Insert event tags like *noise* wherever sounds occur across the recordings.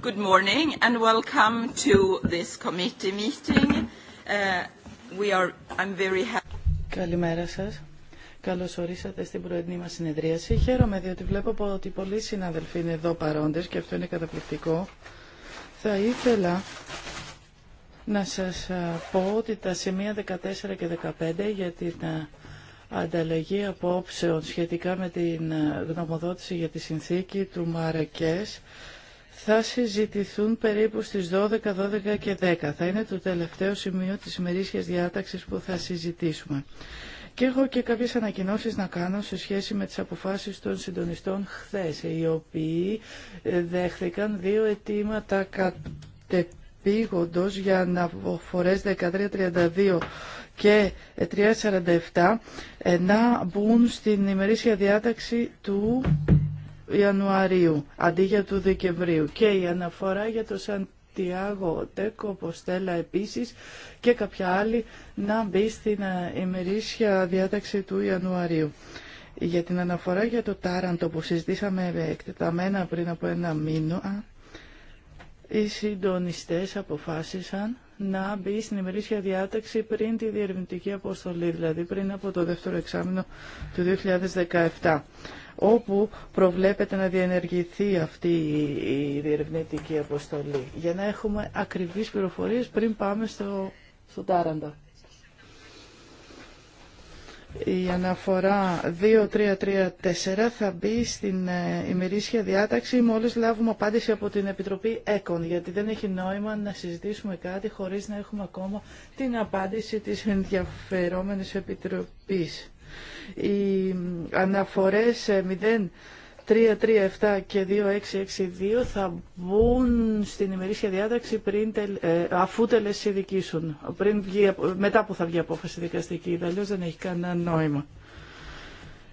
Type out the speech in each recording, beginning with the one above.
Good morning and welcome to this committee meeting. Uh, we are, I'm very happy. Καλημέρα σας. Καλώς ορίσατε στην πρωινή μας συνεδρίαση. Χαίρομαι διότι βλέπω ότι πολλοί συναδελφοί είναι εδώ παρόντες και αυτό είναι καταπληκτικό. Θα ήθελα να σας πω ότι τα σημεία 14 και 15 γιατί τα ανταλλαγή απόψεων σχετικά με την ε, γνωμοδότηση για τη συνθήκη του Μαρακές θα συζητηθούν περίπου στις 12, 12 και 10. Θα είναι το τελευταίο σημείο της ημερήσιας διάταξης που θα συζητήσουμε. Και έχω και κάποιες ανακοινώσεις να κάνω σε σχέση με τις αποφάσεις των συντονιστών χθες, οι οποίοι ε, δέχθηκαν δύο αιτήματα κατεπήγοντος για αναφορές 1332 και 347 ε, να μπουν στην ημερήσια διάταξη του Ιανουαρίου αντί για του Δεκεμβρίου και η αναφορά για το Σαντιάγο Τέκο Ποστέλα επίσης και κάποια άλλη να μπει στην ε, ημερήσια διάταξη του Ιανουαρίου. Για την αναφορά για το Τάραντο που συζητήσαμε εκτεταμένα πριν από ένα μήνο οι συντονιστές αποφάσισαν να μπει στην ημερήσια διάταξη πριν τη διερευνητική αποστολή, δηλαδή πριν από το δεύτερο εξάμεινο του 2017 όπου προβλέπεται να διενεργηθεί αυτή η διερευνητική αποστολή για να έχουμε ακριβείς πληροφορίες πριν πάμε στο, στο Τάραντα. Η αναφορά 2334 θα μπει στην ε, ημερήσια διάταξη μόλις λάβουμε απάντηση από την Επιτροπή ΕΚΟΝ, γιατί δεν έχει νόημα να συζητήσουμε κάτι χωρίς να έχουμε ακόμα την απάντηση της ενδιαφερόμενης Επιτροπής. Οι αναφορές ε, 337 και 2662 θα μπουν στην ημερήσια διάταξη πριν, ε, αφού τελεσίδικήσουν, πριν βγει, μετά που θα βγει απόφαση δικαστική, αλλιώς δεν έχει κανένα νόημα.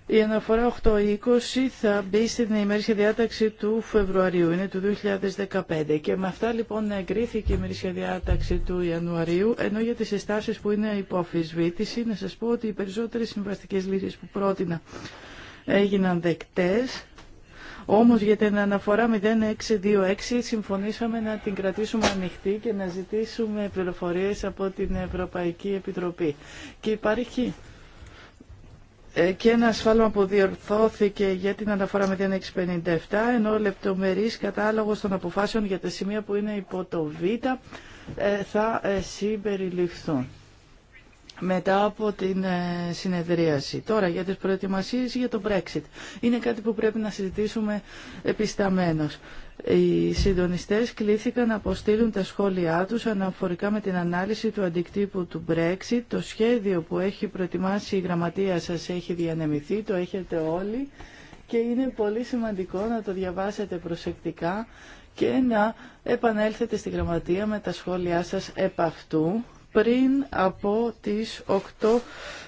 Η αναφορά 8 8-20 θα μπει στην ημερήσια διάταξη του Φεβρουαρίου, είναι του 2015. Και με αυτά λοιπόν εγκρίθηκε η ημερήσια διάταξη του Ιανουαρίου, ενώ για τις εστάσεις που είναι υπό αφισβήτηση, να σας πω ότι οι περισσότερες συμβαστικές λύσεις που πρότεινα έγιναν δεκτές. Όμως για την αναφορά 0626 συμφωνήσαμε να την κρατήσουμε ανοιχτή και να ζητήσουμε πληροφορίες από την Ευρωπαϊκή Επιτροπή. Και υπάρχει ε, και ένα ασφάλμα που διορθώθηκε για την αναφορά 0657, ενώ λεπτομερής κατάλογος των αποφάσεων για τα σημεία που είναι υπό το Β ε, θα ε, συμπεριληφθούν μετά από την ε, συνεδρίαση. Τώρα για τις προετοιμασίες για το Brexit. Είναι κάτι που πρέπει να συζητήσουμε επισταμένως. Οι συντονιστές κλήθηκαν να αποστείλουν τα σχόλιά τους αναφορικά με την ανάλυση του αντικτύπου του Brexit. Το σχέδιο που έχει προετοιμάσει η γραμματεία σας έχει διανεμηθεί, το έχετε όλοι και είναι πολύ σημαντικό να το διαβάσετε προσεκτικά και να επανέλθετε στη γραμματεία με τα σχόλιά σας επ' αυτού πριν από τις 8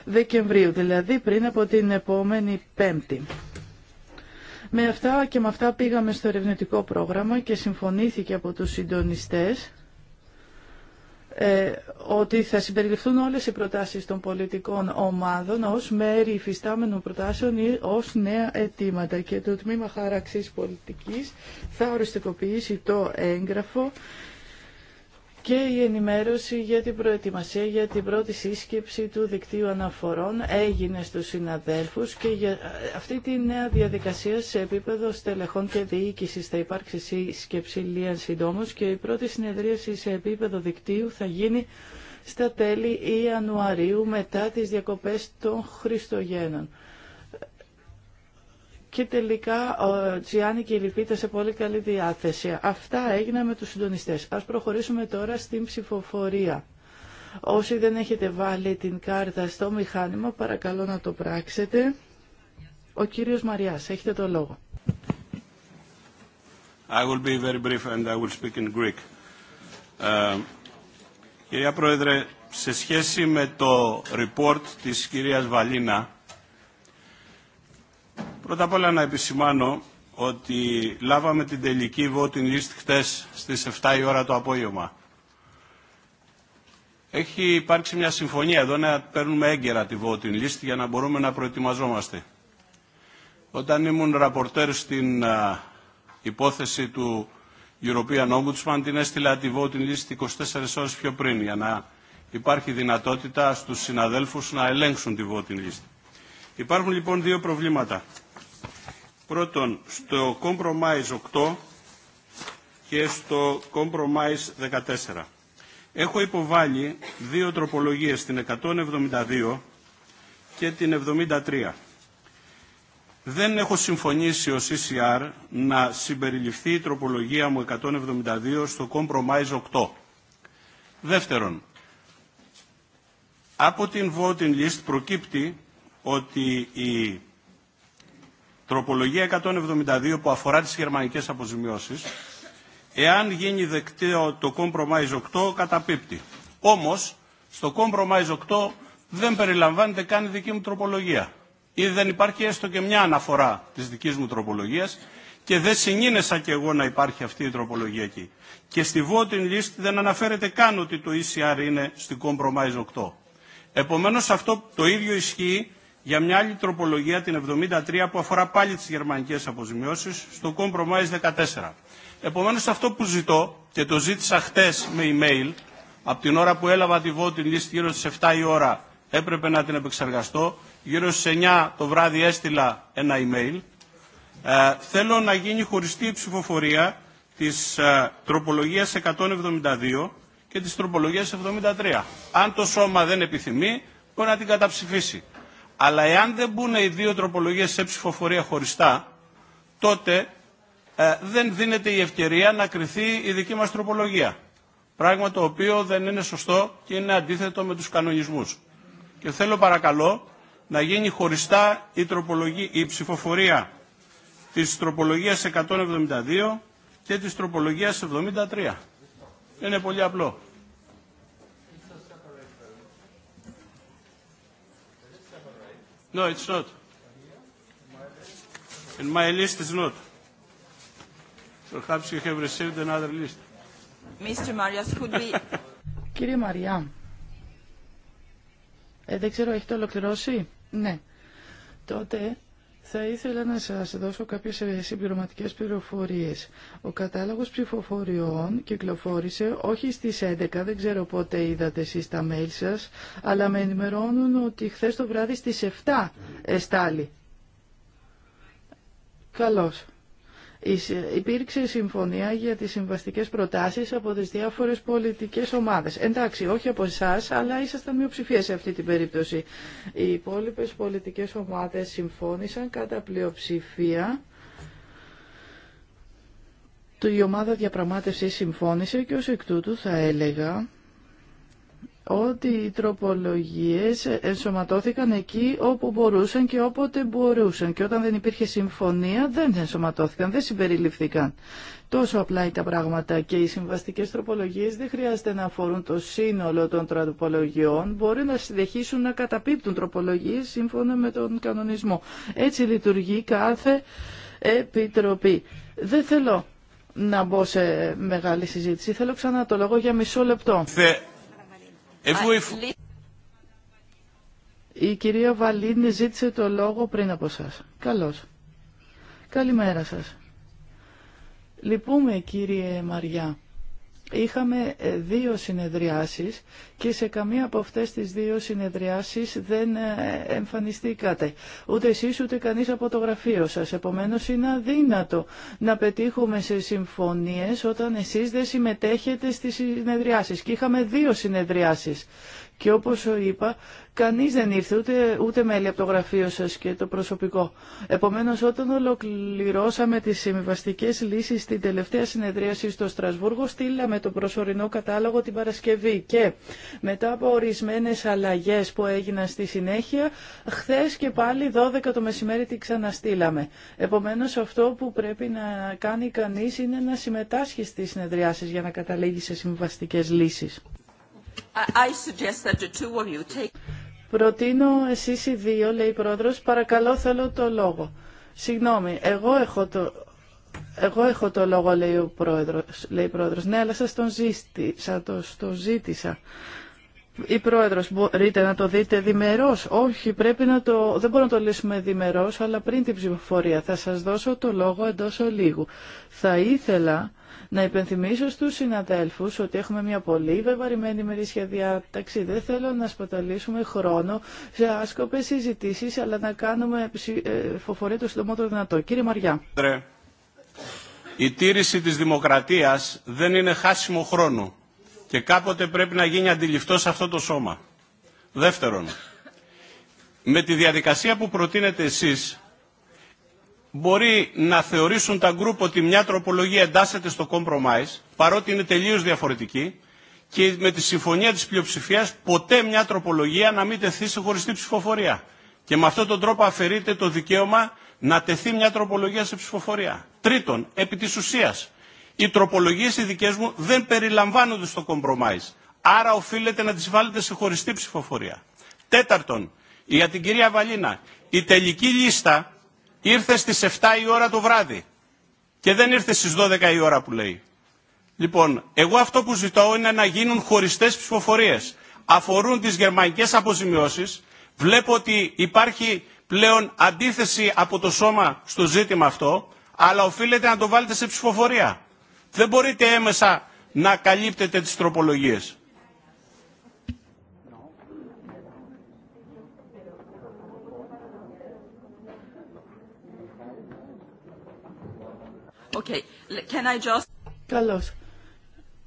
Δεκεμβρίου, δηλαδή πριν από την επόμενη Πέμπτη. Με αυτά και με αυτά πήγαμε στο ερευνητικό πρόγραμμα και συμφωνήθηκε από τους συντονιστές ε, ότι θα συμπεριληφθούν όλες οι προτάσεις των πολιτικών ομάδων ως μέρη υφιστάμενων προτάσεων ή ως νέα αιτήματα και το Τμήμα Χάραξης Πολιτικής θα οριστικοποιήσει το έγγραφο και η ενημέρωση για την προετοιμασία για την πρώτη σύσκεψη του δικτύου αναφορών έγινε στους συναδέλφους και για αυτή τη νέα διαδικασία σε επίπεδο στελεχών και διοίκηση θα υπάρξει σύσκεψη λίαν συντόμως και η πρώτη συνεδρίαση σε επίπεδο δικτύου θα γίνει στα τέλη Ιανουαρίου μετά τις διακοπές των Χριστουγέννων και τελικά ο Τσιάνι και η Λυπίτα σε πολύ καλή διάθεση. Αυτά έγιναν με τους συντονιστές. Ας προχωρήσουμε τώρα στην ψηφοφορία. Όσοι δεν έχετε βάλει την κάρτα στο μηχάνημα, παρακαλώ να το πράξετε. Ο κύριος Μαριάς, έχετε το λόγο. I will be very brief and I will speak in Greek. Ε, κυρία Πρόεδρε, σε σχέση με το report της κυρίας Βαλίνα, Πρώτα απ' όλα να επισημάνω ότι λάβαμε την τελική voting list χτες στις 7 η ώρα το απόγευμα. Έχει υπάρξει μια συμφωνία εδώ να παίρνουμε έγκαιρα τη voting list για να μπορούμε να προετοιμαζόμαστε. Όταν ήμουν ραπορτέρ στην υπόθεση του European Ombudsman την έστειλα τη voting list 24 ώρες πιο πριν για να υπάρχει δυνατότητα στους συναδέλφους να ελέγξουν τη voting list. Υπάρχουν λοιπόν δύο προβλήματα. Πρώτον, στο Compromise 8 και στο Compromise 14. Έχω υποβάλει δύο τροπολογίες, την 172 και την 73. Δεν έχω συμφωνήσει ο CCR να συμπεριληφθεί η τροπολογία μου 172 στο Compromise 8. Δεύτερον, από την voting list προκύπτει ότι η τροπολογία 172 που αφορά τις γερμανικές αποζημιώσεις, εάν γίνει δεκτή το Compromise 8 καταπίπτει. Όμως, στο Compromise 8 δεν περιλαμβάνεται καν η δική μου τροπολογία. Ή δεν υπάρχει έστω και μια αναφορά της δικής μου τροπολογίας και δεν συνήνεσα κι εγώ να υπάρχει αυτή η τροπολογία εκεί. Και στη voting list δεν αναφέρεται καν ότι το ECR είναι στην Compromise 8. Επομένως αυτό το ίδιο ισχύει για μια άλλη τροπολογία, την 73, που αφορά πάλι τις γερμανικές αποζημιώσεις, στο Compromise 14. Επομένως αυτό που ζητώ, και το ζήτησα χτες με email, από την ώρα που έλαβα τη βότην list γύρω στις 7 η ώρα, έπρεπε να την επεξεργαστώ, γύρω στις 9 το βράδυ έστειλα ένα email, ε, θέλω να γίνει χωριστή ψηφοφορία της ε, τροπολογίας 172 και της τροπολογίας 73. Αν το σώμα δεν επιθυμεί, μπορεί να την καταψηφίσει. Αλλά εάν δεν μπουν οι δύο τροπολογίες σε ψηφοφορία χωριστά, τότε ε, δεν δίνεται η ευκαιρία να κριθεί η δική μας τροπολογία. Πράγμα το οποίο δεν είναι σωστό και είναι αντίθετο με τους κανονισμούς. Και θέλω παρακαλώ να γίνει χωριστά η, τροπολογία, η ψηφοφορία της τροπολογίας 172 και της τροπολογίας 73. Είναι πολύ απλό. No, it's not. And my list is not. Perhaps you have received another list. Mr. Marias, could we... Κύριε Μαριά, ε, δεν ξέρω, έχετε ολοκληρώσει. Ναι. Τότε θα ήθελα να σας δώσω κάποιες ε, συμπληρωματικές πληροφορίες. Ο κατάλογος ψηφοφοριών κυκλοφόρησε όχι στις 11, δεν ξέρω πότε είδατε εσείς τα mail σας, αλλά με ενημερώνουν ότι χθες το βράδυ στις 7 εστάλει. Καλώς. Υπήρξε συμφωνία για τις συμβαστικές προτάσεις από τις διάφορες πολιτικές ομάδες. Εντάξει, όχι από εσά, αλλά ήσασταν μειοψηφία σε αυτή την περίπτωση. Οι υπόλοιπες πολιτικές ομάδες συμφώνησαν κατά πλειοψηφία. Η ομάδα διαπραγμάτευσης συμφώνησε και ως εκ τούτου θα έλεγα ότι οι τροπολογίες ενσωματώθηκαν εκεί όπου μπορούσαν και όποτε μπορούσαν και όταν δεν υπήρχε συμφωνία δεν ενσωματώθηκαν, δεν συμπεριληφθήκαν. Τόσο απλά είναι τα πράγματα και οι συμβαστικές τροπολογίες δεν χρειάζεται να αφορούν το σύνολο των τροπολογιών, μπορεί να συνεχίσουν να καταπίπτουν τροπολογίες σύμφωνα με τον κανονισμό. Έτσι λειτουργεί κάθε επιτροπή. Δεν θέλω να μπω σε μεγάλη συζήτηση, θέλω ξανά το λόγο για μισό λεπτό. Η κυρία Βαλίνη ζήτησε το λόγο πριν από σας. Καλώς. Καλημέρα σας. Λυπούμε κύριε Μαριά Είχαμε ε, δύο συνεδριάσεις και σε καμία από αυτές τις δύο συνεδριάσεις δεν ε, εμφανιστήκατε. Ούτε εσείς ούτε κανείς από το γραφείο σας. Επομένως είναι αδύνατο να πετύχουμε σε συμφωνίες όταν εσείς δεν συμμετέχετε στις συνεδριάσεις. Και είχαμε δύο συνεδριάσεις. Και όπως είπα, κανείς δεν ήρθε ούτε, ούτε μέλη από το γραφείο σας και το προσωπικό. Επομένως, όταν ολοκληρώσαμε τις συμβιβαστικέ λύσεις στην τελευταία συνεδρίαση στο Στρασβούργο, στείλαμε το προσωρινό κατάλογο την Παρασκευή και μετά από ορισμένες αλλαγές που έγιναν στη συνέχεια, χθες και πάλι 12 το μεσημέρι την ξαναστήλαμε. Επομένως, αυτό που πρέπει να κάνει κανείς είναι να συμμετάσχει στις συνεδριάσεις για να καταλήγει σε συμβαστικές λύσεις. Προτείνω εσείς οι δύο, λέει η πρόεδρος, παρακαλώ θέλω το λόγο. Συγγνώμη, εγώ έχω το, εγώ έχω το λόγο, λέει ο πρόεδρος, λέει η πρόεδρος. Ναι, αλλά σας τον ζήτησα, το, το ζήτησα. Η πρόεδρος, μπορείτε να το δείτε διμερός. Όχι, πρέπει να το, δεν μπορούμε να το λύσουμε διμερός, αλλά πριν την ψηφοφορία. Θα σας δώσω το λόγο εντός ολίγου. Θα ήθελα να υπενθυμίσω στους συναδέλφους ότι έχουμε μια πολύ βεβαρημένη μερίσια διάταξη. Δεν θέλω να σπαταλήσουμε χρόνο σε άσκοπες συζητήσεις, αλλά να κάνουμε ε, φοφορία το συντομότερο δυνατό. Κύριε Μαριά. Η τήρηση της δημοκρατίας δεν είναι χάσιμο χρόνο και κάποτε πρέπει να γίνει αντιληφτό σε αυτό το σώμα. Δεύτερον, με τη διαδικασία που προτείνετε εσείς μπορεί να θεωρήσουν τα γκρουπ ότι μια τροπολογία εντάσσεται στο compromise, παρότι είναι τελείως διαφορετική, και με τη συμφωνία της πλειοψηφίας ποτέ μια τροπολογία να μην τεθεί σε χωριστή ψηφοφορία. Και με αυτόν τον τρόπο αφαιρείται το δικαίωμα να τεθεί μια τροπολογία σε ψηφοφορία. Τρίτον, επί της ουσίας, οι τροπολογίες οι δικές μου δεν περιλαμβάνονται στο compromise. Άρα οφείλεται να τις βάλετε σε χωριστή ψηφοφορία. Τέταρτον, για την κυρία Βαλίνα, η τελική λίστα ήρθε στις 7 η ώρα το βράδυ και δεν ήρθε στις 12 η ώρα που λέει. Λοιπόν, εγώ αυτό που ζητώ είναι να γίνουν χωριστές ψηφοφορίες. Αφορούν τις γερμανικές αποζημιώσεις. Βλέπω ότι υπάρχει πλέον αντίθεση από το σώμα στο ζήτημα αυτό, αλλά οφείλετε να το βάλετε σε ψηφοφορία. Δεν μπορείτε έμεσα να καλύπτετε τις τροπολογίες. Okay. Can I just... Καλώς.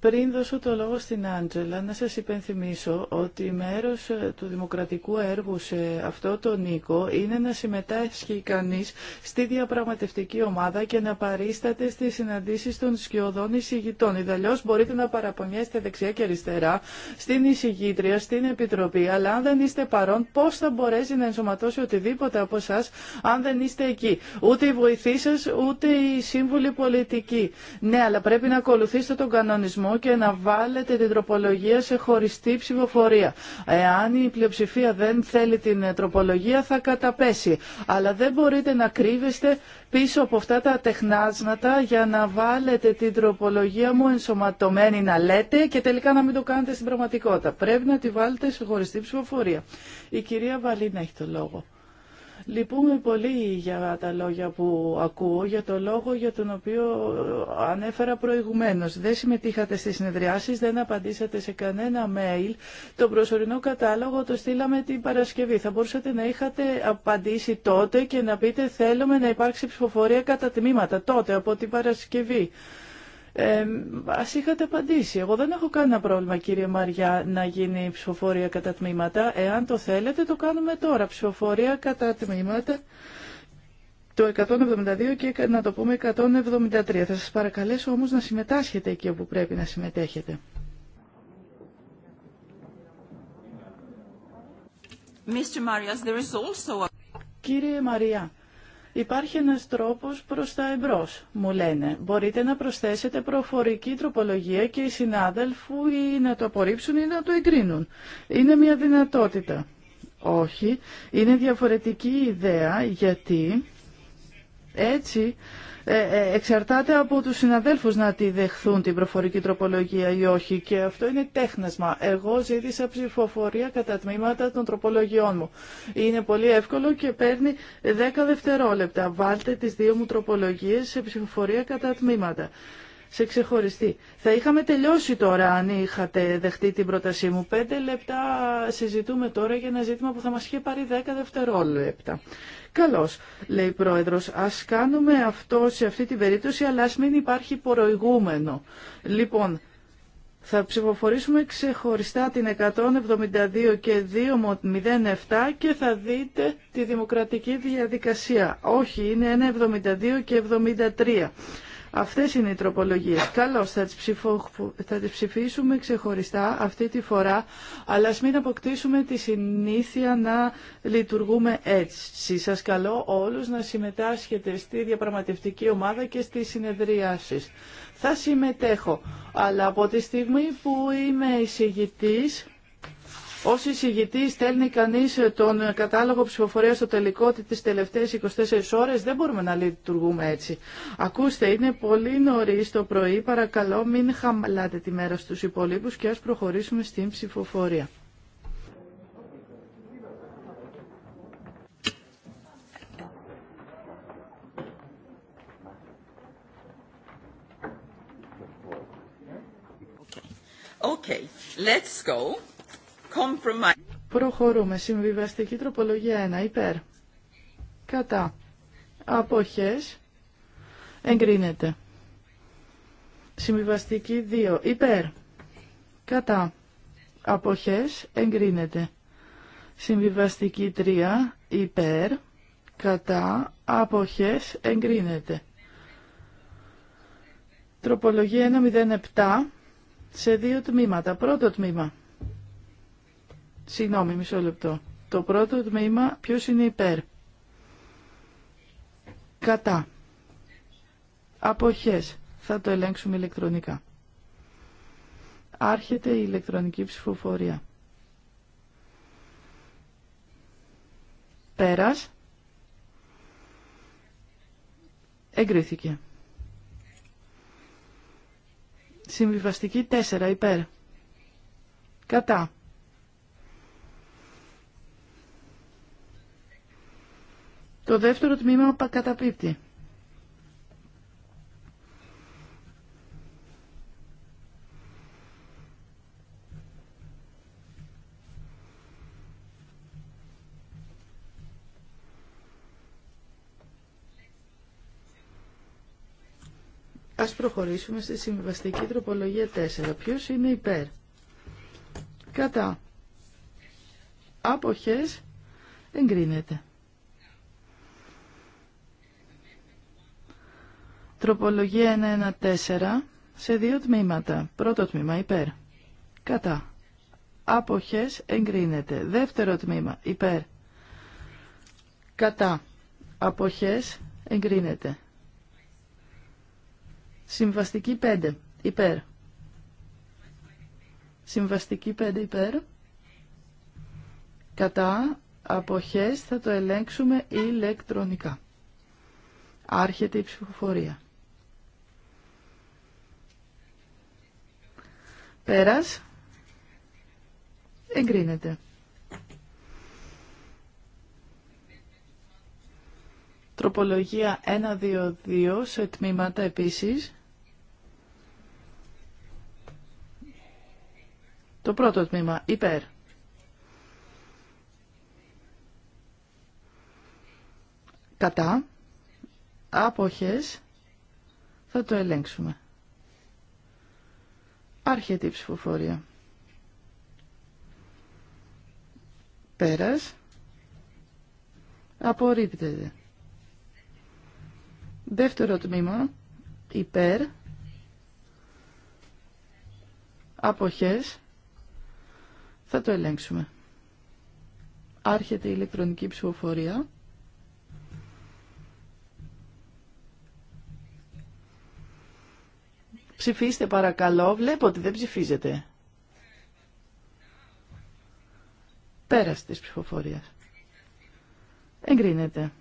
Πριν δώσω το λόγο στην Άντζελα, να σας υπενθυμίσω ότι μέρος ε, του δημοκρατικού έργου σε αυτό το Νίκο είναι να συμμετάσχει κανείς στη διαπραγματευτική ομάδα και να παρίσταται στις συναντήσεις των σκιωδών εισηγητών. Ιδαλλιώς μπορείτε να παραπονιέστε δεξιά και αριστερά στην εισηγήτρια, στην Επιτροπή, αλλά αν δεν είστε παρόν πώς θα μπορέσει να ενσωματώσει οτιδήποτε από εσά αν δεν είστε εκεί. Ούτε οι βοηθοί σα ούτε οι σύμβουλοι πολιτικοί. Ναι, αλλά πρέπει να ακολουθήσετε τον κανονισμό και να βάλετε την τροπολογία σε χωριστή ψηφοφορία. Εάν η πλειοψηφία δεν θέλει την τροπολογία θα καταπέσει. Αλλά δεν μπορείτε να κρύβεστε πίσω από αυτά τα τεχνάσματα για να βάλετε την τροπολογία μου ενσωματωμένη να λέτε και τελικά να μην το κάνετε στην πραγματικότητα. Πρέπει να τη βάλετε σε χωριστή ψηφοφορία. Η κυρία Βαλίνα έχει το λόγο. Λυπούμε πολύ για τα λόγια που ακούω, για το λόγο για τον οποίο ανέφερα προηγουμένως. Δεν συμμετείχατε στις συνεδριάσεις, δεν απαντήσατε σε κανένα mail. Το προσωρινό κατάλογο το στείλαμε την Παρασκευή. Θα μπορούσατε να είχατε απαντήσει τότε και να πείτε θέλουμε να υπάρξει ψηφοφορία κατά τμήματα τότε από την Παρασκευή. Ε, ας είχατε απαντήσει. Εγώ δεν έχω κανένα πρόβλημα κύριε Μαριά να γίνει ψηφοφορία κατά τμήματα. Εάν το θέλετε το κάνουμε τώρα. Ψηφοφορία κατά τμήματα το 172 και να το πούμε 173. Θα σας παρακαλέσω όμως να συμμετάσχετε εκεί όπου πρέπει να συμμετέχετε. Mr. Marias, there is also a... Κύριε Μαριά, Υπάρχει ένας τρόπος προς τα εμπρός, μου λένε. Μπορείτε να προσθέσετε προφορική τροπολογία και οι συνάδελφοι ή να το απορρίψουν ή να το εγκρίνουν. Είναι μια δυνατότητα. Όχι, είναι διαφορετική ιδέα γιατί έτσι ε, ε, εξαρτάται από τους συναδέλφους να τη δεχθούν την προφορική τροπολογία ή όχι και αυτό είναι τέχνασμα. Εγώ ζήτησα ψηφοφορία κατά τμήματα των τροπολογιών μου. Είναι πολύ εύκολο και παίρνει 10 δευτερόλεπτα. Βάλτε τις δύο μου τροπολογίες σε ψηφοφορία κατά τμήματα σε ξεχωριστή. Θα είχαμε τελειώσει τώρα αν είχατε δεχτεί την πρότασή μου. Πέντε λεπτά συζητούμε τώρα για ένα ζήτημα που θα μας είχε πάρει δέκα δευτερόλεπτα. Καλώς, λέει η Πρόεδρος, ας κάνουμε αυτό σε αυτή την περίπτωση, αλλά ας μην υπάρχει προηγούμενο. Λοιπόν, θα ψηφοφορήσουμε ξεχωριστά την 172 και 207 και θα δείτε τη δημοκρατική διαδικασία. Όχι, είναι 172 και 73. Αυτές είναι οι τροπολογίες. Καλώς, θα τις, ψηφίσουμε ξεχωριστά αυτή τη φορά, αλλά ας μην αποκτήσουμε τη συνήθεια να λειτουργούμε έτσι. Σας καλώ όλους να συμμετάσχετε στη διαπραγματευτική ομάδα και στις συνεδριάσεις. Θα συμμετέχω, αλλά από τη στιγμή που είμαι εισηγητής, όσοι εισηγητή στέλνει κανεί τον κατάλογο ψηφοφορία στο τελικό τι τελευταίε 24 ώρε. Δεν μπορούμε να λειτουργούμε έτσι. Ακούστε, είναι πολύ νωρί το πρωί. Παρακαλώ, μην χαμαλάτε τη μέρα στου υπολείπου και α προχωρήσουμε στην ψηφοφορία. Okay, let's go. Προχωρούμε. Συμβιβαστική τροπολογία 1. Υπέρ. Κατά. Αποχές. Εγκρίνεται. Συμβιβαστική 2. Υπέρ. Κατά. Αποχές. Εγκρίνεται. Συμβιβαστική 3. Υπέρ. Κατά. Αποχές. Εγκρίνεται. Τροπολογία 107 σε δύο τμήματα. Πρώτο τμήμα. Συγγνώμη, μισό λεπτό. Το πρώτο τμήμα, ποιος είναι υπέρ. Κατά. Αποχές. Θα το ελέγξουμε ηλεκτρονικά. Άρχεται η ηλεκτρονική ψηφοφορία. Πέρας. Εγκρίθηκε. Συμβιβαστική 4 υπέρ. Κατά. Το δεύτερο τμήμα καταπίπτει. Ας προχωρήσουμε στη συμβαστική τροπολογία 4. Ποιος είναι υπέρ. Κατά. Αποχές εγκρίνεται. Τροπολογία 114 σε δύο τμήματα. Πρώτο τμήμα υπέρ. Κατά. Αποχές εγκρίνεται. Δεύτερο τμήμα υπέρ. Κατά. Αποχές εγκρίνεται. Συμβαστική 5 υπέρ. Συμβαστική 5 υπέρ. Κατά. Αποχές θα το ελέγξουμε ηλεκτρονικά. Άρχεται η ψηφοφορία. Πέρας. Εγκρίνεται. Τροπολογία 1-2-2 σε τμήματα επίσης. Το πρώτο τμήμα, υπέρ. Κατά. Άποχες. Θα το ελέγξουμε. Άρχεται η ψηφοφορία. Πέρας. Απορρίπτεται. Δεύτερο τμήμα. Υπέρ. Αποχές. Θα το ελέγξουμε. Άρχεται η ηλεκτρονική ψηφοφορία. Ψηφίστε παρακαλώ. Βλέπω ότι δεν ψηφίζετε. Πέρασε της ψηφοφορίας. Εγκρίνεται.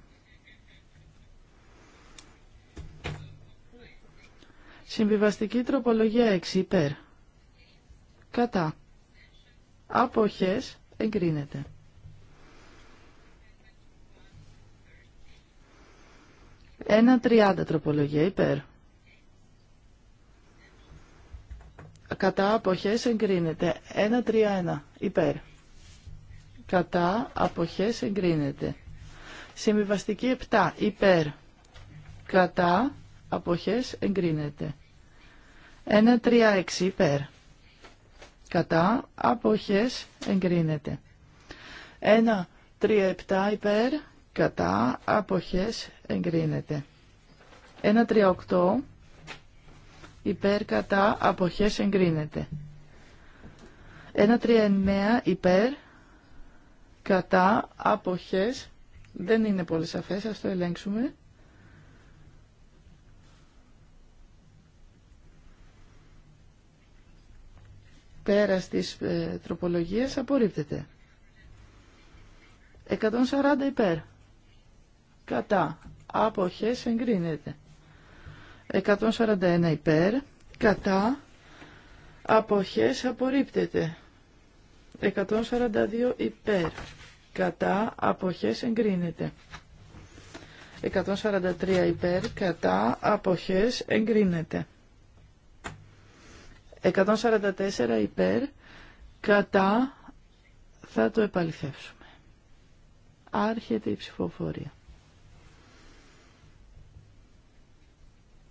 Συμβιβαστική τροπολογία 6 υπέρ. Κατά. Αποχές εγκρίνεται. Ένα 30 τροπολογία υπέρ. κατά αποχές εγκρίνεται 1-3-1 υπέρ κατά αποχές εγκρίνεται συμβιβαστική 7 υπέρ κατά αποχές εγκρίνεται 1-3-6 υπέρ κατά αποχές εγκρίνεται 1-3-7 υπέρ κατά αποχές εγκρίνεται 1-3-8 υπέρ κατά αποχές εγκρίνεται. 1.39 υπέρ κατά αποχές δεν είναι πολύ σαφές, ας το ελέγξουμε. Πέρα στις ε, τροπολογίες απορρίπτεται. 140 υπέρ. Κατά. Αποχές εγκρίνεται. 141 υπέρ, κατά, αποχές απορρίπτεται. 142 υπέρ, κατά, αποχές εγκρίνεται. 143 υπέρ, κατά, αποχές εγκρίνεται. 144 υπέρ, κατά, θα το επαληθεύσουμε. Άρχεται η ψηφοφορία.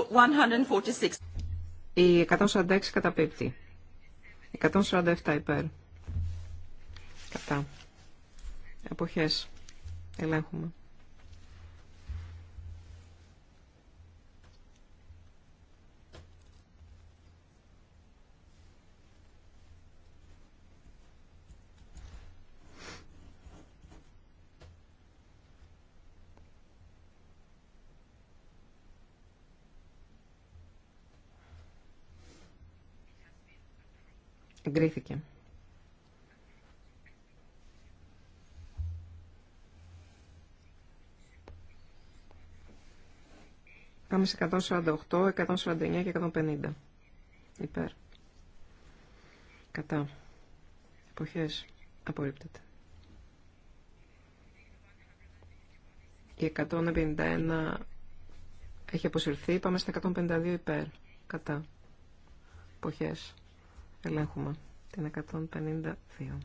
146. Η 146 καταπίπτει. 147 υπέρ. Κατά. εποχές Ελέγχουμε. Εγκρίθηκε. Πάμε σε 148, 149 και 150. Υπέρ. Κατά. Εποχές. Απορρίπτεται. Η 151 έχει αποσυρθεί. Πάμε στα 152 υπέρ. Κατά. Εποχές. Ελέγχουμε την 152.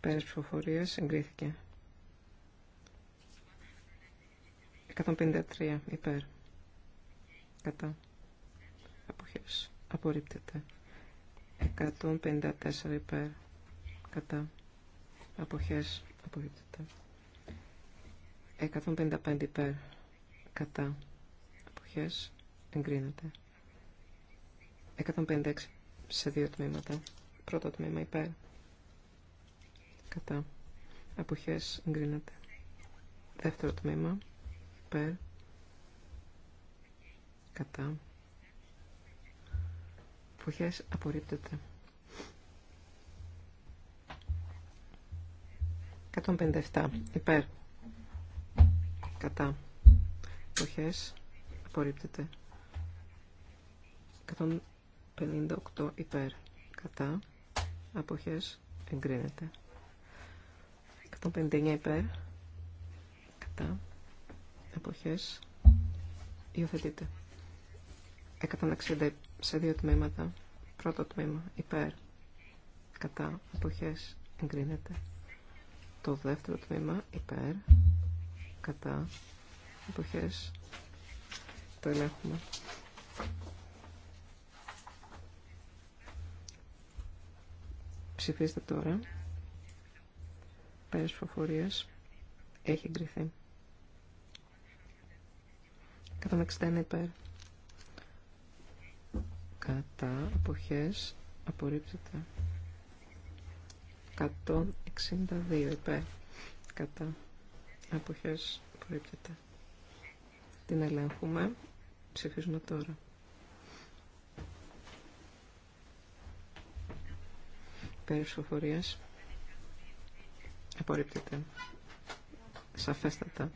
Πέρας ψηφοφορίας συγκρίθηκε 153 υπέρ. Κατά. Αποχές. Απορρίπτεται. 154 υπέρ. Κατά. Αποχές. Απορρίπτεται. 155 υπέρ. Κατά αποχές εγκρίνεται. 156 σε δύο τμήματα. Πρώτο τμήμα υπέρ. Κατά. Αποχές εγκρίνεται. Δεύτερο τμήμα υπέρ. Κατά. Αποχές απορρίπτεται. 157 υπέρ. Κατά. Αποχές απορρίπτεται. 158 υπέρ κατά αποχές εγκρίνεται. 159 υπέρ κατά αποχές υιοθετείται. 160 σε δύο τμήματα. Πρώτο τμήμα υπέρ κατά αποχές εγκρίνεται. Το δεύτερο τμήμα υπέρ κατά αποχές το ελέγχουμε. Ψηφίστε τώρα. Πέρας φοφορίας. Έχει εγκριθεί. 161 υπέρ. Κατά αποχές απορρίπτεται. 162 υπέρ. Κατά αποχές απορρίπτεται. Την ελέγχουμε. Ψηφίζουμε τώρα. Πέρας ψηφοφορίας. Απορρίπτεται. Σαφέστατα.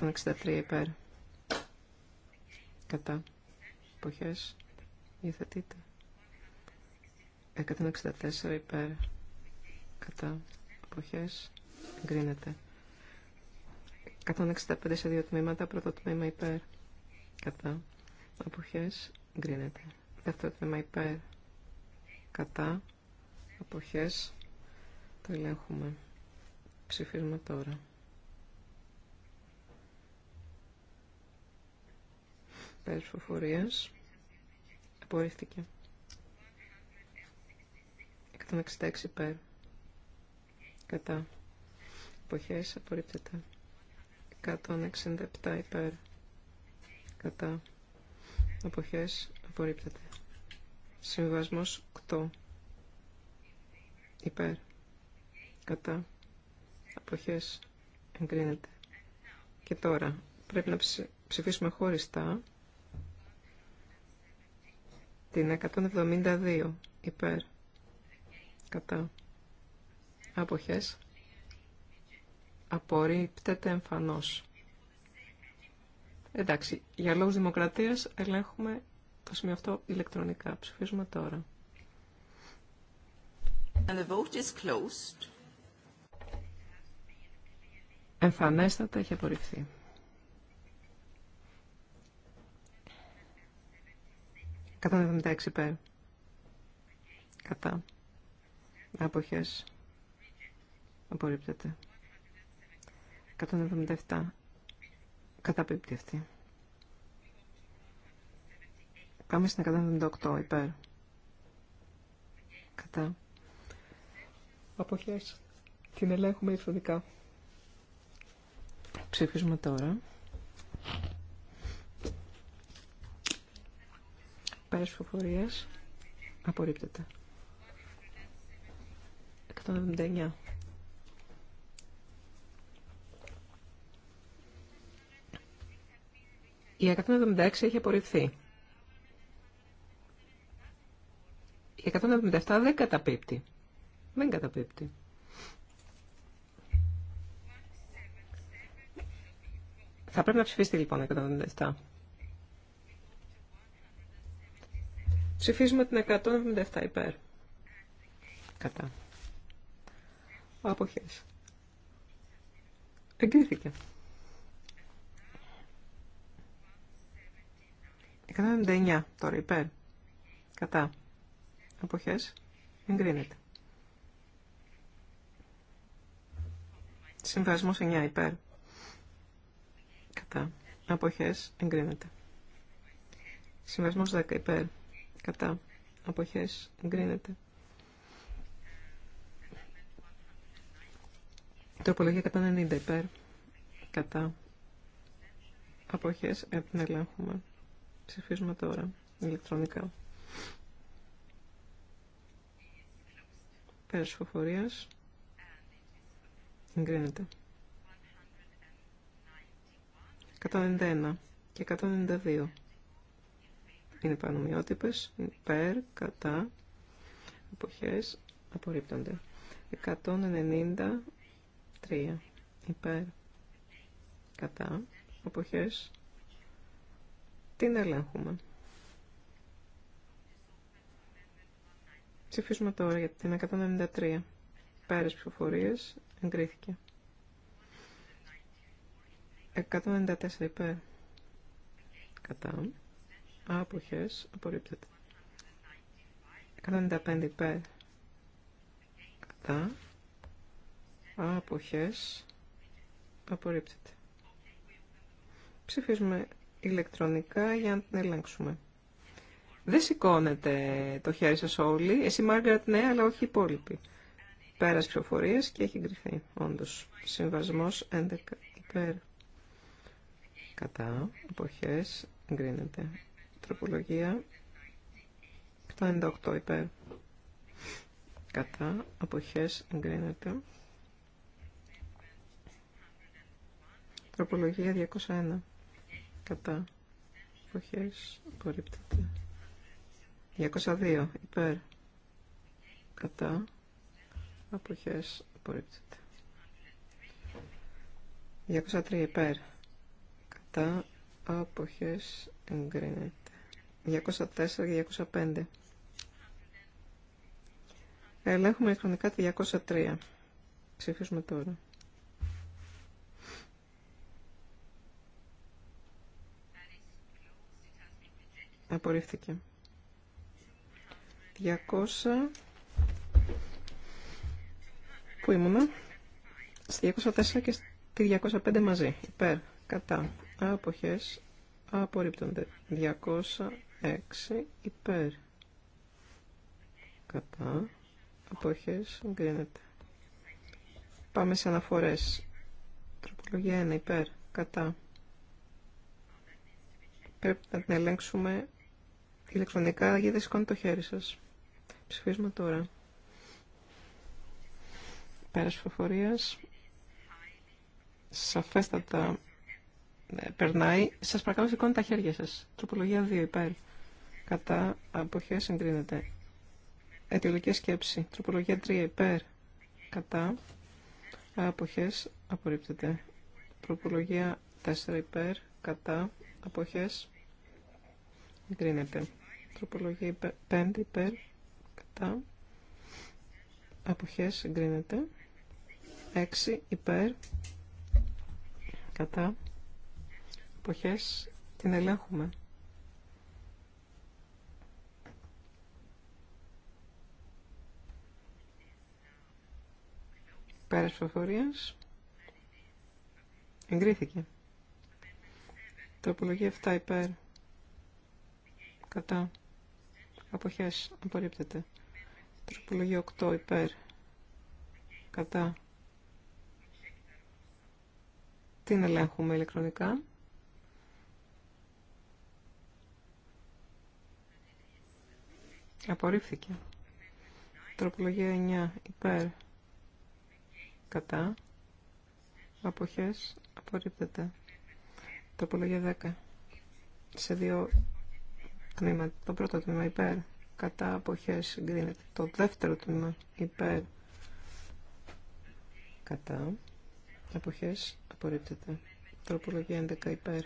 163 υπέρ. Κατά. Εποχές. Υιοθετείται. 164 υπέρ. Κατά. Εποχές. Εγκρίνεται. 165 σε δύο τμήματα. Πρώτο τμήμα υπέρ κατά αποχές γκρίνεται. Δεύτερο θέμα υπέρ κατά αποχές το ελέγχουμε. Ψηφίζουμε τώρα. Υπέρ ψηφοφορίας απορρίφθηκε. 166 υπέρ κατά αποχές απορρίπτεται. 167 υπέρ κατά αποχές απορρίπτεται. Συμβασμός 8 υπέρ κατά αποχές εγκρίνεται. Και τώρα πρέπει να ψηφίσουμε χωριστά την 172 υπέρ κατά αποχές απορρίπτεται εμφανώς. Εντάξει, για λόγους δημοκρατίας ελέγχουμε το σημείο αυτό ηλεκτρονικά. Ψηφίζουμε τώρα. And the vote is closed. Εμφανέστατα έχει απορριφθεί. 176 υπέρ. Κατά. Αποχές. Απορρίπτεται. 177 Καταπίπτει αυτή. Πάμε στην 178 υπέρ. Κατά. Αποχές. Την ελέγχουμε ηλεκτρονικά. Ψηφίζουμε τώρα. Πέρας φοφορίας. Απορρίπτεται. 179 Η 176 έχει απορριφθεί. Η 177 δεν καταπίπτει. Δεν καταπίπτει. Θα πρέπει να ψηφίσετε λοιπόν 177. Ψηφίζουμε την 177 υπέρ. Κατά. Αποχές. Εγκρίθηκε. 199 τώρα υπέρ. Κατά. Αποχές. Εγκρίνεται. Συμβασμός 9 υπέρ. Κατά. Αποχές. Εγκρίνεται. Συμβασμός 10 υπέρ. Κατά. Αποχές. Εγκρίνεται. Τροπολογία 190 υπέρ. Κατά. Αποχές. Ε, Ψηφίζουμε τώρα ηλεκτρονικά. Πέρας φοφορίας. Εγκρίνεται. 191 και 192. Είναι πανομοιότυπες. πέρ κατά, εποχές, απορρίπτονται. 193. Υπέρ, κατά, εποχές, την ελέγχουμε. Ψηφίσουμε τώρα για την 193. Πέρες ψηφοφορίες. Εγκρίθηκε. 194 υπέρ. Κατά. Άποχες. Απορρίπτεται. 195 υπέρ. Κατά. Άποχες. Απορρίπτεται. Ψηφίζουμε ηλεκτρονικά για να την ελέγξουμε. Δεν σηκώνετε το χέρι σας όλοι. Εσύ, Μάργαρετ, ναι, αλλά όχι οι υπόλοιποι. Πέρας και έχει εγκριθεί, όντως. Συμβασμός 11 υπέρ. Κατά, εποχές, εγκρίνεται. Τροπολογία 98 υπέρ. Κατά, εποχές, εγκρίνεται. Τροπολογία 201 κατά εποχές απορρίπτεται 202 υπέρ κατά αποχές απορρίπτεται 203 υπέρ κατά αποχές εγκρίνεται 204 και 205 ελέγχουμε χρονικά τη 203 ψηφίσουμε τώρα Απορρίφθηκε. 200. Πού ήμουνα? Στη 204 και στη 205 μαζί. Υπέρ. Κατά. Αποχές. Απορρίπτονται. 206. Υπέρ. Κατά. Αποχές. Εγκρίνεται. Πάμε σε αναφορές. Τροπολογία 1. Υπέρ. Κατά. Πρέπει να την ελέγξουμε ηλεκτρονικά γιατί δεν σηκώνει το χέρι σας. Ψηφίζουμε τώρα. Πέρας φοφορίας. Σαφέστατα ε, περνάει. Σας παρακαλώ σηκώνει τα χέρια σας. Τροπολογία 2 υπέρ. Κατά απόχέ εγκρίνεται. Αιτιολογική σκέψη. Τροπολογία 3 υπέρ. Κατά αποχές απορρίπτεται. Τροπολογία 4 υπέρ. Κατά αποχέ, εγκρίνεται. Τροπολογία 5 υπέρ. Κατά. Αποχές συγκρίνεται. 6 υπέρ. Κατά. Αποχές την ελέγχουμε. Πέρας ψηφοφορίας. Εγκρίθηκε. Τροπολογία 7 υπέρ. Κατά αποχές απορρίπτεται. Τροπολογία 8 υπέρ κατά την ελέγχουμε ηλεκτρονικά. Απορρίφθηκε. Τροπολογία 9 υπέρ κατά αποχές απορρίπτεται. Τροπολογία 10 σε δύο τμήμα, το πρώτο τμήμα υπέρ, κατά αποχές εγκρίνεται. Το δεύτερο τμήμα υπέρ, κατά αποχές απορρίπτεται. Τροπολογία 11 υπέρ,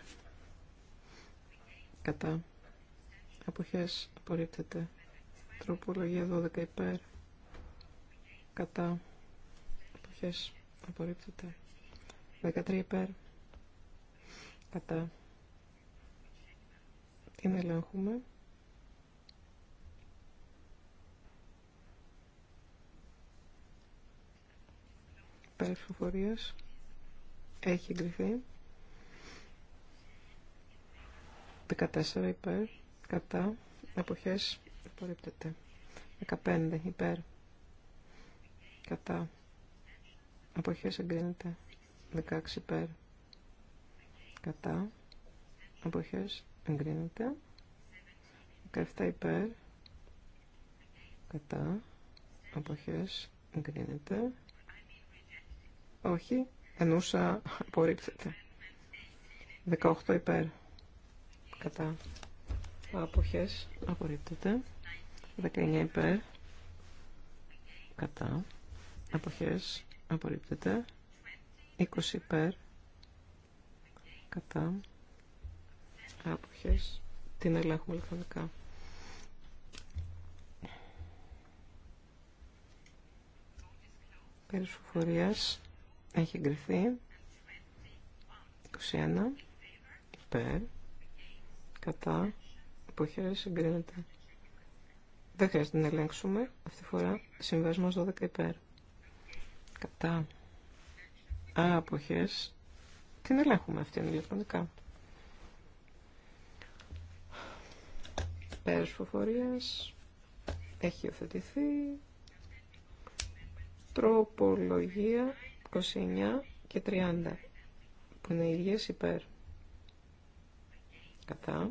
κατά αποχές απορρίπτεται. Τροπολογία 12 υπέρ, κατά αποχές απορρίπτεται. 13 υπέρ, κατά την ελέγχουμε. Πέρας Έχει εγκριθεί. 14 υπέρ. Κατά. Αποχές. Απορρίπτεται. 15 υπέρ. Κατά. Αποχές εγκρίνεται. 16 υπέρ. Κατά. Αποχές εγκρίνεται 17 υπέρ κατά αποχές εγκρίνεται όχι ενούσα απορρίπτεται 18 υπέρ κατά αποχές απορρίπτεται 19 υπέρ κατά αποχές απορρίπτεται 20 υπέρ κατά άποχες την ελέγχουμε ηλεκτρονικά. Περισσοφορίας έχει εγκριθεί 21 υπέρ κατά εποχές εγκρίνεται. Δεν χρειάζεται να ελέγξουμε αυτή τη φορά συμβασμός 12 υπέρ κατά αποχές την ελέγχουμε αυτήν ηλεκτρονικά. Πέρας φοφορίας. Έχει οθετηθεί Τροπολογία 29 και 30 που είναι ίδιες υπέρ. Κατά.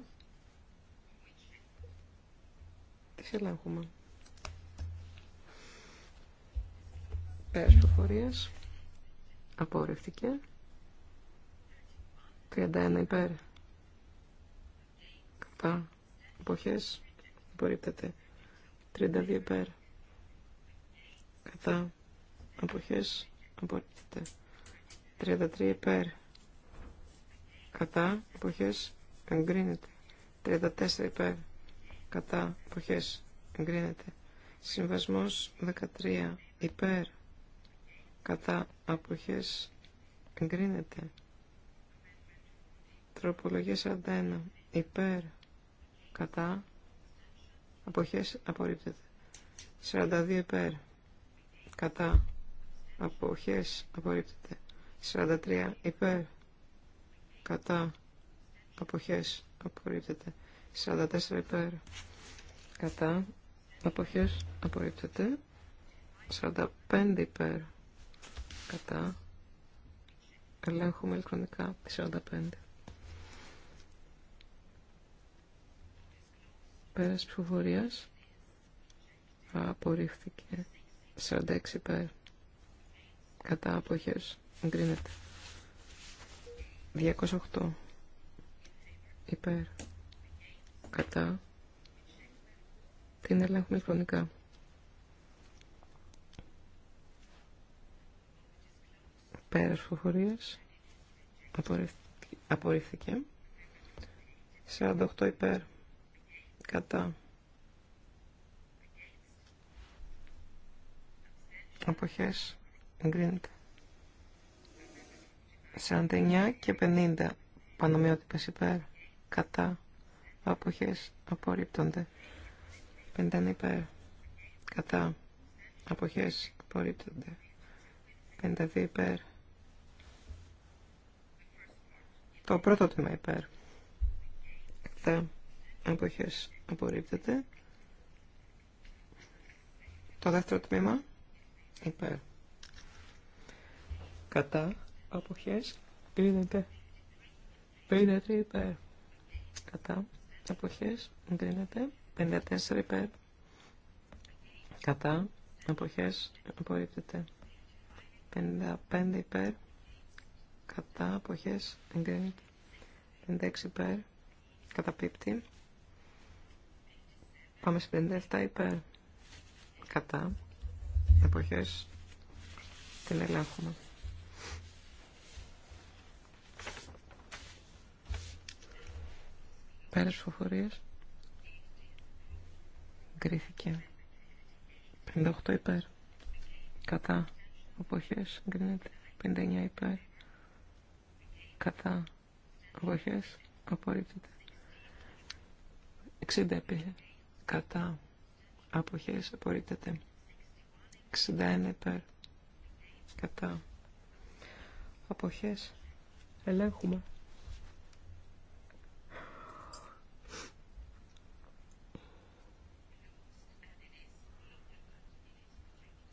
Τις ελέγχουμε. Πέρας φοφορίας Απόρρευτηκε. 31 υπέρ. Κατά. Αποχές. Απορρίπτεται. 32 πέρ Κατά. Αποχές. Απορρίπτεται. 33 πέρ Κατά. Αποχές. Εγκρίνεται. 34 πέρ Κατά. Αποχές. Εγκρίνεται. Συμβασμός 13 υπέρ. Κατά. Αποχές. Εγκρίνεται. Τροπολογία 41 υπέρ κατά αποχές απορρίπτεται 42 υπέρ κατά αποχές απορρίπτεται 43 υπέρ κατά αποχές απορρίπτεται 44 υπέρ κατά αποχές απορρίπτεται 45 υπέρ κατά ελέγχουμε ηλεκτρονικά 45 Πέρας ψηφοφορίας. Απορρίφθηκε. 46 υπέρ. Κατά αποχές. Εγκρίνεται. 208 υπέρ. Κατά. Την ελέγχουμε χρονικά. Πέρας ψηφοφορίας. Απορρίφθηκε. 48 υπέρ κατά αποχές εγκρίνεται 49 και 50 πανομοιότυπες υπέρ κατά αποχές απορρίπτονται 50 υπέρ κατά αποχές απορρίπτονται 52 υπέρ το πρώτο τμήμα υπέρ κατά αποχές Απορρίπτεται. Το δεύτερο τμήμα. Υπέρ. Κατά. Αποχές. Εγκρίνεται. 53 υπέρ. Κατά. Αποχές. Εγκρίνεται. 54 υπέρ. Κατά. Αποχές. Απορρίπτεται. 55 υπέρ. Κατά. Αποχές. Εγκρίνεται. 56 υπέρ. Καταπίπτει. Πάμε στις 57 υπέρ. Κατά. Εποχές. Την ελέγχουμε. Πέρες φοφορίες. Γκρίθηκε. 58 υπέρ. Κατά. Εποχές. Γκρίνεται. 59 υπέρ. Κατά. Εποχές. Απορρίπτεται. 60 υπέρ κατά αποχές απορρίπτεται 61 υπέρ κατά αποχές ελέγχουμε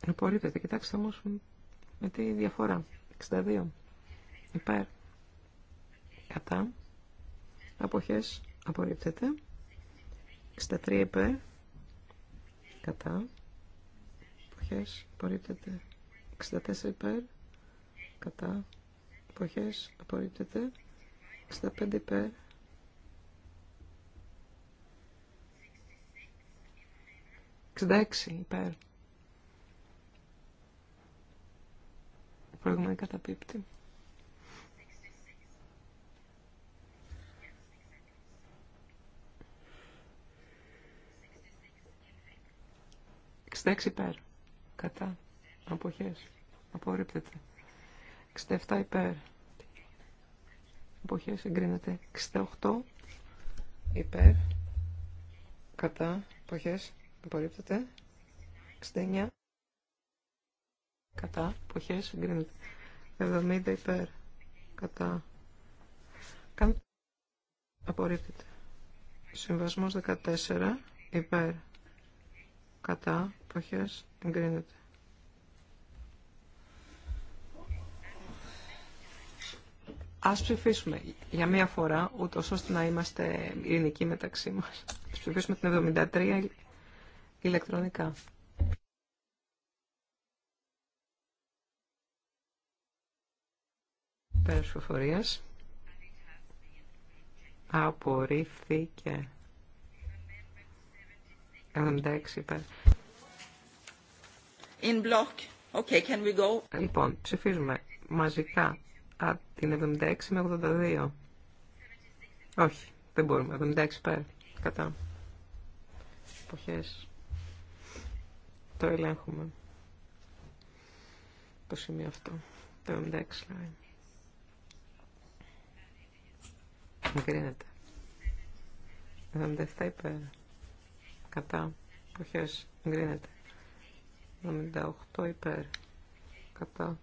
Απορρίπτεται. Κοιτάξτε όμως με τι διαφορά. 62. Υπέρ. Κατά. Αποχές. Απορρίπτεται. 63 υπέρ. Κατά. Εποχές. Απορρίπτεται. 64 υπέρ. Κατά. Εποχές. Απορρίπτεται. 65 υπέρ. 66 υπέρ. Προηγούμενη καταπίπτει. 66 υπέρ. Κατά. Αποχές. Απορρίπτεται. 67 υπέρ. Αποχές εγκρίνεται. 68 υπέρ. Κατά. Αποχές. Απορρίπτεται. 69. Κατά. Αποχές εγκρίνεται. 70 υπέρ. Κατά. Καν... Απορρίπτεται. Συμβασμός 14 υπέρ. Κατά. Α εγκρίνεται. Ας ψηφίσουμε για μία φορά, ούτως ώστε να είμαστε ειρηνικοί μεταξύ μας. Ας ψηφίσουμε την 73 ηλεκτρονικά. Πέρας φοφορίας. Απορρίφθηκε. 76 υπέρ. In block. Okay, can we go? Λοιπόν, ψηφίζουμε μαζικά Α, την 76 με 82. Όχι, δεν μπορούμε. 76 πέρα. Κατά. Εποχές. Το ελέγχουμε. Το σημείο αυτό. Το 76 λέει. Εγκρίνεται. 77 υπέρ. Κατά. Εποχές. Εγκρίνεται. 78 υπέρ. Κατά.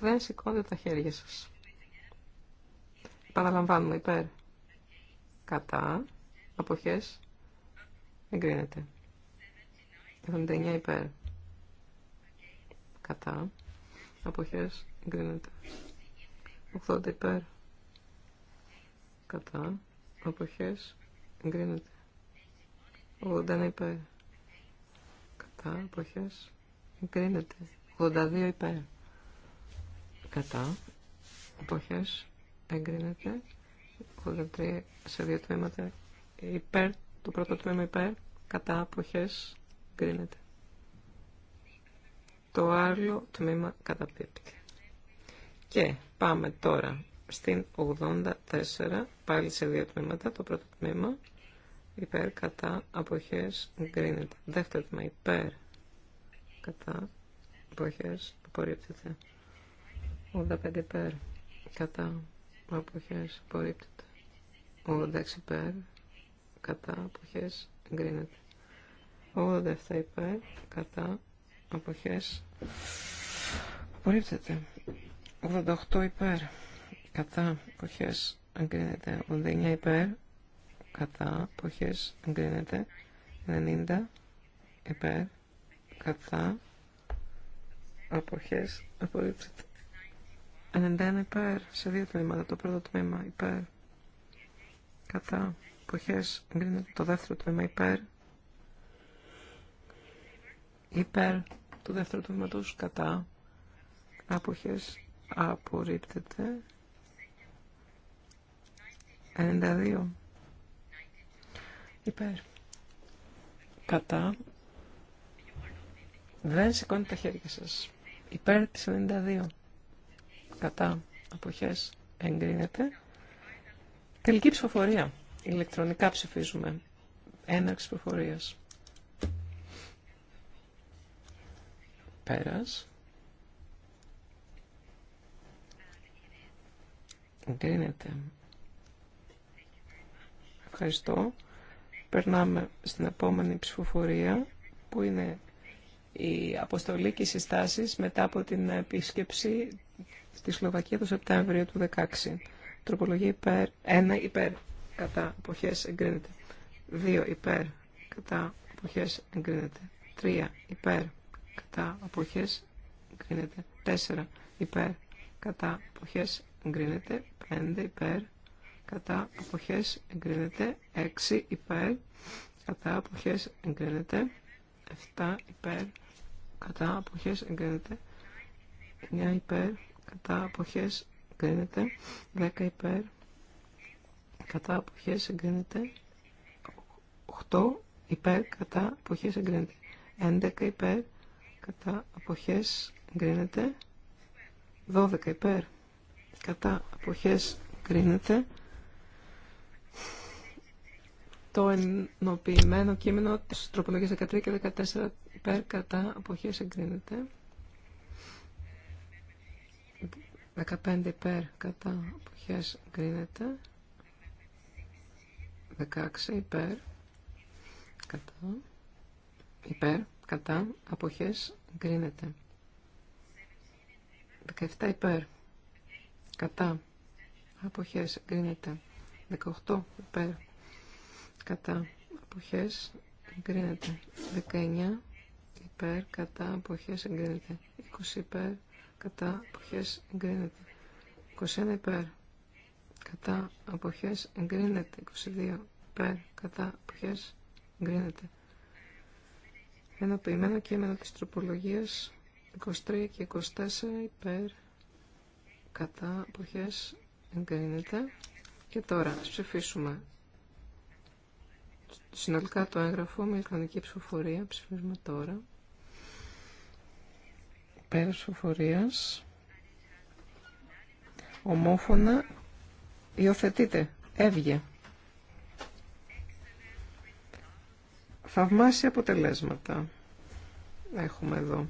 Δεν σηκώνετε τα χέρια σας. Παραλαμβάνουμε υπέρ. Κατά. Αποχές. Εγκρίνεται. 79 υπέρ. Κατά. Αποχές. Εγκρίνεται. 80 υπέρ. Κατά. Αποχές. Εγκρίνεται. 81 υπέρ κατά εγκρίνεται 82 υπέρ κατά εποχές εγκρίνεται 83 σε δύο τμήματα υπέρ το πρώτο τμήμα υπέρ κατά εποχές εγκρίνεται το άλλο τμήμα καταπίπτει και πάμε τώρα στην 84 πάλι σε δύο τμήματα το πρώτο τμήμα υπέρ κατά αποχές εγκρίνεται. Δεύτερο τμήμα υπέρ κατά αποχές απορρίπτεται. 85 υπέρ κατά αποχές απορρίπτεται. 86 υπέρ κατά αποχές εγκρίνεται. 87 υπέρ κατά αποχές απορρίπτεται. 88 υπέρ κατά αποχές εγκρίνεται. 89 υπέρ κατά, ποχές, εγκρίνεται. 90 υπέρ, κατά, αποχές, απορρίπτεται. 91 υπέρ, σε δύο τμήματα, το πρώτο τμήμα υπέρ, κατά, ποχές, εγκρίνεται. Το δεύτερο τμήμα υπέρ, υπέρ του δεύτερου τμήματος, κατά, αποχές, απορρίπτεται. 92 Υπέρ. Κατά. Δεν σηκώνει τα χέρια σας. Υπέρ της 92. Κατά. Αποχές. Εγκρίνεται. Τελική ψηφοφορία. Ηλεκτρονικά ψηφίζουμε. Έναρξη ψηφοφορίας. Πέρας. Εγκρίνεται. Ευχαριστώ. Περνάμε στην επόμενη ψηφοφορία που είναι η αποστολή και οι συστάσεις μετά από την επίσκεψη στη Σλοβακία το Σεπτέμβριο του 2016. Τροπολογία υπέρ, 1 υπέρ κατά αποχές εγκρίνεται. 2 υπέρ κατά αποχές εγκρίνεται. 3 υπέρ κατά αποχές εγκρίνεται. 4 υπέρ κατά αποχές εγκρίνεται. 5 υπέρ κατά αποχές εγκρίνεται 6 υπέρ κατά αποχές εγκρίνεται 7 υπέρ κατά αποχές εγκρίνεται 9 υπέρ κατά αποχές εγκρίνεται 10 υπέρ κατά αποχές εγκρίνεται 8 υπέρ κατά αποχές εγκρίνεται 11 υπέρ κατά αποχές εγκρίνεται 12 υπέρ κατά αποχές εγκρίνεται το ενοποιημένο κείμενο της τροπολογίας 13 και 14 υπέρ κατά αποχές εγκρίνεται. 15 υπέρ κατά αποχές εγκρίνεται. 16 υπέρ κατά υπέρ κατά αποχές εγκρίνεται. 17 υπέρ κατά αποχές εγκρίνεται. 18 υπέρ κατά αποχές εγκρίνεται 19 υπέρ κατά αποχές εγκρίνεται 20 υπέρ κατά αποχές εγκρίνεται 21 υπέρ κατά αποχές εγκρίνεται 22 υπέρ κατά αποχές εγκρίνεται ένα ποιημένο κείμενο της τροπολογίας 23 και 24 υπέρ κατά αποχές εγκρίνεται και τώρα, ας ψηφίσουμε συνολικά το έγγραφο με ηλεκτρονική ψηφοφορία. Ψηφίζουμε τώρα. Πέρα ψηφοφορίας. Ομόφωνα Υιοθετείτε. Έβγε. Θαυμάσια αποτελέσματα έχουμε εδώ.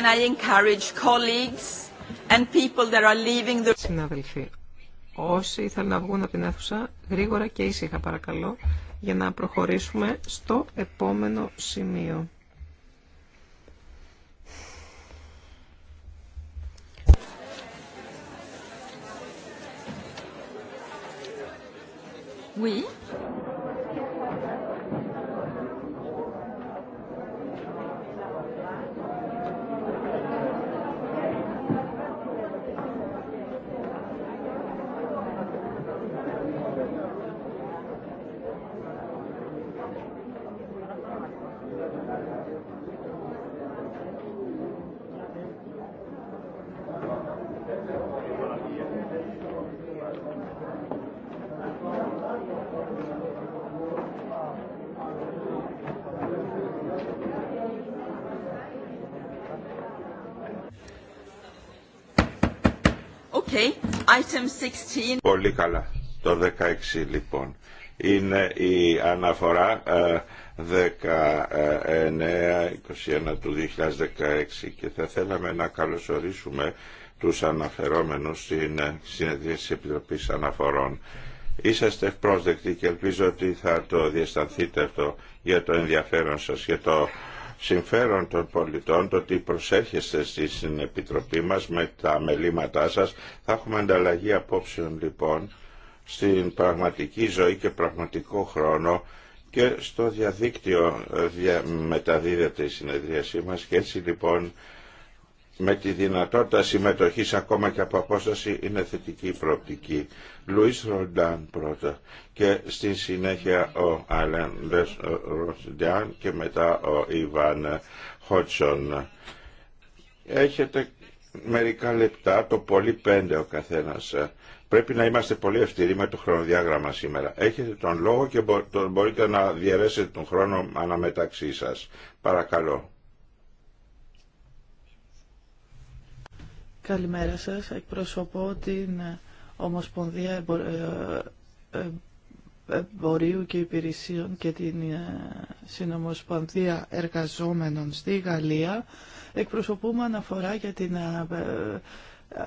and I encourage colleagues and people that are leaving the... Συνάδελφοι, όσοι θέλουν να βγουν από την αίθουσα, γρήγορα και ήσυχα παρακαλώ, για να προχωρήσουμε στο επόμενο σημείο. Oui. Πολύ καλά. Το 16 λοιπόν είναι η αναφορά 19-21 ε, του 2016 και θα θέλαμε να καλωσορίσουμε τους αναφερόμενους στην ε, συνεδρία της Επιτροπής Αναφορών. Είσαστε ευπρόσδεκτοι και ελπίζω ότι θα το διαστανθείτε αυτό για το ενδιαφέρον σας και το συμφέρον των πολιτών το ότι προσέρχεστε στην Επιτροπή μας με τα μελήματά σας. Θα έχουμε ανταλλαγή απόψεων λοιπόν στην πραγματική ζωή και πραγματικό χρόνο και στο διαδίκτυο ε, μεταδίδεται η συνεδρίασή μας και έτσι λοιπόν με τη δυνατότητα συμμετοχής ακόμα και από απόσταση είναι θετική η προοπτική. Λουίς Ροντάν πρώτα και στη συνέχεια ο Αλέν Ροσντιάν και μετά ο Ιβάν Χότσον. Έχετε μερικά λεπτά, το πολύ πέντε ο καθένας. Πρέπει να είμαστε πολύ ευθυροί με το χρονοδιάγραμμα σήμερα. Έχετε τον λόγο και μπορείτε να διαιρέσετε τον χρόνο αναμεταξύ σας. Παρακαλώ. Καλημέρα σας. Εκπροσωπώ την ε, Ομοσπονδία ε, ε, εμπορίου και υπηρεσίων και την ε, Συνομοσπονδία Εργαζόμενων στη Γαλλία. Εκπροσωπούμε αναφορά για την ε, ε,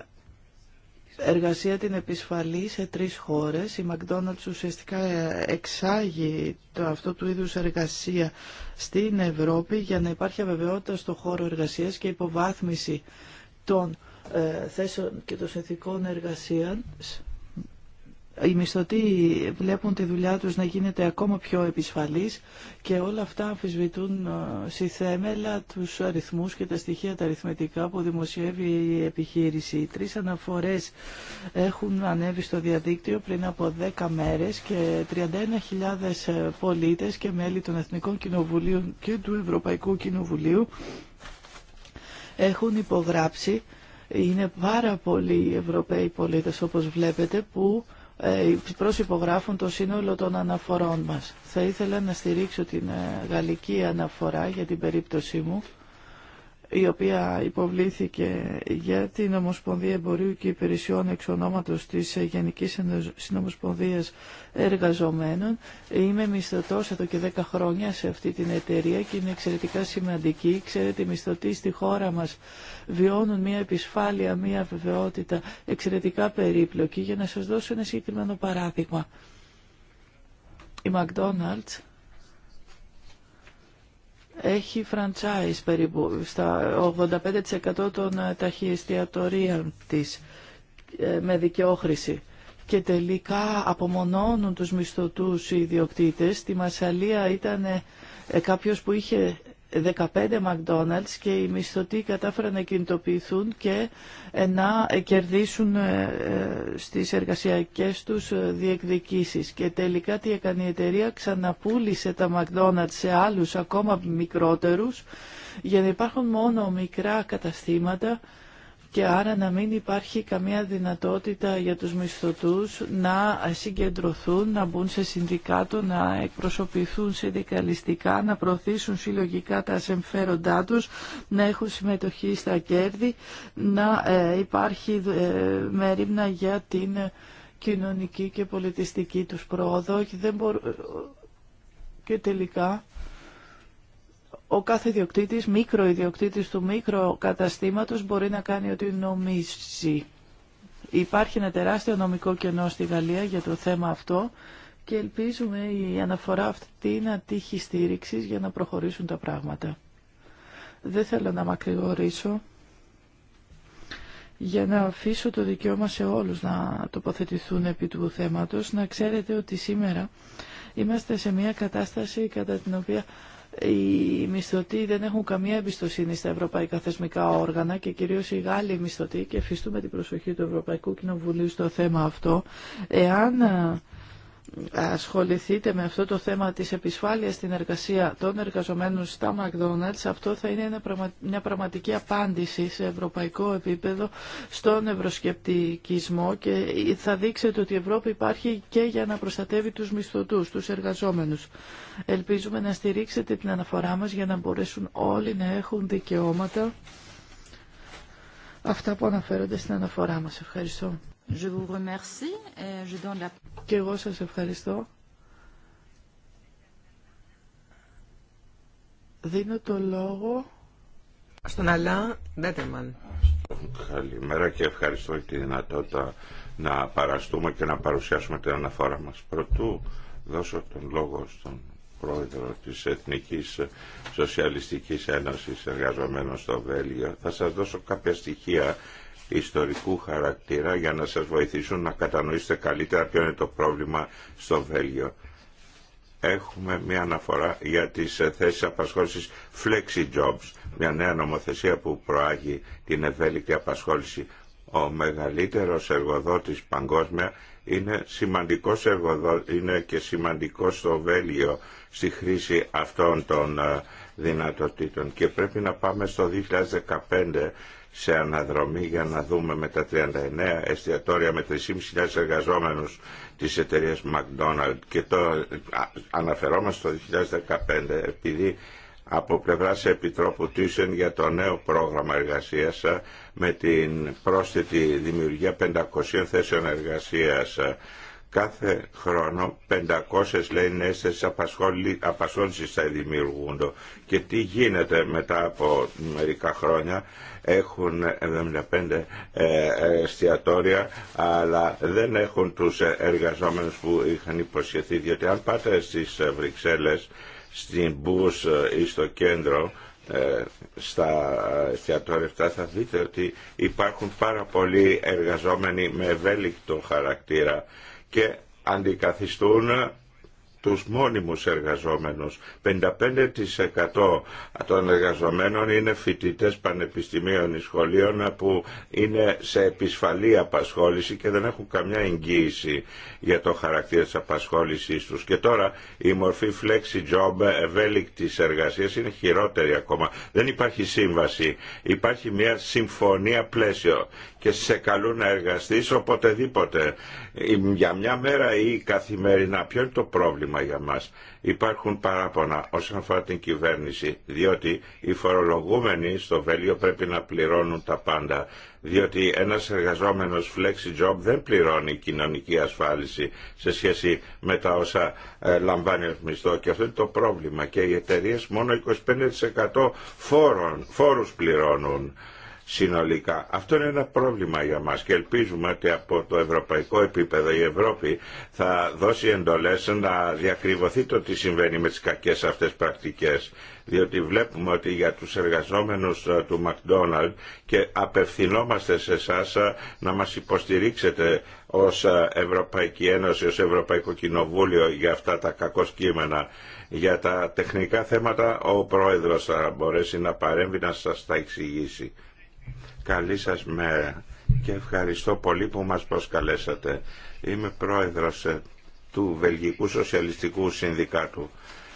εργασία την επισφαλή σε τρεις χώρες. Η McDonald's ουσιαστικά εξάγει το αυτό του είδους εργασία στην Ευρώπη για να υπάρχει αβεβαιότητα στο χώρο εργασίας και υποβάθμιση των θέσεων και των συνθηκών εργασίας οι μισθωτοί βλέπουν τη δουλειά τους να γίνεται ακόμα πιο επισφαλής και όλα αυτά αμφισβητούν ε, στη θέμελα τους αριθμούς και τα στοιχεία τα αριθμητικά που δημοσιεύει η επιχείρηση. Οι τρεις αναφορές έχουν ανέβει στο διαδίκτυο πριν από 10 μέρες και 31.000 ε, πολίτες και μέλη των Εθνικών Κοινοβουλίων και του Ευρωπαϊκού Κοινοβουλίου έχουν υπογράψει. Είναι πάρα πολλοί οι Ευρωπαίοι πολίτες όπως βλέπετε που ε, προσυπογράφουν το σύνολο των αναφορών μας. Θα ήθελα να στηρίξω την ε, γαλλική αναφορά για την περίπτωσή μου η οποία υποβλήθηκε για την Ομοσπονδία Εμπορίου και Υπηρεσιών εξ ονόματος της Γενικής Συνομοσπονδίας Εργαζομένων. Είμαι μισθωτός εδώ και 10 χρόνια σε αυτή την εταιρεία και είναι εξαιρετικά σημαντική. Ξέρετε, οι μισθωτοί στη χώρα μας βιώνουν μια επισφάλεια, μια βεβαιότητα εξαιρετικά περίπλοκη. Για να σας δώσω ένα συγκεκριμένο παράδειγμα. Η McDonald's έχει franchise περίπου στα 85% των ε, ταχυεστιατορίων της ε, με δικαιόχρηση και τελικά απομονώνουν τους μισθωτούς οι ιδιοκτήτες. Στη Μασαλία ήταν ε, κάποιος που είχε 15 McDonald's και οι μισθωτοί κατάφεραν να κινητοποιηθούν και ε, να ε, κερδίσουν ε, στις εργασιακές τους διεκδικήσεις. Και τελικά τι έκανε η εταιρεία, ξαναπούλησε τα McDonald's σε άλλους ακόμα μικρότερους για να υπάρχουν μόνο μικρά καταστήματα και άρα να μην υπάρχει καμία δυνατότητα για τους μισθωτούς να συγκεντρωθούν, να μπουν σε συνδικάτο, να εκπροσωπηθούν συνδικαλιστικά, να προωθήσουν συλλογικά τα συμφέροντά τους, να έχουν συμμετοχή στα κέρδη, να ε, υπάρχει ε, μερίμνα για την κοινωνική και πολιτιστική τους πρόοδο και, δεν μπορούν... Ε, και τελικά ο κάθε ιδιοκτήτης, ιδιοκτήτης του καταστήματος, μπορεί να κάνει ό,τι νομίζει. Υπάρχει ένα τεράστιο νομικό κενό στη Γαλλία για το θέμα αυτό και ελπίζουμε η αναφορά αυτή να τύχει στήριξη για να προχωρήσουν τα πράγματα. Δεν θέλω να μακρηγορήσω για να αφήσω το δικαίωμα σε όλους να τοποθετηθούν επί του θέματος, να ξέρετε ότι σήμερα είμαστε σε μια κατάσταση κατά την οποία οι μισθωτοί δεν έχουν καμία εμπιστοσύνη στα ευρωπαϊκά θεσμικά όργανα και κυρίως οι Γάλλοι μισθωτοί και εφιστούμε την προσοχή του Ευρωπαϊκού Κοινοβουλίου στο θέμα αυτό. Εάν ασχοληθείτε με αυτό το θέμα της επισφάλειας στην εργασία των εργαζομένων στα McDonald's, αυτό θα είναι μια πραγματική απάντηση σε ευρωπαϊκό επίπεδο στον ευρωσκεπτικισμό και θα δείξετε ότι η Ευρώπη υπάρχει και για να προστατεύει τους μισθωτούς, τους εργαζόμενους. Ελπίζουμε να στηρίξετε την αναφορά μας για να μπορέσουν όλοι να έχουν δικαιώματα αυτά που αναφέρονται στην αναφορά μας. Ευχαριστώ. Και εγώ σας ευχαριστώ. Δίνω το λόγο στον Αλά Μπέτερμαν. Καλημέρα και ευχαριστώ για τη δυνατότητα να παραστούμε και να παρουσιάσουμε την αναφορά μας. Πρωτού δώσω τον λόγο στον πρόεδρο της Εθνικής Σοσιαλιστικής Ένωσης εργαζομένων στο Βέλγιο. Θα σας δώσω κάποια στοιχεία ιστορικού χαρακτήρα για να σας βοηθήσουν να κατανοήσετε καλύτερα ποιο είναι το πρόβλημα στο Βέλγιο. Έχουμε μια αναφορά για τις θέσεις απασχόλησης Flexi Jobs, μια νέα νομοθεσία που προάγει την ευέλικτη απασχόληση. Ο μεγαλύτερος εργοδότης παγκόσμια είναι, σημαντικός εργοδότης είναι και σημαντικός στο Βέλγιο στη χρήση αυτών των ε, δυνατοτήτων και πρέπει να πάμε στο 2015 σε αναδρομή για να δούμε με τα 39 εστιατόρια με 3.500 εργαζόμενους της εταιρείας McDonald's και το αναφερόμαστε το 2015 επειδή από πλευράς Επιτρόπου Τίσεν για το νέο πρόγραμμα εργασίας ε, με την πρόσθετη δημιουργία 500 θέσεων εργασίας ε, κάθε χρόνο 500 λέει νέες θέσεις απασχόλησης θα δημιουργούνται και τι γίνεται μετά από μερικά χρόνια έχουν 75 ε, ε, εστιατόρια αλλά δεν έχουν τους εργαζόμενους που είχαν υποσχεθεί διότι αν πάτε στις Βρυξέλλες στην Μπούς ε, ή στο κέντρο στα εστιατόρια αυτά θα δείτε ότι υπάρχουν πάρα πολλοί εργαζόμενοι με ευέλικτο χαρακτήρα και αντικαθιστούν τους μόνιμους εργαζόμενους. 55% των εργαζομένων είναι φοιτητές πανεπιστημίων ή σχολείων που είναι σε επισφαλή απασχόληση και δεν έχουν καμιά εγγύηση για το χαρακτήρα της απασχόλησής τους. Και τώρα η μορφή flexi job ευέλικτης εργασίας είναι χειρότερη ακόμα. Δεν υπάρχει σύμβαση. Υπάρχει μια συμφωνία πλαίσιο και σε καλούν να εργαστείς οποτεδήποτε για μια μέρα ή καθημερινά. Ποιο είναι το πρόβλημα για μας. Υπάρχουν παράπονα όσον αφορά την κυβέρνηση διότι οι φορολογούμενοι στο Βέλιο πρέπει να πληρώνουν τα πάντα διότι ένας εργαζόμενος flexi job δεν πληρώνει κοινωνική ασφάλιση σε σχέση με τα όσα ε, λαμβάνει ο μισθό και αυτό είναι το πρόβλημα και οι εταιρείε μόνο 25% φόρων, φόρους πληρώνουν συνολικά. Αυτό είναι ένα πρόβλημα για μας και ελπίζουμε ότι από το ευρωπαϊκό επίπεδο η Ευρώπη θα δώσει εντολές να διακριβωθεί το τι συμβαίνει με τις κακές αυτές πρακτικές διότι βλέπουμε ότι για τους εργαζόμενους ε, του McDonald's και απευθυνόμαστε σε εσά ε, να μας υποστηρίξετε ως ε, Ευρωπαϊκή Ένωση, ως Ευρωπαϊκό Κοινοβούλιο για αυτά τα κακοσκήμενα. Για τα τεχνικά θέματα ο Πρόεδρος θα μπορέσει να παρέμβει να σας τα εξηγήσει. Καλή σας μέρα και ευχαριστώ πολύ που μας προσκαλέσατε. Είμαι πρόεδρος ε, του Βελγικού Σοσιαλιστικού Συνδικάτου.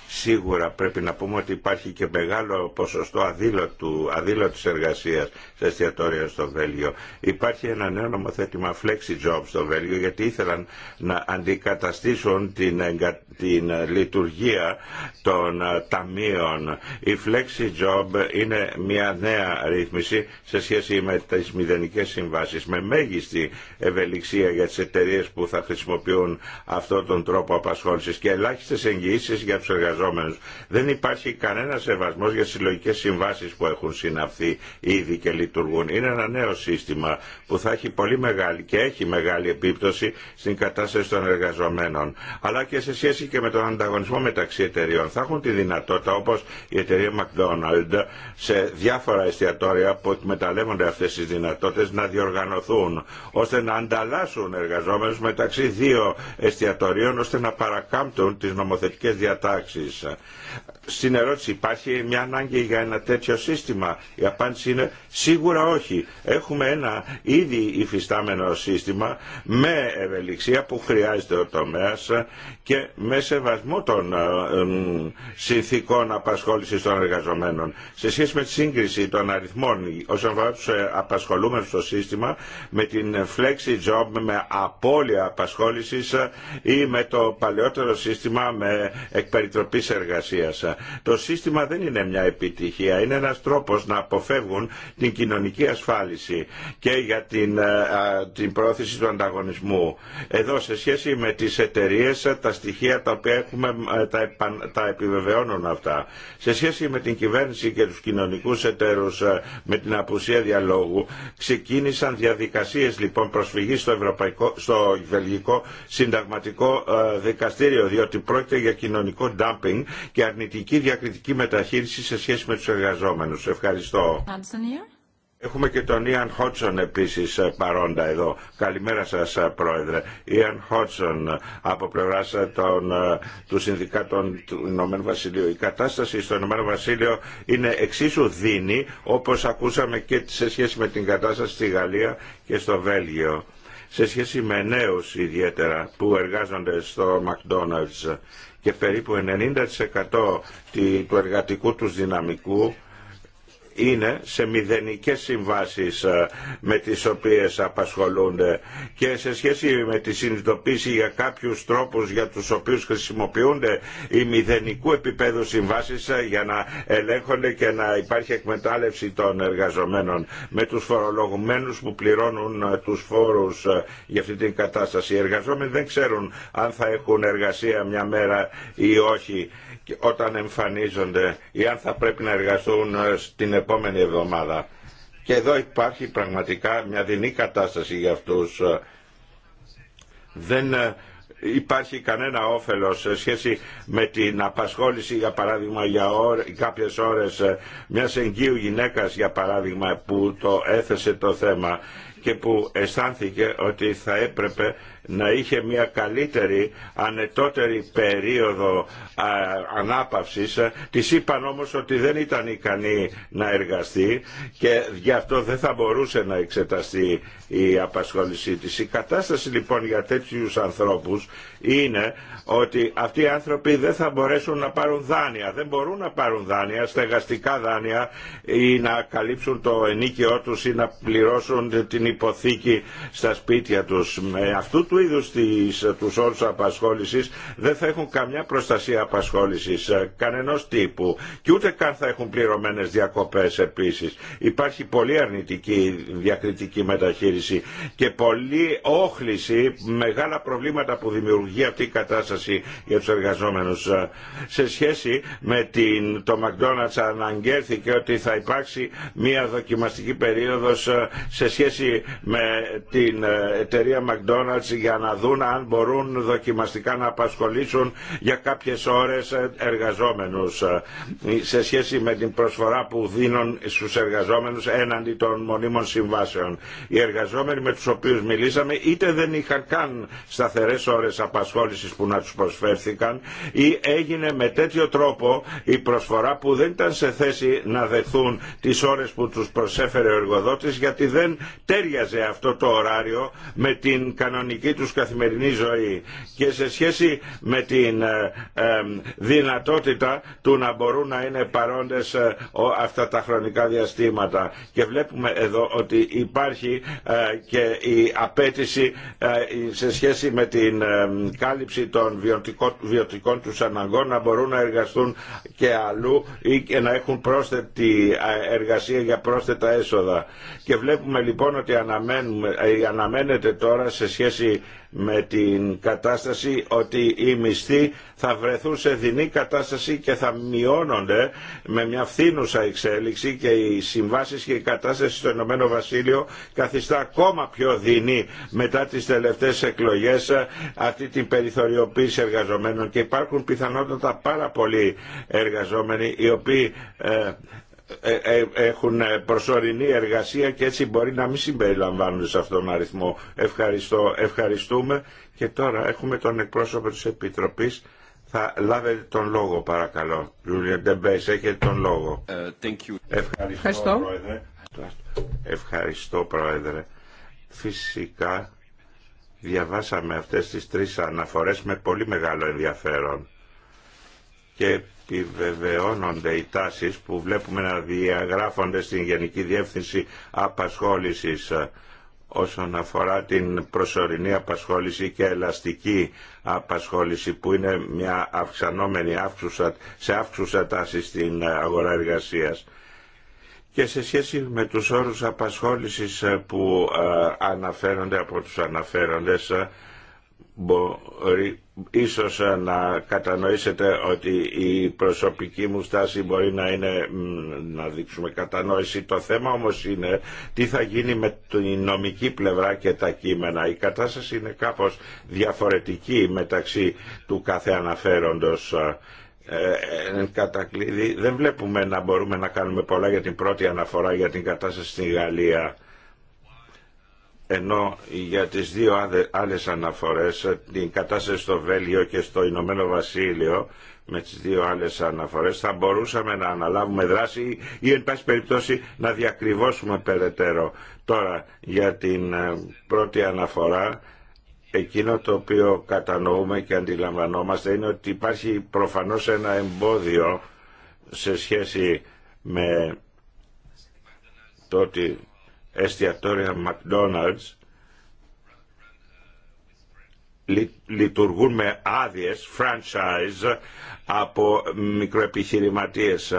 Σίγουρα πρέπει να πούμε ότι υπάρχει και μεγάλο ποσοστό αδήλωτου, αδήλωτης εργασίας σε εστιατόρια στο Βέλγιο. Υπάρχει ένα νέο νομοθέτημα flexi jobs στο Βέλγιο γιατί ήθελαν να αντικαταστήσουν την, εγκα την λειτουργία των ταμείων. Η FlexiJob είναι μια νέα ρύθμιση σε σχέση με τις μηδενικές συμβάσεις, με μέγιστη ευελιξία για τις εταιρείε που θα χρησιμοποιούν αυτόν τον τρόπο απασχόλησης και ελάχιστες εγγυήσεις για τους εργαζόμενους. Δεν υπάρχει κανένα σεβασμό για συλλογικέ συμβάσεις που έχουν συναυθεί ήδη και λειτουργούν. Είναι ένα νέο σύστημα που θα έχει πολύ μεγάλη και έχει μεγάλη επίπτωση στην κατάσταση των εργαζομένων, αλλά και σε σχέση και με τον ανταγωνισμό μεταξύ εταιριών. Θα έχουν τη δυνατότητα, όπως η εταιρεία McDonald's, σε διάφορα εστιατόρια που εκμεταλλεύονται αυτέ τι δυνατότητες να διοργανωθούν, ώστε να ανταλλάσσουν εργαζόμενους μεταξύ δύο εστιατορίων, ώστε να παρακάμπτουν τις νομοθετικέ διατάξεις. Στην ερώτηση υπάρχει μια ανάγκη για ένα τέτοιο σύστημα. Η απάντηση είναι σίγουρα όχι. Έχουμε ένα ήδη υφιστάμενο σύστημα με ευελιξία που χρειάζεται ο τομέας και με σεβασμό των ε, συνθήκων απασχόλησης των εργαζομένων. Σε σχέση με τη σύγκριση των αριθμών όσον αφορά τους ε, απασχολούμενους στο σύστημα με την flexi job με απώλεια απασχόλησης ε, ή με το παλαιότερο σύστημα με εκπεριτροπής εργασία. Το σύστημα δεν είναι μια επιτυχία, είναι ένας τρόπος να αποφεύγουν την κοινωνική ασφάλιση και για την, ε, την πρόθεση του ανταγωνισμού. Εδώ σε σχέση με τις εταιρείε, τα στοιχεία τα οποία έχουμε ε, τα, τα επιβεβαιώνουν αυτά. Σε σχέση με την κυβέρνηση και τους κοινωνικούς εταίρους ε, με την απουσία διαλόγου ξεκίνησαν διαδικασίες λοιπόν προσφυγής στο, Ευρωπαϊκό, στο Βελγικό Συνταγματικό Δικαστήριο διότι πρόκειται για κοινωνικό αρνητική διακριτική μεταχείριση σε σχέση με τους εργαζόμενους. Ευχαριστώ. Έχουμε και τον Ιαν Χότσον επίσης παρόντα εδώ. Καλημέρα σας πρόεδρε. Ιαν Χότσον από πλευρά των, του Συνδικάτων του Ηνωμένου Βασιλείου. Η κατάσταση στο Ηνωμένο Βασίλειο είναι εξίσου δίνη όπως ακούσαμε και σε σχέση με την κατάσταση στη Γαλλία και στο Βέλγιο. Σε σχέση με νέους ιδιαίτερα που εργάζονται στο McDonald's και περίπου 90% του εργατικού τους δυναμικού είναι σε μηδενικές συμβάσεις ε, με τις οποίες απασχολούνται και σε σχέση με τη συνειδητοποίηση για κάποιους τρόπους για τους οποίους χρησιμοποιούνται οι μηδενικού επίπεδου συμβάσεις ε, για να ελέγχονται και να υπάρχει εκμετάλλευση των εργαζομένων με τους φορολογουμένους που πληρώνουν ε, τους φόρους για αυτή την κατάσταση. Οι εργαζόμενοι δεν ξέρουν αν θα έχουν εργασία μια μέρα ή όχι όταν εμφανίζονται ή αν θα πρέπει να εργαστούν ε, στην επόμενη εβδομάδα. Και εδώ υπάρχει πραγματικά μια δεινή κατάσταση για αυτούς. Δεν ε, υπάρχει κανένα όφελος σε σχέση με την απασχόληση για παράδειγμα για ώρ, κάποιες ώρες ε, μια εγγύου γυναίκας για παράδειγμα που το έθεσε το θέμα και που αισθάνθηκε ότι θα έπρεπε να είχε μια καλύτερη ανετότερη περίοδο ανάπαυσης. Της είπαν όμως ότι δεν ήταν ικανή να εργαστεί και γι' αυτό δεν θα μπορούσε να εξεταστεί η απασχόλησή της. Η κατάσταση λοιπόν για τέτοιους ανθρώπους είναι ότι αυτοί οι άνθρωποι δεν θα μπορέσουν να πάρουν δάνεια. Δεν μπορούν να πάρουν δάνεια, στεγαστικά δάνεια ή να καλύψουν το ενίκαιό τους ή να πληρώσουν την υποθήκη στα σπίτια τους. Με αυτού του είδους του τους όρους απασχόλησης δεν θα έχουν καμιά προστασία απασχόλησης, ε, κανενός τύπου και ούτε καν θα έχουν πληρωμένες διακοπές επίσης. Υπάρχει πολύ αρνητική διακριτική μεταχείριση και πολλή όχληση, μεγάλα προβλήματα που δημιουργούν δημιουργεί αυτή η κατάσταση για τους εργαζόμενους. Ε, σε σχέση με την, το McDonald's αναγκέρθηκε ότι θα υπάρξει μια δοκιμαστική περίοδος ε, σε σχέση με την ε, εταιρεία McDonald's για να δουν αν μπορούν δοκιμαστικά να απασχολήσουν για κάποιες ώρες εργαζόμενους σε σχέση με την προσφορά που δίνουν στους εργαζόμενους έναντι των μονίμων συμβάσεων. Οι εργαζόμενοι με τους οποίους μιλήσαμε είτε δεν είχαν καν σταθερές ώρες απασχολήσεων απασχόλησης που να τους προσφέρθηκαν ή έγινε με τέτοιο τρόπο η προσφορά που δεν ήταν σε θέση να δεχθούν τις ώρες που τους προσέφερε ο εργοδότης γιατί δεν τέριαζε αυτό το ωράριο με την κανονική τους καθημερινή ζωή και σε σχέση με την ε, δυνατότητα του να μπορούν να είναι παρόντες ε, αυτά τα χρονικά διαστήματα. Και βλέπουμε εδώ ότι υπάρχει ε, και η απέτηση σε σχέση με την κάλυψη των βιωτικών τους αναγκών να μπορούν να εργαστούν και αλλού ή και να έχουν πρόσθετη ε, εργασία για πρόσθετα έσοδα. Και βλέπουμε λοιπόν ότι ε, αναμένεται τώρα σε σχέση με την κατάσταση ότι οι μισθοί θα βρεθούν σε δεινή κατάσταση και θα μειώνονται με μια φθήνουσα εξέλιξη και οι συμβάσεις και η κατάσταση στο Ηνωμένο Βασίλειο καθιστά ακόμα πιο δεινή μετά τις τελευταίες εκλογές ε, αυτή την περιθωριοποίηση εργαζομένων και υπάρχουν πιθανότατα πάρα πολλοί εργαζόμενοι οι οποίοι ε, ε, ε, έχουν ε, προσωρινή εργασία και έτσι μπορεί να μην συμπεριλαμβάνονται σε αυτόν τον αριθμό. Ευχαριστώ, ευχαριστούμε και τώρα έχουμε τον εκπρόσωπο της Επιτροπής. Θα λάβετε τον λόγο παρακαλώ. Λούλια Ντεμπέης, έχετε τον λόγο. Ευχαριστώ, Ευχαριστώ. Πρόεδρε. Ευχαριστώ Πρόεδρε. Φυσικά διαβάσαμε αυτές τις τρεις αναφορές με πολύ μεγάλο ενδιαφέρον και επιβεβαιώνονται οι τάσεις που βλέπουμε να διαγράφονται στην Γενική Διεύθυνση Απασχόλησης ε, όσον αφορά την προσωρινή απασχόληση και ελαστική απασχόληση που είναι μια αυξανόμενη αύξουσα, σε αύξουσα τάση στην ε, αγορά εργασίας. Και σε σχέση με τους όρους απασχόλησης ε, που αναφέρονται από τους αναφέροντες μπορεί ίσως ε, να κατανοήσετε ότι η προσωπική μου στάση μπορεί να είναι να δείξουμε κατανόηση. Το θέμα όμως είναι τι θα γίνει με την νομική πλευρά και τα κείμενα. Η κατάσταση είναι κάπως διαφορετική μεταξύ του κάθε αναφέροντος ε, ε, Δεν βλέπουμε να μπορούμε να κάνουμε πολλά για την πρώτη αναφορά για την κατάσταση στην Γαλλία ενώ για τις δύο άλλες αναφορές, την κατάσταση στο Βέλγιο και στο Ηνωμένο Βασίλειο, με τις δύο άλλες αναφορές, θα μπορούσαμε να αναλάβουμε δράση ή εν πάση περιπτώσει να διακριβώσουμε περαιτέρω. Τώρα, για την ε, πρώτη αναφορά, εκείνο το οποίο κατανοούμε και αντιλαμβανόμαστε είναι ότι υπάρχει προφανώς ένα εμπόδιο σε σχέση με το ότι εστιατόρια McDonald's λειτουργούν με άδειες, franchise, από μικροεπιχειρηματίες.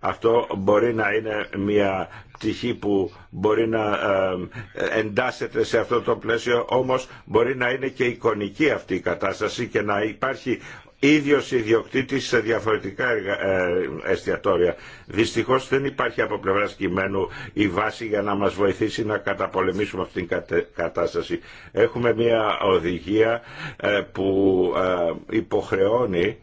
Αυτό μπορεί να είναι μια πτυχή που μπορεί να ε, εντάσσεται σε αυτό το πλαίσιο, όμως μπορεί να είναι και εικονική αυτή η κατάσταση και να υπάρχει ίδιος ιδιοκτήτης σε διαφορετικά ε, εστιατόρια. Δυστυχώς δεν υπάρχει από πλευρά κειμένου η βάση για να μας βοηθήσει να καταπολεμήσουμε αυτήν την κατάσταση. Έχουμε μια οδηγία ε, που ε, υποχρεώνει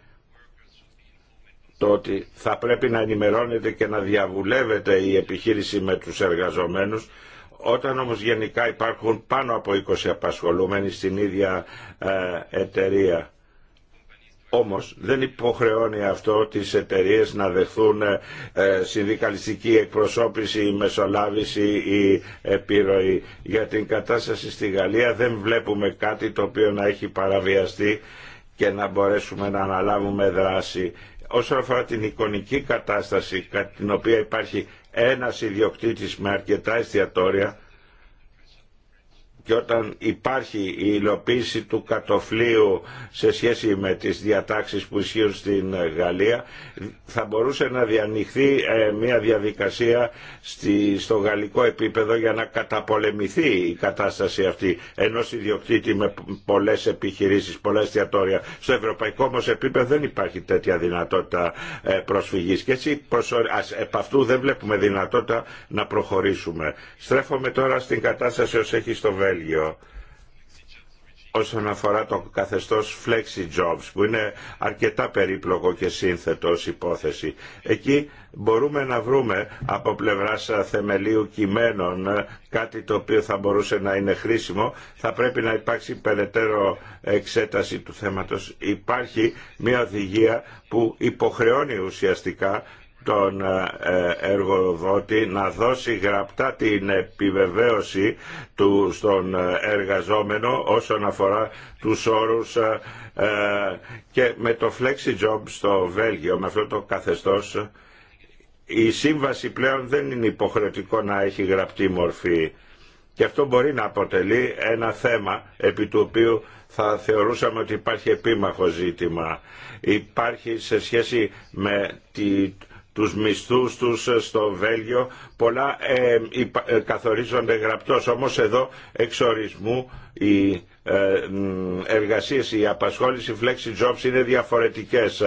το ότι θα πρέπει να ενημερώνεται και να διαβουλεύεται η επιχείρηση με τους εργαζομένους όταν όμως γενικά υπάρχουν πάνω από 20 απασχολούμενοι στην ίδια εταιρεία όμως δεν υποχρεώνει αυτό τις εταιρείε να δεχθούν ε, ε, συνδικαλιστική εκπροσώπηση, μεσολάβηση ή επιρροή. Για την κατάσταση στη Γαλλία δεν βλέπουμε κάτι το οποίο να έχει παραβιαστεί και να μπορέσουμε να αναλάβουμε δράση. Όσον αφορά την εικονική κατάσταση, κατά την οποία υπάρχει ένας ιδιοκτήτης με αρκετά εστιατόρια, και όταν υπάρχει η υλοποίηση του κατοφλίου σε σχέση με τις διατάξεις που ισχύουν στην Γαλλία θα μπορούσε να διανοιχθεί ε, μια διαδικασία στο γαλλικό επίπεδο για να καταπολεμηθεί η κατάσταση αυτή ενός ιδιοκτήτη με πολλές επιχειρήσεις, πολλά εστιατόρια. Στο ευρωπαϊκό όμως επίπεδο δεν υπάρχει τέτοια δυνατότητα ε, προσφυγής και έτσι ας, επ' αυτού δεν βλέπουμε δυνατότητα να προχωρήσουμε. Στρέφομαι τώρα στην κατάσταση ως έχει στο Βέλγιο Βέλγιο όσον αφορά το καθεστώς flexi jobs που είναι αρκετά περίπλοκο και σύνθετο ως υπόθεση. Εκεί μπορούμε να βρούμε από πλευράς θεμελίου κειμένων κάτι το οποίο θα μπορούσε να είναι χρήσιμο. Θα πρέπει να υπάρξει περαιτέρω εξέταση του θέματος. Υπάρχει μια οδηγία που υποχρεώνει ουσιαστικά τον ε, ε, εργοδότη να δώσει γραπτά την επιβεβαίωση του στον ε, εργαζόμενο όσον αφορά τους όρους και με το flexi job στο Βέλγιο, με αυτό το καθεστώς η σύμβαση πλέον δεν είναι υποχρεωτικό να έχει γραπτή μορφή και αυτό μπορεί να αποτελεί ένα θέμα επί του οποίου θα θεωρούσαμε ότι υπάρχει επίμαχο ζήτημα. Υπάρχει σε σχέση με τη τους μισθούς τους ε, στο Βέλγιο. Πολλά ε, ε, καθορίζονται γραπτός, όμως εδώ ορισμού οι εργασίες, η απασχόληση flexi jobs είναι διαφορετικές.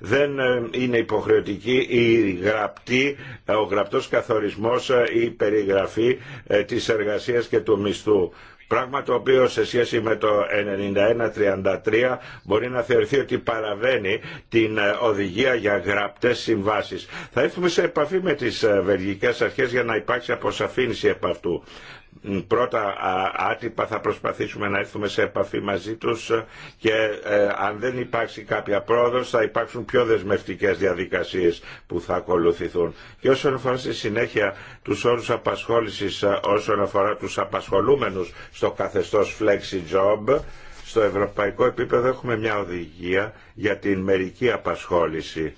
Δεν είναι υποχρεωτική η γραπτή, ο γραπτός καθορισμός, η περιγραφή της εργασίας και του μισθού. Πράγμα το οποίο σε σχέση με το 91-33 μπορεί να θεωρηθεί ότι παραβαίνει την ε, οδηγία για γραπτές συμβάσεις. Θα έρθουμε σε επαφή με τις ε, βελγικές αρχές για να υπάρξει αποσαφήνιση επ' αυτού πρώτα άτυπα θα προσπαθήσουμε να έρθουμε σε επαφή μαζί τους και ε, αν δεν υπάρξει κάποια πρόοδος θα υπάρξουν πιο δεσμευτικές διαδικασίες που θα ακολουθηθούν. Και όσον αφορά στη συνέχεια τους όρους απασχόλησης, ε, όσον αφορά τους απασχολούμενους στο καθεστώς Flexi Job, στο ευρωπαϊκό επίπεδο έχουμε μια οδηγία για την μερική απασχόληση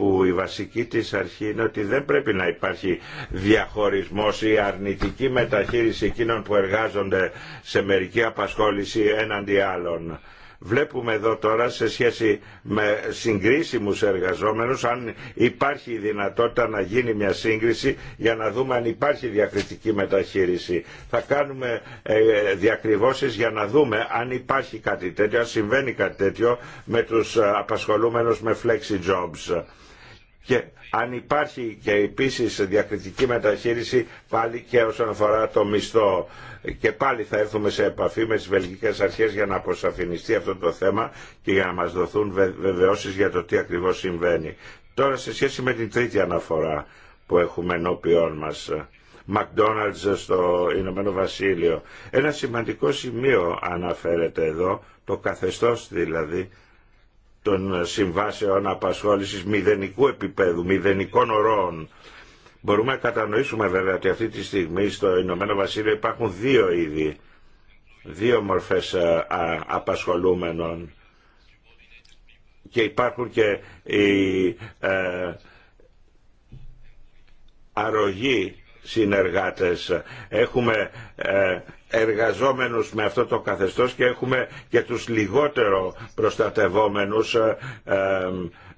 που η βασική της αρχή είναι ότι δεν πρέπει να υπάρχει διαχωρισμός ή αρνητική μεταχείριση εκείνων που εργάζονται σε μερική απασχόληση έναντι άλλων. Βλέπουμε εδώ τώρα σε σχέση με συγκρίσιμους εργαζόμενους αν υπάρχει η δυνατότητα να γίνει μια σύγκριση για να δούμε αν υπάρχει διακριτική μεταχείριση. Θα κάνουμε ε, διακριβώσεις για να δούμε αν υπάρχει κάτι τέτοιο, αν συμβαίνει κάτι τέτοιο με τους ε, απασχολούμενους με flexi jobs και αν υπάρχει και επίσης διακριτική μεταχείριση πάλι και όσον αφορά το μισθό και πάλι θα έρθουμε σε επαφή με τις βελγικές αρχές για να αποσαφινιστεί αυτό το θέμα και για να μας δοθούν βεβαιώσεις για το τι ακριβώς συμβαίνει. Τώρα σε σχέση με την τρίτη αναφορά που έχουμε ενώπιόν μας. McDonald's στο Ηνωμένο Βασίλειο. Ένα σημαντικό σημείο αναφέρεται εδώ, το καθεστώς δηλαδή των συμβάσεων απασχόλησης μηδενικού επίπεδου, μηδενικών ορών. Μπορούμε να κατανοήσουμε βέβαια ότι αυτή τη στιγμή στο Ηνωμένο Βασίλειο υπάρχουν δύο είδη, δύο μορφές ε, απασχολούμενων και υπάρχουν και οι ε, αρρωγοί συνεργάτες. Έχουμε ε, εργαζόμενους με αυτό το καθεστώς και έχουμε και τους λιγότερο προστατευόμενους ε, ε,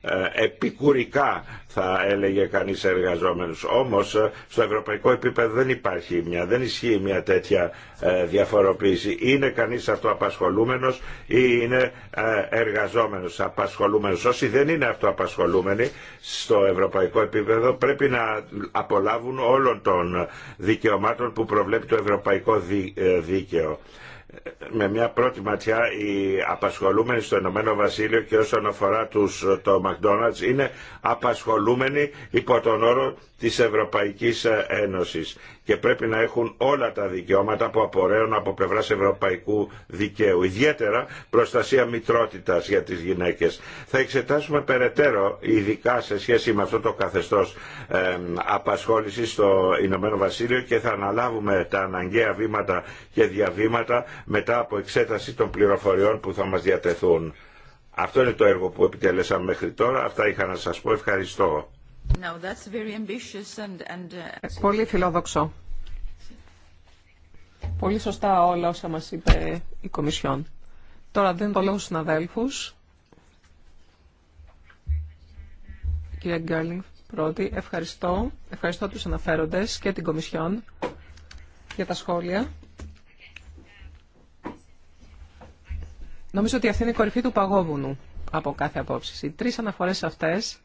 ε, επικουρικά θα έλεγε κανείς εργαζόμενος. Όμως ε, στο ευρωπαϊκό επίπεδο δεν υπάρχει μια, δεν ισχύει μια τέτοια ε, διαφοροποίηση. Είναι κανείς αυτοαπασχολούμενος ή είναι εργαζόμενος απασχολούμενος. Όσοι δεν είναι αυτοαπασχολούμενοι στο ευρωπαϊκό επίπεδο πρέπει να απολάβουν όλων των δικαιωμάτων που προβλέπει το ευρωπαϊκό δίκαιο με μια πρώτη ματιά οι απασχολούμενοι στο Ηνωμένο Βασίλειο και όσον αφορά τους, το McDonald's είναι απασχολούμενοι υπό τον όρο της Ευρωπαϊκής Ένωσης και πρέπει να έχουν όλα τα δικαιώματα που απορρέουν από πλευρά ευρωπαϊκού δικαίου. Ιδιαίτερα προστασία μητρότητα για τι γυναίκε. Θα εξετάσουμε περαιτέρω, ειδικά σε σχέση με αυτό το καθεστώ ε, απασχόληση στο Ηνωμένο Βασίλειο και θα αναλάβουμε τα αναγκαία βήματα και διαβήματα μετά από εξέταση των πληροφοριών που θα μα διατεθούν. Αυτό είναι το έργο που επιτελέσαμε μέχρι τώρα. Αυτά είχα να σας πω. Ευχαριστώ. Uh, ε, πολύ φιλόδοξο. Πολύ σωστά όλα όσα μας είπε η Κομισιόν. Τώρα δίνω το λόγο στους συναδέλφους. Κύριε Γκέρλινγκ, πρώτη. Ευχαριστώ. Ευχαριστώ τους αναφέροντες και την Κομισιόν για τα σχόλια. Νομίζω ότι αυτή είναι η κορυφή του παγόβουνου από κάθε απόψη. Οι τρεις αναφορές αυτές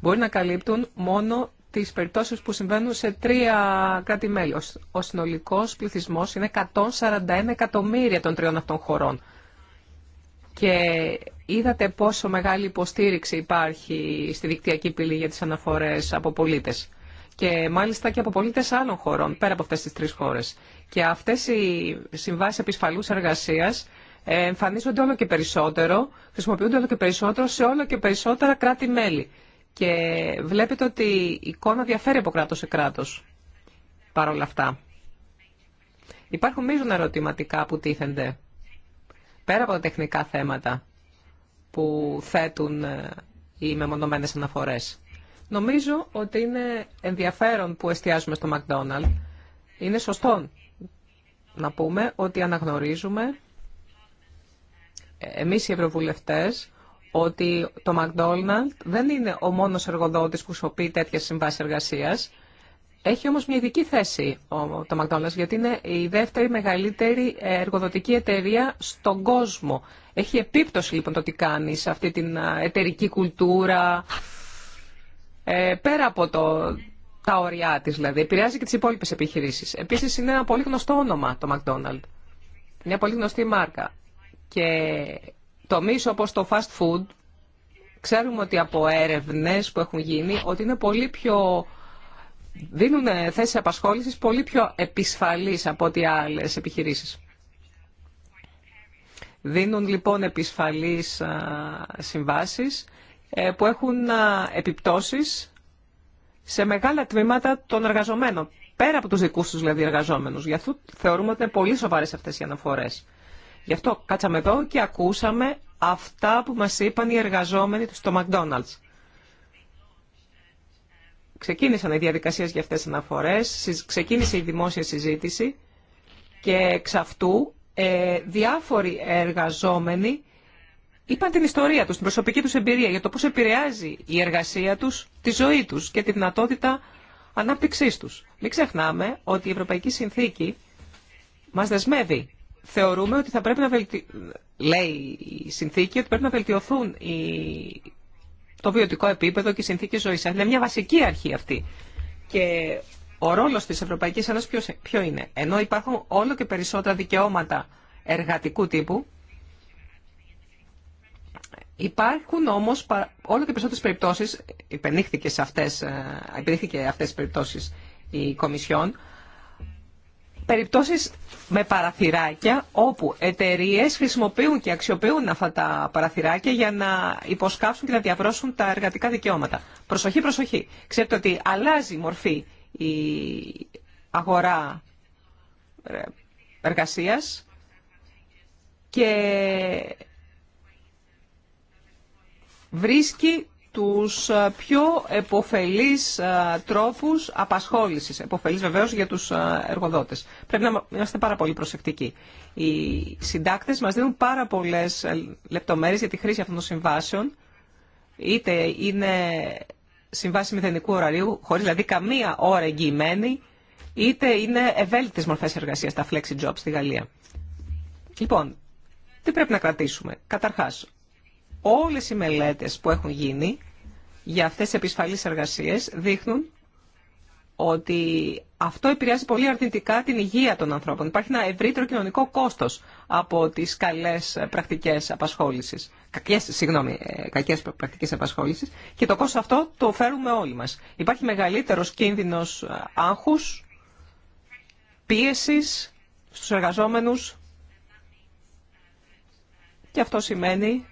μπορεί να καλύπτουν μόνο τι περιπτώσει που συμβαίνουν σε τρία κράτη-μέλη. Ο συνολικό πληθυσμό είναι 141 εκατομμύρια των τριών αυτών χωρών. Και είδατε πόσο μεγάλη υποστήριξη υπάρχει στη δικτυακή πύλη για τι αναφορέ από πολίτε. Και μάλιστα και από πολίτε άλλων χωρών, πέρα από αυτέ τι τρει χώρε. Και αυτέ οι συμβάσει επισφαλού εργασία ε, εμφανίζονται όλο και περισσότερο, χρησιμοποιούνται όλο και περισσότερο σε όλο και περισσότερα κράτη-μέλη. Και βλέπετε ότι η εικόνα διαφέρει από κράτος σε κράτος παρόλα αυτά. Υπάρχουν μείζων ερωτηματικά που τίθενται, πέρα από τα τεχνικά θέματα που θέτουν ε, οι μεμονωμένες αναφορές. Νομίζω ότι είναι ενδιαφέρον που εστιάζουμε στο McDonald's. Είναι σωστό να πούμε ότι αναγνωρίζουμε ε, εμείς οι ευρωβουλευτές ότι το McDonald's δεν είναι ο μόνος εργοδότης που χρησιμοποιεί τέτοιες συμβάσεις εργασίας. Έχει όμως μια ειδική θέση το McDonald's γιατί είναι η δεύτερη μεγαλύτερη εργοδοτική εταιρεία στον κόσμο. Έχει επίπτωση λοιπόν το τι κάνει σε αυτή την εταιρική κουλτούρα ε, πέρα από το, τα ωριά της δηλαδή. Επηρεάζει και τις υπόλοιπες επιχειρήσεις. Επίσης είναι ένα πολύ γνωστό όνομα το McDonald's. Μια πολύ γνωστή μάρκα. Και τομείς όπως το fast food, ξέρουμε ότι από έρευνες που έχουν γίνει, ότι είναι πολύ πιο δίνουν θέσεις απασχόλησης πολύ πιο επισφαλείς από ό,τι άλλες επιχειρήσεις. Δίνουν λοιπόν επισφαλείς συμβάσεις ε, που έχουν επιπτώσεις σε μεγάλα τμήματα των εργαζομένων, πέρα από τους δικούς τους δηλαδή εργαζόμενους. Γι' αυτό θεωρούμε ότι είναι πολύ σοβαρές αυτές οι αναφορές. Γι' αυτό κάτσαμε εδώ και ακούσαμε αυτά που μας είπαν οι εργαζόμενοι στο McDonald's. Ξεκίνησαν οι διαδικασίες για αυτές τις αναφορές, ξεκίνησε η δημόσια συζήτηση και εξ αυτού ε, διάφοροι εργαζόμενοι είπαν την ιστορία τους, την προσωπική τους εμπειρία για το πώς επηρεάζει η εργασία τους, τη ζωή τους και τη δυνατότητα ανάπτυξής τους. Μην ξεχνάμε ότι η Ευρωπαϊκή Συνθήκη μας δεσμεύει θεωρούμε ότι θα πρέπει να λέει η συνθήκη ότι πρέπει να βελτιωθούν οι... το βιωτικό επίπεδο και οι συνθήκες ζωής. Είναι μια βασική αρχή αυτή. Και ο ρόλος της Ευρωπαϊκής Ένωσης ποιος... ποιο είναι. Ενώ υπάρχουν όλο και περισσότερα δικαιώματα εργατικού τύπου, Υπάρχουν όμως όλο και περισσότερες περιπτώσεις, υπενήχθηκε σε αυτές, ε, υπενήχθηκε αυτές τις περιπτώσεις η Κομισιόν, περιπτώσεις με παραθυράκια όπου εταιρείε χρησιμοποιούν και αξιοποιούν αυτά τα παραθυράκια για να υποσκάψουν και να διαβρώσουν τα εργατικά δικαιώματα. Προσοχή, προσοχή. Ξέρετε ότι αλλάζει η μορφή η αγορά ε, εργασίας και βρίσκει τους ε, πιο εποφελείς ε, τρόπους απασχόλησης. Εποφελείς βεβαίως για τους ε, εργοδότες. Πρέπει να είμαστε πάρα πολύ προσεκτικοί. Οι συντάκτες μας δίνουν πάρα πολλές λεπτομέρειες για τη χρήση αυτών των συμβάσεων. Είτε είναι συμβάσει μηδενικού ωραρίου, χωρίς δηλαδή καμία ώρα εγγυημένη, είτε είναι ευέλικτες μορφές εργασίας, τα flexi jobs στη Γαλλία. Λοιπόν, τι πρέπει να κρατήσουμε. Καταρχάς, όλες οι μελέτες που έχουν γίνει για αυτές τις επισφαλείς εργασίες δείχνουν ότι αυτό επηρεάζει πολύ αρνητικά την υγεία των ανθρώπων. Υπάρχει ένα ευρύτερο κοινωνικό κόστος από τις καλές πρακτικές απασχόλησης, κακές, συγγνώμη, ε, κακές πρακτικές απασχόλησης και το κόστος αυτό το φέρουμε όλοι μας. Υπάρχει μεγαλύτερος κίνδυνος άγχους, πίεσης στους εργαζόμενους και αυτό σημαίνει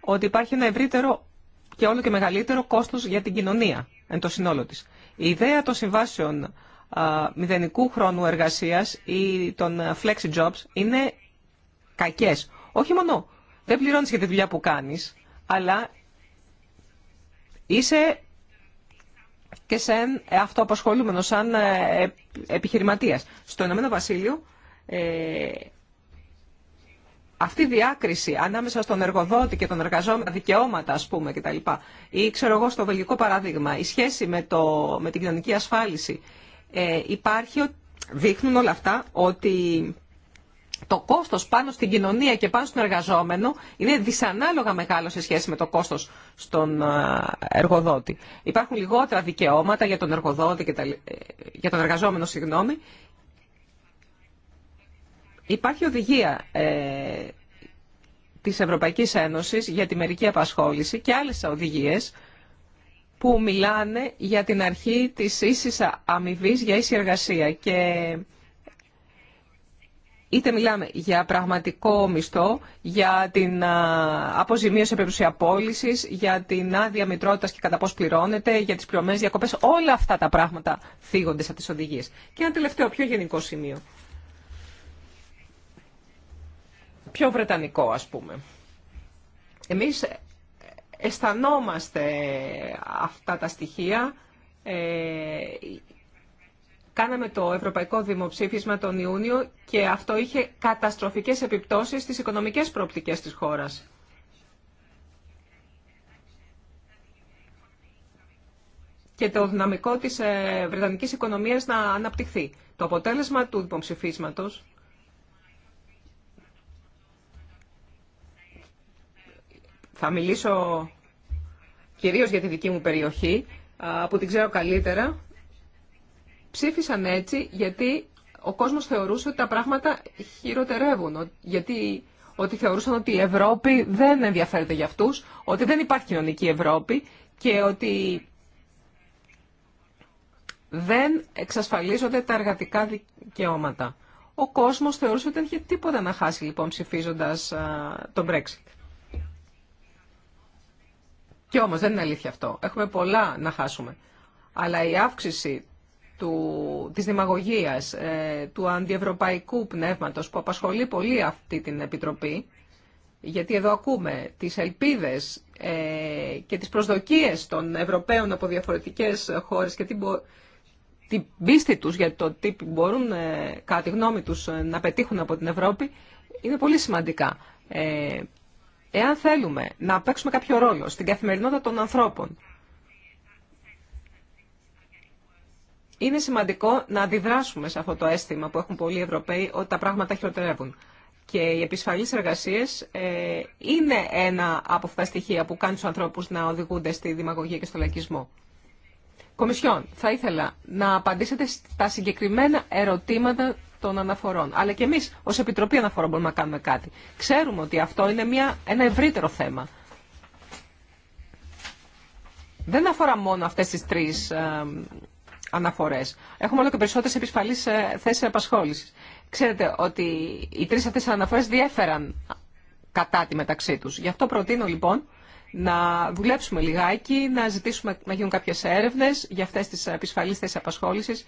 ότι υπάρχει ένα ευρύτερο και όλο και μεγαλύτερο κόστος για την κοινωνία εν το συνόλο της. Η ιδέα των συμβάσεων μηδενικού χρόνου εργασίας ή των flexi jobs είναι κακές. Όχι μόνο δεν πληρώνεις για τη δουλειά που κάνεις, αλλά είσαι και σε αυτοαπασχολούμενο σαν ε, επιχειρηματίας. Στο Ηνωμένο Βασίλειο ε, αυτή η διάκριση ανάμεσα στον εργοδότη και τον εργαζόμενο, δικαιώματα ας πούμε κτλ. Ή ξέρω εγώ στο βελγικό παράδειγμα, η σχέση με, το, με την κοινωνική ασφάλιση. Ε, υπάρχει, δείχνουν όλα αυτά ότι το κόστος πάνω στην κοινωνία και πάνω στον εργαζόμενο είναι δυσανάλογα μεγάλο σε σχέση με το κόστος στον ε, εργοδότη. Υπάρχουν λιγότερα δικαιώματα για τον, εργοδότη και ε, για τον εργαζόμενο συγγνώμη, Υπάρχει οδηγία ε, της Ευρωπαϊκής Ένωσης για τη μερική απασχόληση και άλλες οδηγίες που μιλάνε για την αρχή της ίσης αμοιβή για ίση εργασία και είτε μιλάμε για πραγματικό μισθό, για την αποζημίωση επίπτωση απόλυσης, για την άδεια μητρότητας και κατά πώς πληρώνεται, για τις πληρωμένες διακοπές, όλα αυτά τα πράγματα θίγονται αυτές τις οδηγίες. Και ένα τελευταίο πιο γενικό σημείο πιο βρετανικό ας πούμε. Εμείς αισθανόμαστε αυτά τα στοιχεία. Ε, κάναμε το ευρωπαϊκό δημοψήφισμα τον Ιούνιο και αυτό είχε καταστροφικές επιπτώσεις στις οικονομικές προοπτικές της χώρας. και το δυναμικό της ε, βρετανικής οικονομίας να αναπτυχθεί. Το αποτέλεσμα του δημοψηφίσματος θα μιλήσω κυρίως για τη δική μου περιοχή, που την ξέρω καλύτερα, ψήφισαν έτσι γιατί ο κόσμος θεωρούσε ότι τα πράγματα χειροτερεύουν, γιατί ότι θεωρούσαν ότι η Ευρώπη δεν ενδιαφέρεται για αυτούς, ότι δεν υπάρχει κοινωνική Ευρώπη και ότι δεν εξασφαλίζονται τα εργατικά δικαιώματα. Ο κόσμος θεωρούσε ότι δεν είχε τίποτα να χάσει λοιπόν ψηφίζοντας α, τον Brexit. Και όμως δεν είναι αλήθεια αυτό. Έχουμε πολλά να χάσουμε. Αλλά η αύξηση του, της δημαγωγίας, ε, του αντιευρωπαϊκού πνεύματος που απασχολεί πολύ αυτή την Επιτροπή, γιατί εδώ ακούμε τις ελπίδες ε, και τις προσδοκίες των Ευρωπαίων από διαφορετικές χώρες και την πίστη τους για το τι μπορούν ε, κατά τη γνώμη τους να πετύχουν από την Ευρώπη, είναι πολύ σημαντικά. Εάν θέλουμε να παίξουμε κάποιο ρόλο στην καθημερινότητα των ανθρώπων, είναι σημαντικό να αντιδράσουμε σε αυτό το αίσθημα που έχουν πολλοί Ευρωπαίοι ότι τα πράγματα χειροτερεύουν. Και οι επισφαλείς εργασίες ε, είναι ένα από αυτά τα στοιχεία που κάνουν τους ανθρώπους να οδηγούνται στη δημαγωγία και στο λαϊκισμό. Κομισιόν, θα ήθελα να απαντήσετε στα συγκεκριμένα ερωτήματα των αναφορών. Αλλά και εμεί ω Επιτροπή Αναφορών μπορούμε να κάνουμε κάτι. Ξέρουμε ότι αυτό είναι μια, ένα ευρύτερο θέμα. Δεν αφορά μόνο αυτέ τι τρει ε, αναφορέ. Έχουμε όλο και περισσότερε επισφαλεί ε, θέσει απασχόληση. Ξέρετε ότι οι τρει αυτέ αναφορέ διέφεραν κατά τη μεταξύ του. Γι' αυτό προτείνω λοιπόν να δουλέψουμε λιγάκι, να ζητήσουμε να γίνουν κάποιες έρευνες για αυτές τις επισφαλείς θέσεις απασχόλησης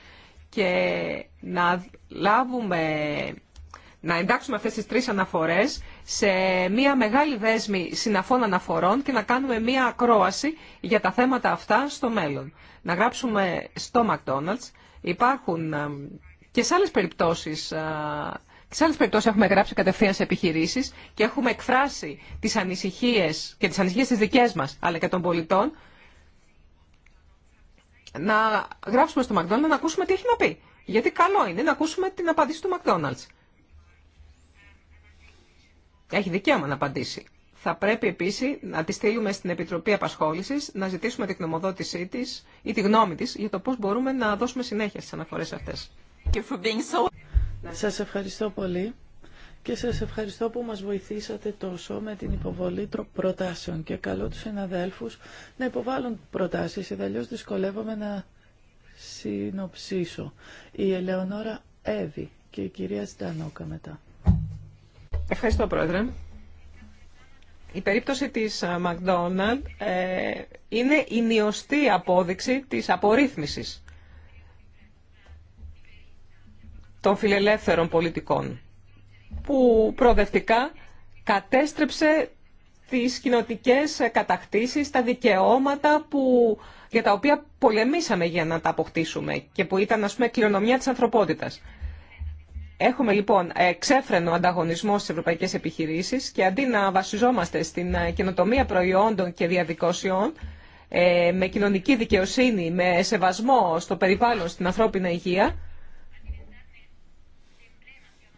και να λάβουμε να εντάξουμε αυτές τις τρεις αναφορές σε μια μεγάλη δέσμη συναφών αναφορών και να κάνουμε μια ακρόαση για τα θέματα αυτά στο μέλλον. Να γράψουμε στο McDonald's. Υπάρχουν ε, και σε άλλες περιπτώσεις, ε, και σε άλλες περιπτώσεις έχουμε γράψει κατευθείαν σε επιχειρήσεις και έχουμε εκφράσει τις ανησυχίες και τις ανησυχίες τις δικές μας, αλλά και των πολιτών, να γράψουμε στο McDonald's να ακούσουμε τι έχει να πει. Γιατί καλό είναι να ακούσουμε την απάντηση του McDonald's. Έχει δικαίωμα να απαντήσει. Θα πρέπει επίση να τη στείλουμε στην Επιτροπή Απασχόληση, να ζητήσουμε την γνωμοδότησή τη ή τη γνώμη τη για το πώ μπορούμε να δώσουμε συνέχεια στι αναφορέ αυτέ. Σα ευχαριστώ πολύ και σας ευχαριστώ που μας βοηθήσατε τόσο με την υποβολή προτάσεων και καλώ τους συναδέλφους να υποβάλουν προτάσεις, αλλιώς δυσκολεύομαι να συνοψίσω. Η Ελεονόρα Εύη και η κυρία Στανόκα μετά. Ευχαριστώ Πρόεδρε. Η περίπτωση της ε, McDonald ε, είναι η νιωστή απόδειξη της απορρίθμισης των φιλελεύθερων πολιτικών που προοδευτικά κατέστρεψε τις κοινοτικές κατακτήσεις, τα δικαιώματα που, για τα οποία πολεμήσαμε για να τα αποκτήσουμε και που ήταν ας πούμε κληρονομιά της ανθρωπότητας. Έχουμε λοιπόν ξέφρενο ανταγωνισμό στις ευρωπαϊκές επιχειρήσεις και αντί να βασιζόμαστε στην ε, καινοτομία προϊόντων και διαδικώσεων ε, με κοινωνική δικαιοσύνη, με σεβασμό στο περιβάλλον, στην ανθρώπινη υγεία,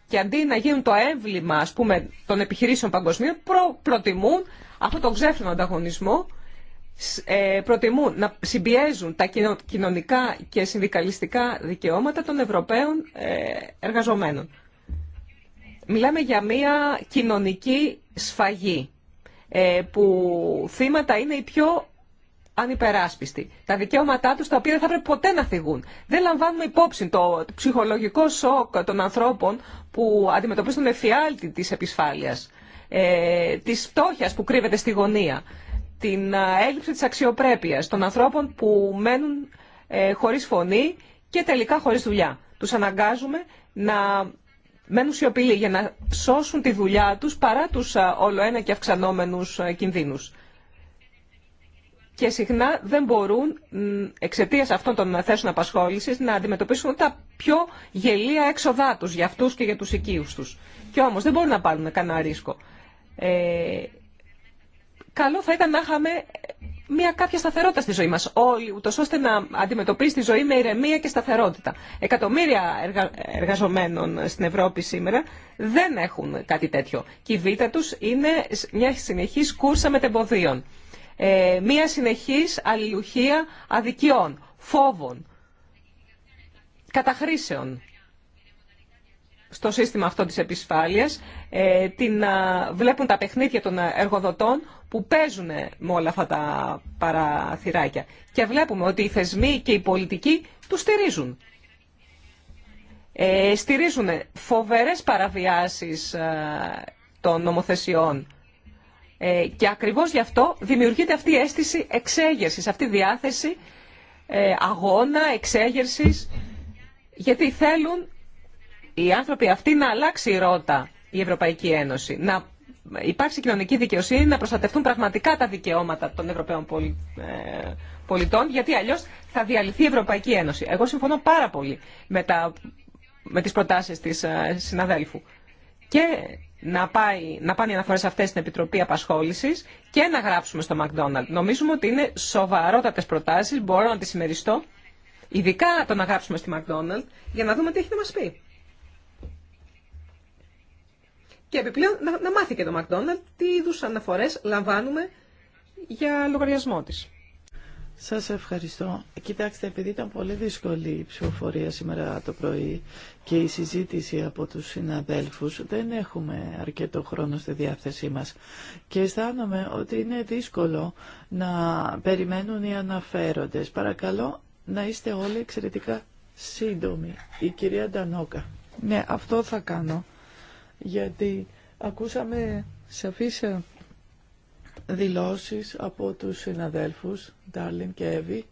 και αντί να γίνουν το έμβλημα ας πούμε, των επιχειρήσεων παγκοσμίων, προ, προτιμούν αυτόν τον ξέφρενο ανταγωνισμό, ε, προτιμούν να συμπιέζουν τα κοινωνικά και συνδικαλιστικά δικαιώματα των Ευρωπαίων ε, εργαζομένων. Μιλάμε για μια κοινωνική σφαγή ε, που θύματα είναι οι πιο ανυπεράσπιστοι. Τα δικαιώματά τους τα οποία δεν θα πρέπει ποτέ να θυγούν. Δεν λαμβάνουμε υπόψη το ψυχολογικό σοκ των ανθρώπων που αντιμετωπίζουν εφιάλτη της επισφάλειας, ε, της φτώχεια που κρύβεται στη γωνία, την ε, έλλειψη της αξιοπρέπειας των ανθρώπων που μένουν ε, χωρίς φωνή και τελικά χωρίς δουλειά. Τους αναγκάζουμε να μένουν σιωπηλοί για να σώσουν τη δουλειά τους παρά τους ε, όλο ένα και αυξανόμενους ε, κινδύνους και συχνά δεν μπορούν εξαιτία αυτών των θέσεων απασχόληση να αντιμετωπίσουν τα πιο γελία έξοδά του για αυτού και για του οικείου του. Και όμω δεν μπορούν να πάρουν κανένα ρίσκο. Ε, καλό θα ήταν να είχαμε μια κάποια σταθερότητα στη ζωή μα όλοι, ούτω ώστε να αντιμετωπίσει τη ζωή με ηρεμία και σταθερότητα. Εκατομμύρια εργα... εργαζομένων στην Ευρώπη σήμερα δεν έχουν κάτι τέτοιο. Και η βήτα του είναι μια συνεχή κούρσα μετεμποδίων. Ε, μία συνεχής αλληλουχία αδικιών, φόβων, καταχρήσεων στο σύστημα αυτό της επισφάλειας, ε, την, βλέπουν τα παιχνίδια των εργοδοτών που παίζουν με όλα αυτά τα παραθυράκια. Και βλέπουμε ότι οι θεσμοί και οι πολιτικοί τους στηρίζουν. Ε, στηρίζουν φοβερές παραβιάσεις των νομοθεσιών ε, και ακριβώς γι' αυτό δημιουργείται αυτή η αίσθηση εξέγερσης, αυτή η διάθεση ε, αγώνα, εξέγερσης, γιατί θέλουν οι άνθρωποι αυτοί να αλλάξει η ρότα η Ευρωπαϊκή Ένωση, να υπάρξει κοινωνική δικαιοσύνη, να προστατευτούν πραγματικά τα δικαιώματα των Ευρωπαίων ε, πολιτών, γιατί αλλιώς θα διαλυθεί η Ευρωπαϊκή Ένωση. Εγώ συμφωνώ πάρα πολύ με, τα, με τις προτάσεις της συναδέλφου. Και να, πάει, να πάνε οι αναφορές αυτές στην Επιτροπή απασχόληση και να γράψουμε στο McDonald's. Νομίζουμε ότι είναι σοβαρότατε προτάσεις, μπορώ να τις συμμεριστώ, ειδικά το να γράψουμε στη McDonald's, για να δούμε τι έχει να μας πει. Και επιπλέον να, μάθει και το McDonald's τι είδου αναφορέ λαμβάνουμε για λογαριασμό της. Σας ευχαριστώ. Κοιτάξτε, επειδή ήταν πολύ δύσκολη η ψηφοφορία σήμερα το πρωί και η συζήτηση από τους συναδέλφους, δεν έχουμε αρκετό χρόνο στη διάθεσή μας. Και αισθάνομαι ότι είναι δύσκολο να περιμένουν οι αναφέροντες. Παρακαλώ να είστε όλοι εξαιρετικά σύντομοι. Η κυρία Ντανόκα. Ναι, αυτό θα κάνω, γιατί ακούσαμε σαφείς δηλώσεις από τους συναδέλφους Ντάρλιν και Εύη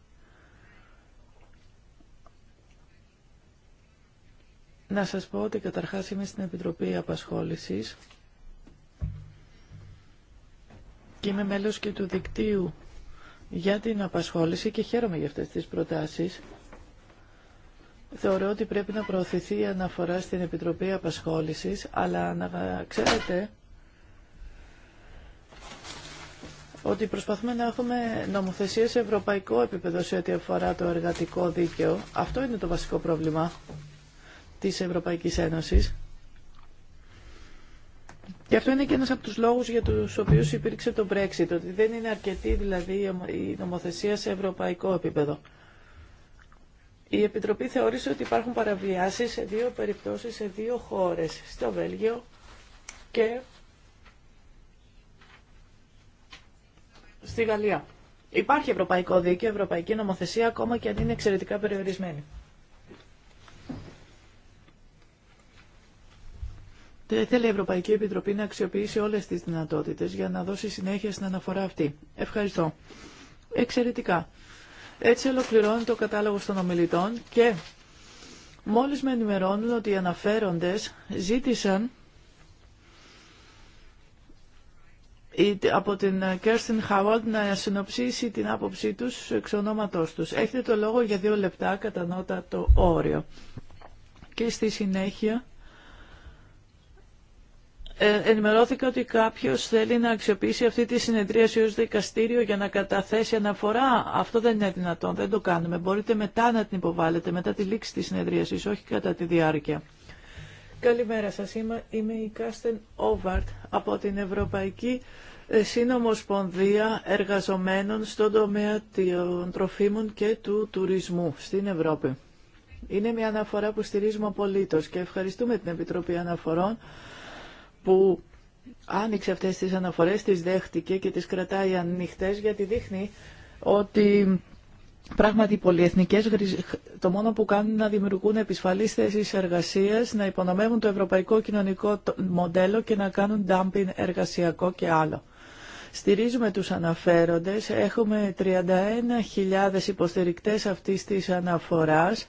Να σας πω ότι καταρχάς είμαι στην Επιτροπή Απασχόλησης και είμαι μέλος και του δικτύου για την απασχόληση και χαίρομαι για αυτές τις προτάσεις. Θεωρώ ότι πρέπει να προωθηθεί η αναφορά στην Επιτροπή Απασχόλησης, αλλά να ξέρετε ότι προσπαθούμε να έχουμε νομοθεσία σε ευρωπαϊκό επίπεδο σε ό,τι αφορά το εργατικό δίκαιο. Αυτό είναι το βασικό πρόβλημα της Ευρωπαϊκής Ένωσης. Και αυτό είναι και ένας από τους λόγους για τους οποίους υπήρξε το Brexit, ότι δεν είναι αρκετή δηλαδή η νομοθεσία σε ευρωπαϊκό επίπεδο. Η Επιτροπή θεώρησε ότι υπάρχουν παραβιάσεις σε δύο περιπτώσεις, σε δύο χώρες, στο Βέλγιο και στη Γαλλία. Υπάρχει ευρωπαϊκό δίκαιο, ευρωπαϊκή νομοθεσία, ακόμα και αν είναι εξαιρετικά περιορισμένη. θέλει η Ευρωπαϊκή Επιτροπή να αξιοποιήσει όλες τις δυνατότητες για να δώσει συνέχεια στην αναφορά αυτή. Ευχαριστώ. Εξαιρετικά. Έτσι ολοκληρώνει το κατάλογο των ομιλητών και μόλις με ενημερώνουν ότι οι αναφέροντες ζήτησαν από την ε, Κέρστιν Χαουάλτ να συνοψίσει την άποψή τους εξ ονόματός τους. Έχετε το λόγο για δύο λεπτά κατά νότα το όριο. Και στη συνέχεια ε, ενημερώθηκα ότι κάποιος θέλει να αξιοποιήσει αυτή τη συνεδρίαση ως δικαστήριο για να καταθέσει αναφορά. Αυτό δεν είναι δυνατόν, δεν το κάνουμε. Μπορείτε μετά να την υποβάλλετε, μετά τη λήξη της συνεδρίασης, όχι κατά τη διάρκεια. Καλημέρα σας, είμαι, είμαι η Κάστεν Όβαρτ από την Ευρωπαϊκή ε, Συνομοσπονδία Εργαζομένων στον τομέα των τροφίμων και του τουρισμού στην Ευρώπη. Είναι μια αναφορά που στηρίζουμε απολύτως και ευχαριστούμε την Επιτροπή Αναφορών που άνοιξε αυτές τις αναφορές, τις δέχτηκε και τις κρατάει ανοιχτές γιατί δείχνει ότι Πράγματι, οι πολυεθνικές το μόνο που κάνουν είναι να δημιουργούν επισφαλείς θέσει εργασία, να υπονομεύουν το ευρωπαϊκό κοινωνικό μοντέλο και να κάνουν dumping εργασιακό και άλλο. Στηρίζουμε τους αναφέροντες. Έχουμε 31.000 υποστηρικτές αυτής της αναφοράς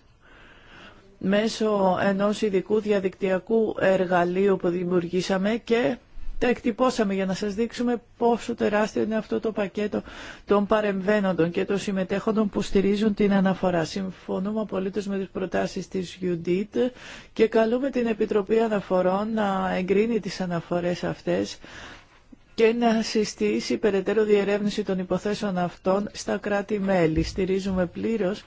μέσω ενός ειδικού διαδικτυακού εργαλείου που δημιουργήσαμε και τα εκτυπώσαμε για να σας δείξουμε πόσο τεράστιο είναι αυτό το πακέτο των παρεμβαίνοντων και των συμμετέχοντων που στηρίζουν την αναφορά. Συμφωνούμε απολύτως με τις προτάσεις της UDIT και καλούμε την Επιτροπή Αναφορών να εγκρίνει τις αναφορές αυτές και να συστήσει περαιτέρω διερεύνηση των υποθέσεων αυτών στα κράτη-μέλη. Στηρίζουμε πλήρως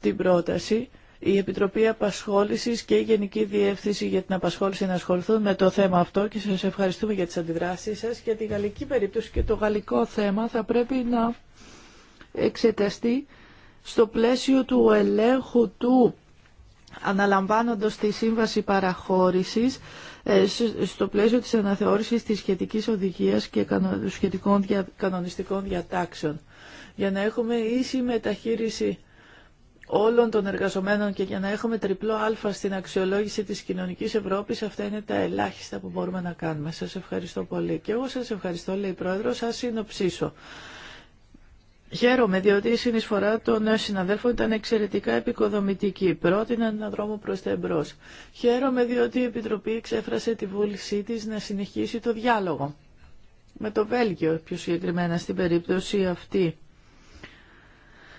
την πρόταση η Επιτροπή Απασχόλησης και η Γενική Διεύθυνση για την Απασχόληση να ασχοληθούν με το θέμα αυτό και σας ευχαριστούμε για τις αντιδράσεις σας. και τη γαλλική περίπτωση και το γαλλικό θέμα θα πρέπει να εξεταστεί στο πλαίσιο του ελέγχου του αναλαμβάνοντας τη σύμβαση παραχώρησης ε, στο πλαίσιο της αναθεώρησης της σχετικής οδηγίας και σχετικών κανονιστικών διατάξεων για να έχουμε ίση μεταχείριση όλων των εργαζομένων και για να έχουμε τριπλό αλφα στην αξιολόγηση της κοινωνικής Ευρώπης, αυτά είναι τα ελάχιστα που μπορούμε να κάνουμε. Σας ευχαριστώ πολύ. Και εγώ σας ευχαριστώ, λέει η Πρόεδρο, σας συνοψίσω. Χαίρομαι διότι η συνεισφορά των νέων συναδέλφων ήταν εξαιρετικά επικοδομητική. Πρότειναν έναν δρόμο προς τα εμπρός. Χαίρομαι διότι η Επιτροπή εξέφρασε τη βούλησή της να συνεχίσει το διάλογο. Με το Βέλγιο πιο συγκεκριμένα στην περίπτωση αυτή.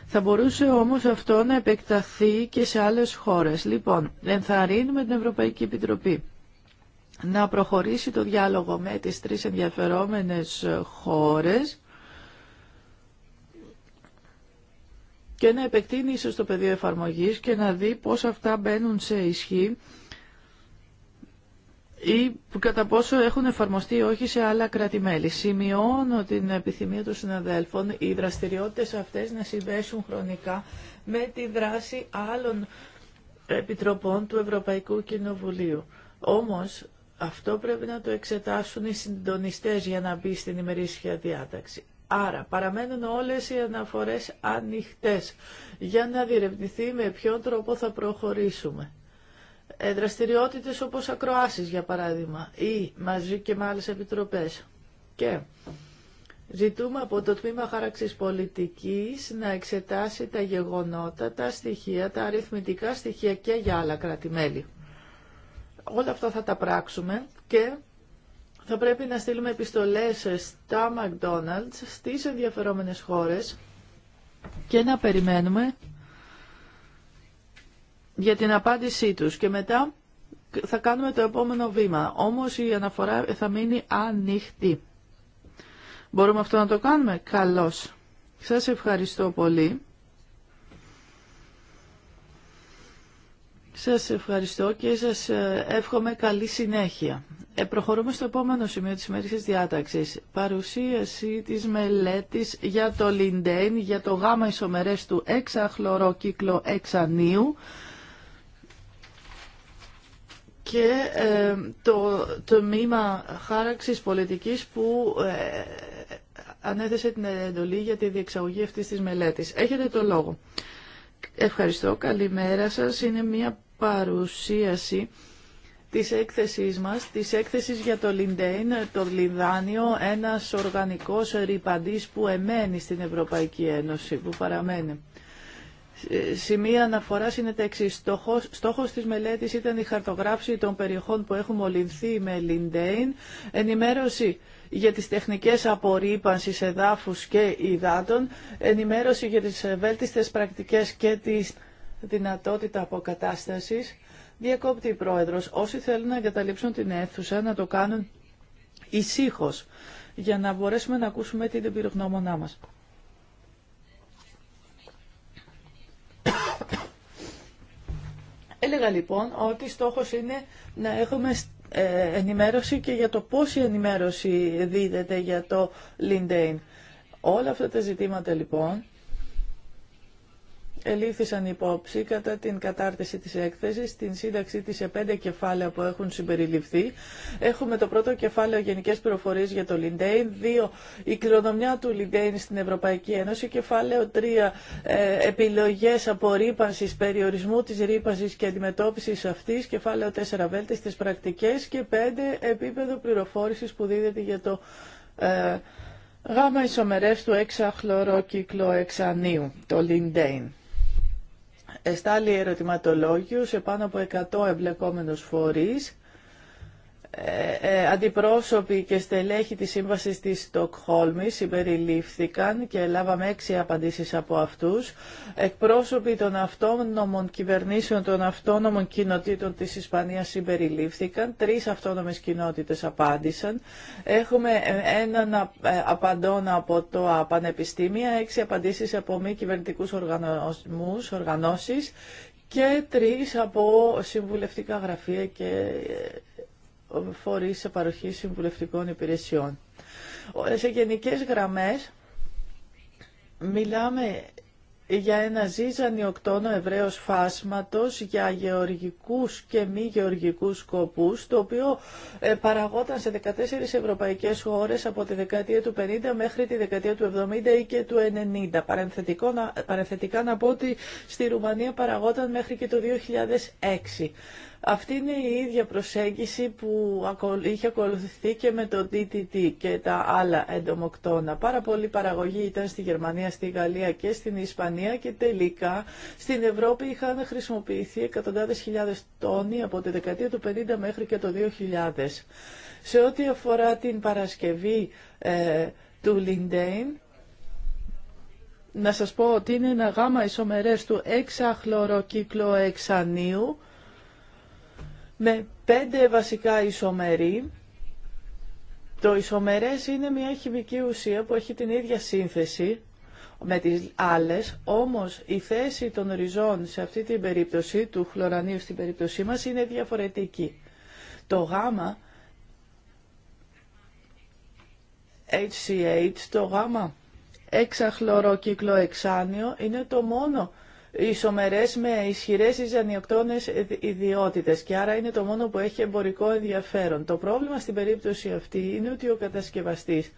Θα μπορούσε όμως αυτό να επεκταθεί και σε άλλες χώρες. Λοιπόν, ενθαρρύνουμε την Ευρωπαϊκή Επιτροπή να προχωρήσει το διάλογο με τις τρεις ενδιαφερόμενες χώρες και να επεκτείνει ίσως το πεδίο εφαρμογής και να δει πώς αυτά μπαίνουν σε ισχύ ή κατά πόσο έχουν εφαρμοστεί όχι σε άλλα κράτη-μέλη. Σημειώνω την επιθυμία των συναδέλφων οι δραστηριότητες αυτές να συνδέσουν χρονικά με τη δράση άλλων επιτροπών του Ευρωπαϊκού Κοινοβουλίου. Όμως αυτό πρέπει να το εξετάσουν οι συντονιστές για να μπει στην ημερήσια διάταξη. Άρα παραμένουν όλες οι αναφορές ανοιχτές για να διερευνηθεί με ποιον τρόπο θα προχωρήσουμε. Ε, δραστηριότητες όπως ακροάσεις για παράδειγμα ή μαζί και με άλλες επιτροπές. Και ζητούμε από το Τμήμα Χάραξης Πολιτικής να εξετάσει τα γεγονότα, τα στοιχεία, τα αριθμητικά στοιχεία και για άλλα κράτη-μέλη. Όλα αυτά θα τα πράξουμε και θα πρέπει να στείλουμε επιστολές στα McDonald's, στις ενδιαφερόμενες χώρες και να περιμένουμε για την απάντησή τους και μετά θα κάνουμε το επόμενο βήμα. Όμως η αναφορά θα μείνει ανοιχτή. Μπορούμε αυτό να το κάνουμε. Καλώς. Σας ευχαριστώ πολύ. Σας ευχαριστώ και σας ε, εύχομαι καλή συνέχεια. Ε, προχωρούμε στο επόμενο σημείο της ημέρης διάταξης. Παρουσίαση της μελέτης για το Λιντέιν, για το γάμα ισομερές του κύκλο εξανίου και ε, το τμήμα χάραξης πολιτικής που ε, ανέθεσε την εντολή για τη διεξαγωγή αυτής της μελέτης. Έχετε το λόγο. Ευχαριστώ. Καλημέρα σας. Είναι μια παρουσίαση της έκθεσής μας, της έκθεσης για το Λιντέιν, το Λιδάνιο, ένας οργανικός ρηπαντής που εμένει στην Ευρωπαϊκή Ένωση, που παραμένει. Σημεία αναφορά είναι τα εξή. Στόχος, στόχος της μελέτης ήταν η χαρτογράφηση των περιοχών που έχουν μολυνθεί με Λιντέιν, ενημέρωση για τις τεχνικές απορρίπανσης εδάφους και υδάτων, ενημέρωση για τις βέλτιστες πρακτικές και τη δυνατότητα αποκατάστασης. Διακόπτη, η Πρόεδρος. Όσοι θέλουν να εγκαταλείψουν την αίθουσα να το κάνουν ησύχω για να μπορέσουμε να ακούσουμε την εμπειρογνώμονά μας. Έλεγα λοιπόν ότι στόχος είναι να έχουμε ε, ενημέρωση και για το πώς η ενημέρωση δίδεται για το LinkedIn. Όλα αυτά τα ζητήματα λοιπόν ελήφθησαν υπόψη κατά την κατάρτιση της έκθεσης, την σύνταξη της σε πέντε κεφάλαια που έχουν συμπεριληφθεί. Έχουμε το πρώτο κεφάλαιο γενικές πληροφορίες για το Λιντέιν, δύο η κληρονομιά του Λιντέιν στην Ευρωπαϊκή Ένωση, κεφάλαιο τρία ε, επιλογές απορρίπανσης, περιορισμού της ρήπανσης και αντιμετώπισης αυτής, κεφάλαιο τέσσερα βέλτιστες πρακτικές και πέντε επίπεδο πληροφόρησης που δίδεται για το ε, γάμα ισομερές του εξανίου, το Λιντέιν. Εστάλει ερωτηματολόγιο σε πάνω από 100 εμπλεκόμενους φορείς ε, ε, αντιπρόσωποι και στελέχοι της Σύμβασης της Στοκχόλμη συμπεριλήφθηκαν και λάβαμε έξι απαντήσεις από αυτούς. Εκπρόσωποι των αυτόνομων κυβερνήσεων των αυτόνομων κοινοτήτων της Ισπανίας συμπεριλήφθηκαν. Τρεις αυτόνομες κοινότητες απάντησαν. Έχουμε ε, έναν απαντών από το Πανεπιστήμια, έξι απαντήσεις από μη κυβερνητικούς οργανισμούς, οργανώσεις και τρεις από συμβουλευτικά γραφεία και σε παροχή συμβουλευτικών υπηρεσιών. Σε γενικές γραμμές μιλάμε για ένα ζήζανι οκτώνο εβραίος φάσματος για γεωργικούς και μη γεωργικούς σκοπούς, το οποίο ε, παραγόταν σε 14 ευρωπαϊκές χώρες από τη δεκαετία του 50 μέχρι τη δεκαετία του 70 ή και του 90. Παρενθετικά να πω ότι στη Ρουμανία παραγόταν μέχρι και το 2006. Αυτή είναι η ίδια προσέγγιση που είχε ακολουθηθεί και με το DTT και τα άλλα εντομοκτώνα. Πάρα πολλή παραγωγή ήταν στη Γερμανία, στη Γαλλία και στην Ισπανία και τελικά στην Ευρώπη είχαν χρησιμοποιηθεί εκατοντάδες χιλιάδες τόνοι από τη δεκαετία του 50 μέχρι και το 2000. Σε ό,τι αφορά την παρασκευή ε, του Λιντέιν, να σας πω ότι είναι ένα γάμα ισομερές του εξαχλωροκύκλο εξανίου, με πέντε βασικά ισομερή. Το ισομερές είναι μια χημική ουσία που έχει την ίδια σύνθεση με τις άλλες, όμως η θέση των ριζών σε αυτή την περίπτωση, του χλωρανίου στην περίπτωσή μας, είναι διαφορετική. Το γάμα HCH, το γάμα εξάνιο είναι το μόνο ισομερές με ισχυρές ιζανιοκτόνες ιδιότητες και άρα είναι το μόνο που έχει εμπορικό ενδιαφέρον. Το πρόβλημα στην περίπτωση αυτή είναι ότι ο κατασκευαστής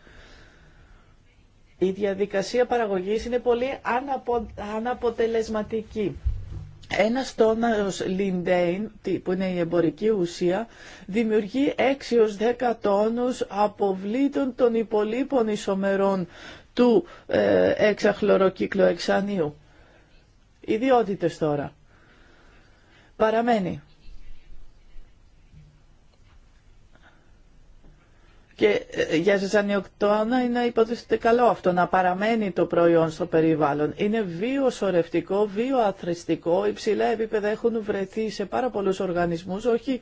η διαδικασία παραγωγής είναι πολύ αναπο, αναποτελεσματική. Ένα τόνος λιντέιν, που είναι η εμπορική ουσία, δημιουργεί 6-10 τόνους αποβλήτων των υπολείπων ισομερών του ε, εξανίου ιδιότητες τώρα. Παραμένει. Και ε, για ζεζανιοκτώνα είναι υποτίθεται καλό αυτό, να παραμένει το προϊόν στο περιβάλλον. Είναι βιοσορευτικό, βιοαθρηστικό, υψηλά επίπεδα έχουν βρεθεί σε πάρα πολλούς οργανισμούς, όχι,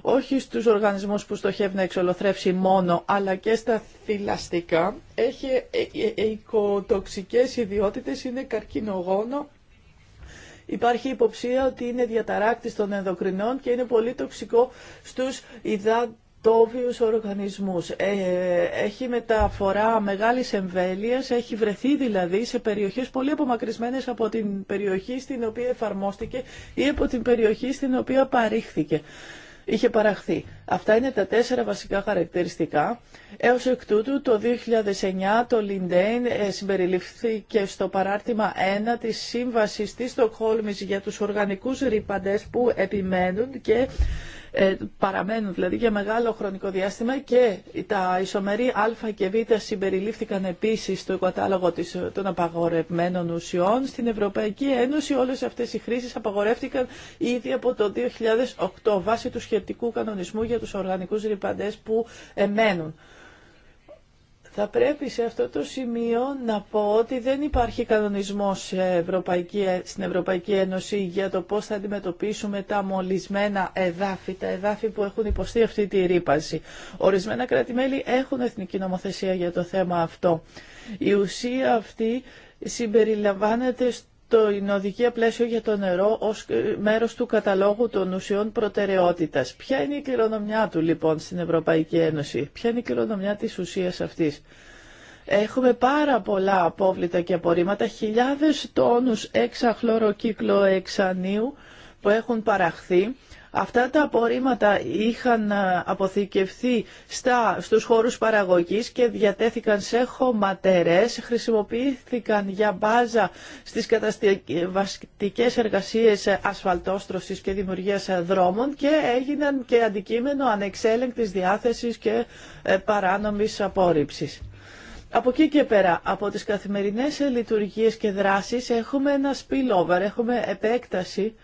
όχι στους οργανισμούς που στοχεύουν να εξολοθρεύσει μόνο, αλλά και στα θηλαστικά. Έχει ε, ε, οικοτοξικές ιδιότητες, είναι καρκινογόνο Υπάρχει υποψία ότι είναι διαταράκτης των ενδοκρινών και είναι πολύ τοξικό στους υδατόβιους οργανισμούς. Ε, έχει μεταφορά μεγάλης εμβέλειας, έχει βρεθεί δηλαδή σε περιοχές πολύ απομακρυσμένες από την περιοχή στην οποία εφαρμόστηκε ή από την περιοχή στην οποία παρήχθηκε είχε παραχθεί. Αυτά είναι τα τέσσερα βασικά χαρακτηριστικά. Έως εκ τούτου το 2009 το Λιντέιν ε, συμπεριληφθήκε στο παράρτημα 1 της Σύμβασης της Στοκχόλμης για τους οργανικούς ρήπαντες που επιμένουν και ε, παραμένουν δηλαδή για μεγάλο χρονικό διάστημα και τα ισομερή α και β συμπεριλήφθηκαν επίσης στο κατάλογο των απαγορευμένων ουσιών. Στην Ευρωπαϊκή Ένωση όλες αυτές οι χρήσεις απαγορεύτηκαν ήδη από το 2008 βάσει του σχετικού κανονισμού για τους οργανικούς ρηπαντές που εμένουν. Θα πρέπει σε αυτό το σημείο να πω ότι δεν υπάρχει κανονισμός στην Ευρωπαϊκή Ένωση για το πώς θα αντιμετωπίσουμε τα μολυσμένα εδάφη, τα εδάφη που έχουν υποστεί αυτή τη ρηπαση ορισμενα Ορισμένα κράτη-μέλη έχουν εθνική νομοθεσία για το θέμα αυτό. Η ουσία αυτή συμπεριλαμβάνεται το οδηγία πλαίσιο για το νερό ως μέρος του καταλόγου των ουσιών προτεραιότητας. Ποια είναι η κληρονομιά του λοιπόν στην Ευρωπαϊκή Ένωση, ποια είναι η κληρονομιά της ουσίας αυτής. Έχουμε πάρα πολλά απόβλητα και απορρίμματα, χιλιάδες τόνους έξαχλωροκύκλο εξανίου που έχουν παραχθεί Αυτά τα απορρίμματα είχαν ε, αποθηκευθεί στα, στους χώρους παραγωγής και διατέθηκαν σε χωματερές, χρησιμοποιήθηκαν για μπάζα στις κατασκευαστικές εργασίες ασφαλτόστρωσης και δημιουργίας δρόμων και έγιναν και αντικείμενο ανεξέλεγκτης διάθεσης και ε, παράνομης απόρριψης. Από εκεί και πέρα, από τις καθημερινές λειτουργίες και δράσεις έχουμε ένα spillover, έχουμε επέκταση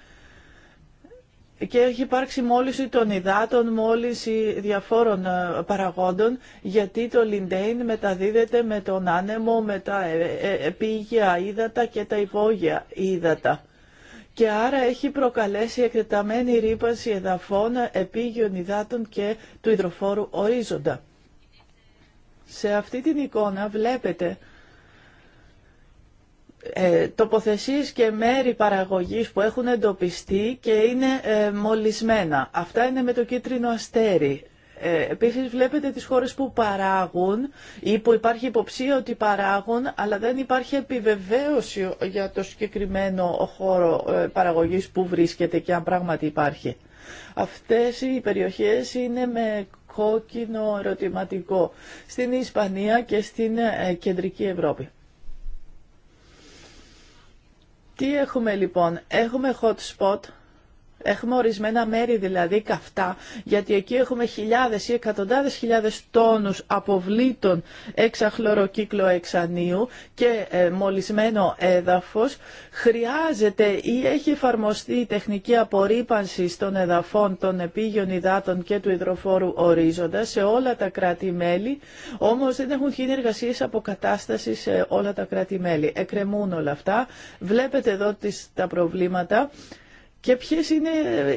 και έχει υπάρξει μόλυνση των υδάτων, μόλυνση διαφόρων ε, παραγόντων, γιατί το Λιντέιν μεταδίδεται με τον άνεμο, με τα ε, ε, επίγεια ύδατα και τα υπόγεια ύδατα. Και άρα έχει προκαλέσει εκτεταμένη ρήπανση εδαφών, επίγειων υδάτων και του υδροφόρου ορίζοντα. Σε αυτή την εικόνα βλέπετε ε, τοποθεσίες και μέρη παραγωγής που έχουν εντοπιστεί και είναι ε, μολυσμένα. Αυτά είναι με το κίτρινο αστέρι. Ε, επίσης βλέπετε τις χώρες που παράγουν ή που υπάρχει υποψία ότι παράγουν αλλά δεν υπάρχει επιβεβαίωση για το συγκεκριμένο χώρο ε, παραγωγής που βρίσκεται και αν πράγματι υπάρχει. Αυτές οι περιοχές είναι με κόκκινο ερωτηματικό στην Ισπανία και στην ε, κεντρική Ευρώπη. Τι έχουμε λοιπόν, έχουμε hot spot Έχουμε ορισμένα μέρη δηλαδή καυτά, γιατί εκεί έχουμε χιλιάδες ή εκατοντάδες χιλιάδες τόνους αποβλήτων εξαχλωροκύκλο εξανίου και ε, μολυσμένο έδαφος. Χρειάζεται ή έχει εφαρμοστεί η τεχνική απορρίπανση των εδαφών, των επίγειων υδάτων και του υδροφόρου ορίζοντα σε όλα τα κράτη-μέλη, όμως δεν έχουν γίνει εργασίες αποκατάστασης σε όλα τα κράτη-μέλη. Εκκρεμούν όλα αυτά. Βλέπετε εδώ τις, τα προβλήματα. Και ποιε είναι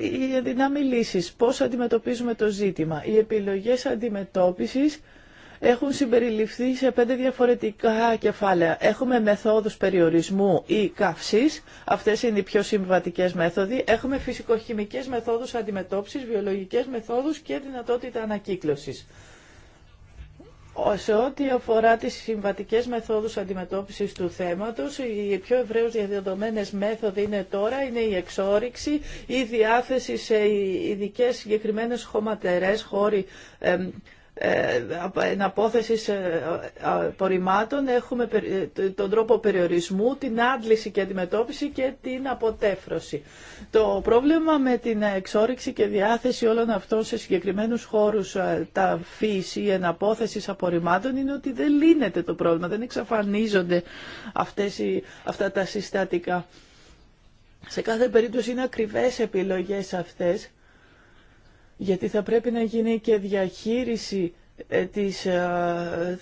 οι δυνάμει λύσει, πώς αντιμετωπίζουμε το ζήτημα. Οι επιλογές αντιμετώπισης έχουν συμπεριληφθεί σε πέντε διαφορετικά κεφάλαια. Έχουμε μεθόδους περιορισμού ή καύση, αυτές είναι οι πιο συμβατικέ μέθοδοι. Έχουμε φυσικοχημικές μεθόδους αντιμετώπισης, βιολογικές μεθόδους και δυνατότητα ανακύκλωση. Σε ό,τι αφορά τις συμβατικές μεθόδους αντιμετώπισης του θέματος, οι πιο ευρέως διαδεδομένες μέθοδοι είναι τώρα, είναι η εξόριξη, η διάθεση σε ειδικέ συγκεκριμένες χωματερές, χώροι ε, απόθεσης ε, απορριμμάτων, έχουμε ε, τον τρόπο περιορισμού, την άντληση και αντιμετώπιση και την αποτέφρωση. Το πρόβλημα με την εξόριξη και διάθεση όλων αυτών σε συγκεκριμένους χώρους τα φύση ή εναπόθεση απορριμμάτων είναι ότι δεν λύνεται το πρόβλημα, δεν εξαφανίζονται αυτές οι, αυτά τα συστατικά. Σε κάθε περίπτωση είναι ακριβές επιλογές αυτές γιατί θα πρέπει να γίνει και διαχείριση ε, της, ε,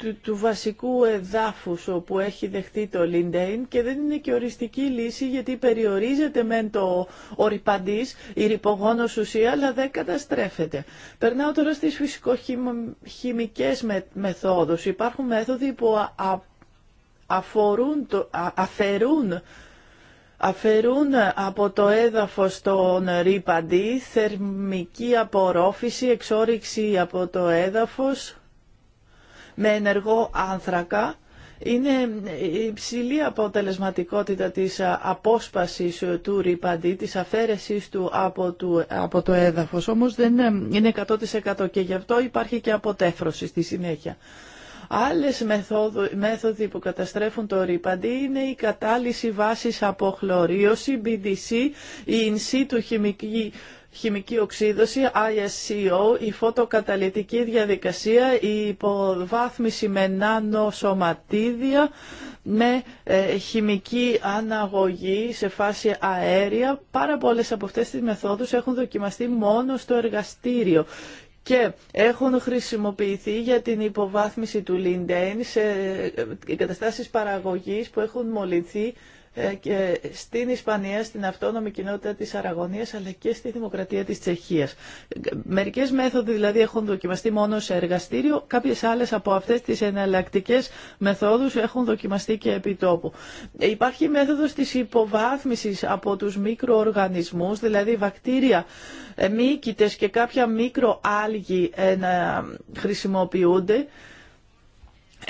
του, του, βασικού εδάφους όπου έχει δεχτεί το Λιντέιν και δεν είναι και οριστική λύση γιατί περιορίζεται με το ορυπαντής, η ρηπογόνος ουσία, αλλά δεν καταστρέφεται. Περνάω τώρα στις φυσικοχημικές με, μεθόδους. Υπάρχουν μέθοδοι που αφορούν το, αφαιρούν αφαιρούν από το έδαφος τον ρήπαντη, θερμική απορρόφηση, εξόριξη από το έδαφος με ενεργό άνθρακα. Είναι υψηλή αποτελεσματικότητα της απόσπασης του ρήπαντη, της αφαίρεσης του από, από το έδαφος, όμως δεν ε, είναι 100% και γι' αυτό υπάρχει και αποτέφρωση στη συνέχεια. Άλλες μεθόδου, μέθοδοι που καταστρέφουν το ρήπαντι είναι η κατάλυση βάσης από χλωρίωση, BDC, η in του χημική χημική οξύδωση, ISCO, η φωτοκαταλυτική διαδικασία, η υποβάθμιση με νανοσωματίδια, με ε, χημική αναγωγή σε φάση αέρια. Πάρα πολλές από αυτές τις μεθόδους έχουν δοκιμαστεί μόνο στο εργαστήριο και έχουν χρησιμοποιηθεί για την υποβάθμιση του Λιντέν σε ε, ε, εγκαταστάσεις παραγωγής που έχουν μολυνθεί ε, και στην Ισπανία, στην αυτόνομη κοινότητα της Αραγωνίας αλλά και στη Δημοκρατία της Τσεχίας. Μερικές μέθοδοι δηλαδή έχουν δοκιμαστεί μόνο σε εργαστήριο, κάποιες άλλες από αυτές τις εναλλακτικέ μεθόδους έχουν δοκιμαστεί και επί τόπου. Υπάρχει μέθοδος της υποβάθμισης από τους μικροοργανισμούς, δηλαδή βακτήρια, ε, μύκητες και κάποια μικροάλγη ε, να χρησιμοποιούνται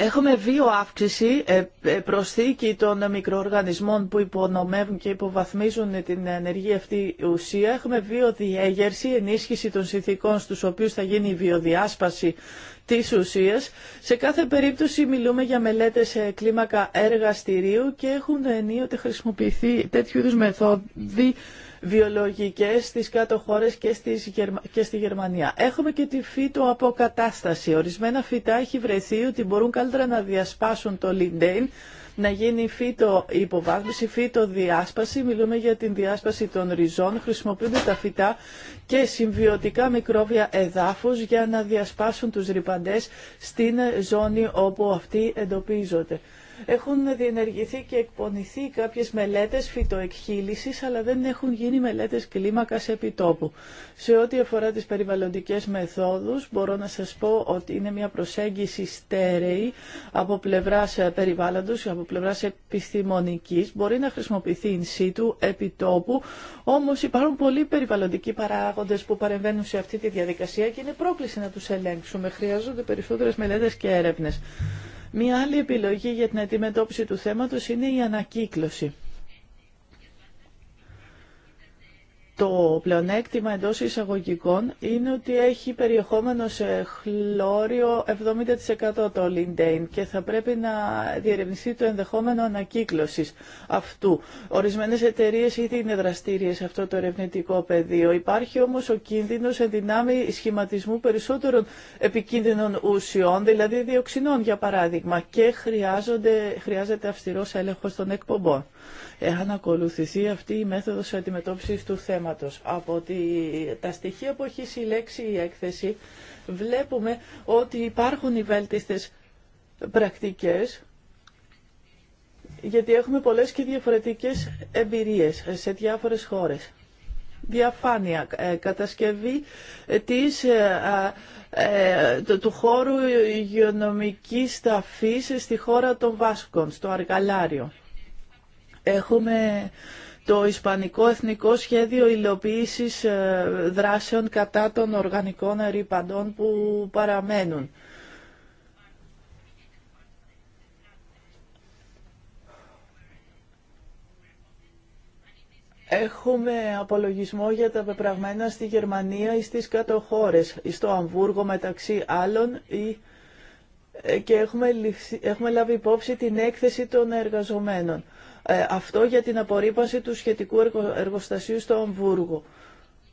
Έχουμε βίο αύξηση, ε, ε, προσθήκη των μικροοργανισμών που υπονομεύουν και υποβαθμίζουν την ενεργή αυτή ουσία. Έχουμε βίο διέγερση, ενίσχυση των συνθήκων στους οποίους θα γίνει η βιοδιάσπαση της ουσίας. Σε κάθε περίπτωση μιλούμε για μελέτες σε κλίμακα εργαστηρίου και έχουν ενίοτε χρησιμοποιηθεί τέτοιου είδους μεθόδοι βιολογικές στις κάτω χώρες και, στις, και στη Γερμανία. Έχουμε και τη φύτο αποκατάσταση. Ορισμένα φυτά έχει βρεθεί ότι μπορούν καλύτερα να διασπάσουν το λιντέιν να γίνει φύτο υποβάθμιση, φύτο διάσπαση. Μιλούμε για την διάσπαση των ριζών. Χρησιμοποιούνται τα φυτά και συμβιωτικά μικρόβια εδάφους για να διασπάσουν τους ρηπαντές στην ζώνη όπου αυτοί εντοπίζονται. Έχουν διενεργηθεί και εκπονηθεί κάποιες μελέτες φυτοεκχύλησης, αλλά δεν έχουν γίνει μελέτες κλίμακας επιτόπου. Σε ό,τι αφορά τις περιβαλλοντικές μεθόδους, μπορώ να σας πω ότι είναι μια προσέγγιση στέρεη από πλευράς περιβάλλοντος, από πλευράς επιστημονικής. Μπορεί να χρησιμοποιηθεί in situ, επιτόπου, όμως υπάρχουν πολλοί περιβαλλοντικοί παράγοντες που παρεμβαίνουν σε αυτή τη διαδικασία και είναι πρόκληση να τους ελέγξουμε. Χρειάζονται περισσότερες μελέτες και έρευνες. Μία άλλη επιλογή για την αντιμετώπιση του θέματος είναι η ανακύκλωση. Το πλεονέκτημα εντό εισαγωγικών είναι ότι έχει περιεχόμενο σε χλώριο 70% το Λιντέιν και θα πρέπει να διερευνηθεί το ενδεχόμενο ανακύκλωση αυτού. Ορισμένε εταιρείε ήδη είναι δραστήριε σε αυτό το ερευνητικό πεδίο. Υπάρχει όμω ο κίνδυνο εν σχηματισμού περισσότερων επικίνδυνων ουσιών, δηλαδή διοξινών για παράδειγμα, και χρειάζεται αυστηρό έλεγχο των εκπομπών εάν ακολουθηθεί αυτή η μέθοδος αντιμετώπισης του θέματος. Από τη, τα στοιχεία που έχει συλλέξει η έκθεση βλέπουμε ότι υπάρχουν οι βέλτιστες πρακτικές γιατί έχουμε πολλές και διαφορετικές εμπειρίες σε διάφορες χώρες. Διαφάνεια, ε, κατασκευή ε, της, ε, του χώρου υγειονομικής ταφής στη χώρα των Βάσκων, στο Αργαλάριο. Έχουμε το Ισπανικό Εθνικό Σχέδιο Υλοποίησης ε, Δράσεων κατά των οργανικών ρήπαντων που παραμένουν. Έχουμε απολογισμό για τα πεπραγμένα στη Γερμανία ή στις κάτω στο Αμβούργο μεταξύ άλλων ε, και έχουμε, έχουμε λάβει υπόψη την έκθεση των εργαζομένων. Ε, αυτό για την απορρίπανση του σχετικού εργοστασίου στο Αμβούργο.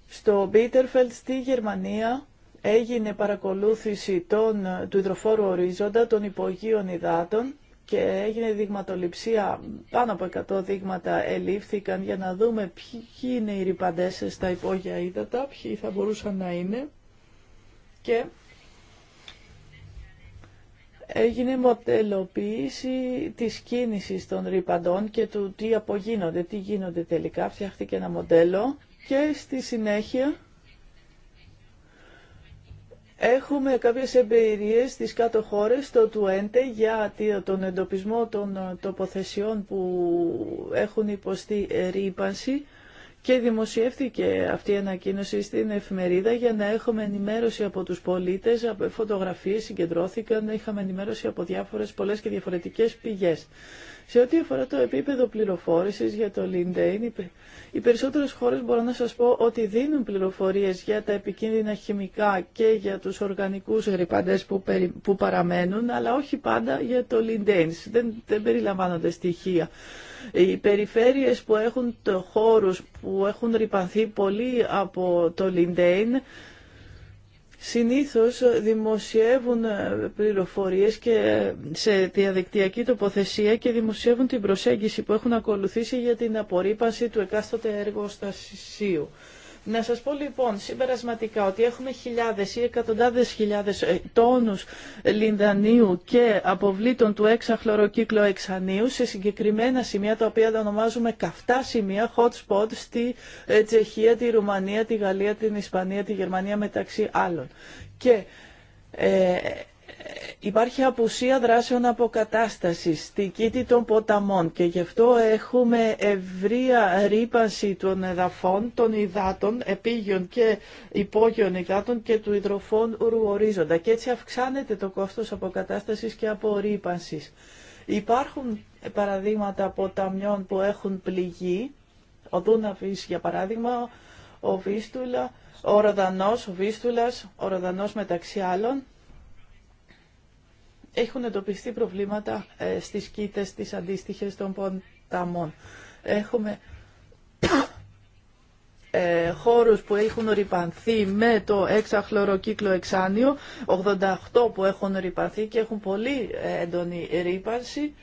Στο Μπίτερφελτ στη Γερμανία έγινε παρακολούθηση των, του υδροφόρου ορίζοντα των υπογείων υδάτων και έγινε δειγματοληψία, πάνω από 100 δείγματα ελήφθηκαν για να δούμε ποιοι είναι οι ρηπαντές στα υπόγεια ύδατα, ποιοι θα μπορούσαν να είναι και έγινε μοντελοποίηση της κίνησης των ρήπαντων και του τι απογίνονται, τι γίνονται τελικά. Φτιάχτηκε ένα μοντέλο και στη συνέχεια Έχουμε κάποιες εμπειρίες στις κάτω χώρες, το τουέντε για τον εντοπισμό των τοποθεσιών που έχουν υποστεί ρήπανση. Και δημοσιεύτηκε αυτή η ανακοίνωση στην εφημερίδα για να έχουμε ενημέρωση από τους πολίτες, φωτογραφίες συγκεντρώθηκαν, είχαμε ενημέρωση από διάφορες πολλές και διαφορετικές πηγές. Σε ό,τι αφορά το επίπεδο πληροφόρησης για το Λιντέιν, οι περισσότερες χώρες μπορώ να σας πω ότι δίνουν πληροφορίες για τα επικίνδυνα χημικά και για τους οργανικούς ρηπαντές που, παραμένουν, αλλά όχι πάντα για το Λιντέιν. Δεν, δεν περιλαμβάνονται στοιχεία οι περιφέρειες που έχουν το χώρους που έχουν ρηπαθεί πολύ από το Λιντέιν συνήθως δημοσιεύουν πληροφορίες και σε διαδικτυακή τοποθεσία και δημοσιεύουν την προσέγγιση που έχουν ακολουθήσει για την απορρίπανση του εκάστοτε εργοστασίου. Να σας πω λοιπόν συμπερασματικά ότι έχουμε χιλιάδες ή εκατοντάδες χιλιάδες ε, τόνους λινδανίου και αποβλήτων του έξαχλωροκύκλο εξανίου σε συγκεκριμένα σημεία τα οποία τα ονομάζουμε καυτά σημεία, hot spot στη ε, Τσεχία, τη Ρουμανία, τη Γαλλία, την Ισπανία, τη Γερμανία μεταξύ άλλων. Και ε, Υπάρχει απουσία δράσεων αποκατάστασης, κήτη των ποταμών και γι' αυτό έχουμε ευρία ρήπανση των εδαφών, των υδάτων, επίγειων και υπόγειων υδάτων και του υδροφόν ορίζοντα. Και έτσι αυξάνεται το κόστος αποκατάστασης και απορρήπανσης. Υπάρχουν παραδείγματα ποταμιών που έχουν πληγή. ο Δούναβης για παράδειγμα, ο Βίστουλα, ο Ροδανός, ο Βίστουλας, ο Ροδανός μεταξύ άλλων, έχουν εντοπιστεί προβλήματα ε, στις κήτες της αντίστοιχες των ποταμών. Έχουμε ε, χώρους που έχουν ρηπανθεί με το εξαχλωροκύκλο εξάνιο, 88 που έχουν ρηπανθεί και έχουν πολύ έντονη ρήπανση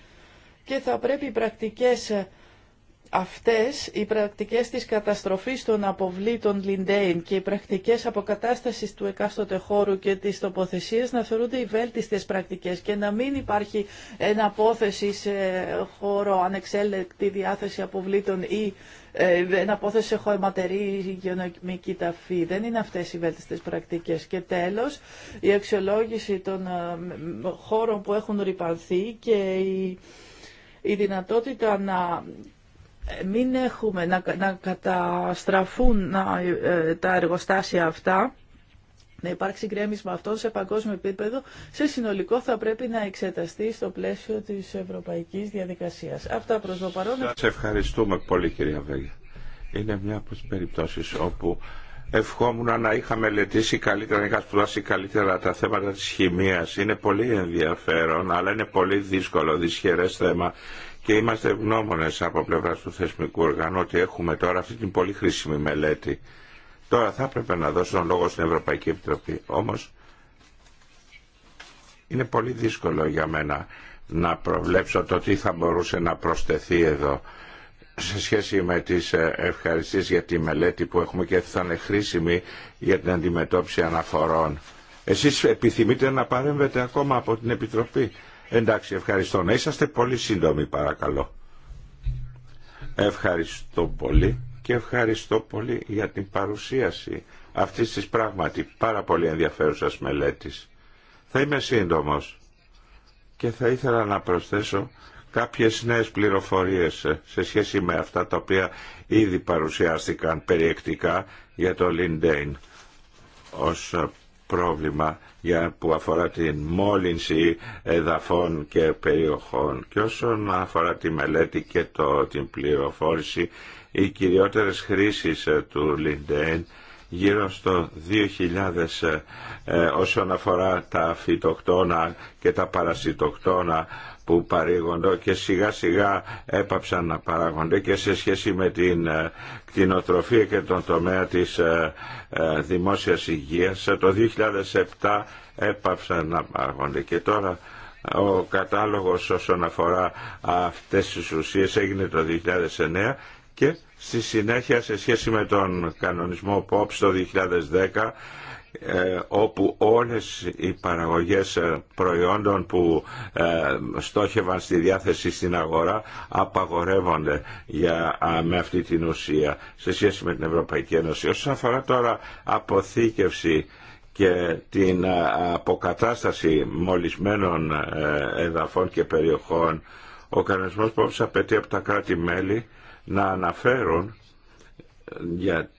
και θα πρέπει οι πρακτικές ε, αυτές οι πρακτικές της καταστροφής των αποβλήτων Λιντέιν και οι πρακτικές αποκατάστασης του εκάστοτε χώρου και της τοποθεσίας να θεωρούνται οι βέλτιστες πρακτικές και να μην υπάρχει εναπόθεση σε χώρο ανεξέλεκτη διάθεση αποβλήτων ή εναπόθεση σε χωματερή ή γεωνομική ταφή. Δεν είναι αυτές οι βέλτιστες πρακτικές. Και τέλος, η εναποθεση σε χωματερη υγειονομικη ταφη δεν ειναι αυτες οι βελτιστες πρακτικες και τελος η αξιολογηση των ε, χώρων που έχουν ρυπανθεί και η η δυνατότητα να μην έχουμε να, καταστραφούν να, ε, τα εργοστάσια αυτά, να υπάρξει γκρέμισμα αυτό σε παγκόσμιο επίπεδο, σε συνολικό θα πρέπει να εξεταστεί στο πλαίσιο της ευρωπαϊκής διαδικασίας. Αυτά προς το παρόν. Σας ευχαριστούμε πολύ κυρία Βέγια. Είναι μια από τις περιπτώσεις όπου ευχόμουν να είχα μελετήσει καλύτερα, να είχα σπουδάσει καλύτερα τα θέματα της χημίας. Είναι πολύ ενδιαφέρον, αλλά είναι πολύ δύσκολο, δυσχερές θέμα και είμαστε ευγνώμονες από πλευράς του θεσμικού οργάνου ότι έχουμε τώρα αυτή την πολύ χρήσιμη μελέτη. Τώρα θα έπρεπε να δώσω τον λόγο στην Ευρωπαϊκή Επιτροπή, όμως είναι πολύ δύσκολο για μένα να προβλέψω το τι θα μπορούσε να προσθεθεί εδώ σε σχέση με τις ε, ευχαριστίες για τη μελέτη που έχουμε και θα είναι χρήσιμη για την αντιμετώπιση αναφορών. Εσείς επιθυμείτε να παρέμβετε ακόμα από την Επιτροπή. Εντάξει, ευχαριστώ. Να είσαστε πολύ σύντομοι παρακαλώ. Ευχαριστώ πολύ και ευχαριστώ πολύ για την παρουσίαση αυτής της πράγματι πάρα πολύ ενδιαφέρουσας μελέτης. Θα είμαι σύντομος και θα ήθελα να προσθέσω κάποιες νέες πληροφορίες σε σχέση με αυτά τα οποία ήδη παρουσιάστηκαν περιεκτικά για το Λιντέιν ως πρόβλημα για, που αφορά την μόλυνση εδαφών και περιοχών. Και όσον αφορά τη μελέτη και το, την πληροφόρηση, οι κυριότερες χρήσεις ε, του Λιντέν γύρω στο 2000 ε, ε, όσον αφορά τα φυτοκτόνα και τα παρασιτοκτόνα που παρήγονται και σιγά σιγά έπαψαν να παράγονται και σε σχέση με την ε, κτηνοτροφία και τον τομέα της ε, ε, δημόσιας υγείας. Το 2007 έπαψαν να παράγονται και τώρα ο κατάλογος όσον αφορά αυτές τις ουσίες έγινε το 2009 και στη συνέχεια σε σχέση με τον κανονισμό POPS το 2010 ε, όπου όλες οι παραγωγές ε, προϊόντων που ε, στόχευαν στη διάθεση στην αγορά απαγορεύονται για, με αυτή την ουσία σε σχέση με την Ευρωπαϊκή Ένωση. Όσον αφορά τώρα αποθήκευση και την αποκατάσταση μολυσμένων εδαφών και περιοχών, ο κανονισμός που απαιτεί από τα κράτη-μέλη να αναφέρουν για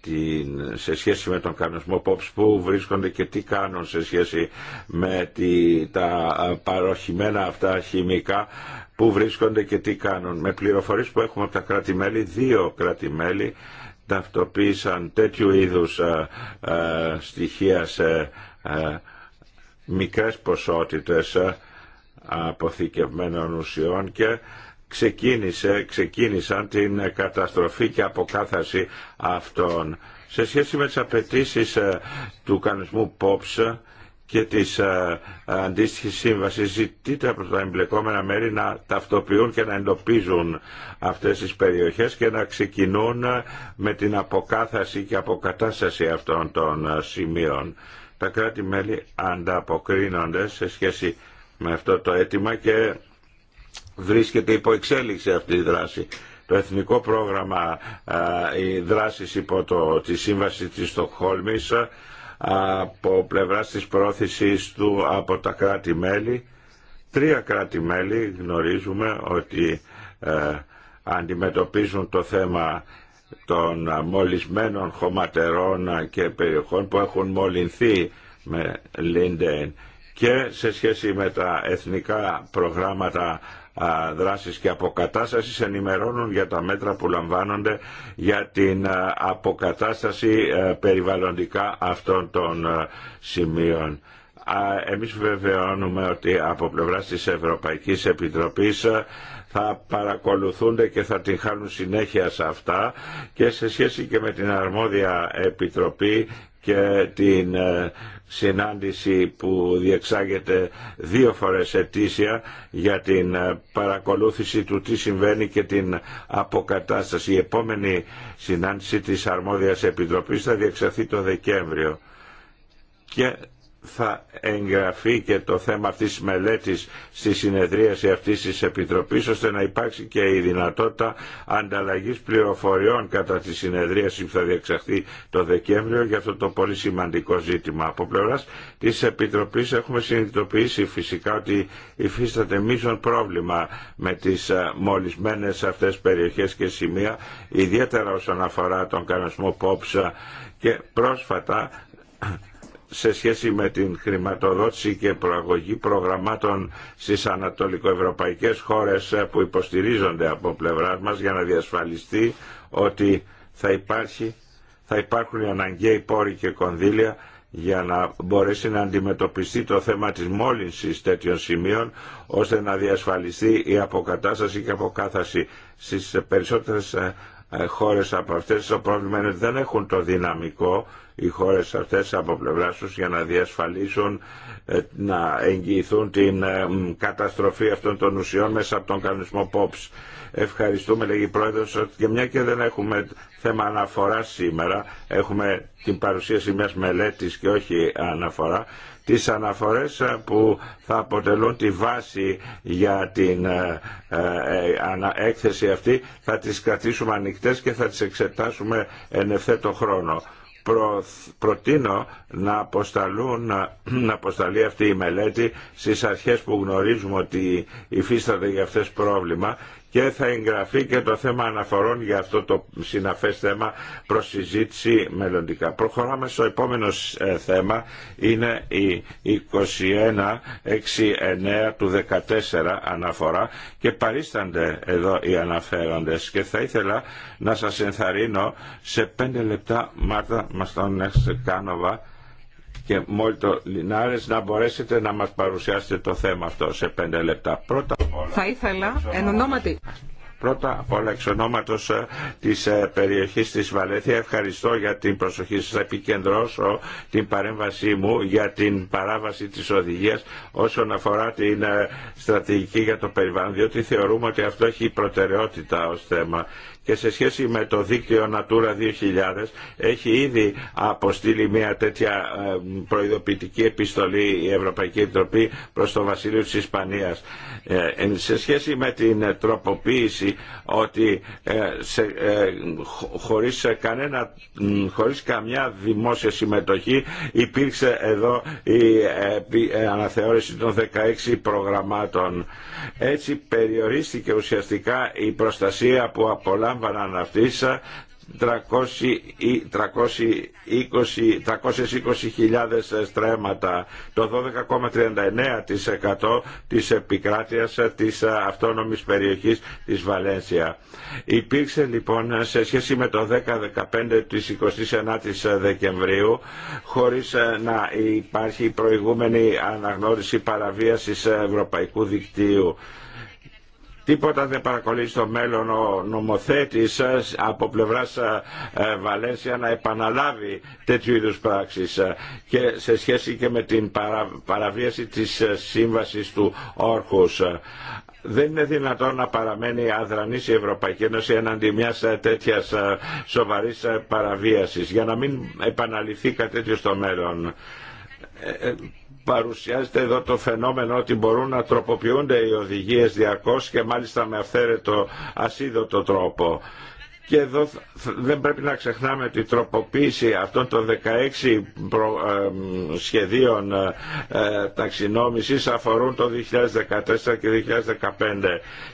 σε σχέση με τον κανονισμό POPS που βρίσκονται και τι κάνουν σε σχέση με τα παροχημένα αυτά χημικά που βρίσκονται και τι κάνουν. Με πληροφορίες που έχουμε από τα κράτη-μέλη, δύο κράτη-μέλη ταυτοποίησαν τέτοιου είδους α, ε, ε, στοιχεία σε α, ε, μικρές ποσότητες αποθηκευμένων ουσιών και ξεκίνησε, ξεκίνησαν την καταστροφή και αποκάθαση αυτών. Σε σχέση με τις απαιτήσει ε, του κανονισμού POPS και της ε, αντίστοιχη σύμβασης ζητείται από τα εμπλεκόμενα μέρη να ταυτοποιούν και να εντοπίζουν αυτές τις περιοχές και να ξεκινούν ε, με την αποκάθαση και αποκατάσταση αυτών των σημείων. Τα κράτη-μέλη ανταποκρίνονται σε σχέση με αυτό το αίτημα και βρίσκεται υπό εξέλιξη αυτή η δράση. Το Εθνικό Πρόγραμμα η Δράσης υπό το, τη Σύμβαση της Στοκχόλμης από πλευράς της πρόθεσης του από τα κράτη-μέλη. Τρία κράτη-μέλη γνωρίζουμε ότι ε, αντιμετωπίζουν το θέμα των μολυσμένων χωματερών και περιοχών που έχουν μολυνθεί με Λίντεν και σε σχέση με τα εθνικά προγράμματα δράσης και αποκατάστασης ενημερώνουν για τα μέτρα που λαμβάνονται για την αποκατάσταση ε, περιβαλλοντικά αυτών των ε, σημείων. Εμείς βεβαιώνουμε ότι από πλευράς της Ευρωπαϊκής Επιτροπής ε, θα παρακολουθούνται και θα την χάνουν συνέχεια σε αυτά και σε σχέση και με την αρμόδια Επιτροπή και την συνάντηση που διεξάγεται δύο φορές ετήσια για την ε, παρακολούθηση του τι συμβαίνει και την αποκατάσταση. Η επόμενη συνάντηση της Αρμόδιας Επιτροπής θα διεξαχθεί το Δεκέμβριο θα εγγραφεί και το θέμα αυτής της μελέτης στη συνεδρίαση αυτής της Επιτροπής ώστε να υπάρξει και η δυνατότητα ανταλλαγής πληροφοριών κατά τη συνεδρίαση που θα διεξαχθεί το Δεκέμβριο για αυτό το πολύ σημαντικό ζήτημα. Από πλευράς της Επιτροπής έχουμε συνειδητοποιήσει φυσικά ότι υφίσταται μείζον πρόβλημα με τις μολυσμένες αυτές περιοχές και σημεία ιδιαίτερα όσον αφορά τον κανασμό Πόψα και πρόσφατα σε σχέση με την χρηματοδότηση και προαγωγή προγραμμάτων στις ανατολικοευρωπαϊκές χώρες που υποστηρίζονται από πλευρά μας για να διασφαλιστεί ότι θα, υπάρχει, θα υπάρχουν οι αναγκαίοι πόροι και κονδύλια για να μπορέσει να αντιμετωπιστεί το θέμα της μόλυνσης τέτοιων σημείων ώστε να διασφαλιστεί η αποκατάσταση και αποκάθαση στις περισσότερες ε, ε, χώρες από αυτές το πρόβλημα είναι ότι δεν έχουν το δυναμικό οι χώρες αυτές από πλευρά τους για να διασφαλίσουν ε, να εγγυηθούν την ε, καταστροφή αυτών των ουσιών μέσα από τον κανονισμό POPS. Ευχαριστούμε, λέγει η Πρόεδρος, και μια και δεν έχουμε θέμα αναφορά σήμερα, έχουμε την παρουσίαση μιας μελέτης και όχι αναφορά, τις αναφορές ε, που θα αποτελούν τη βάση για την έκθεση αυτή θα τις κρατήσουμε ανοιχτές και θα τις εξετάσουμε εν ευθέτω χρόνο προτείνω να, αποσταλούν, να, αποσταλεί αυτή η μελέτη στις αρχές που γνωρίζουμε ότι υφίσταται για αυτές πρόβλημα και θα εγγραφεί και το θέμα αναφορών για αυτό το συναφές θέμα προς συζήτηση μελλοντικά. Προχωράμε στο επόμενο ε, θέμα, είναι η 2169 του 14 αναφορά και παρίστανται εδώ οι αναφέροντες και θα ήθελα να σας ενθαρρύνω σε πέντε λεπτά Μάρτα Μαστόν Κάνοβα και το Λινάρες να μπορέσετε να μας παρουσιάσετε το θέμα αυτό σε πέντε λεπτά. Πρώτα απ' όλα, θα ήθελα εν πρώτα όλα εξ ονόματος ε, της ε, περιοχής της Βαλέθια ευχαριστώ για την προσοχή σας. Θα επικεντρώσω την παρέμβασή μου για την παράβαση της οδηγίας όσον αφορά την ε, στρατηγική για το περιβάλλον, διότι θεωρούμε ότι αυτό έχει προτεραιότητα ως θέμα και σε σχέση με το δίκτυο Natura 2000 έχει ήδη αποστείλει μια τέτοια προειδοποιητική επιστολή η Ευρωπαϊκή Επιτροπή προς το Βασίλειο της Ισπανίας ε, σε σχέση με την ε, τροποποίηση ότι ε, σε, χωρίς, κανένα, χωρίς καμιά δημόσια συμμετοχή υπήρξε εδώ η αναθεώρηση των 16 προγραμμάτων. Έτσι περιορίστηκε ουσιαστικά η προστασία που απολά λάμβαναν 320.000 στρέμματα, το 12,39% της επικράτειας της αυτόνομης περιοχής της Βαλένσια. Υπήρξε λοιπόν σε σχέση με το 10-15 της 29 Δεκεμβρίου, χωρίς ε, να υπάρχει προηγούμενη αναγνώριση παραβίασης ευρωπαϊκού δικτύου Τίποτα δεν παρακολεί στο μέλλον ο νομοθέτης ε, από πλευράς ε, ε, Βαλένσια να επαναλάβει τέτοιου είδους πράξεις και σε σχέση και με την παραβίαση της σύμβασης του όρχους. Δεν είναι δυνατόν να παραμένει αδρανής η Ευρωπαϊκή Ένωση εναντί μιας τέτοιας σοβαρής παραβίασης για να μην επαναληφθεί κάτι τέτοιο στο μέλλον παρουσιάζεται εδώ το φαινόμενο ότι μπορούν να τροποποιούνται οι οδηγίες διαρκώς και μάλιστα με αυθαίρετο ασίδωτο τρόπο. Και εδώ δεν πρέπει να ξεχνάμε ότι η τροποποίηση αυτών των 16 προ, σχεδίων ε, ε, ταξινόμησης αφορούν το 2014 και 2015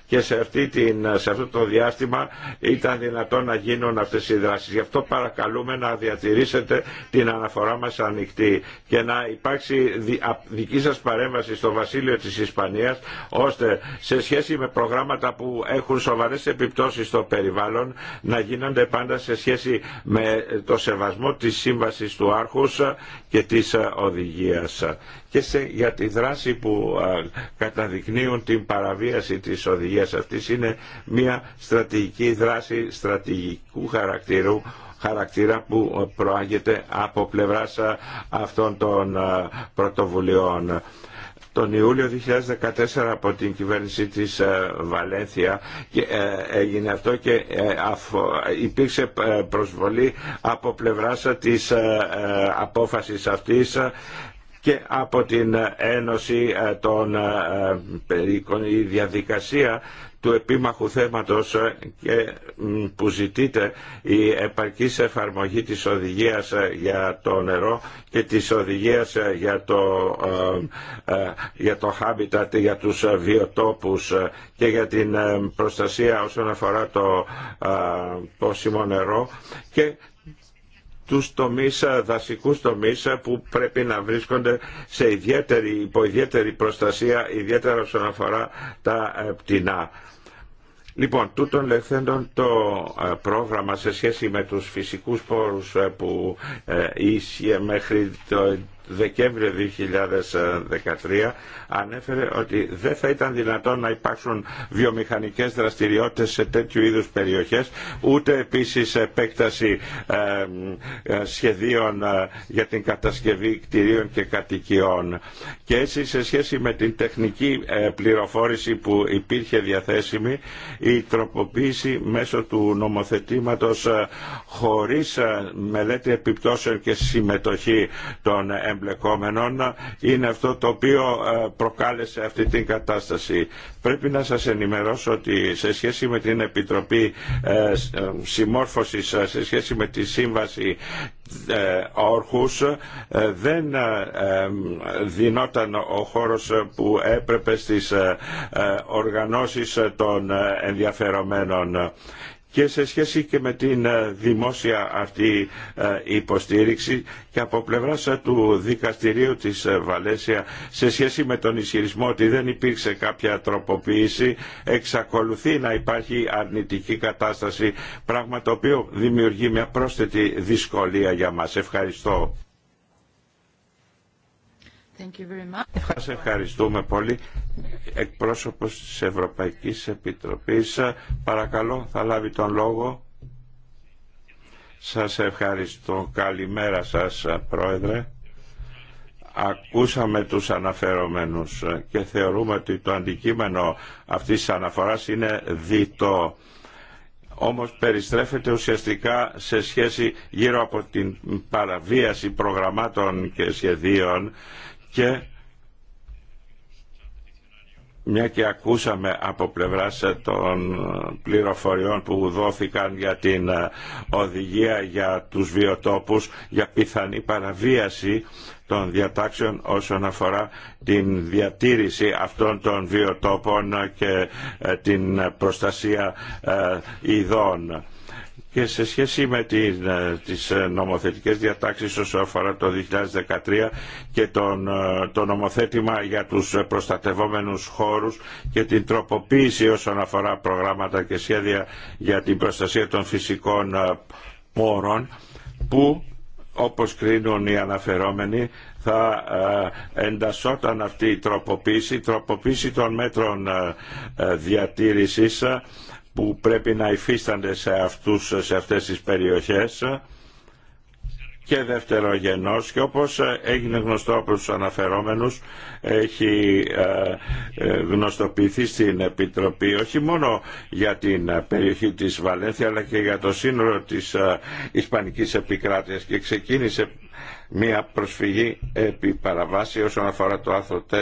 και σε, αυτή την, σε αυτό το διάστημα ήταν δυνατόν να γίνουν αυτές οι δράσεις. Γι' αυτό παρακαλούμε να διατηρήσετε την αναφορά μας ανοιχτή και να υπάρξει δική σας παρέμβαση στο Βασίλειο της Ισπανίας ώστε σε σχέση με προγράμματα που έχουν σοβαρές επιπτώσεις στο περιβάλλον να γίνονται πάντα σε σχέση με το σεβασμό της σύμβασης του άρχους και της οδηγίας και σε, για τη δράση που α, καταδεικνύουν την παραβίαση της οδηγίας αυτής είναι μια στρατηγική δράση στρατηγικού χαρακτήρου χαρακτήρα που προάγεται από πλευράς αυτών των πρωτοβουλειών τον Ιούλιο 2014 από την κυβέρνηση της ε, Βαλένθια και ε, έγινε αυτό και ε, υπήρξε προσβολή από πλευράς της απόφασης αυτής και από την Ένωση των Περίκων η διαδικασία του επίμαχου θέματος ε, και που ζητείται η επαρκής εφαρμογή της οδηγίας ε, για το νερό και της οδηγίας ε, για το, για το habitat, για τους βιοτόπους και για την προστασία όσον αφορά το πόσιμο νερό και τους τομείς, δασικούς τομείς που πρέπει να βρίσκονται σε ιδιαίτερη, υπό ιδιαίτερη προστασία, ιδιαίτερα όσον αφορά τα ε, πτηνά. Λοιπόν, τούτον λεχθέντον το ε, πρόγραμμα σε σχέση με τους φυσικούς πόρους ε, που ίσχυε μέχρι το Δεκέμβριο 2013 ανέφερε ότι δεν θα ήταν δυνατόν να υπάρξουν βιομηχανικές δραστηριότητες σε τέτοιου είδους περιοχές ούτε επίσης επέκταση ε, ε, σχεδίων ε, για την κατασκευή κτηρίων και κατοικιών. Και έτσι σε σχέση με την τεχνική πληροφόρηση που υπήρχε διαθέσιμη η τροποποίηση μέσω του νομοθετήματος χωρίς μελέτη επιπτώσεων και συμμετοχή των εμπλεκόμενων είναι αυτό το οποίο ε, προκάλεσε αυτή την κατάσταση. Πρέπει να σας ενημερώσω ότι σε σχέση με την Επιτροπή ε, ε, Συμμόρφωσης, σε σχέση με τη Σύμβαση Όρχους, δεν δινόταν ο χώρος που έπρεπε στις οργανώσεις των ενδιαφερομένων και σε σχέση και με την ε, δημόσια αυτή ε, υποστήριξη και από πλευρά ε, του δικαστηρίου της Βαλέσια σε σχέση με τον ισχυρισμό ότι δεν υπήρξε κάποια τροποποίηση εξακολουθεί να υπάρχει αρνητική κατάσταση πράγμα το οποίο δημιουργεί μια πρόσθετη δυσκολία για μας. Ευχαριστώ. Σας ευχαριστούμε πολύ. Εκπρόσωπος της Ευρωπαϊκής Επιτροπής, παρακαλώ θα λάβει τον λόγο. Σας ευχαριστώ. Καλημέρα σας, Πρόεδρε. Ακούσαμε τους αναφερόμενους και θεωρούμε ότι το αντικείμενο αυτής της αναφοράς είναι διτό όμως περιστρέφεται ουσιαστικά σε σχέση γύρω από την παραβίαση προγραμμάτων και σχεδίων και μια και ακούσαμε από πλευράς των πληροφοριών που δόθηκαν για την ε, οδηγία για τους βιοτόπους για πιθανή παραβίαση των διατάξεων όσον αφορά την διατήρηση αυτών των βιοτόπων και ε, την προστασία ε, ειδών και σε σχέση με την, ε, τις ε, νομοθετικές διατάξεις όσο αφορά το 2013 και τον, ε, το νομοθέτημα για τους προστατευόμενους χώρους και την τροποποίηση όσον αφορά προγράμματα και σχέδια για την προστασία των φυσικών πόρων που όπως κρίνουν οι αναφερόμενοι θα εντασσόταν αυτή η τροποποίηση, τροποποίηση των μέτρων διατήρησης που πρέπει να υφίστανται σε, αυτούς, σε αυτές τις περιοχές και δευτερογενός και όπως έγινε γνωστό από τους αναφερόμενους έχει ε, ε, γνωστοποιηθεί στην Επιτροπή όχι μόνο για την περιοχή της Βαλένθια αλλά και για το σύνολο της ε, Ισπανικής επικράτειας και ξεκίνησε μια προσφυγή επί παραβάση όσον αφορά το άρθρο 4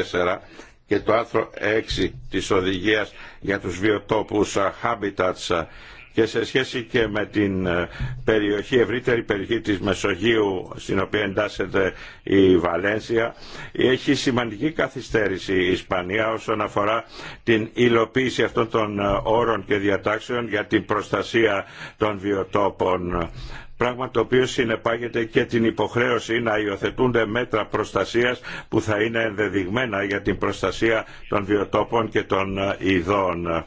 και το άρθρο 6 της οδηγίας για τους βιοτόπους habitats και σε σχέση και με την ε, περιοχή, ευρύτερη περιοχή της Μεσογείου στην οποία εντάσσεται η Βαλένσια έχει σημαντική καθυστέρηση η Ισπανία όσον αφορά την υλοποίηση αυτών των ε, όρων και διατάξεων για την προστασία των βιοτόπων πράγμα το οποίο συνεπάγεται και την υποχρέωση να υιοθετούνται μέτρα προστασίας που θα είναι ενδεδειγμένα για την προστασία των βιοτόπων και των ε, ειδών ε,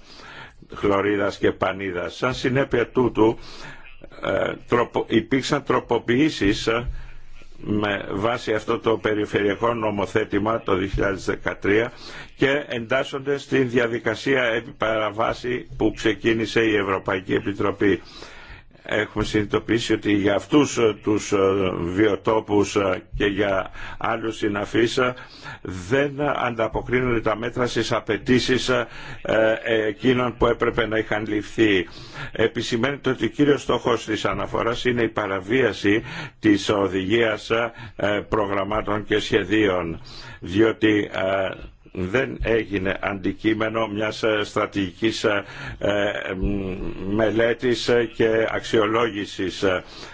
χλωρίδας και πανίδας. Σαν συνέπεια τούτου ε, υπήρξαν τροποποιήσεις με βάση αυτό το περιφερειακό νομοθέτημα το 2013 και εντάσσονται στην διαδικασία επιπαραβάση που ξεκίνησε η Ευρωπαϊκή Επιτροπή έχουμε συνειδητοποιήσει ότι για αυτούς ε, τους ε, βιοτόπους ε, και για άλλους συναφείς δεν ανταποκρίνονται τα μέτρα στις απαιτήσει εκείνων που έπρεπε να είχαν ληφθεί. Επισημαίνεται ότι ο κύριος στόχος της αναφοράς είναι η παραβίαση της οδηγίας προγραμμάτων και σχεδίων διότι δεν έγινε αντικείμενο μιας ε, στρατηγικής ε, ε, μελέτης και αξιολόγησης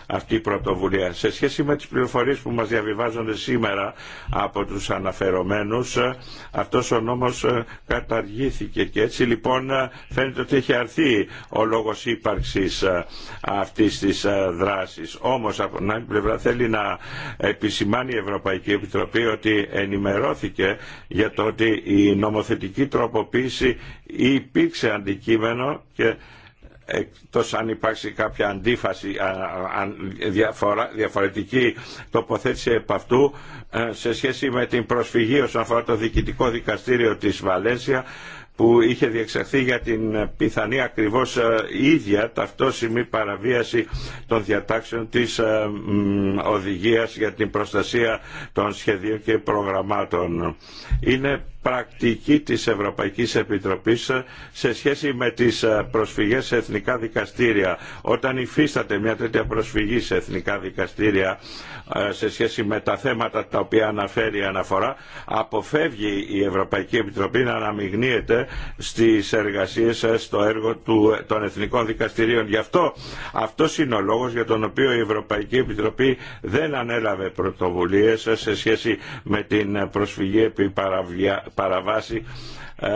αυτή η πρωτοβουλία. Σε σχέση με τις πληροφορίες που μας διαβιβάζονται σήμερα από τους αναφερομένους, αυτός ο νόμος καταργήθηκε και έτσι λοιπόν φαίνεται ότι έχει αρθεί ο λόγος ύπαρξης αυτής της δράσης. Όμως από την άλλη πλευρά θέλει να επισημάνει η Ευρωπαϊκή Επιτροπή ότι ενημερώθηκε για το ότι η νομοθετική τροποποίηση υπήρξε αντικείμενο και ε, εκτός αν υπάρξει κάποια αντίφαση, διαφορετική τοποθέτηση επ' αυτού ε, σε σχέση με την προσφυγή όσον αφορά το διοικητικό δικαστήριο της Βαλένσια που είχε διεξαχθεί για την πιθανή ακριβώς ε, ίδια ταυτόσημη παραβίαση των διατάξεων της οδηγίας για την προστασία των σχεδίων και προγραμμάτων. Είναι πρακτική της Ευρωπαϊκής Επιτροπής σε σχέση με τις ε, προσφυγές σε εθνικά δικαστήρια. Όταν υφίσταται μια τέτοια προσφυγή σε εθνικά δικαστήρια ε, σε σχέση με τα θέματα τα οποία αναφέρει η αναφορά, αποφεύγει η Ευρωπαϊκή Επιτροπή να αναμειγνύεται στις εργασίες ε, στο έργο του, των εθνικών δικαστηρίων. Γι' αυτό αυτός είναι ο λόγος για τον οποίο η Ευρωπαϊκή Επιτροπή δεν ανέλαβε πρωτοβουλίες σε σχέση με την προσφυγή επί παραβάσει ε,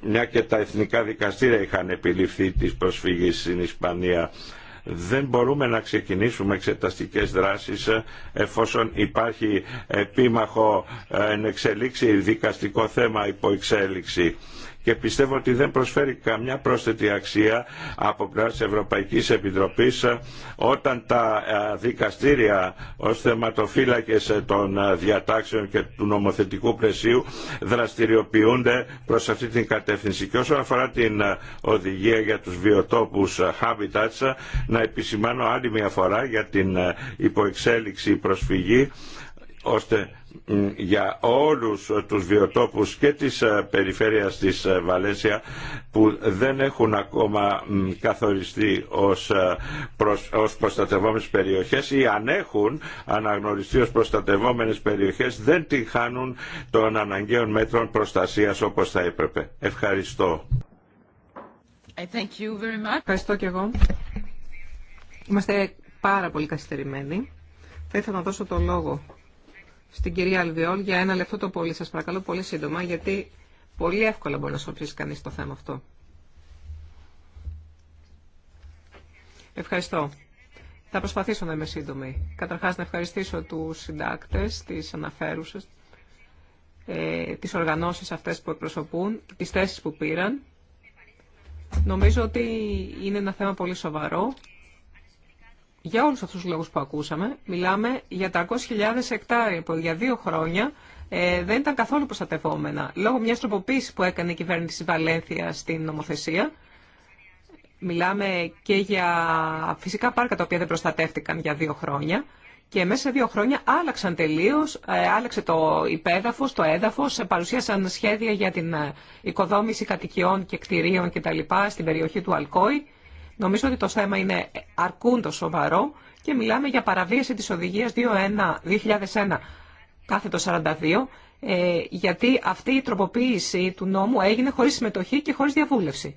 μια και τα εθνικά δικαστήρια είχαν επιληφθεί της προσφύγης στην Ισπανία. Δεν μπορούμε να ξεκινήσουμε εξεταστικές δράσεις ε, εφόσον υπάρχει επίμαχο ε, εξελίξει δικαστικό θέμα υπό εξέλιξη και πιστεύω ότι δεν προσφέρει καμιά πρόσθετη αξία από πλευρά της Ευρωπαϊκής Επιτροπή ε, όταν τα ε, δικαστήρια ως θεματοφύλακες ε, των διατάξεων και του νομοθετικού πλαισίου δραστηριοποιούνται προς αυτή την κατεύθυνση. Και όσον αφορά την οδηγία για τους βιοτόπους Habitats, να επισημάνω άλλη μια φορά για την υποεξέλιξη προσφυγή ώστε για όλους τους βιοτόπους και της ε, περιφέρειας της ε, Βαλένσια που δεν έχουν ακόμα καθοριστεί ως, ε, ως προστατευόμενες περιοχές ή αν έχουν αναγνωριστεί ως προστατευόμενες περιοχές δεν τη χάνουν των αναγκαίων μέτρων προστασίας όπως θα έπρεπε. Ευχαριστώ. Ευχαριστώ και εγώ. Είμαστε πάρα πολύ καθυστερημένοι. Θα ήθελα να δώσω το λόγο στην κυρία Αλβιόλ για ένα λεπτό το πολύ. Σας παρακαλώ πολύ σύντομα, γιατί πολύ εύκολα μπορεί να σωψήσει κανείς το θέμα αυτό. Ευχαριστώ. Θα προσπαθήσω να είμαι σύντομη. Καταρχάς να ευχαριστήσω τους συντάκτες, τις αναφέρουσες, ε, τις οργανώσεις αυτές που εκπροσωπούν, τις θέσεις που πήραν. Νομίζω ότι είναι ένα θέμα πολύ σοβαρό για όλους αυτούς τους λόγους που ακούσαμε, μιλάμε για 300.000 εκτάρια που για δύο χρόνια ε, δεν ήταν καθόλου προστατευόμενα. Λόγω μιας τροποποίησης που έκανε η κυβέρνηση Βαλένθια στην νομοθεσία, μιλάμε και για φυσικά πάρκα τα οποία δεν προστατεύτηκαν για δύο χρόνια και μέσα σε δύο χρόνια άλλαξαν τελείω, ε, άλλαξε το υπέδαφο, το έδαφο. Ε, παρουσίασαν σχέδια για την οικοδόμηση κατοικιών και κτηρίων κτλ. στην περιοχή του Αλκόη Νομίζω ότι το θέμα είναι αρκούντο σοβαρό και μιλάμε για παραβίαση της οδηγίας 2001 κάθετο 42, ε, γιατί αυτή η τροποποίηση του νόμου έγινε χωρίς συμμετοχή και χωρίς διαβούλευση.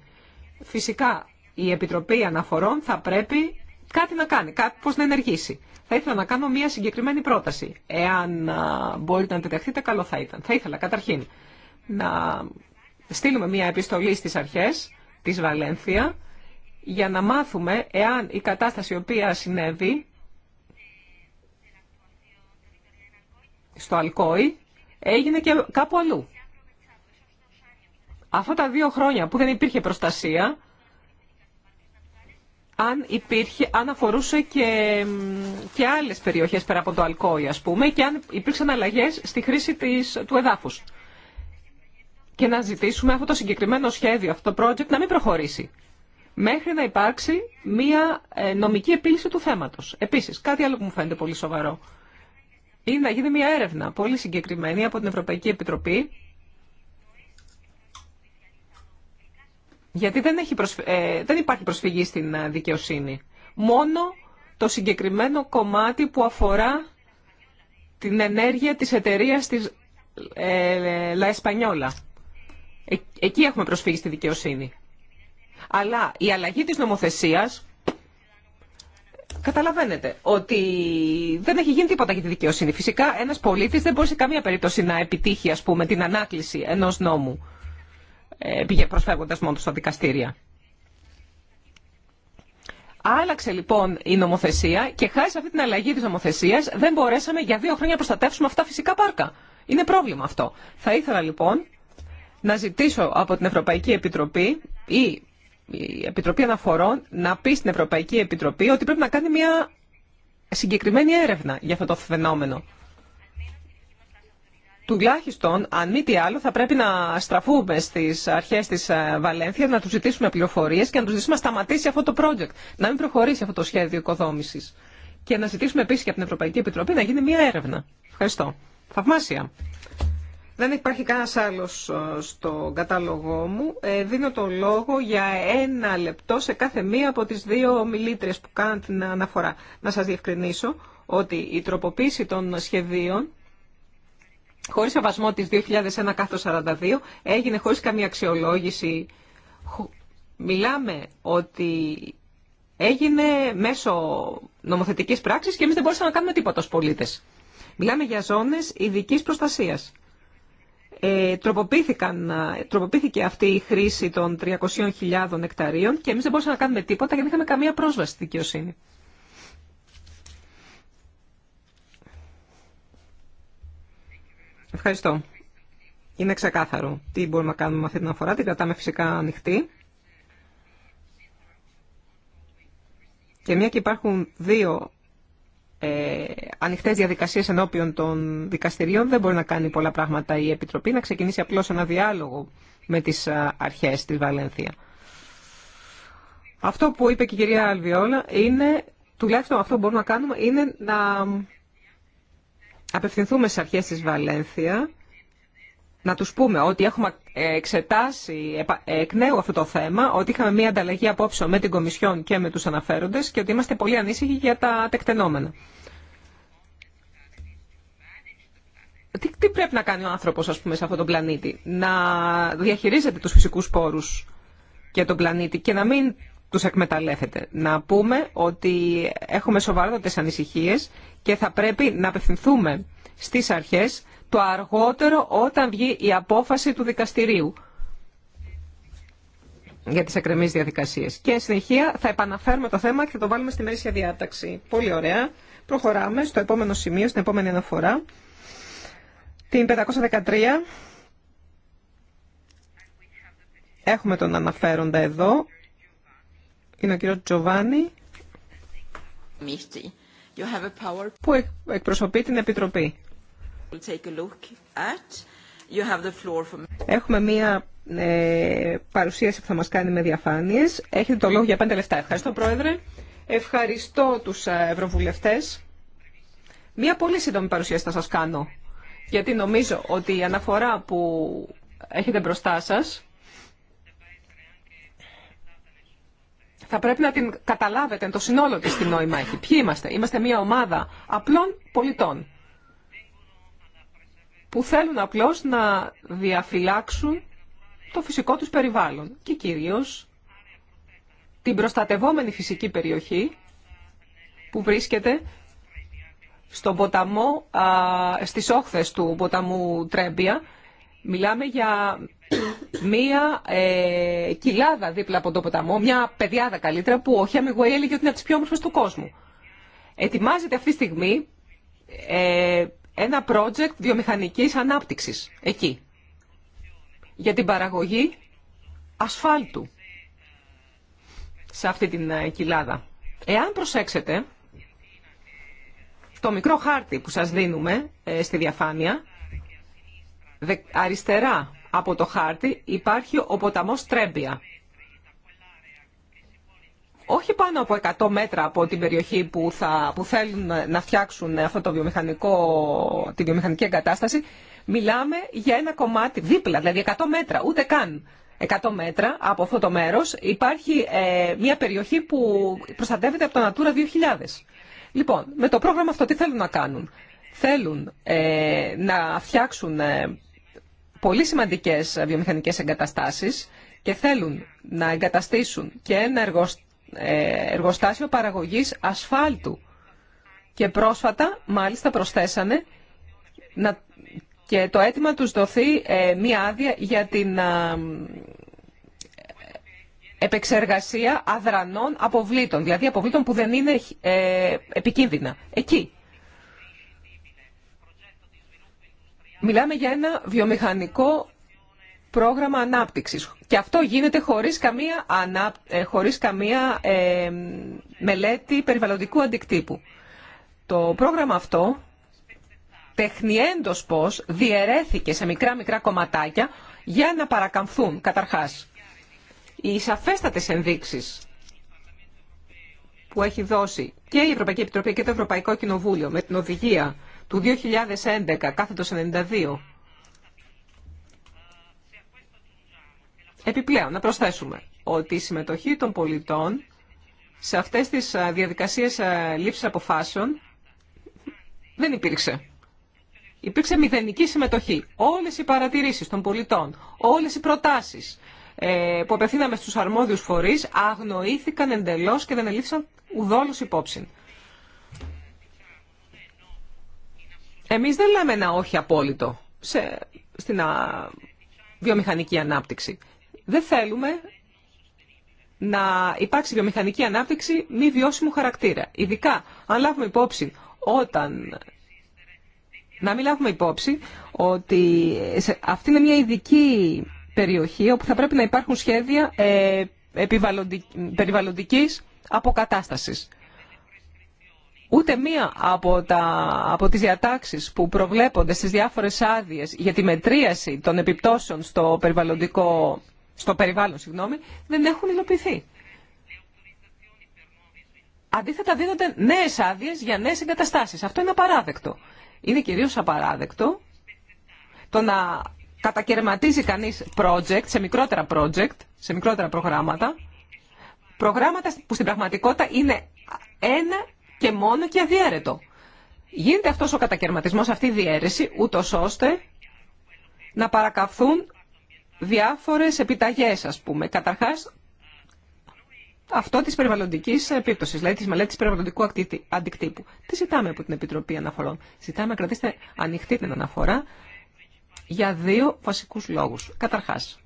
Φυσικά, η Επιτροπή Αναφορών θα πρέπει κάτι να κάνει, κάπως να ενεργήσει. Θα ήθελα να κάνω μια συγκεκριμένη πρόταση. Εάν μπορείτε να αντιταχθείτε, καλό θα ήταν. Θα ήθελα καταρχήν να στείλουμε μια επιστολή στις αρχές της Βαλένθια, για να μάθουμε εάν η κατάσταση η οποία συνέβη στο Αλκόη έγινε και κάπου αλλού. Αυτά τα δύο χρόνια που δεν υπήρχε προστασία, αν, υπήρχε, αν αφορούσε και, και άλλες περιοχές πέρα από το Αλκόη, ας πούμε, και αν υπήρξαν αλλαγές στη χρήση της, του εδάφους. Και να ζητήσουμε αυτό το συγκεκριμένο σχέδιο, αυτό το project, να μην προχωρήσει μέχρι να υπάρξει μία ε, νομική επίλυση του θέματος. Επίσης, κάτι άλλο που μου φαίνεται πολύ σοβαρό, είναι να γίνει μία έρευνα πολύ συγκεκριμένη από την Ευρωπαϊκή Επιτροπή, γιατί δεν, έχει ε, δεν υπάρχει προσφυγή στην ε, δικαιοσύνη. Μόνο το συγκεκριμένο κομμάτι που αφορά την ενέργεια της εταιρείας της ε, La Española. εκεί έχουμε προσφύγει στη δικαιοσύνη. Αλλά η αλλαγή της νομοθεσίας Καταλαβαίνετε ότι δεν έχει γίνει τίποτα για τη δικαιοσύνη. Φυσικά ένας πολίτης δεν μπορεί σε καμία περίπτωση να επιτύχει ας πούμε, την ανάκληση ενός νόμου ε, πήγε προσφεύγοντας μόνο στα δικαστήρια. Άλλαξε λοιπόν η νομοθεσία και χάρη σε αυτή την αλλαγή της νομοθεσίας δεν μπορέσαμε για δύο χρόνια να προστατεύσουμε αυτά φυσικά πάρκα. Είναι πρόβλημα αυτό. Θα ήθελα λοιπόν να ζητήσω από την Ευρωπαϊκή Επιτροπή ή η Επιτροπή Αναφορών να πει στην Ευρωπαϊκή Επιτροπή ότι πρέπει να κάνει μια συγκεκριμένη έρευνα για αυτό το φαινόμενο. Τουλάχιστον, αν μη τι άλλο, θα πρέπει να στραφούμε στι αρχέ τη ε, Βαλένθια, να του ζητήσουμε πληροφορίε και να του ζητήσουμε να σταματήσει αυτό το project, να μην προχωρήσει αυτό το σχέδιο οικοδόμηση. Και να ζητήσουμε επίση και από την Ευρωπαϊκή Επιτροπή να γίνει μια έρευνα. Ευχαριστώ. Θαυμάσια. Δεν υπάρχει κανένας άλλος ε, στο κατάλογό μου. Ε, δίνω το λόγο για ένα λεπτό σε κάθε μία από τις δύο μιλήτρες που κάνουν την αναφορά. Να σας διευκρινίσω ότι η τροποποίηση των σχεδίων χωρίς σεβασμό της 2001-42 έγινε χωρίς καμία αξιολόγηση. Μιλάμε ότι έγινε μέσω νομοθετικής πράξης και εμείς δεν μπορούσαμε να κάνουμε τίποτα ως πολίτες. Μιλάμε για ζώνες ειδική προστασίας ε, τροποποιήθηκαν, ε, τροποποιήθηκε αυτή η χρήση των 300.000 εκταρίων και εμείς δεν μπορούσαμε να κάνουμε τίποτα γιατί δεν είχαμε καμία πρόσβαση στη δικαιοσύνη. Ευχαριστώ. Είναι ξεκάθαρο τι μπορούμε να κάνουμε αυτή την αφορά. Την κρατάμε φυσικά ανοιχτή. Και μια και υπάρχουν δύο ε, ανοιχτές διαδικασίες ενώπιον των δικαστηρίων δεν μπορεί να κάνει πολλά πράγματα η Επιτροπή, να ξεκινήσει απλώς ένα διάλογο με τις αρχές της Βαλένθια. Αυτό που είπε και η κυρία Αλβιόλα είναι, τουλάχιστον αυτό που μπορούμε να κάνουμε, είναι να απευθυνθούμε στις αρχές της Βαλένθια να τους πούμε ότι έχουμε ε, εξετάσει ε, εκ νέου αυτό το θέμα, ότι είχαμε μία ανταλλαγή απόψεων με την Κομισιόν και με τους αναφέροντες και ότι είμαστε πολύ ανήσυχοι για τα τεκτενόμενα. Τι, πρέπει να κάνει ο άνθρωπος, ας πούμε, σε αυτόν τον πλανήτη. Να διαχειρίζεται τους φυσικούς πόρους και τον πλανήτη και να μην τους εκμεταλλεύεται. Να πούμε ότι έχουμε σοβαρότατες ανησυχίες και θα πρέπει να απευθυνθούμε στις αρχές το αργότερο όταν βγει η απόφαση του δικαστηρίου για τις ακρεμείς διαδικασίες. Και συνεχεία θα επαναφέρουμε το θέμα και θα το βάλουμε στη μέση διάταξη. Πολύ ωραία. Προχωράμε στο επόμενο σημείο, στην επόμενη αναφορά. Την 513. Έχουμε τον αναφέροντα εδώ. Είναι ο κύριος Τζοβάνι που εκπροσωπεί την Επιτροπή. Έχουμε μία ε, παρουσίαση που θα μας κάνει με διαφάνειες. Έχετε το λόγο για πέντε λεφτά. Ευχαριστώ, Πρόεδρε. Ευχαριστώ τους ε, Ευρωβουλευτές. Μία πολύ σύντομη παρουσίαση θα σας κάνω, γιατί νομίζω ότι η αναφορά που έχετε μπροστά σας θα πρέπει να την καταλάβετε το συνόλο της τι νόημα έχει. Ποιοι είμαστε. Είμαστε μια ομάδα απλών πολιτών που θέλουν απλώς να διαφυλάξουν το φυσικό τους περιβάλλον και κυρίως την προστατευόμενη φυσική περιοχή που βρίσκεται στον ποταμό, α, στις όχθες του ποταμού Τρέμπια. Μιλάμε για μία ε, κοιλάδα δίπλα από τον ποταμό, μια πεδιάδα καλύτερα, που ο Χέμιγουέι έλεγε ότι είναι από τις πιο όμορφες του κόσμου. Ετοιμάζεται αυτή τη στιγμή ε, ένα project βιομηχανικής ανάπτυξης εκεί για την παραγωγή ασφάλτου σε αυτή την ε, κοιλάδα. Εάν προσέξετε το μικρό χάρτη που σας δίνουμε ε, στη διαφάνεια, αριστερά από το χάρτη υπάρχει ο ποταμός Τρέμπια όχι πάνω από 100 μέτρα από την περιοχή που, θα, που θέλουν να φτιάξουν αυτό το βιομηχανικό, τη βιομηχανική εγκατάσταση, μιλάμε για ένα κομμάτι δίπλα, δηλαδή 100 μέτρα, ούτε καν 100 μέτρα από αυτό το μέρος υπάρχει ε, μια περιοχή που προστατεύεται από το Natura 2000. Λοιπόν, με το πρόγραμμα αυτό τι θέλουν να κάνουν. Θέλουν ε, να φτιάξουν ε, πολύ σημαντικές βιομηχανικές εγκαταστάσεις και θέλουν να εγκαταστήσουν και ένα εργοστάσιο ε, εργοστάσιο παραγωγής ασφάλτου. Και πρόσφατα, μάλιστα, προσθέσανε να, και το αίτημα τους δοθεί ε, μία άδεια για την ε, επεξεργασία αδρανών αποβλήτων, δηλαδή αποβλήτων που δεν είναι επικίνδυνα. Εκεί. Μιλάμε για ένα βιομηχανικό πρόγραμμα ανάπτυξης. Και αυτό γίνεται χωρίς καμία, ανα... Ε, χωρίς καμία ε, μελέτη περιβαλλοντικού αντικτύπου. Το πρόγραμμα αυτό, τεχνιέντος πώς, διαιρέθηκε σε μικρά-μικρά κομματάκια για να παρακαμφθούν καταρχάς οι σαφέστατες ενδείξεις που έχει δώσει και η Ευρωπαϊκή Επιτροπή και το Ευρωπαϊκό Κοινοβούλιο με την οδηγία του 2011 κάθετος 92 Επιπλέον, να προσθέσουμε ότι η συμμετοχή των πολιτών σε αυτές τις διαδικασίες λήψης αποφάσεων δεν υπήρξε. Υπήρξε μηδενική συμμετοχή. Όλες οι παρατηρήσεις των πολιτών, όλες οι προτάσεις ε, που απευθύναμε στους αρμόδιους φορείς αγνοήθηκαν εντελώς και δεν ελήφθησαν ουδόλως υπόψη. Εμείς δεν λέμε ένα όχι απόλυτο στην βιομηχανική ανάπτυξη. Δεν θέλουμε να υπάρξει βιομηχανική ανάπτυξη μη βιώσιμου χαρακτήρα. Ειδικά αν λάβουμε υπόψη όταν... Να μην λάβουμε υπόψη ότι αυτή είναι μια ειδική περιοχή όπου θα πρέπει να υπάρχουν σχέδια ε, περιβαλλοντικής αποκατάστασης. Ούτε μία από, τα, από τις διατάξεις που προβλέπονται στις διάφορες άδειες για τη μετρίαση των επιπτώσεων στο περιβαλλοντικό στο περιβάλλον, συγγνώμη, δεν έχουν υλοποιηθεί. Αντίθετα δίνονται νέες άδειες για νέες εγκαταστάσεις. Αυτό είναι απαράδεκτο. Είναι κυρίως απαράδεκτο το να κατακαιρματίζει κανείς project, σε μικρότερα project, σε μικρότερα προγράμματα, προγράμματα που στην πραγματικότητα είναι ένα και μόνο και αδιαίρετο. Γίνεται αυτός ο κατακαιρματισμός, αυτή η διαίρεση, ούτω ώστε να παρακαθούν διάφορες επιταγές, ας πούμε. Καταρχάς, αυτό της περιβαλλοντικής επίπτωσης, δηλαδή της μελέτης περιβαλλοντικού αντικτύπου. Τι ζητάμε από την Επιτροπή Αναφορών. Ζητάμε να κρατήσετε ανοιχτή την αναφορά για δύο βασικούς λόγους. Καταρχάς,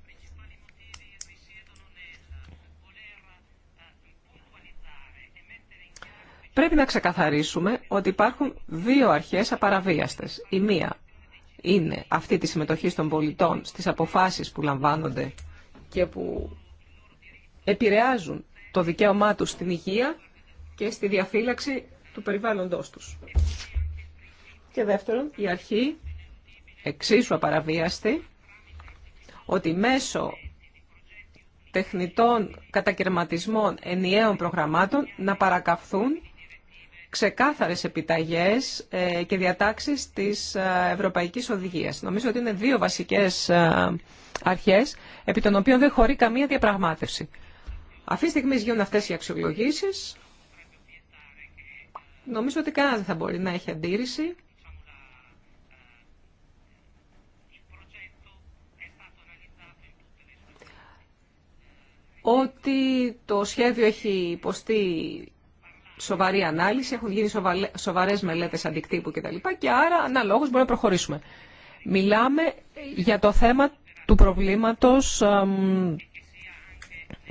πρέπει να ξεκαθαρίσουμε ότι υπάρχουν δύο αρχές απαραβίαστες. Η μία είναι αυτή τη συμμετοχή των πολιτών στις αποφάσεις που λαμβάνονται και που επηρεάζουν το δικαίωμά τους στην υγεία και στη διαφύλαξη του περιβάλλοντός τους. Και δεύτερον, η αρχή εξίσου απαραβίαστη ότι μέσω τεχνητών κατακαιρματισμών ενιαίων προγραμμάτων να παρακαφθούν ξεκάθαρες επιταγές ε, και διατάξεις της ε, Ευρωπαϊκής Οδηγίας. Νομίζω ότι είναι δύο βασικές ε, αρχές, επί των οποίων δεν χωρεί καμία διαπραγμάτευση. Αυτή τη στιγμή γίνουν αυτές οι αξιολογήσεις. Νομίζω ότι κανένα δεν θα μπορεί να έχει αντίρρηση. ότι το σχέδιο έχει υποστεί σοβαρή ανάλυση, έχουν γίνει σοβαρέ μελέτες αντικτύπου κτλ. Και άρα αναλόγως μπορούμε να προχωρήσουμε. Μιλάμε για το θέμα του προβλήματος τη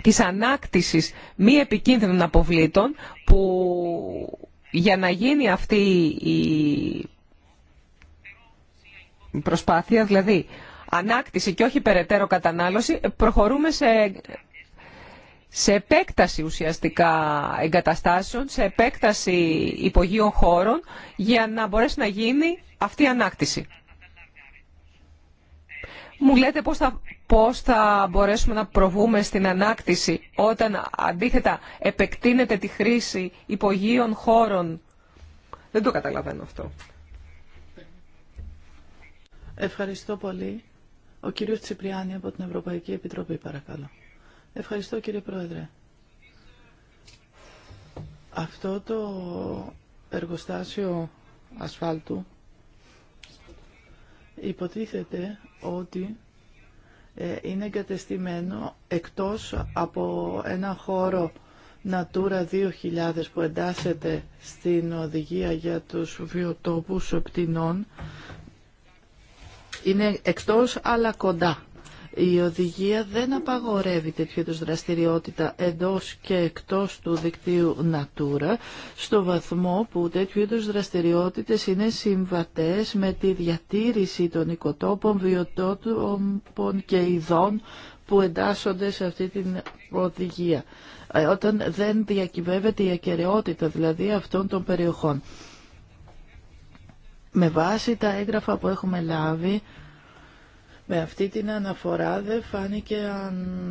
της ανάκτησης μη επικίνδυνων αποβλήτων που για να γίνει αυτή η προσπάθεια, δηλαδή ανάκτηση και όχι περαιτέρω κατανάλωση, προχωρούμε σε σε επέκταση ουσιαστικά εγκαταστάσεων, σε επέκταση υπογείων χώρων για να μπορέσει να γίνει αυτή η ανάκτηση. Μου λέτε πώς θα, μπορέσουμε να προβούμε στην ανάκτηση όταν αντίθετα επεκτείνεται τη χρήση υπογείων χώρων. Δεν το καταλαβαίνω αυτό. Ευχαριστώ πολύ. Ο κύριος Τσιπριάνη από την Ευρωπαϊκή Επιτροπή, παρακαλώ. Ευχαριστώ κύριε Πρόεδρε. Αυτό το εργοστάσιο ασφάλτου υποτίθεται ότι ε, είναι εγκατεστημένο εκτός από ένα χώρο Natura 2000 που εντάσσεται στην οδηγία για τους βιοτόπους πτηνών είναι εκτός αλλά κοντά η οδηγία δεν απαγορεύει τέτοιου είδους δραστηριότητα εντός και εκτός του δικτύου Natura στο βαθμό που τέτοιου είδους δραστηριότητες είναι συμβατές με τη διατήρηση των οικοτόπων, βιοτόπων και ειδών που εντάσσονται σε αυτή την οδηγία ε, όταν δεν διακυβεύεται η ακαιρεότητα δηλαδή αυτών των περιοχών. Με βάση τα έγγραφα που έχουμε λάβει με αυτή την αναφορά δεν φάνηκε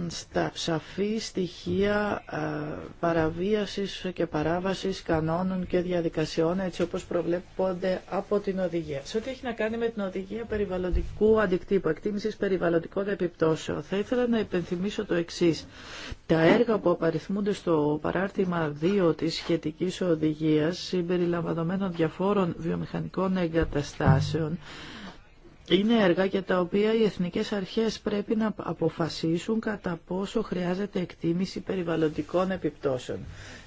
στα σαφή στοιχεία παραβίασης και παράβασης κανόνων και διαδικασιών έτσι όπως προβλέπονται από την οδηγία. Σε ό,τι έχει να κάνει με την οδηγία περιβαλλοντικού αντικτύπου, εκτίμησης περιβαλλοντικών επιπτώσεων, θα ήθελα να υπενθυμίσω το εξή: Τα έργα που απαριθμούνται στο παράρτημα 2 της σχετικής οδηγίας συμπεριλαμβανομένων διαφόρων βιομηχανικών εγκαταστάσεων είναι έργα για τα οποία οι εθνικές αρχές πρέπει να αποφασίσουν κατά πόσο χρειάζεται εκτίμηση περιβαλλοντικών επιπτώσεων.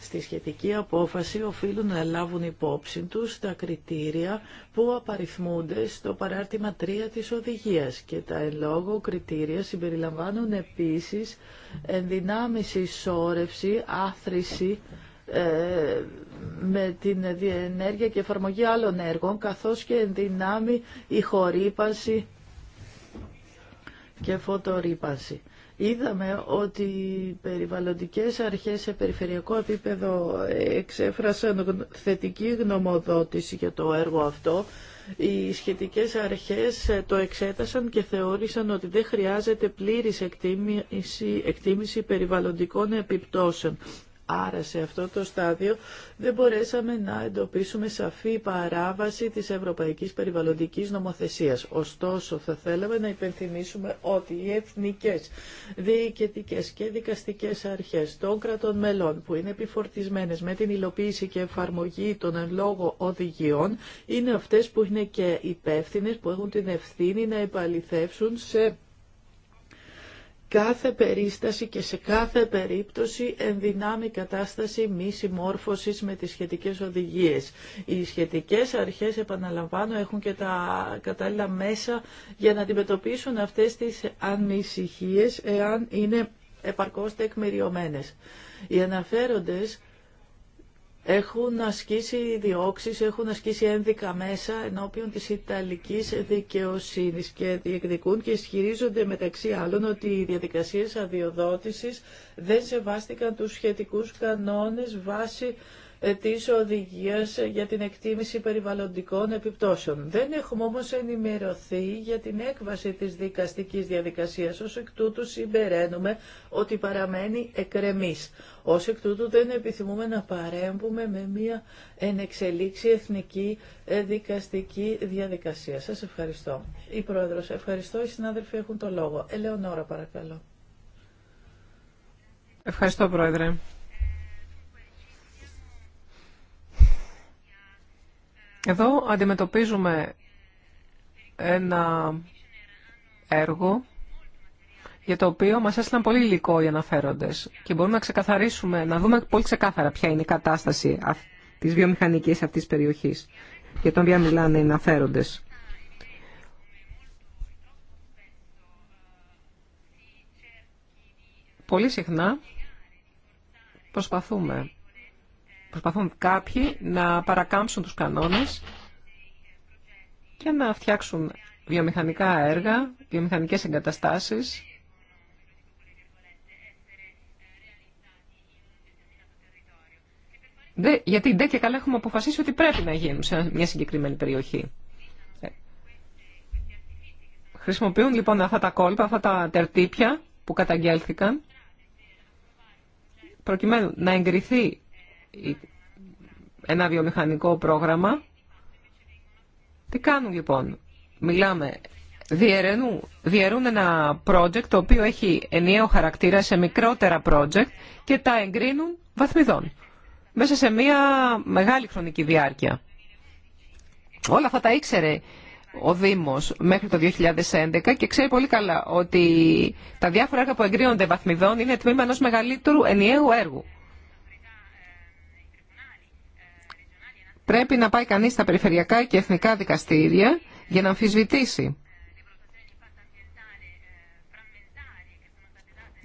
Στη σχετική απόφαση οφείλουν να λάβουν υπόψη τους τα κριτήρια που απαριθμούνται στο παράρτημα 3 της οδηγίας και τα εν λόγω κριτήρια συμπεριλαμβάνουν επίσης ενδυνάμιση, σόρευση, άθρηση, ε, με την ενέργεια και εφαρμογή άλλων έργων, καθώς και ενδυνάμει η χορύπαση και φωτορύπαση. Είδαμε ότι οι περιβαλλοντικές αρχές σε περιφερειακό επίπεδο εξέφρασαν θετική γνωμοδότηση για το έργο αυτό. Οι σχετικές αρχές ε, το εξέτασαν και θεώρησαν ότι δεν χρειάζεται πλήρης εκτίμηση, εκτίμηση περιβαλλοντικών επιπτώσεων Άρα σε αυτό το στάδιο δεν μπορέσαμε να εντοπίσουμε σαφή παράβαση της ευρωπαϊκής περιβαλλοντικής νομοθεσίας. Ωστόσο θα θέλαμε να υπενθυμίσουμε ότι οι εθνικές διοικητικές και δικαστικές αρχές των κρατών μελών που είναι επιφορτισμένες με την υλοποίηση και εφαρμογή των εν λόγω οδηγιών είναι αυτές που είναι και υπεύθυνε που έχουν την ευθύνη να επαληθεύσουν σε κάθε περίσταση και σε κάθε περίπτωση ενδυνάμει κατάσταση μη συμμόρφωσης με τις σχετικές οδηγίες. Οι σχετικές αρχές, επαναλαμβάνω, έχουν και τα κατάλληλα μέσα για να αντιμετωπίσουν αυτές τις ανησυχίες εάν είναι επαρκώς τεκμηριωμένες. Οι αναφέροντες έχουν ασκήσει διώξεις, έχουν ασκήσει ένδικα μέσα ενώπιον της Ιταλικής δικαιοσύνη και διεκδικούν και ισχυρίζονται μεταξύ άλλων ότι οι διαδικασίες αδειοδότηση δεν σεβάστηκαν τους σχετικούς κανόνες βάσει ε, της οδηγίας για την εκτίμηση περιβαλλοντικών επιπτώσεων. Δεν έχουμε όμως ενημερωθεί για την έκβαση της δικαστικής διαδικασίας. Ως εκ τούτου συμπεραίνουμε ότι παραμένει εκρεμής. Ως εκ τούτου δεν επιθυμούμε να παρέμβουμε με μια ενεξελίξη εθνική ε, δικαστική διαδικασία. Σας ευχαριστώ. Η Πρόεδρος, ευχαριστώ. Οι συνάδελφοι έχουν το λόγο. Ελεονόρα παρακαλώ. Ευχαριστώ Πρόεδρε. Εδώ αντιμετωπίζουμε ένα έργο για το οποίο μας έστειλαν πολύ υλικό οι αναφέροντες και μπορούμε να ξεκαθαρίσουμε, να δούμε πολύ ξεκάθαρα ποια είναι η κατάσταση της βιομηχανικής αυτής της περιοχής για τον οποίο μιλάνε οι αναφέροντες. Πολύ συχνά προσπαθούμε Προσπαθούν κάποιοι να παρακάμψουν τους κανόνες και να φτιάξουν βιομηχανικά έργα, βιομηχανικές εγκαταστάσεις γιατί δεν και καλά έχουμε αποφασίσει ότι πρέπει να γίνουν σε μια συγκεκριμένη περιοχή. Ε, χρησιμοποιούν λοιπόν αυτά τα κόλπα, αυτά τα τερτύπια που καταγγέλθηκαν, προκειμένου να εγκριθεί ένα βιομηχανικό πρόγραμμα. Τι κάνουν λοιπόν. Μιλάμε, Διαιρενού, διαιρούν ένα project το οποίο έχει ενιαίο χαρακτήρα σε μικρότερα project και τα εγκρίνουν βαθμιδών. Μέσα σε μια μεγάλη χρονική διάρκεια. Όλα αυτά τα ήξερε ο Δήμος μέχρι το 2011 και ξέρει πολύ καλά ότι τα διάφορα έργα που εγκρίνονται βαθμιδών είναι τμήμα ενός μεγαλύτερου ενιαίου έργου. Πρέπει να πάει κανείς στα περιφερειακά και εθνικά δικαστήρια για να αμφισβητήσει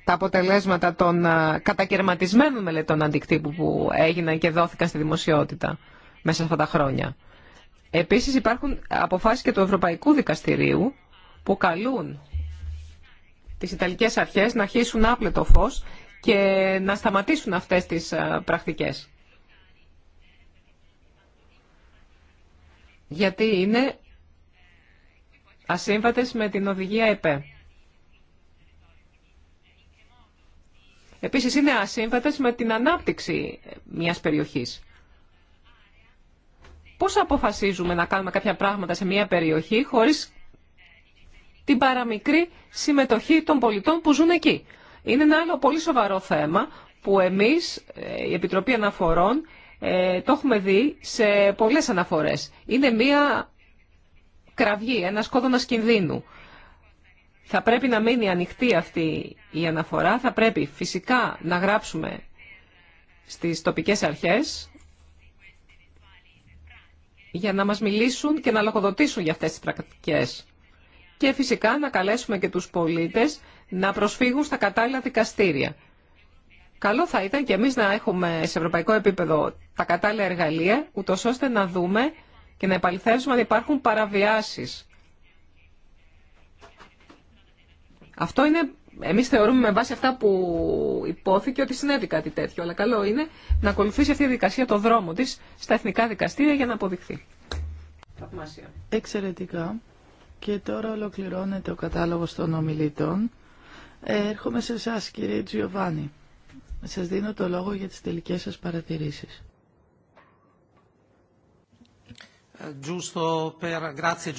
τα αποτελέσματα των κατακαιρματισμένων μελετών αντικτύπου που έγιναν και δόθηκαν στη δημοσιότητα μέσα σε αυτά τα χρόνια. Επίσης υπάρχουν αποφάσεις και του Ευρωπαϊκού Δικαστηρίου που καλούν τις Ιταλικές αρχές να αρχίσουν άπλετο φως και να σταματήσουν αυτές τις πρακτικές. γιατί είναι ασύμβατες με την οδηγία ΕΠΕ. Επίσης είναι ασύμβατες με την ανάπτυξη μιας περιοχής. Πώς αποφασίζουμε να κάνουμε κάποια πράγματα σε μια περιοχή χωρίς την παραμικρή συμμετοχή των πολιτών που ζουν εκεί. Είναι ένα άλλο πολύ σοβαρό θέμα που εμείς, ε, η Επιτροπή Αναφορών, ε, το έχουμε δει σε πολλές αναφορές. Είναι μία κραυγή, ένα κόδωνας κινδύνου. Θα πρέπει να μείνει ανοιχτή αυτή η αναφορά. Θα πρέπει φυσικά να γράψουμε στις τοπικές αρχές για να μας μιλήσουν και να λογοδοτήσουν για αυτές τις πρακτικές. Και φυσικά να καλέσουμε και τους πολίτες να προσφύγουν στα κατάλληλα δικαστήρια. Καλό θα ήταν και εμείς να έχουμε σε ευρωπαϊκό επίπεδο τα κατάλληλα εργαλεία, ούτω ώστε να δούμε και να επαληθεύσουμε αν υπάρχουν παραβιάσεις. Αυτό είναι, εμείς θεωρούμε με βάση αυτά που υπόθηκε ότι συνέβη κάτι τέτοιο, αλλά καλό είναι να ακολουθήσει αυτή η δικασία το δρόμο της στα εθνικά δικαστήρια για να αποδειχθεί. Εξαιρετικά. Και τώρα ολοκληρώνεται ο κατάλογος των ομιλητών. Ε, έρχομαι σε εσά κύριε Τζιοβάνι. Σας δίνω το λόγο για τις τελικές σας παρατηρήσεις. Ε,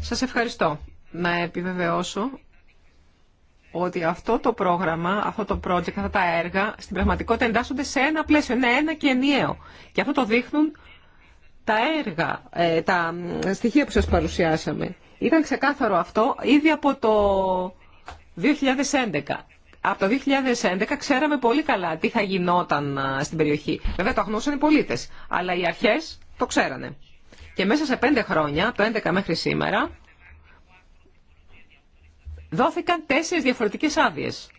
σας ευχαριστώ. Να επιβεβαιώσω ότι αυτό το πρόγραμμα, αυτό το project, αυτά τα έργα στην πραγματικότητα εντάσσονται σε ένα πλαίσιο, είναι ένα και ενιαίο. Και αυτό το δείχνουν τα έργα, ε, τα στοιχεία που σας παρουσιάσαμε. Ήταν ξεκάθαρο αυτό ήδη από το 2011 από το 2011 ξέραμε πολύ καλά τι θα γινόταν στην περιοχή. Βέβαια το αγνούσαν οι πολίτες, αλλά οι αρχές το ξέρανε. Και μέσα σε πέντε χρόνια, το 2011 μέχρι σήμερα, δόθηκαν τέσσερις διαφορετικές άδειες.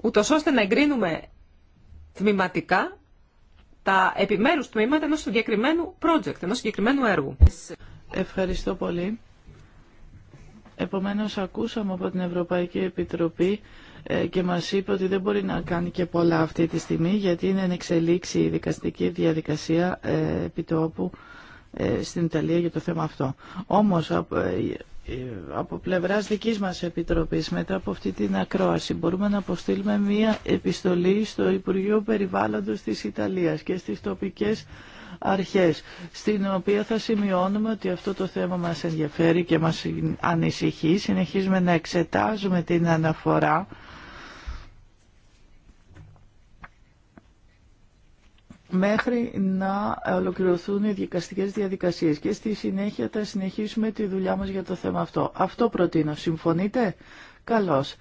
ούτω ώστε να εγκρίνουμε τμηματικά τα επιμέρους τμήματα ενός συγκεκριμένου project, ενός συγκεκριμένου έργου. Ευχαριστώ πολύ. Επομένως ακούσαμε από την Ευρωπαϊκή Επιτροπή ε, και μας είπε ότι δεν μπορεί να κάνει και πολλά αυτή τη στιγμή γιατί είναι εν εξελίξει η δικαστική διαδικασία ε, επιτόπου ε, στην Ιταλία για το θέμα αυτό. Όμως από πλευράς δικής μας Επιτροπής μετά από αυτή την ακρόαση μπορούμε να αποστείλουμε μία επιστολή στο Υπουργείο Περιβάλλοντος της Ιταλίας και στις τοπικές αρχές στην οποία θα σημειώνουμε ότι αυτό το θέμα μας ενδιαφέρει και μας ανησυχεί. Συνεχίζουμε να εξετάζουμε την αναφορά μέχρι να ολοκληρωθούν οι δικαστικές διαδικασίες και στη συνέχεια θα συνεχίσουμε τη δουλειά μας για το θέμα αυτό. Αυτό προτείνω. Συμφωνείτε? Καλώς.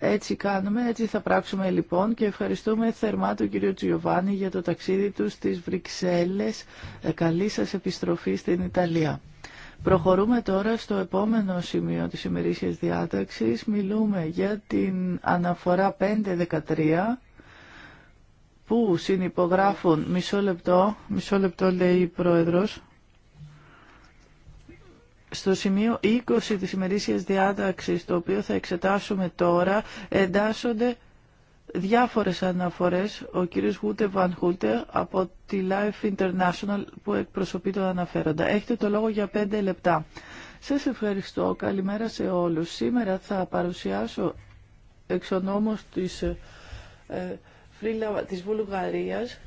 Έτσι κάνουμε, έτσι θα πράξουμε λοιπόν και ευχαριστούμε θερμά τον κύριο Τζιωβάνι για το ταξίδι του στις Βρυξέλλες. Ε, καλή σας επιστροφή στην Ιταλία. Προχωρούμε τώρα στο επόμενο σημείο της ημερήσιας διάταξης. Μιλούμε για την αναφορά 513 που συνυπογράφουν μισό λεπτό, μισό λεπτό λέει η Πρόεδρος, στο σημείο 20 της ημερήσιας διάταξης, το οποίο θα εξετάσουμε τώρα, εντάσσονται διάφορες αναφορές. Ο κύριος Γούτε Βαν από τη Life International που εκπροσωπεί τον αναφέροντα. Έχετε το λόγο για 5 λεπτά. Σας ευχαριστώ. Καλημέρα σε όλους. Σήμερα θα παρουσιάσω εξ ονόμως της ε, φρύλα της Βουλγαρίας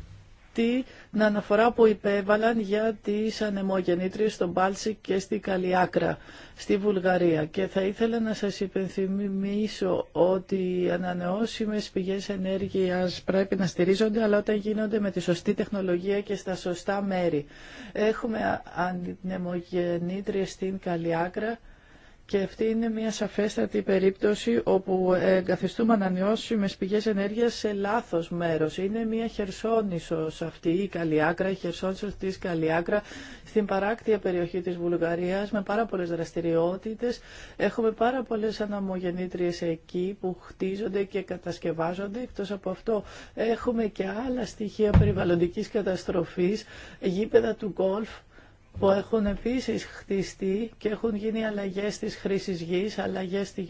την αναφορά που υπέβαλαν για τις ανεμογεννήτριες στον πάλσι και στη Καλιάκρα στη Βουλγαρία. Και θα ήθελα να σας υπενθυμίσω ότι οι ανανεώσιμες πηγές ενέργειας πρέπει να στηρίζονται, αλλά όταν γίνονται με τη σωστή τεχνολογία και στα σωστά μέρη. Έχουμε ανεμογεννήτριες στην Καλιάκρα. Και αυτή είναι μια σαφέστατη περίπτωση όπου να ανανεώσιμε πηγέ ενέργεια σε λάθο μέρο. Είναι μια χερσόνησο αυτή η Καλλιάκρα, η χερσόνησο τη Καλλιάκρα, στην παράκτια περιοχή της Βουλγαρία, με πάρα πολλέ δραστηριότητε. Έχουμε πάρα πολλέ αναμογεννήτριε εκεί που χτίζονται και κατασκευάζονται. Εκτό από αυτό, έχουμε και άλλα στοιχεία περιβαλλοντική καταστροφή, γήπεδα του γκολφ που έχουν επίσης χτιστεί και έχουν γίνει αλλαγές της χρήση γης, αλλαγές στη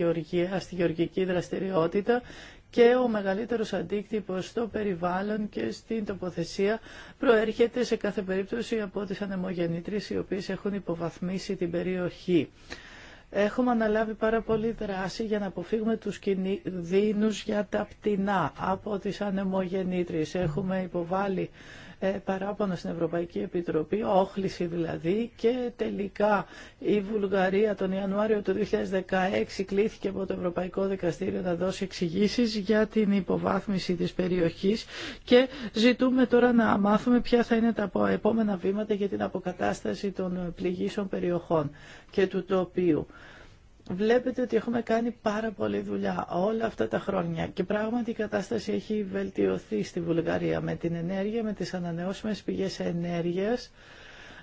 στη γεωργική δραστηριότητα και ο μεγαλύτερος αντίκτυπος στο περιβάλλον και στην τοποθεσία προέρχεται σε κάθε περίπτωση από τις ανεμογεννήτρες οι οποίες έχουν υποβαθμίσει την περιοχή. Έχουμε αναλάβει πάρα πολύ δράση για να αποφύγουμε τους κινδύνους για τα πτηνά από τις ανεμογεννήτρες. Έχουμε υποβάλει ε, παράπονα στην Ευρωπαϊκή Επιτροπή, όχληση δηλαδή, και τελικά η Βουλγαρία τον Ιανουάριο του 2016 κλήθηκε από το Ευρωπαϊκό Δικαστήριο να δώσει εξηγήσει για την υποβάθμιση της περιοχής και ζητούμε τώρα να μάθουμε ποια θα είναι τα επόμενα βήματα για την αποκατάσταση των πληγήσεων περιοχών και του τοπίου. Βλέπετε ότι έχουμε κάνει πάρα πολλή δουλειά όλα αυτά τα χρόνια και πράγματι η κατάσταση έχει βελτιωθεί στη Βουλγαρία με την ενέργεια, με τις ανανεώσιμες πηγές ενέργειας.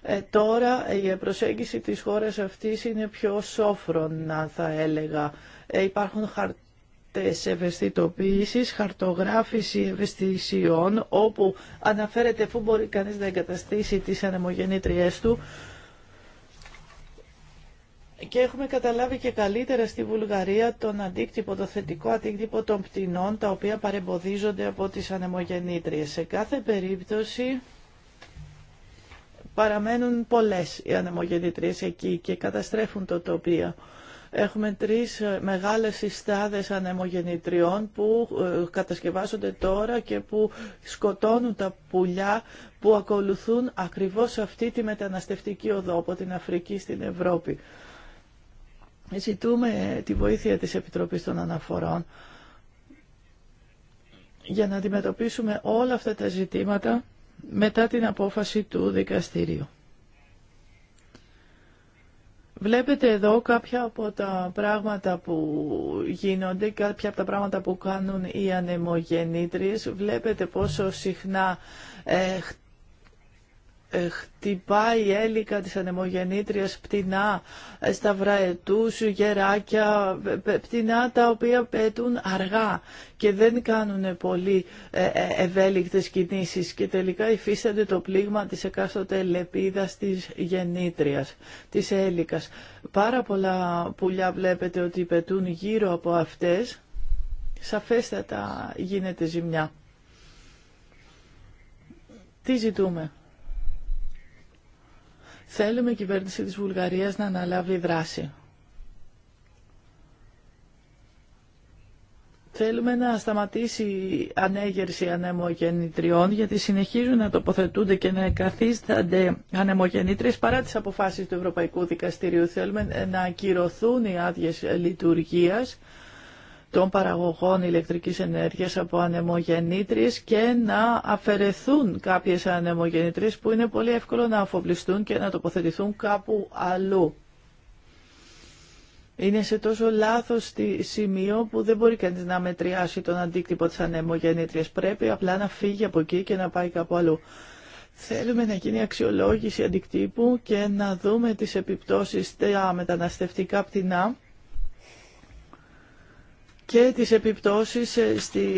Ε, τώρα η προσέγγιση της χώρας αυτής είναι πιο σόφρονα θα έλεγα. Ε, υπάρχουν χαρτές ευαισθητοποίησης, χαρτογράφηση ευαισθησιών όπου αναφέρεται πού μπορεί κανείς να εγκαταστήσει τις ανεμογεννήτριές του και έχουμε καταλάβει και καλύτερα στη Βουλγαρία τον αντίκτυπο, το θετικό αντίκτυπο των πτηνών τα οποία παρεμποδίζονται από τις ανεμογεννήτριες. Σε κάθε περίπτωση παραμένουν πολλές οι ανεμογεννήτριες εκεί και καταστρέφουν το τοπίο. Έχουμε τρεις ε, μεγάλες συστάδες ανεμογεννητριών που ε, κατασκευάζονται τώρα και που σκοτώνουν τα πουλιά που ακολουθούν ακριβώς αυτή τη μεταναστευτική οδό από την Αφρική στην Ευρώπη ζητούμε τη βοήθεια της Επιτροπής των Αναφορών για να αντιμετωπίσουμε όλα αυτά τα ζητήματα μετά την απόφαση του δικαστηρίου. Βλέπετε εδώ κάποια από τα πράγματα που γίνονται, κάποια από τα πράγματα που κάνουν οι ανεμογεννήτριες. Βλέπετε πόσο συχνά ε, ε, χτυπάει η έλικα της ανεμογεννήτριας πτηνά, στα ε, σταυραετούς, γεράκια, ε, πτηνά τα οποία πετούν αργά και δεν κάνουν πολύ ευέλικτες κινήσεις και τελικά υφίστανται το πλήγμα της εκάστοτε λεπίδας της γεννήτριας, της έλικας. Πάρα πολλά πουλιά βλέπετε ότι πετούν γύρω από αυτές, σαφέστατα γίνεται ζημιά. Τι ζητούμε Θέλουμε η κυβέρνηση της Βουλγαρίας να αναλάβει δράση. Θέλουμε να σταματήσει η ανέγερση ανεμογεννητριών γιατί συνεχίζουν να τοποθετούνται και να καθίστανται ανεμογεννήτριες παρά τις αποφάσεις του Ευρωπαϊκού Δικαστηρίου. Θέλουμε να ακυρωθούν οι άδειες λειτουργίας των παραγωγών ηλεκτρικής ενέργειας από ανεμογεννήτριες και να αφαιρεθούν κάποιες ανεμογεννήτριες που είναι πολύ εύκολο να αφοβλιστούν και να τοποθετηθούν κάπου αλλού. Είναι σε τόσο λάθος σημείο που δεν μπορεί κανείς να μετριάσει τον αντίκτυπο της ανεμογεννήτριας. Πρέπει απλά να φύγει από εκεί και να πάει κάπου αλλού. Θέλουμε να γίνει αξιολόγηση αντικτύπου και να δούμε τις επιπτώσεις τα μεταναστευτικά πτηνά και τις επιπτώσεις ε,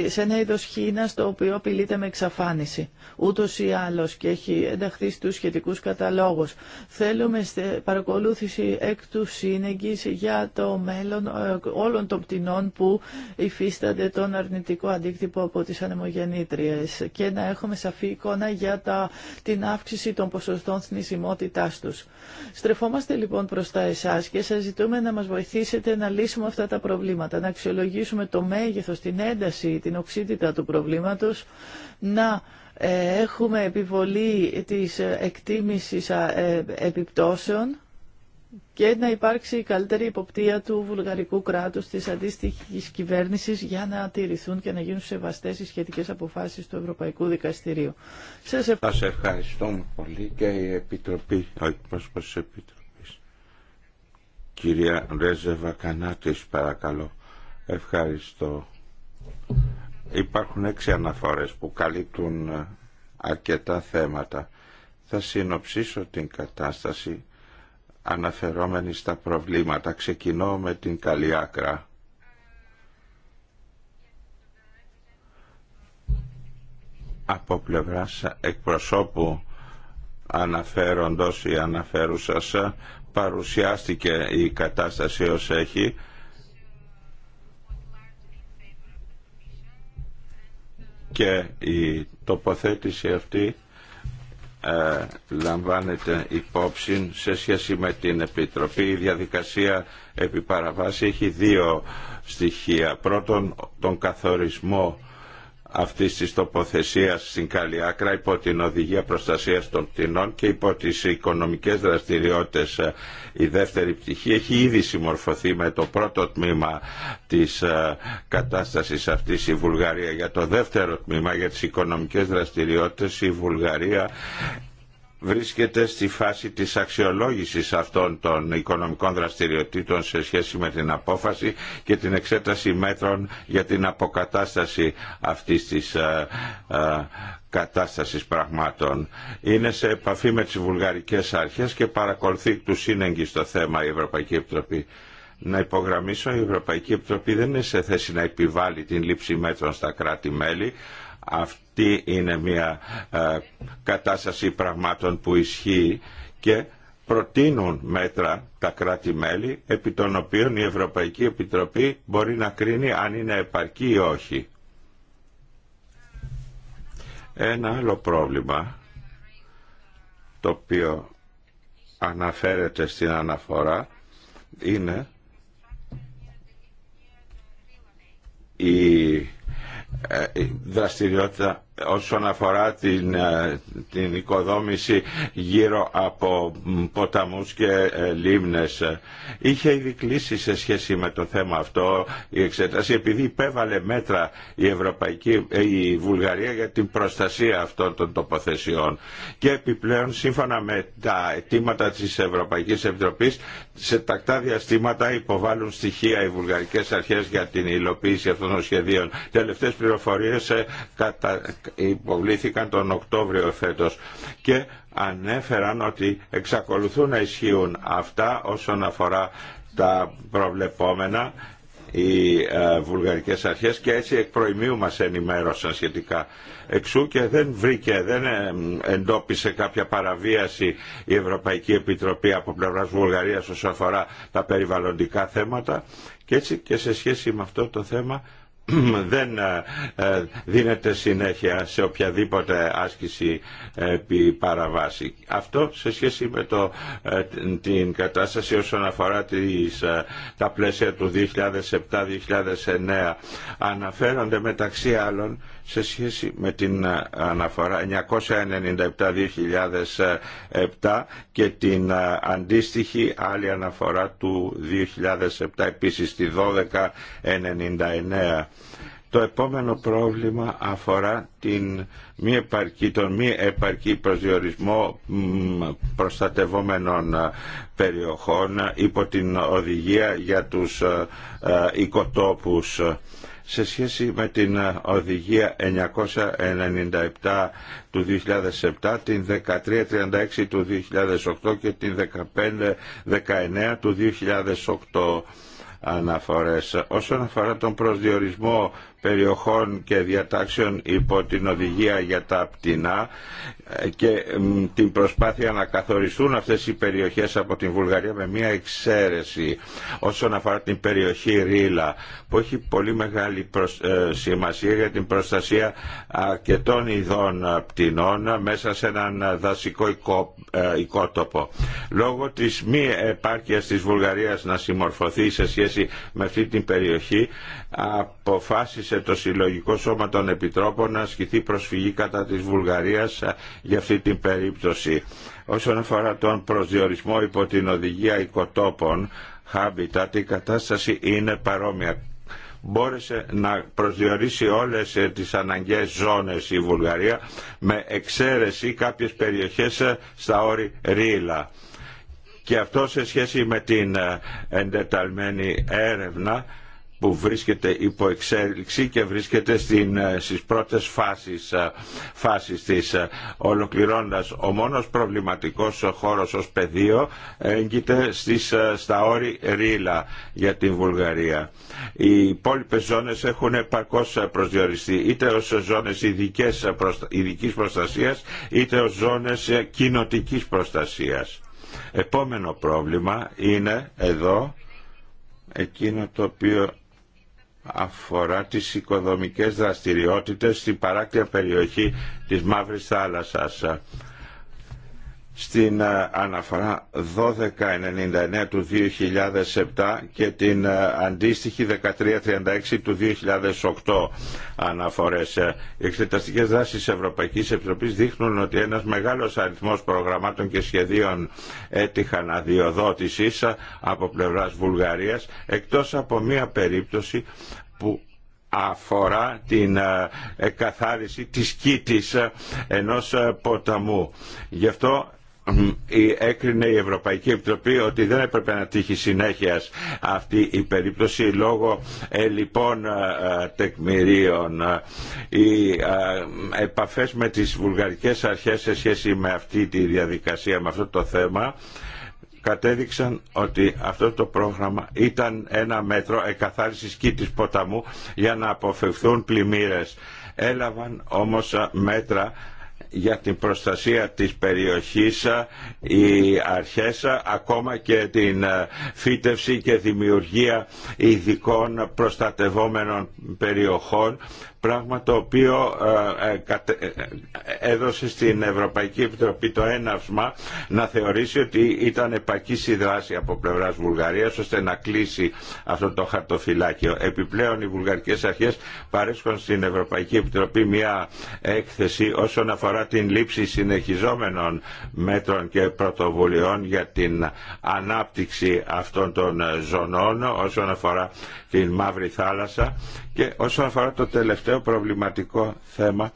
σε ένα είδος χήνας το οποίο απειλείται με εξαφάνιση. Ούτως ή άλλως και έχει ενταχθεί στους σχετικούς καταλόγους. Θέλουμε παρακολούθηση εκ του σύνεγγυς για το μέλλον ε, όλων των πτηνών που υφίστανται τον αρνητικό αντίκτυπο από τις ανεμογεννήτριες και να έχουμε σαφή εικόνα για τα, την αύξηση των ποσοστών θνησιμότητάς τους. Στρεφόμαστε λοιπόν προς τα εσάς και σας ζητούμε να μας βοηθήσετε να λύσουμε αυτά τα προβλήματα, να αξιολογήσουμε αρχίσουμε το μέγεθος, την ένταση, την οξύτητα του προβλήματος, να ε, έχουμε επιβολή της εκτίμησης ε, επιπτώσεων και να υπάρξει η καλύτερη υποπτία του βουλγαρικού κράτους της αντίστοιχης κυβέρνησης για να τηρηθούν και να γίνουν σεβαστές οι σχετικές αποφάσεις του Ευρωπαϊκού Δικαστηρίου. Σας, ευχαριστώ Σας πολύ και η Επιτροπή, ο εκπρόσωπος Επιτροπής. Κυρία Ρέζεβα Κανάτης, παρακαλώ. Ευχαριστώ. Υπάρχουν έξι αναφορές που καλύπτουν ε, αρκετά θέματα. Θα συνοψίσω την κατάσταση αναφερόμενη στα προβλήματα. Ξεκινώ με την καλή άκρα. Από Από πλευράς εκπροσώπου αναφέροντος ή αναφέρουσας παρουσιάστηκε η κατάσταση ως έχει και η τοποθέτηση αυτή ε, λαμβάνεται υπόψη σε σχέση με την Επιτροπή. Η διαδικασία επί έχει δύο στοιχεία. Πρώτον, τον καθορισμό αυτή τη τοποθεσία στην καλή υπό την Οδηγία Προστασίας των Πτηνών και υπό τις οικονομικές δραστηριότητες ε, η δεύτερη πτυχή έχει ήδη συμμορφωθεί με το πρώτο τμήμα της ε, κατάστασης αυτή η Βουλγαρία. Για το δεύτερο τμήμα για τις οικονομικές δραστηριότητες η Βουλγαρία βρίσκεται στη φάση της αξιολόγησης αυτών των οικονομικών δραστηριοτήτων σε σχέση με την απόφαση και την εξέταση μέτρων για την αποκατάσταση αυτής της ε, ε, κατάστασης πραγμάτων. Είναι σε επαφή με τις βουλγαρικές αρχές και παρακολουθεί του σύνεγγι στο θέμα η Ευρωπαϊκή Επιτροπή. Να υπογραμμίσω, η Ευρωπαϊκή Επιτροπή δεν είναι σε θέση να επιβάλλει την λήψη μέτρων στα κράτη-μέλη. Αυτή είναι μια ε, κατάσταση πραγμάτων που ισχύει και προτείνουν μέτρα τα κράτη-μέλη επί των οποίων η Ευρωπαϊκή Επιτροπή μπορεί να κρίνει αν είναι επαρκή ή όχι. Ένα άλλο πρόβλημα το οποίο αναφέρεται στην αναφορά είναι η ε, δραστηριότητα όσον αφορά την, ε, την οικοδόμηση γύρω από ποταμούς και ε, λίμνες. Είχε ήδη κλείσει σε σχέση με το θέμα αυτό η εξέταση επειδή υπέβαλε μέτρα η, Ευρωπαϊκή, ε, η Βουλγαρία για την προστασία αυτών των τοποθεσιών. Και επιπλέον σύμφωνα με τα αιτήματα της Ευρωπαϊκής Επιτροπής σε τακτά διαστήματα υποβάλλουν στοιχεία οι βουλγαρικές αρχές για την υλοποίηση αυτών των σχεδίων. Τελευταίες πληροφορίες υποβλήθηκαν τον Οκτώβριο φέτος και ανέφεραν ότι εξακολουθούν να ισχύουν αυτά όσον αφορά τα προβλεπόμενα οι ε, βουλγαρικές αρχές και έτσι εκ προημίου μας ενημέρωσαν σχετικά. Εξού και δεν βρήκε, δεν ε, εντόπισε κάποια παραβίαση η Ευρωπαϊκή Επιτροπή από πλευράς Βουλγαρίας όσον αφορά τα περιβαλλοντικά θέματα και έτσι και σε σχέση με αυτό το θέμα δεν ε, ε, δίνεται συνέχεια σε οποιαδήποτε άσκηση επί παραβάση. Αυτό σε σχέση με το, ε, την κατάσταση όσον αφορά τις, τα πλαίσια του 2007-2009 αναφέρονται μεταξύ άλλων σε σχέση με την ε, αναφορά 997-2007 και την ε, αντίστοιχη άλλη αναφορά του 2007 επίσης τη 1299. Το επόμενο πρόβλημα αφορά την μη επαρκή, τον μη επαρκή προσδιορισμό προστατευόμενων ε, περιοχών υπό την οδηγία για τους οικοτόπους σε σχέση με την ε, οδηγία 997 του 2007, την 1336 του 2008 και την 1519 του 2008 αναφορές. Όσον αφορά τον προσδιορισμό περιοχών και διατάξεων υπό την οδηγία για τα πτηνά και την προσπάθεια να καθοριστούν αυτές οι περιοχές από την Βουλγαρία με μια εξαίρεση όσον αφορά την περιοχή Ρίλα που έχει πολύ μεγάλη ε, σημασία για την προστασία αρκετών ειδών πτηνών μέσα σε έναν δασικό ε, οικότοπο. Λόγω της μη επάρκειας της Βουλγαρίας να συμμορφωθεί σε σχέση με αυτή την περιοχή αποφάσισε το Συλλογικό Σώμα των Επιτρόπων να ασκηθεί προσφυγή κατά της Βουλγαρίας για αυτή την περίπτωση. Όσον αφορά τον προσδιορισμό υπό την οδηγία οικοτόπων, Habitat, η κατάσταση είναι παρόμοια. Μπόρεσε να προσδιορίσει όλες ε, τις αναγκαίες ζώνες η Βουλγαρία με εξαίρεση κάποιες περιοχές ε, στα όρη Ρίλα. Και αυτό σε σχέση με την ε, εντεταλμένη έρευνα που βρίσκεται υπό εξέλιξη και βρίσκεται στην, ε, στις πρώτες φάσεις, ε, φάσεις της ε, Ολοκληρώντας, Ο μόνος προβληματικός χώρος ως πεδίο έγκυται στις, στα όρη Ρίλα για την Βουλγαρία. Οι υπόλοιπε ζώνες έχουν επαρκώς προσδιοριστεί είτε ως ζώνες ειδικής, ειδικής προστασίας είτε ως ζώνες κοινοτικής προστασίας. Επόμενο πρόβλημα είναι εδώ εκείνο το οποίο αφορά τις οικοδομικές δραστηριότητες στην παράκτια περιοχή της Μαύρης Θάλασσας στην ε, αναφορά 1299 του 2007 και την ε, αντίστοιχη 1336 του 2008 αναφορές. Ε, οι εξεταστικές δράσεις της Ευρωπαϊκής Επιτροπής δείχνουν ότι ένας μεγάλος αριθμός προγραμμάτων και σχεδίων έτυχαν αδειοδότησης από πλευράς Βουλγαρίας εκτός από μία περίπτωση που αφορά την εκαθάριση της κήτης ενός ποταμού. Γι' αυτό έκρινε η Ευρωπαϊκή Επιτροπή ότι δεν έπρεπε να τύχει συνέχεια αυτή η περίπτωση λόγω ελλειπών ε, ε, τεκμηρίων. Οι ε, επαφές με τις βουλγαρικές αρχές σε σχέση με αυτή τη διαδικασία, με αυτό το θέμα, κατέδειξαν ότι αυτό το πρόγραμμα ήταν ένα μέτρο εκαθάρισης κήτης ποταμού για να αποφευθούν πλημμύρες. Έλαβαν όμως μέτρα για την προστασία της περιοχής οι αρχές ακόμα και την φύτευση και δημιουργία ειδικών προστατευόμενων περιοχών πράγμα το οποίο ε, ε, ε, έδωσε στην Ευρωπαϊκή Επιτροπή το έναυσμα να θεωρήσει ότι ήταν επακής η δράση από πλευράς Βουλγαρίας ώστε να κλείσει αυτό το χαρτοφυλάκιο. Επιπλέον οι βουλγαρικές αρχές παρέσχουν στην Ευρωπαϊκή Επιτροπή μια έκθεση όσον αφορά την λήψη συνεχιζόμενων μέτρων και πρωτοβουλειών για την ανάπτυξη αυτών των ζωνών όσον αφορά την Μαύρη Θάλασσα και όσον αφορά το τελευταίο τελευταίο προβληματικό θέμα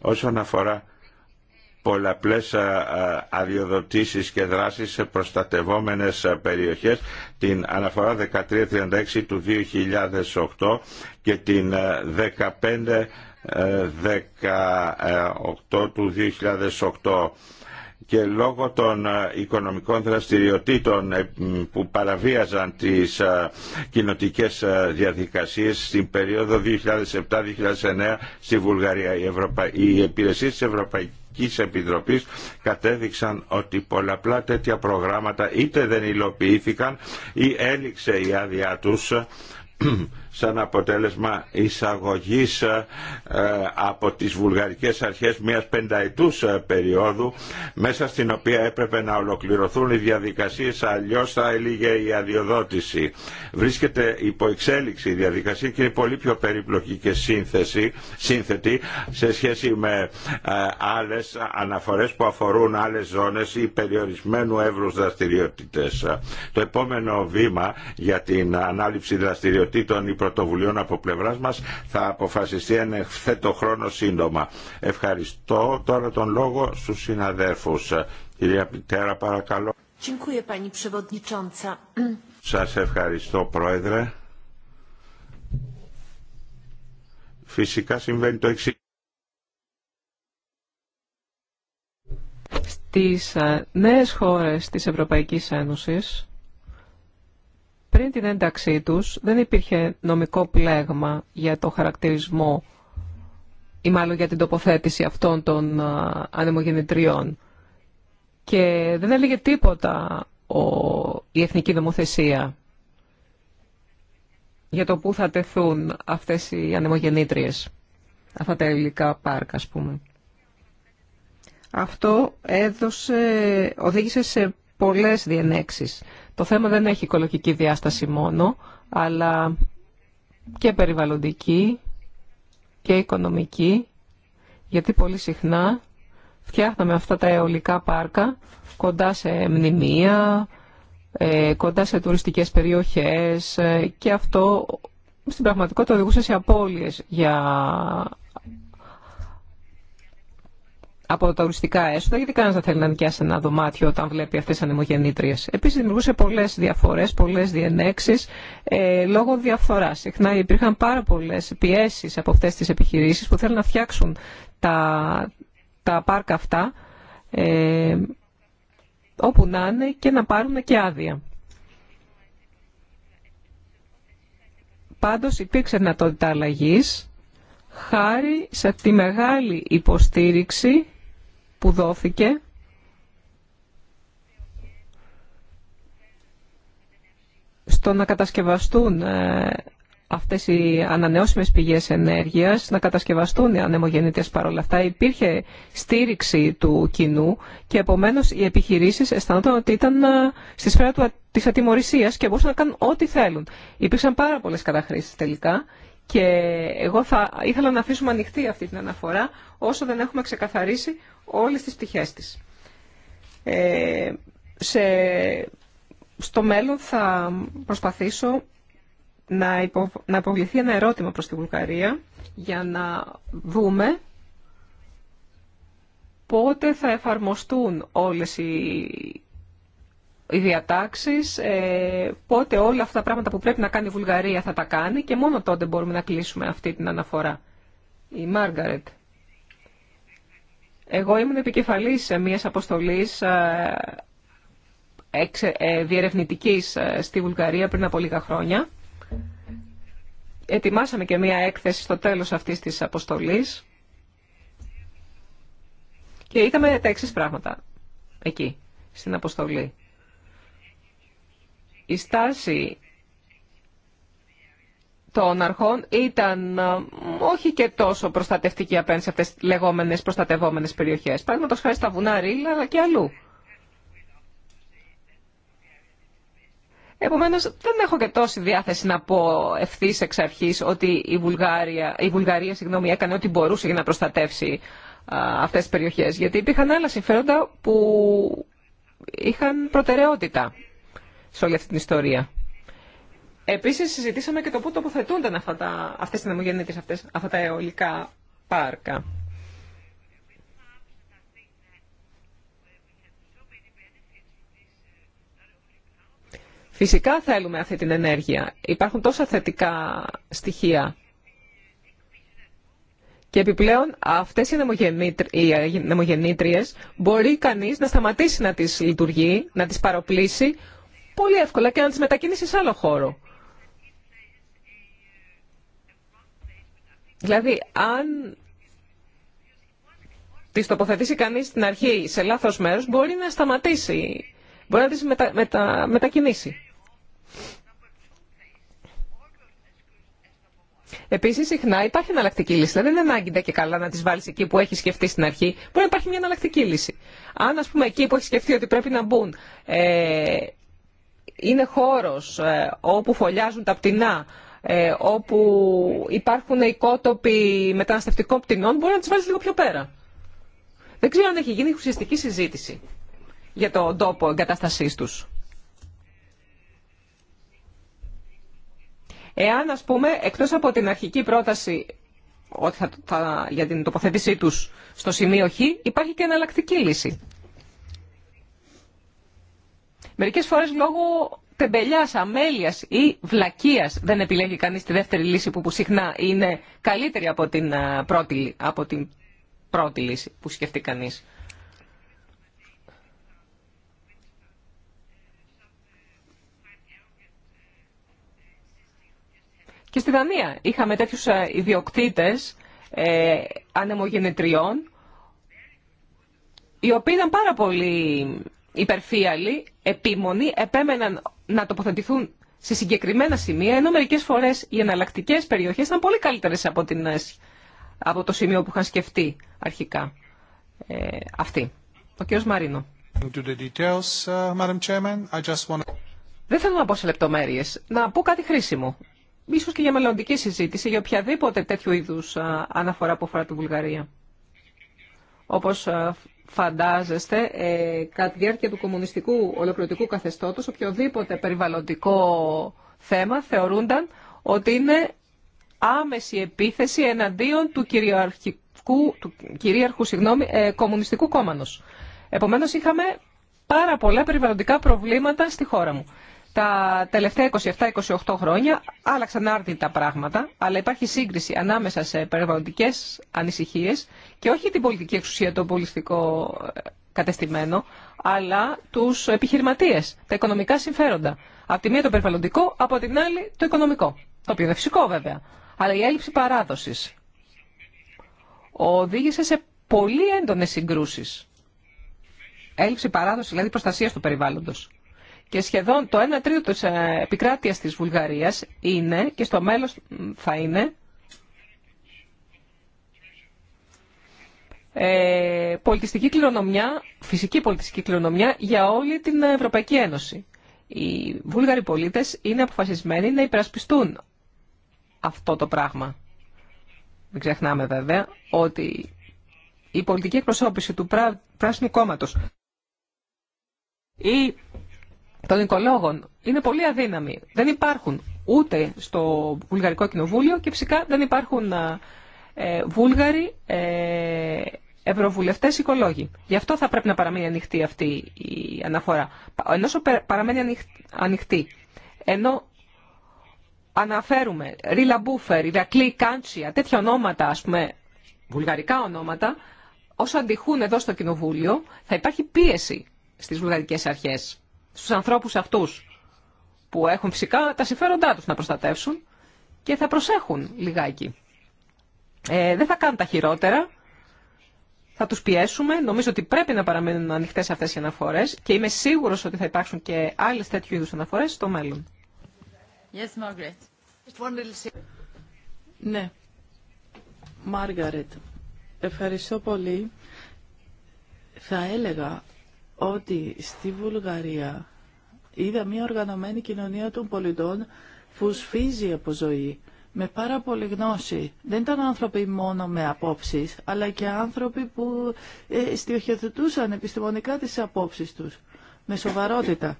όσον αφορά πολλαπλές αδειοδοτήσεις και δράσεις σε προστατευόμενες περιοχές την αναφορά 1336 του 2008 και την 1518 του 2008 και λόγω των ε, οικονομικών δραστηριοτήτων ε, που παραβίαζαν τις ε, κοινοτικές διαδικασίες στην περίοδο 2007-2009 στη Βουλγαρία. Οι, Ευρωπα... υπηρεσίες της Ευρωπαϊκής Επιτροπής κατέδειξαν ότι πολλαπλά τέτοια προγράμματα είτε δεν υλοποιήθηκαν ή έληξε η άδειά τους σαν αποτέλεσμα εισαγωγής ε, από τις βουλγαρικές αρχές μιας πενταετούς ε, περίοδου μέσα στην οποία έπρεπε να ολοκληρωθούν οι διαδικασίες αλλιώς θα έλεγε η αδειοδότηση. Βρίσκεται υπό εξέλιξη η διαδικασία και είναι πολύ πιο περίπλοκη και σύνθεση, σύνθετη σε σχέση με ε, άλλες αναφορές που αφορούν άλλες ζώνες ή περιορισμένου εύρους δραστηριότητες. Το επόμενο βήμα για την ανάληψη δραστηριοτήτων πρωτοβουλειών από πλευρά μα θα αποφασιστεί εν ευθέτω χρόνο σύντομα. Ευχαριστώ τώρα τον λόγο στου συναδέλφου. Κυρία Πιτέρα, παρακαλώ. Σας ευχαριστώ, Πρόεδρε. Φυσικά συμβαίνει το εξή. Στις ε, νέες χώρες της Ευρωπαϊκής Ένωσης, πριν την ένταξή τους δεν υπήρχε νομικό πλέγμα για το χαρακτηρισμό ή μάλλον για την τοποθέτηση αυτών των ανεμογεννητριών. Και δεν έλεγε τίποτα ο, η εθνική Δημοθεσία για το πού θα τεθούν αυτές οι ανεμογεννήτριες, αυτά τα ελληνικά πάρκα, ας πούμε. Αυτό έδωσε, οδήγησε σε πολλές διενέξεις. Το θέμα δεν έχει οικολογική διάσταση μόνο, αλλά και περιβαλλοντική και οικονομική, γιατί πολύ συχνά φτιάχναμε αυτά τα αιωλικά πάρκα κοντά σε μνημεία, ε, κοντά σε τουριστικές περιοχές ε, και αυτό στην πραγματικότητα οδηγούσε σε απώλειες για από τα οριστικά έσοδα, γιατί κανένα δεν θέλει να νοικιάσει ένα δωμάτιο όταν βλέπει αυτέ τι ανεμογεννήτριε. Επίση, δημιουργούσε πολλέ διαφορέ, πολλέ διενέξει ε, λόγω διαφθορά. Συχνά υπήρχαν πάρα πολλέ πιέσει από αυτέ τι επιχειρήσει που θέλουν να φτιάξουν τα, τα πάρκα αυτά ε, όπου να είναι και να πάρουν και άδεια. Πάντως υπήρξε δυνατότητα αλλαγή χάρη σε τη μεγάλη υποστήριξη που δόθηκε στο να κατασκευαστούν ε, αυτές οι ανανεώσιμες πηγές ενέργειας, να κατασκευαστούν οι ανεμογεννήτες παρόλα αυτά. Υπήρχε στήριξη του κοινού και επομένως οι επιχειρήσεις αισθανόταν ότι ήταν ε, στη σφαίρα του, της ατιμορρησίας και μπορούσαν να κάνουν ό,τι θέλουν. Υπήρξαν πάρα πολλές καταχρήσεις τελικά και εγώ θα ήθελα να αφήσουμε ανοιχτή αυτή την αναφορά όσο δεν έχουμε ξεκαθαρίσει όλες τις πτυχές της. Ε, σε, στο μέλλον θα προσπαθήσω να, να υποβληθεί ένα ερώτημα προς τη Βουλγαρία για να δούμε πότε θα εφαρμοστούν όλες οι, οι διατάξεις, ε, πότε όλα αυτά τα πράγματα που πρέπει να κάνει η Βουλγαρία θα τα κάνει και μόνο τότε μπορούμε να κλείσουμε αυτή την αναφορά. Η Μάργαρετ. Εγώ ήμουν επικεφαλής μιας αποστολής ε, ε, διερευνητικής ε, στη Βουλγαρία πριν από λίγα χρόνια. Ετοιμάσαμε και μια έκθεση στο τέλος αυτής της αποστολής και είδαμε τα εξής πράγματα εκεί, στην αποστολή. Η στάση των αρχών ήταν ε, όχι και τόσο προστατευτική απέναντι σε αυτές τις λεγόμενες προστατευόμενες περιοχές. Παραδείγματο χάρη στα βουνά Ρίλα, αλλά και αλλού. Επομένως, δεν έχω και τόση διάθεση να πω ευθύ εξ αρχής ότι η Βουλγαρία, η Βουλγαρία συγγνώμη, έκανε ό,τι μπορούσε για να προστατεύσει αυτές τις περιοχές, γιατί υπήρχαν άλλα συμφέροντα που είχαν προτεραιότητα σε όλη αυτή την ιστορία. Επίσης συζητήσαμε και το πού τοποθετούνταν αυτά αυτές οι αυτά τα αιωλικά πάρκα. Φυσικά θέλουμε αυτή την ενέργεια. Υπάρχουν τόσα θετικά στοιχεία. Και επιπλέον αυτές οι, οι ε, μπορεί κανείς να σταματήσει να τις λειτουργεί, να τις παροπλήσει πολύ εύκολα και να τις μετακινήσει σε άλλο χώρο. Δηλαδή, αν τη τοποθετήσει κανείς στην αρχή σε λάθος μέρο μπορεί να σταματήσει, μπορεί να τη μετα, μετα, μετακινήσει. Επίση, συχνά υπάρχει εναλλακτική λύση. Δηλαδή, δεν είναι ανάγκη και καλά να τις βάλει εκεί που έχει σκεφτεί στην αρχή. Μπορεί να υπάρχει μια εναλλακτική λύση. Αν, α πούμε, εκεί που έχει σκεφτεί ότι πρέπει να μπουν ε, είναι χώρο ε, όπου φωλιάζουν τα πτηνά, ε, όπου υπάρχουν οικότοποι μεταναστευτικών πτηνών, μπορεί να τις βάλεις λίγο πιο πέρα. Δεν ξέρω αν έχει γίνει ουσιαστική συζήτηση για τον τόπο εγκαταστασής τους. Εάν, ας πούμε, εκτός από την αρχική πρόταση ότι θα, για την τοποθέτησή τους στο σημείο Χ, υπάρχει και εναλλακτική λύση. Μερικές φορές λόγω τεμπελιά, αμέλεια ή βλακεία δεν επιλέγει κανεί τη δεύτερη λύση που, που συχνά είναι καλύτερη από την, πρώτη, από την πρώτη λύση που σκεφτεί κανεί. Και στη Δανία είχαμε τέτοιους ιδιοκτήτε ε, ανεμογενετριών, οι οποίοι ήταν πάρα πολύ υπερφύαλοι, επίμονοι, επέμεναν να τοποθετηθούν σε συγκεκριμένα σημεία, ενώ μερικές φορές οι εναλλακτικέ περιοχές ήταν πολύ καλύτερες από, από το σημείο που είχαν σκεφτεί αρχικά ε, αυτοί. Ο κ. Μαρίνο. Details, uh, Δεν θέλω να πω σε λεπτομέρειες. Να πω κάτι χρήσιμο. Ίσως και για μελλοντική συζήτηση, για οποιαδήποτε τέτοιου είδους αναφορά που αφορά τη Βουλγαρία. Όπως φαντάζεστε ε, κατά τη διάρκεια του κομμουνιστικού ολοκληρωτικού καθεστώτος οποιοδήποτε περιβαλλοντικό θέμα θεωρούνταν ότι είναι άμεση επίθεση εναντίον του, του κυρίαρχου συγγνώμη, ε, κομμουνιστικού κόμματος. Επομένως είχαμε πάρα πολλά περιβαλλοντικά προβλήματα στη χώρα μου. Τα τελευταία 27-28 χρόνια άλλαξαν άρτητα τα πράγματα, αλλά υπάρχει σύγκριση ανάμεσα σε περιβαλλοντικέ ανησυχίε και όχι την πολιτική εξουσία, το πολιτικό ε, κατεστημένο, αλλά του επιχειρηματίε, τα οικονομικά συμφέροντα. Από τη μία το περιβαλλοντικό, από την άλλη το οικονομικό. Το οποίο είναι φυσικό βέβαια. Αλλά η έλλειψη παράδοση οδήγησε σε πολύ έντονε συγκρούσει. Έλλειψη παράδοση, δηλαδή προστασία του περιβάλλοντος και σχεδόν το 1 τρίτο της ε, επικράτειας της Βουλγαρίας είναι και στο μέλλον θα είναι ε, πολιτιστική κληρονομιά, φυσική πολιτιστική κληρονομιά για όλη την Ευρωπαϊκή Ένωση. Οι Βούλγαροι πολίτες είναι αποφασισμένοι να υπερασπιστούν αυτό το πράγμα. Μην ξεχνάμε βέβαια ότι η πολιτική εκπροσώπηση του Πράσινου Κόμματος ή των οικολόγων είναι πολύ αδύναμοι. Δεν υπάρχουν ούτε στο Βουλγαρικό Κοινοβούλιο και φυσικά δεν υπάρχουν ε, Βούλγαροι ε, ευρωβουλευτές οικολόγοι. Γι' αυτό θα πρέπει να παραμείνει ανοιχτή αυτή η αναφορά. Ενώ παραμένει ανοιχτή, ενώ αναφέρουμε Ρίλα Μπούφερ, Ηρακλή Κάντσια, τέτοια ονόματα, ας πούμε, βουλγαρικά ονόματα, όσο αντιχούν εδώ στο Κοινοβούλιο, θα υπάρχει πίεση στις βουλγαρικές αρχές στους ανθρώπους αυτούς που έχουν φυσικά τα συμφέροντά τους να προστατεύσουν και θα προσέχουν λιγάκι. Ε, δεν θα κάνουν τα χειρότερα, θα τους πιέσουμε. Νομίζω ότι πρέπει να παραμείνουν ανοιχτές αυτές οι αναφορές και είμαι σίγουρος ότι θα υπάρξουν και άλλες τέτοιου είδους αναφορές στο μέλλον. Yes, Margaret. Ναι. Μάργαρετ, ευχαριστώ πολύ. Θα έλεγα ότι στη Βουλγαρία είδα μια οργανωμένη κοινωνία των πολιτών που σφίζει από ζωή, με πάρα πολλή γνώση. Δεν ήταν άνθρωποι μόνο με απόψεις, αλλά και άνθρωποι που ε, στοιχειοθετούσαν επιστημονικά τις απόψεις τους, με σοβαρότητα.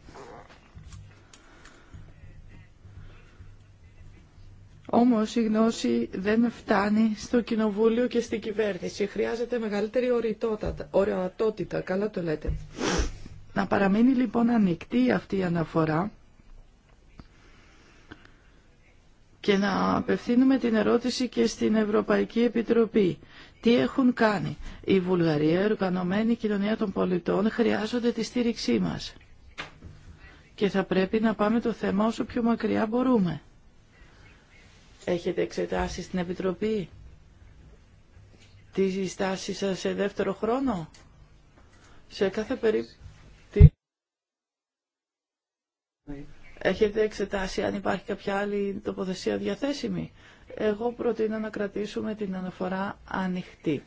Όμως η γνώση δεν φτάνει στο κοινοβούλιο και στην κυβέρνηση. Χρειάζεται μεγαλύτερη ορατότητα, καλά το λέτε. Να παραμείνει λοιπόν ανοιχτή αυτή η αναφορά και να απευθύνουμε την ερώτηση και στην Ευρωπαϊκή Επιτροπή. Τι έχουν κάνει. οι Βουλγαρία, η οργανωμένη κοινωνία των πολιτών χρειάζονται τη στήριξή μας. Και θα πρέπει να πάμε το θέμα όσο πιο μακριά μπορούμε. Έχετε εξετάσει στην Επιτροπή τη στάση σας σε δεύτερο χρόνο. Σε κάθε περίπτωση Έχετε εξετάσει αν υπάρχει κάποια άλλη τοποθεσία διαθέσιμη. Εγώ προτείνω να κρατήσουμε την αναφορά ανοιχτή.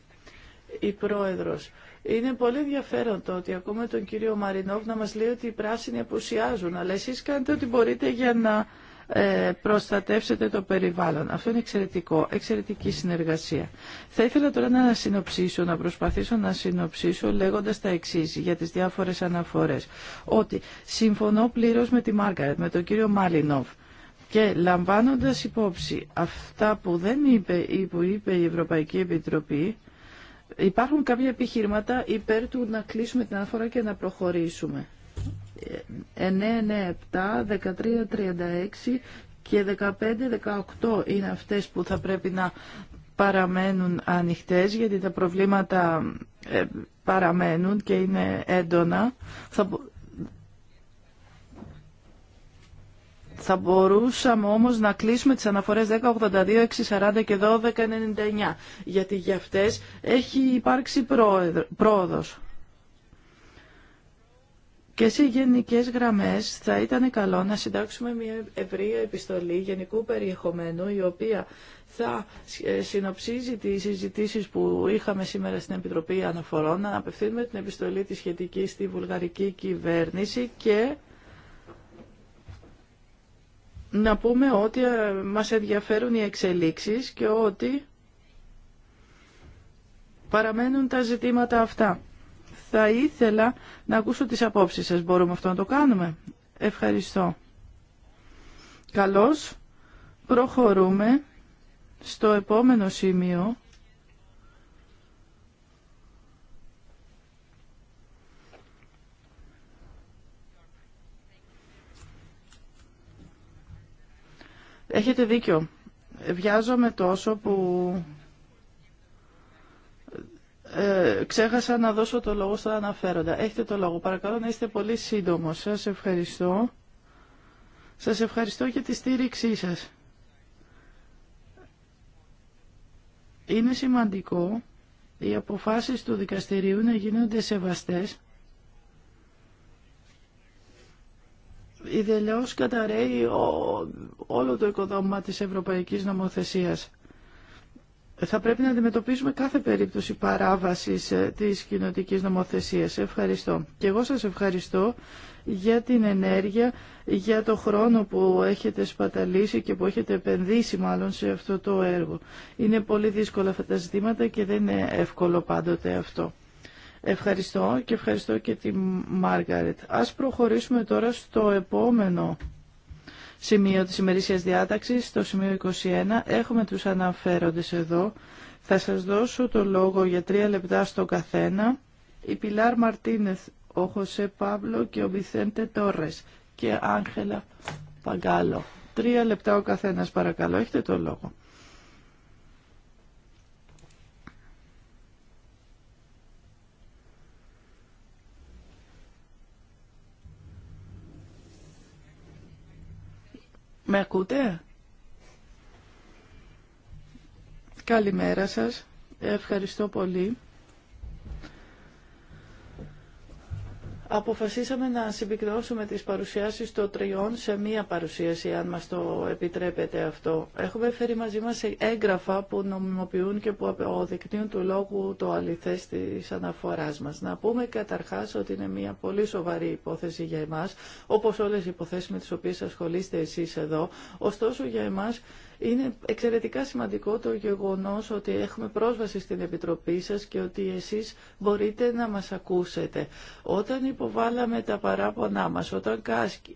Η Πρόεδρος. Είναι πολύ ενδιαφέρον το ότι ακούμε τον κύριο Μαρινόβ να μας λέει ότι οι πράσινοι απουσιάζουν, αλλά εσείς κάνετε ό,τι μπορείτε για να ε, προστατεύσετε το περιβάλλον. Αυτό είναι εξαιρετικό, εξαιρετική συνεργασία. Θα ήθελα τώρα να συνοψίσω, να προσπαθήσω να συνοψίσω λέγοντας τα εξή για τις διάφορες αναφορές. Ότι συμφωνώ πλήρως με τη Μάρκαρετ, με τον κύριο Μάλινοφ. Και λαμβάνοντας υπόψη αυτά που δεν είπε ή που είπε η Ευρωπαϊκή Επιτροπή, υπάρχουν κάποια επιχείρηματα υπέρ του να κλείσουμε την αναφορά και να προχωρήσουμε. 7, 13, 36 και 15-18 είναι αυτές που θα πρέπει να παραμένουν ανοιχτές γιατί τα προβλήματα ε, παραμένουν και είναι έντονα. Θα, θα μπορούσαμε όμως να κλείσουμε τις αναφορές 1082, 640 και 12, 99 γιατί για αυτές έχει υπάρξει πρόοδος. Και σε γενικέ γραμμέ θα ήταν καλό να συντάξουμε μια ευρεία επιστολή γενικού περιεχομένου η οποία θα ε, συνοψίζει τι συζητήσει που είχαμε σήμερα στην Επιτροπή Αναφορών, να απευθύνουμε την επιστολή τη σχετική στη βουλγαρική κυβέρνηση και να πούμε ότι ε, μας ενδιαφέρουν οι εξελίξεις και ότι παραμένουν τα ζητήματα αυτά. Θα ήθελα να ακούσω τις απόψεις σας. Μπορούμε αυτό να το κάνουμε. Ευχαριστώ. Καλώς. Προχωρούμε στο επόμενο σημείο. Έχετε δίκιο. Βιάζομαι τόσο που ε, ξέχασα να δώσω το λόγο στον αναφέροντα. Έχετε το λόγο. Παρακαλώ να είστε πολύ σύντομος. Σας ευχαριστώ. Σας ευχαριστώ για τη στήριξή σας. Είναι σημαντικό οι αποφάσεις του δικαστηρίου να γίνονται σεβαστές. Ιδελαιώς καταραίει όλο το οικοδόμημα της Ευρωπαϊκής Νομοθεσίας θα πρέπει να αντιμετωπίσουμε κάθε περίπτωση παράβασης ε, της κοινοτικής νομοθεσίας. Ευχαριστώ. Και εγώ σας ευχαριστώ για την ενέργεια, για το χρόνο που έχετε σπαταλήσει και που έχετε επενδύσει μάλλον σε αυτό το έργο. Είναι πολύ δύσκολα αυτά τα ζητήματα και δεν είναι εύκολο πάντοτε αυτό. Ευχαριστώ και ευχαριστώ και τη Μάργαρετ. Ας προχωρήσουμε τώρα στο επόμενο σημείο της ημερήσιας διάταξης, το σημείο 21. Έχουμε τους αναφέροντες εδώ. Θα σας δώσω το λόγο για τρία λεπτά στο καθένα. Η Πιλάρ Μαρτίνεθ, ο Χωσέ Παύλο και ο Βιθέντε Τόρες και Άγχελα Παγκάλο. Τρία λεπτά ο καθένας παρακαλώ, έχετε το λόγο. Με ακούτε? Καλημέρα σας. Ευχαριστώ πολύ. αποφασίσαμε να συμπυκνώσουμε τις παρουσιάσεις των τριών σε μία παρουσίαση, αν μας το επιτρέπετε αυτό. Έχουμε φέρει μαζί μας έγγραφα που νομιμοποιούν και που αποδεικνύουν του λόγου το αληθές της αναφοράς μας. Να πούμε καταρχάς ότι είναι μία πολύ σοβαρή υπόθεση για εμάς, όπως όλες οι υποθέσεις με τις οποίες ασχολείστε εσείς εδώ. Ωστόσο για εμάς είναι εξαιρετικά σημαντικό το γεγονός ότι έχουμε πρόσβαση στην Επιτροπή σας και ότι εσείς μπορείτε να μας ακούσετε. Όταν υποβάλαμε τα παράπονά μας, όταν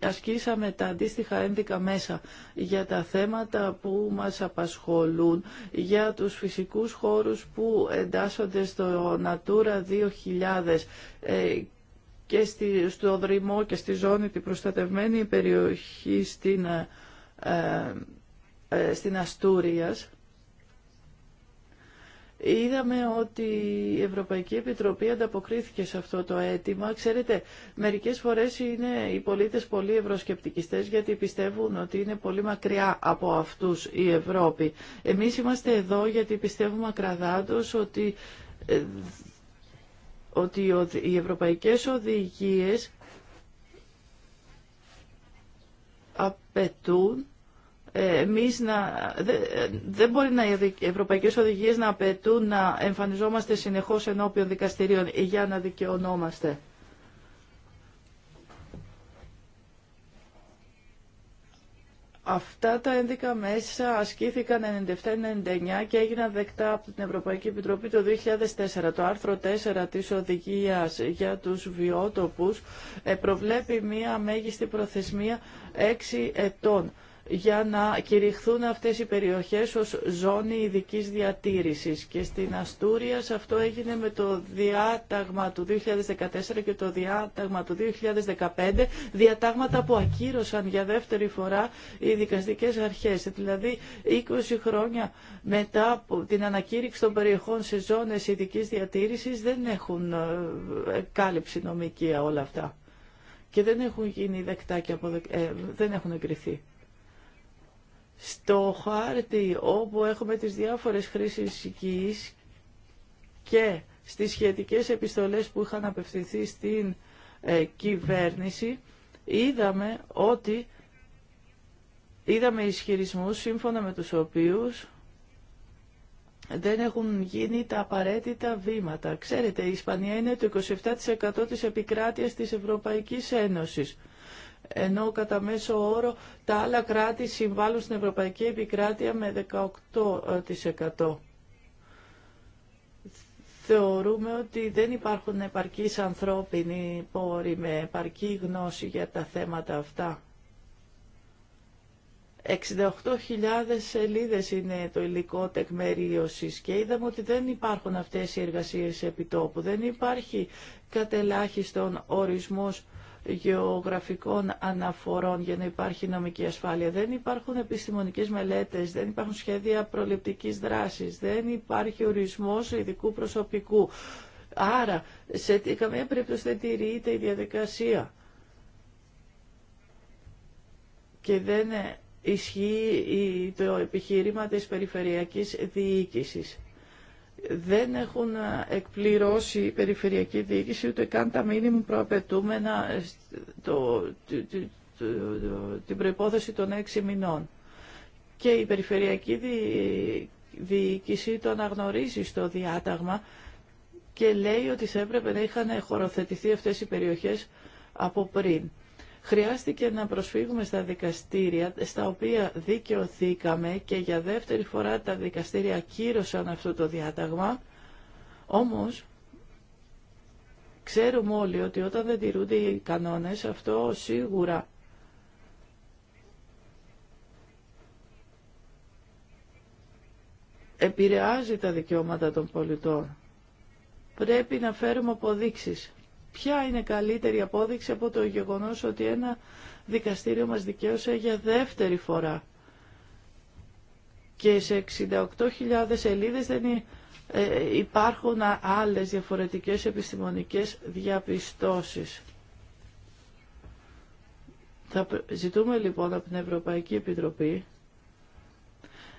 ασκήσαμε τα αντίστοιχα ένδικα μέσα για τα θέματα που μας απασχολούν, για τους φυσικούς χώρους που εντάσσονται στο Natura 2000 ε, και στο δρυμό και στη ζώνη την προστατευμένη περιοχή στην ε, ε, ε, στην Αστούριας, Είδαμε ότι η Ευρωπαϊκή Επιτροπή ανταποκρίθηκε σε αυτό το αίτημα. Ξέρετε, μερικές φορές είναι οι πολίτες πολύ ευρωσκεπτικιστές γιατί πιστεύουν ότι είναι πολύ μακριά από αυτούς η Ευρώπη. Εμείς είμαστε εδώ γιατί πιστεύουμε ακραδάντως ότι, ε, ότι οι ευρωπαϊκές οδηγίες απαιτούν εμεί να, δεν μπορεί να οι ευρωπαϊκές οδηγίες να απαιτούν να εμφανιζόμαστε συνεχώς ενώπιον δικαστηρίων για να δικαιωνόμαστε. Αυτά τα ένδικα μέσα ασκήθηκαν 97-99 και έγιναν δεκτά από την Ευρωπαϊκή Επιτροπή το 2004. Το άρθρο 4 της οδηγίας για τους βιότοπους ε, προβλέπει μία μέγιστη προθεσμία 6 ετών για να κηρυχθούν αυτές οι περιοχές ως ζώνη ειδική διατήρησης. Και στην Αστούρια αυτό έγινε με το διάταγμα του 2014 και το διάταγμα του 2015, διατάγματα που ακύρωσαν για δεύτερη φορά οι δικαστικές αρχές. Δηλαδή 20 χρόνια μετά από την ανακήρυξη των περιοχών σε ζώνες ειδική διατήρησης δεν έχουν ε, ε, κάλυψη νομική όλα αυτά και δεν έχουν γίνει δεκτά και ε, δεν έχουν εγκριθεί στο χάρτη όπου έχουμε τις διάφορες χρήσεις οικείς και στις σχετικές επιστολές που είχαν απευθυνθεί στην ε, κυβέρνηση είδαμε ότι είδαμε ισχυρισμούς σύμφωνα με τους οποίους δεν έχουν γίνει τα απαραίτητα βήματα. Ξέρετε, η Ισπανία είναι το 27% της επικράτειας της Ευρωπαϊκής Ένωσης ενώ κατά μέσο όρο τα άλλα κράτη συμβάλλουν στην Ευρωπαϊκή Επικράτεια με 18%. Θεωρούμε ότι δεν υπάρχουν επαρκείς ανθρώπινοι πόροι με επαρκή γνώση για τα θέματα αυτά. 68.000 σελίδες είναι το υλικό τεκμερίωσης και είδαμε ότι δεν υπάρχουν αυτές οι εργασίες επιτόπου. Δεν υπάρχει κατελάχιστον ορισμός γεωγραφικών αναφορών για να υπάρχει νομική ασφάλεια. Δεν υπάρχουν επιστημονικές μελέτες, δεν υπάρχουν σχέδια προληπτικής δράσης, δεν υπάρχει ορισμός ειδικού προσωπικού. Άρα, σε καμία περίπτωση δεν τηρείται η διαδικασία. Και δεν ισχύει το επιχείρημα της περιφερειακής διοίκησης δεν έχουν ε, εκπληρώσει η περιφερειακή διοίκηση ούτε καν τα μήνυμα προαπαιτούμενα ε, το, την προϋπόθεση των έξι μηνών. Και η περιφερειακή διοίκηση το αναγνωρίζει στο διάταγμα και λέει ότι θα έπρεπε να είχαν χωροθετηθεί αυτές οι περιοχές από πριν χρειάστηκε να προσφύγουμε στα δικαστήρια, στα οποία δικαιωθήκαμε και για δεύτερη φορά τα δικαστήρια κύρωσαν αυτό το διάταγμα. Όμως, ξέρουμε όλοι ότι όταν δεν τηρούνται οι κανόνες, αυτό σίγουρα επηρεάζει τα δικαιώματα των πολιτών. Πρέπει να φέρουμε αποδείξεις Ποια είναι καλύτερη απόδειξη από το γεγονός ότι ένα δικαστήριο μας δικαίωσε για δεύτερη φορά. Και σε 68.000 σελίδες δεν ε, υπάρχουν άλλες διαφορετικές επιστημονικές διαπιστώσεις. Θα ζητούμε λοιπόν από την Ευρωπαϊκή Επιτροπή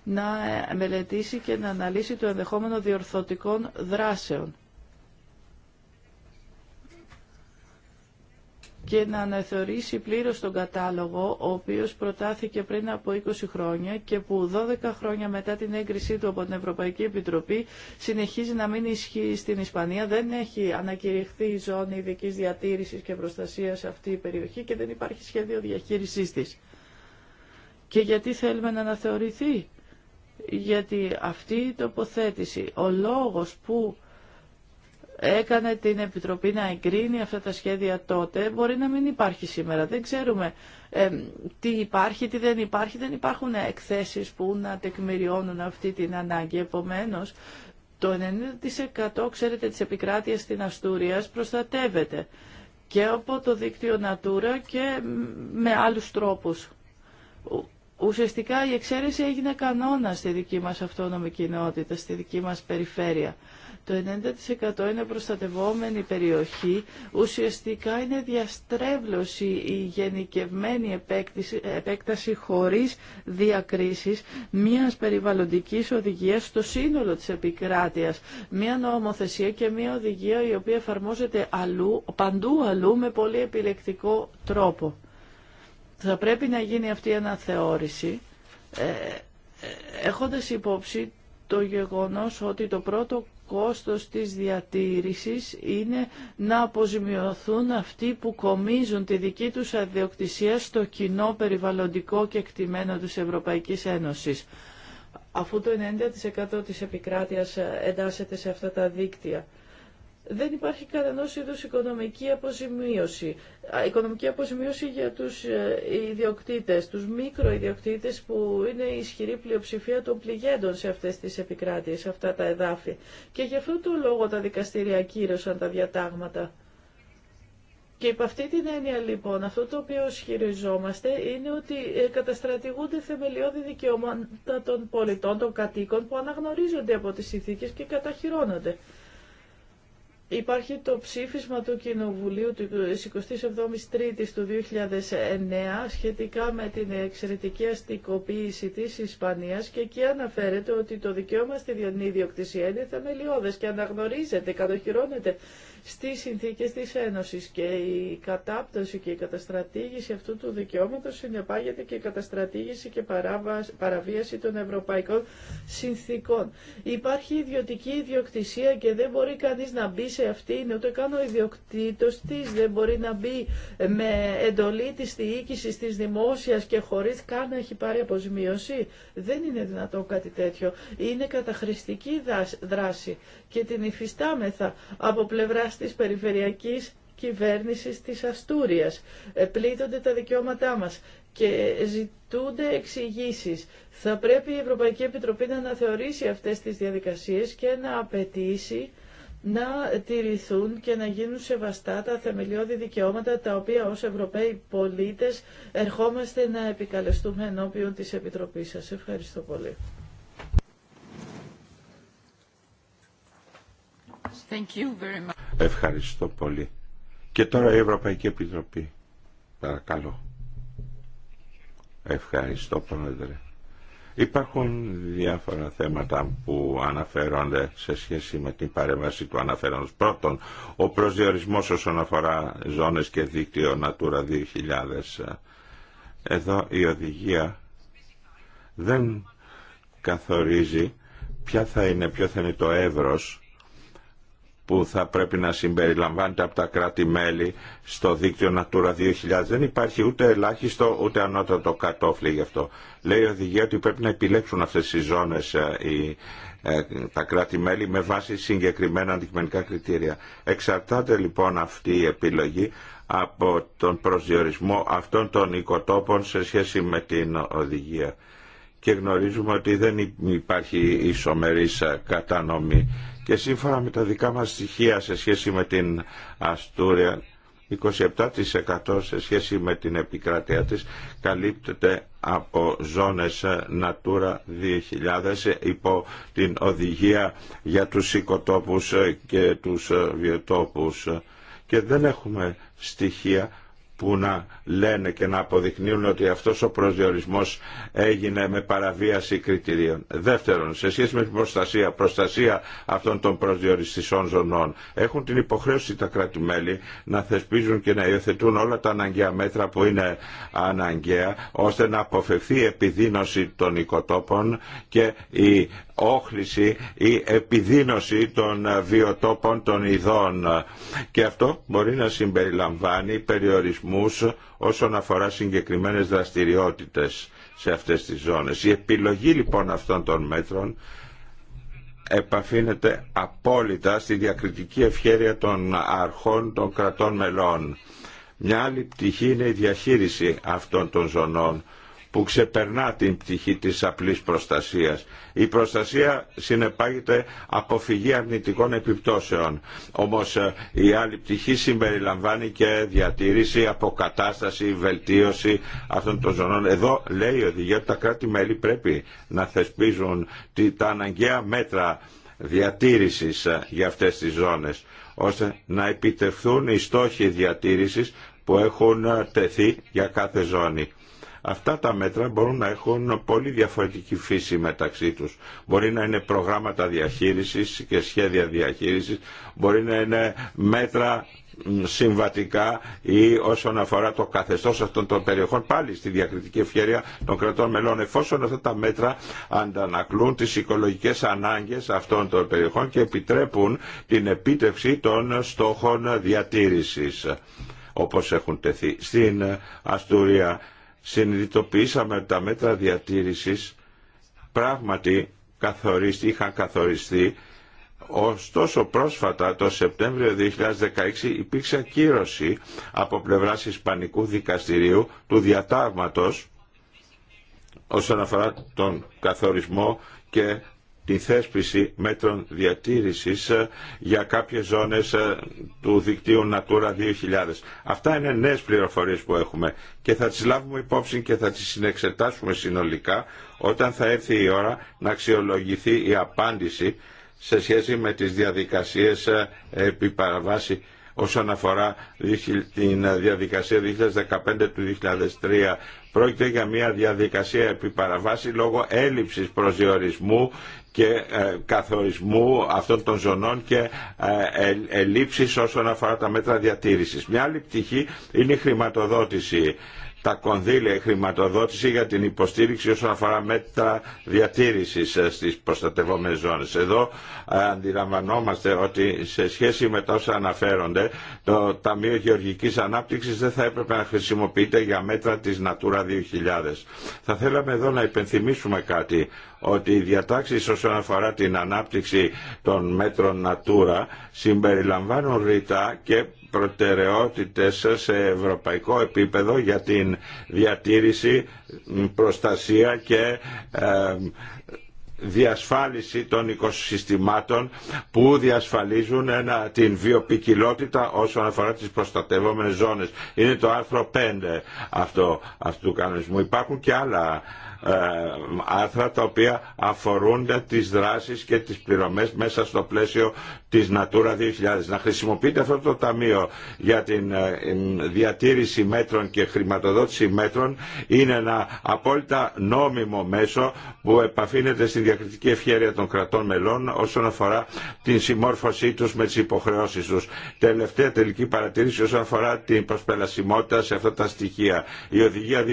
να ε, μελετήσει και να αναλύσει το ενδεχόμενο διορθωτικών δράσεων. και να αναθεωρήσει πλήρως τον κατάλογο, ο οποίος προτάθηκε πριν από 20 χρόνια και που 12 χρόνια μετά την έγκρισή του από την Ευρωπαϊκή Επιτροπή συνεχίζει να μην ισχύει στην Ισπανία. Δεν έχει ανακηρυχθεί η ζώνη ειδική διατήρησης και προστασίας σε αυτή η περιοχή και δεν υπάρχει σχέδιο διαχείρισής της. Και γιατί θέλουμε να αναθεωρηθεί. Γιατί αυτή η τοποθέτηση, ο λόγος που έκανε την Επιτροπή να εγκρίνει αυτά τα σχέδια τότε. Μπορεί να μην υπάρχει σήμερα. Δεν ξέρουμε τι υπάρχει, τι δεν υπάρχει. Δεν υπάρχουν εκθέσεις που να τεκμηριώνουν αυτή την ανάγκη. Επομένως, το 90% ξέρετε της επικράτειας στην Αστούριας προστατεύεται και από το δίκτυο Natura και με άλλους τρόπους. Ουσιαστικά η εξαίρεση έγινε κανόνα στη δική μας αυτόνομη κοινότητα, στη δική μας περιφέρεια. Το 90% είναι προστατευόμενη περιοχή. Ουσιαστικά είναι διαστρέβλωση η γενικευμένη επέκταση, επέκταση χωρίς διακρίσεις μιας περιβαλλοντικής οδηγίας στο σύνολο της επικράτειας. Μια νομοθεσία και μια οδηγία η οποία εφαρμόζεται αλλού, παντού αλλού με πολύ επιλεκτικό τρόπο. Θα πρέπει να γίνει αυτή η αναθεώρηση ε, ε, έχοντας υπόψη το γεγονός ότι το πρώτο κόστος της διατήρησης είναι να αποζημιωθούν αυτοί που κομίζουν τη δική τους αδιοκτησία στο κοινό περιβαλλοντικό και εκτιμένο της Ευρωπαϊκής Ένωσης. Αφού το 90% της επικράτειας εντάσσεται σε αυτά τα δίκτυα δεν υπάρχει κανένα είδου οικονομική αποζημίωση. Οικονομική αποζημίωση για του ε, ιδιοκτήτε, του μικροϊδιοκτήτες που είναι η ισχυρή πλειοψηφία των πληγέντων σε αυτέ τι επικράτειε, σε αυτά τα εδάφη. Και γι' αυτό το λόγο τα δικαστήρια κύρωσαν τα διατάγματα. Και υπ' αυτή την έννοια λοιπόν, αυτό το οποίο ισχυριζόμαστε είναι ότι ε, καταστρατηγούνται θεμελιώδη δικαιώματα των πολιτών, των κατοίκων που αναγνωρίζονται από τις συνθήκες και καταχειρώνονται. Υπάρχει το ψήφισμα του Κοινοβουλίου του 27ης Τρίτης του 2009 σχετικά με την εξαιρετική αστικοποίηση της Ισπανίας και εκεί αναφέρεται ότι το δικαίωμα στη διονύδιο κτησία είναι θεμελιώδες και αναγνωρίζεται, κατοχυρώνεται στις συνθήκες της Ένωσης και η κατάπτωση και η καταστρατήγηση αυτού του δικαιώματος συνεπάγεται και η καταστρατήγηση και παραβίαση των ευρωπαϊκών συνθήκων. Υπάρχει ιδιωτική ιδιοκτησία και δεν μπορεί κανείς να μπει σε αυτήν, ούτε καν ο ιδιοκτήτος της δεν μπορεί να μπει με εντολή της διοίκησης της δημόσιας και χωρίς καν να έχει πάρει αποζημίωση. Δεν είναι δυνατό κάτι τέτοιο. Είναι καταχρηστική δράση και την υφιστάμεθα από πλευράς της περιφερειακής κυβέρνησης της Αστούριας. Ε, πλήττονται τα δικαιώματά μας και ζητούνται εξηγήσει. Θα πρέπει η Ευρωπαϊκή Επιτροπή να αναθεωρήσει αυτές τις διαδικασίες και να απαιτήσει να τηρηθούν και να γίνουν σεβαστά τα θεμελιώδη δικαιώματα τα οποία ως Ευρωπαίοι πολίτες ερχόμαστε να επικαλεστούμε ενώπιον της Επιτροπής σας. Ευχαριστώ πολύ. Ευχαριστώ πολύ. Και τώρα η Ευρωπαϊκή Επιτροπή. Παρακαλώ. Ευχαριστώ πρόεδρε. Υπάρχουν διάφορα θέματα που αναφέρονται σε σχέση με την παρέμβαση του αναφέροντος. Πρώτον, ο προσδιορισμός όσον αφορά ζώνες και δίκτυο Natura 2000. Εδώ η οδηγία δεν καθορίζει ποια θα είναι, ποιο θα είναι το εύρος που θα πρέπει να συμπεριλαμβάνεται από τα κράτη-μέλη στο δίκτυο Natura 2000. Δεν υπάρχει ούτε ελάχιστο ούτε ανώτατο κατόφλι γι' αυτό. Λέει η οδηγία ότι πρέπει να επιλέξουν αυτές ε, οι ζώνες τα κράτη-μέλη με βάση συγκεκριμένα αντικειμενικά κριτήρια. Εξαρτάται λοιπόν αυτή η επιλογή από τον προσδιορισμό αυτών των οικοτόπων σε σχέση με την οδηγία και γνωρίζουμε ότι δεν υπάρχει ισομερής ε, κατανομή. Και σύμφωνα με τα δικά μας στοιχεία σε σχέση με την Αστούρια, 27% σε σχέση με την επικράτειά της καλύπτεται από ζώνες ε, Natura 2000 ε, υπό την οδηγία για τους οικοτόπους και τους βιοτόπους και δεν έχουμε στοιχεία που να λένε και να αποδεικνύουν ότι αυτός ο προσδιορισμός έγινε με παραβίαση κριτηρίων. Δεύτερον, σε σχέση με την προστασία, προστασία αυτών των προσδιοριστικών ζωνών, έχουν την υποχρέωση τα κράτη-μέλη να θεσπίζουν και να υιοθετούν όλα τα αναγκαία μέτρα που είναι αναγκαία, ώστε να αποφευθεί η επιδείνωση των οικοτόπων και η όχληση ή επιδίνωση των βιοτόπων των ειδών και αυτό μπορεί να συμπεριλαμβάνει περιορισμούς όσον αφορά συγκεκριμένες δραστηριότητες σε αυτές τις ζώνες. Η επιλογή λοιπόν αυτών των μέτρων επαφήνεται απόλυτα στη διακριτική ευχέρεια των αρχών των κρατών μελών. Μια άλλη πτυχή είναι η διαχείριση αυτών των ζωνών που ξεπερνά την πτυχή της απλής προστασίας. Η προστασία συνεπάγεται αποφυγή αρνητικών επιπτώσεων. Όμως ε, η άλλη πτυχή συμπεριλαμβάνει και διατήρηση, αποκατάσταση, βελτίωση αυτών των ζωνών. Εδώ λέει η οδηγία ότι τα κράτη-μέλη πρέπει να θεσπίζουν τα αναγκαία μέτρα διατήρησης ε, για αυτές τις ζώνες ώστε να επιτευχθούν οι στόχοι διατήρησης που έχουν ε, τεθεί για κάθε ζώνη. Αυτά τα μέτρα μπορούν να έχουν πολύ διαφορετική φύση μεταξύ τους. Μπορεί να είναι προγράμματα διαχείρισης και σχέδια διαχείρισης, μπορεί να είναι μέτρα συμβατικά ή όσον αφορά το καθεστώς αυτών των περιοχών πάλι στη διακριτική ευκαιρία των κρατών μελών εφόσον αυτά τα μέτρα αντανακλούν τις οικολογικές ανάγκες αυτών των περιοχών και επιτρέπουν την επίτευξη των στόχων διατήρησης όπως έχουν τεθεί στην Αστούρια συνειδητοποιήσαμε τα μέτρα διατήρησης πράγματι καθορίστη, είχαν καθοριστεί Ωστόσο πρόσφατα το Σεπτέμβριο 2016 υπήρξε κύρωση από πλευράς Ισπανικού Δικαστηρίου του διατάγματος όσον αφορά τον καθορισμό και τη θέσπιση μέτρων διατήρησης ε, για κάποιες ζώνες ε, του δικτύου Natura 2000. Αυτά είναι νέες πληροφορίες που έχουμε και θα τις λάβουμε υπόψη και θα τις συνεξετάσουμε συνολικά όταν θα έρθει η ώρα να αξιολογηθεί η απάντηση σε σχέση με τις διαδικασίες ε, επί παραβάση όσον αφορά την διαδικασία 2015 του 2003. Πρόκειται για μια διαδικασία επί παραβάση λόγω έλλειψης προσδιορισμού και ε, καθορισμού αυτών των ζωνών και ε, ε, ελλείψεις όσον αφορά τα μέτρα διατήρησης. Μια άλλη πτυχή είναι η χρηματοδότηση τα κονδύλια, χρηματοδότηση για την υποστήριξη όσον αφορά μέτρα διατήρησης ε, στις προστατευόμενες ζώνες. Εδώ ε, αντιλαμβανόμαστε ότι σε σχέση με τα όσα αναφέρονται, το Ταμείο Γεωργικής Ανάπτυξης δεν θα έπρεπε να χρησιμοποιείται για μέτρα της Natura 2000. Θα θέλαμε εδώ να υπενθυμίσουμε κάτι, ότι οι διατάξεις όσον αφορά την ανάπτυξη των μέτρων Natura συμπεριλαμβάνουν ρητά και προτεραιότητες σε ευρωπαϊκό επίπεδο για την διατήρηση, προστασία και ε, διασφάλιση των οικοσυστημάτων που διασφαλίζουν ένα, την βιοπικιλότητα όσον αφορά τις προστατευόμενες ζώνες. Είναι το άρθρο 5 αυτό, αυτού του κανονισμού. Υπάρχουν και άλλα ε, άρθρα τα οποία αφορούν τις δράσεις και τις πληρωμές μέσα στο πλαίσιο της Natura 2000. Να χρησιμοποιείται αυτό το ταμείο για ε, την διατήρηση μέτρων και χρηματοδότηση μέτρων είναι ένα απόλυτα νόμιμο μέσο που επαφήνεται στην διακριτική ευχαίρεια των κρατών μελών όσον αφορά την συμμόρφωσή τους με τις υποχρεώσεις τους. Τελευταία τελική παρατήρηση όσον αφορά την προσπελασιμότητα σε αυτά τα στοιχεία. Η οδηγία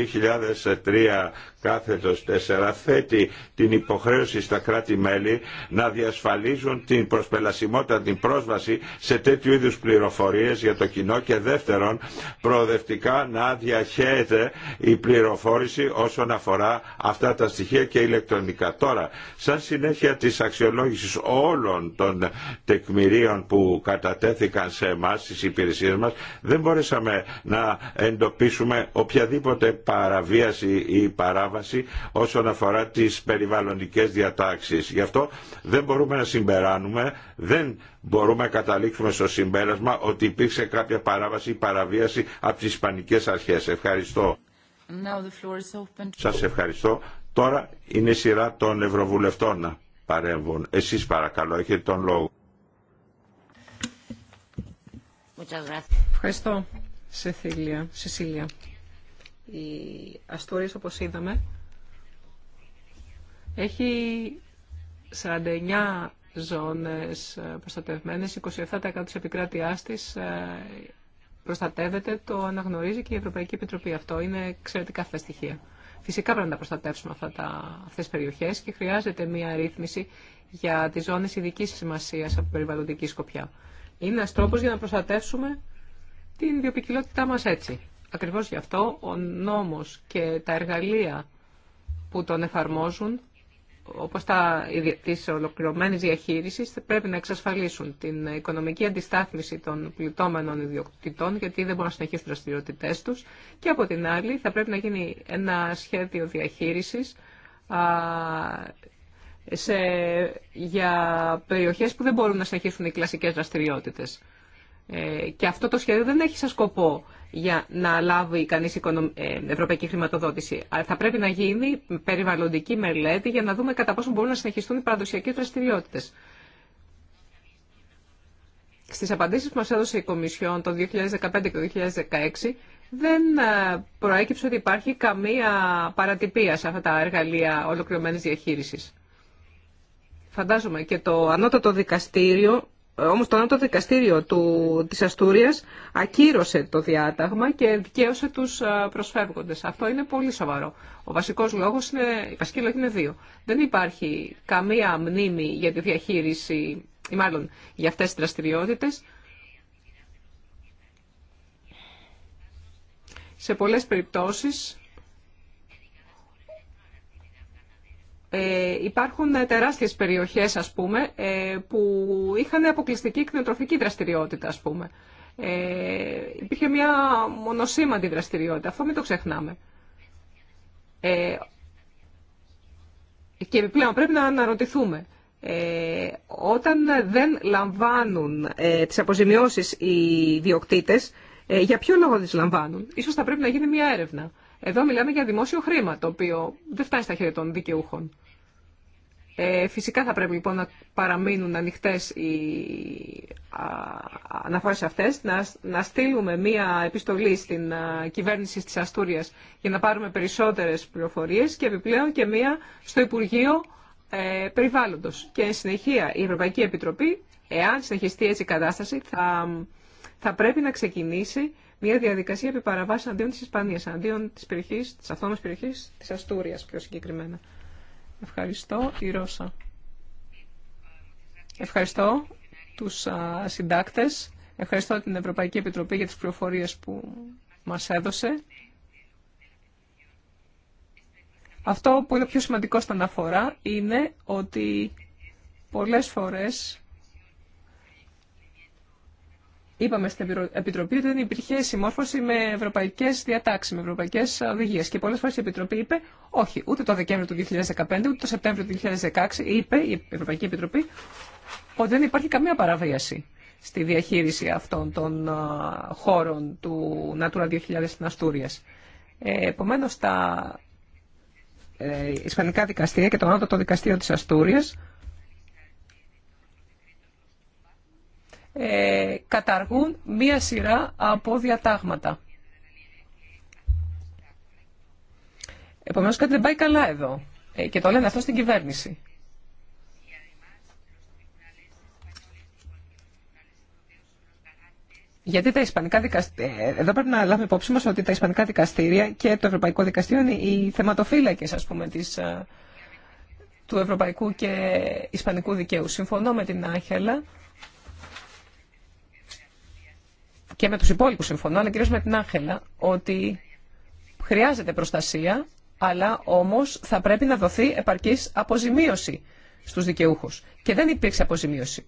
2003 κάθετος 4 θέτει την υποχρέωση στα κράτη-μέλη να διασφαλίζουν την προσπελασιμότητα, την πρόσβαση σε τέτοιου είδους πληροφορίες για το κοινό και δεύτερον προοδευτικά να διαχέεται η πληροφόρηση όσον αφορά αυτά τα στοιχεία και ηλεκτρονικά. Τώρα, σαν συνέχεια της αξιολόγησης όλων των τεκμηρίων που κατατέθηκαν σε εμά στις υπηρεσίες μας, δεν μπορέσαμε να εντοπίσουμε οποιαδήποτε παραβίαση ή παράβαση παράβαση όσον αφορά τις περιβαλλοντικές διατάξεις. Γι' αυτό δεν μπορούμε να συμπεράνουμε, δεν μπορούμε να καταλήξουμε στο συμπέρασμα ότι υπήρξε κάποια παράβαση ή παραβίαση από τις Ισπανικές αρχές. Ευχαριστώ. Σας ευχαριστώ. Τώρα είναι η σειρά των Ευρωβουλευτών να παρέμβουν. Εσείς παρακαλώ, έχετε τον λόγο. Ευχαριστώ, Σεσίλια. Η Αστούρης, όπως είδαμε, έχει 49 ζώνες προστατευμένες, 27% της επικράτειάς της ε, προστατεύεται, το αναγνωρίζει και η Ευρωπαϊκή Επιτροπή. Αυτό είναι εξαιρετικά αυτά στοιχεία. Φυσικά πρέπει να τα προστατεύσουμε αυτά τα, αυτές τις περιοχές και χρειάζεται μια ρύθμιση για τις ζώνες ειδικής σημασίας από περιβαλλοντική σκοπιά. Είναι ένα τρόπο για να προστατεύσουμε την βιοπικιλότητά μας έτσι. Ακριβώς γι' αυτό ο νόμος και τα εργαλεία που τον εφαρμόζουν, όπως τα της ολοκληρωμένης διαχείρισης, πρέπει να εξασφαλίσουν την οικονομική αντιστάθμιση των πληττόμενων ιδιοκτητών, γιατί δεν μπορούν να συνεχίσουν τις δραστηριότητές τους. Και από την άλλη θα πρέπει να γίνει ένα σχέδιο διαχείρισης σε, για περιοχές που δεν μπορούν να συνεχίσουν οι κλασικές δραστηριότητες. Ε, και αυτό το σχέδιο δεν έχει σαν σκοπό για να λάβει κανείς ε, ευρωπαϊκή χρηματοδότηση. Αλλά θα πρέπει να γίνει περιβαλλοντική μελέτη για να δούμε κατά πόσο μπορούν να συνεχιστούν οι παραδοσιακέ δραστηριότητε. Στις απαντήσεις που μας έδωσε η Κομισιόν το 2015 και το 2016 δεν ε, προέκυψε ότι υπάρχει καμία παρατυπία σε αυτά τα εργαλεία ολοκληρωμένη διαχείριση. Φαντάζομαι και το ανώτατο δικαστήριο ε, όμως το νότο δικαστήριο του, της Αστούριας ακύρωσε το διάταγμα και δικαίωσε τους ε, προσφεύγοντες. Αυτό είναι πολύ σοβαρό. Ο βασικός λόγος είναι, η βασική λόγη είναι δύο. Δεν υπάρχει καμία μνήμη για τη διαχείριση, ή μάλλον για αυτές τις δραστηριότητες. Σε πολλές περιπτώσεις Ε, υπάρχουν τεράστιες περιοχές, ας πούμε, ε, που είχαν αποκλειστική κτηνοτροφική δραστηριότητα, ας πούμε. Ε, υπήρχε μια μονοσήμαντη δραστηριότητα. Αυτό μην το ξεχνάμε. Ε, και επιπλέον πρέπει να αναρωτηθούμε. Ε, όταν δεν λαμβάνουν ε, τις αποζημιώσεις οι διοκτήτες, για ποιο λόγο τις λαμβάνουν. Ίσως θα πρέπει να γίνει μια έρευνα. Εδώ μιλάμε για δημόσιο χρήμα, το οποίο δεν φτάνει στα χέρια των δικαιούχων. Ε, φυσικά θα πρέπει λοιπόν να παραμείνουν ανοιχτές οι αναφορές αυτές, να, να στείλουμε μία επιστολή στην κυβέρνηση της Αστούριας για να πάρουμε περισσότερες πληροφορίες και επιπλέον και μία στο Υπουργείο ε, Περιβάλλοντος. Και εν συνεχεία η Ευρωπαϊκή Επιτροπή, εάν συνεχιστεί έτσι η κατάσταση, θα, θα πρέπει να ξεκινήσει μια διαδικασία επί αντίον της Ισπανίας, αντίον της περιοχής, της αυτόνομης περιοχής, της Αστούριας πιο συγκεκριμένα. Ευχαριστώ, η Ρώσα. Ευχαριστώ τους συντάκτες. Ευχαριστώ την Ευρωπαϊκή Επιτροπή για τις πληροφορίε που μας έδωσε. Αυτό που είναι πιο σημαντικό στην αναφορά είναι ότι πολλές φορές Είπαμε στην Επιτροπή ότι δεν υπήρχε συμμόρφωση με ευρωπαϊκέ διατάξει, με ευρωπαϊκέ οδηγίε. Και πολλέ φορέ η Επιτροπή είπε όχι, ούτε το Δεκέμβριο του 2015, ούτε το Σεπτέμβριο του 2016, είπε η Ευρωπαϊκή Επιτροπή ότι δεν υπάρχει καμία παραβίαση στη διαχείριση αυτών των χώρων του Natura 2000 στην Αστούρια. Ε, Επομένω, τα ε, Ισπανικά δικαστήρια και το Ανώτατο Δικαστήριο τη Αστούρια Ε, καταργούν μία σειρά από διατάγματα. Επομένως κάτι δεν πάει καλά εδώ ε, και το λένε αυτό στην κυβέρνηση. Γιατί τα ισπανικά δικαστήρια, ε, εδώ πρέπει να λάβουμε υπόψη μας ότι τα ισπανικά δικαστήρια και το Ευρωπαϊκό Δικαστήριο είναι οι θεματοφύλακες, ας πούμε, της, του ευρωπαϊκού και ισπανικού δικαίου. Συμφωνώ με την Άχελα και με τους υπόλοιπους συμφωνώ, αλλά κυρίως με την Άγχελα, ότι χρειάζεται προστασία, αλλά όμως θα πρέπει να δοθεί επαρκής αποζημίωση στους δικαιούχους. Και δεν υπήρξε αποζημίωση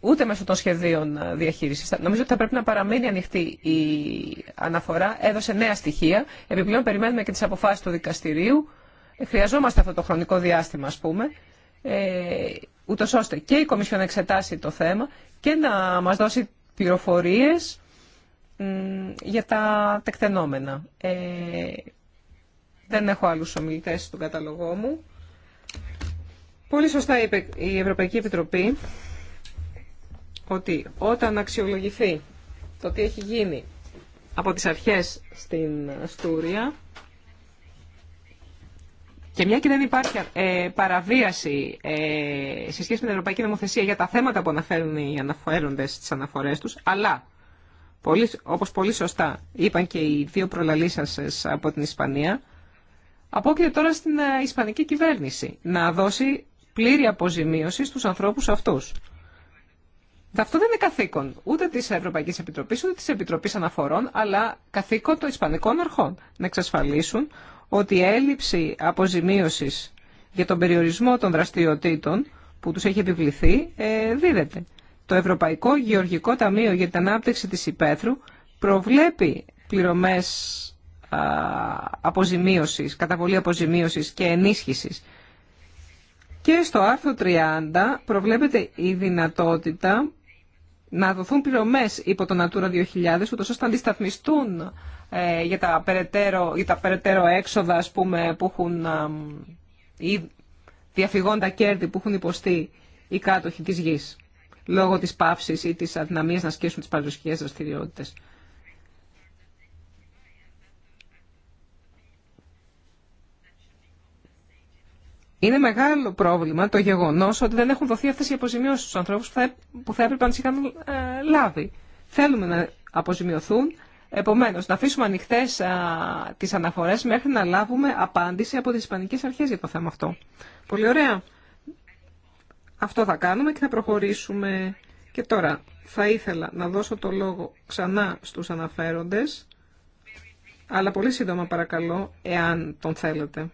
ούτε μέσω των σχεδίων ε, διαχείριση. Νομίζω ότι θα πρέπει να παραμείνει ανοιχτή η αναφορά. Έδωσε νέα στοιχεία. Επιπλέον, περιμένουμε και τι αποφάσει του δικαστηρίου. Χρειαζόμαστε αυτό το χρονικό διάστημα, α πούμε, ε, ούτω ώστε και η Κομισιόν να εξετάσει το θέμα και να μα δώσει πληροφορίες για τα τεκτενόμενα. Ε, δεν έχω άλλους ομιλητές στον καταλογό μου. Πολύ σωστά είπε η Ευρωπαϊκή Επιτροπή ότι όταν αξιολογηθεί το τι έχει γίνει από τις αρχές στην Στούρια και μια και δεν υπάρχει ε, παραβίαση ε, σε σχέση με την Ευρωπαϊκή Νομοθεσία για τα θέματα που αναφέρουν οι αναφέροντες στις αναφορές τους, αλλά, όπω όπως πολύ σωστά είπαν και οι δύο σα από την Ισπανία, απόκειται τώρα στην ε, Ισπανική κυβέρνηση να δώσει πλήρη αποζημίωση στους ανθρώπους αυτούς. Αυτό δεν είναι καθήκον ούτε τη Ευρωπαϊκή Επιτροπή ούτε τη Επιτροπή Αναφορών, αλλά καθήκον των Ισπανικών Αρχών. Να εξασφαλίσουν ότι η έλλειψη αποζημίωσης για τον περιορισμό των δραστηριοτήτων που τους έχει επιβληθεί ε, δίδεται. Το Ευρωπαϊκό Γεωργικό Ταμείο για την Ανάπτυξη της Υπέθρου προβλέπει πληρωμές αποζημίωσης, καταβολή αποζημίωσης και ενίσχυσης. Και στο άρθρο 30 προβλέπεται η δυνατότητα να δοθούν πληρωμές υπό το Natura 2000, ούτως ώστε να αντισταθμιστούν ε, για, τα περαιτέρω, για τα περαιτέρω έξοδα ας που έχουν, ή διαφυγόντα κέρδη που έχουν υποστεί οι κάτοχοι της γης, λόγω της πάυσης ή της αδυναμίας να ασκήσουν τις παραδοσιακές δραστηριότητε. Είναι μεγάλο πρόβλημα το γεγονό ότι δεν έχουν δοθεί αυτέ οι αποζημιώσει στου ανθρώπου που θα έπρεπε να τι είχαν ε, λάβει. Θέλουμε να αποζημιωθούν. Επομένω, να αφήσουμε ανοιχτέ τι αναφορέ μέχρι να λάβουμε απάντηση από τι Ισπανικέ Αρχέ για το θέμα αυτό. Πολύ ωραία. Αυτό θα κάνουμε και θα προχωρήσουμε. Και τώρα θα ήθελα να δώσω το λόγο ξανά στου αναφέροντε, αλλά πολύ σύντομα παρακαλώ, εάν τον θέλετε.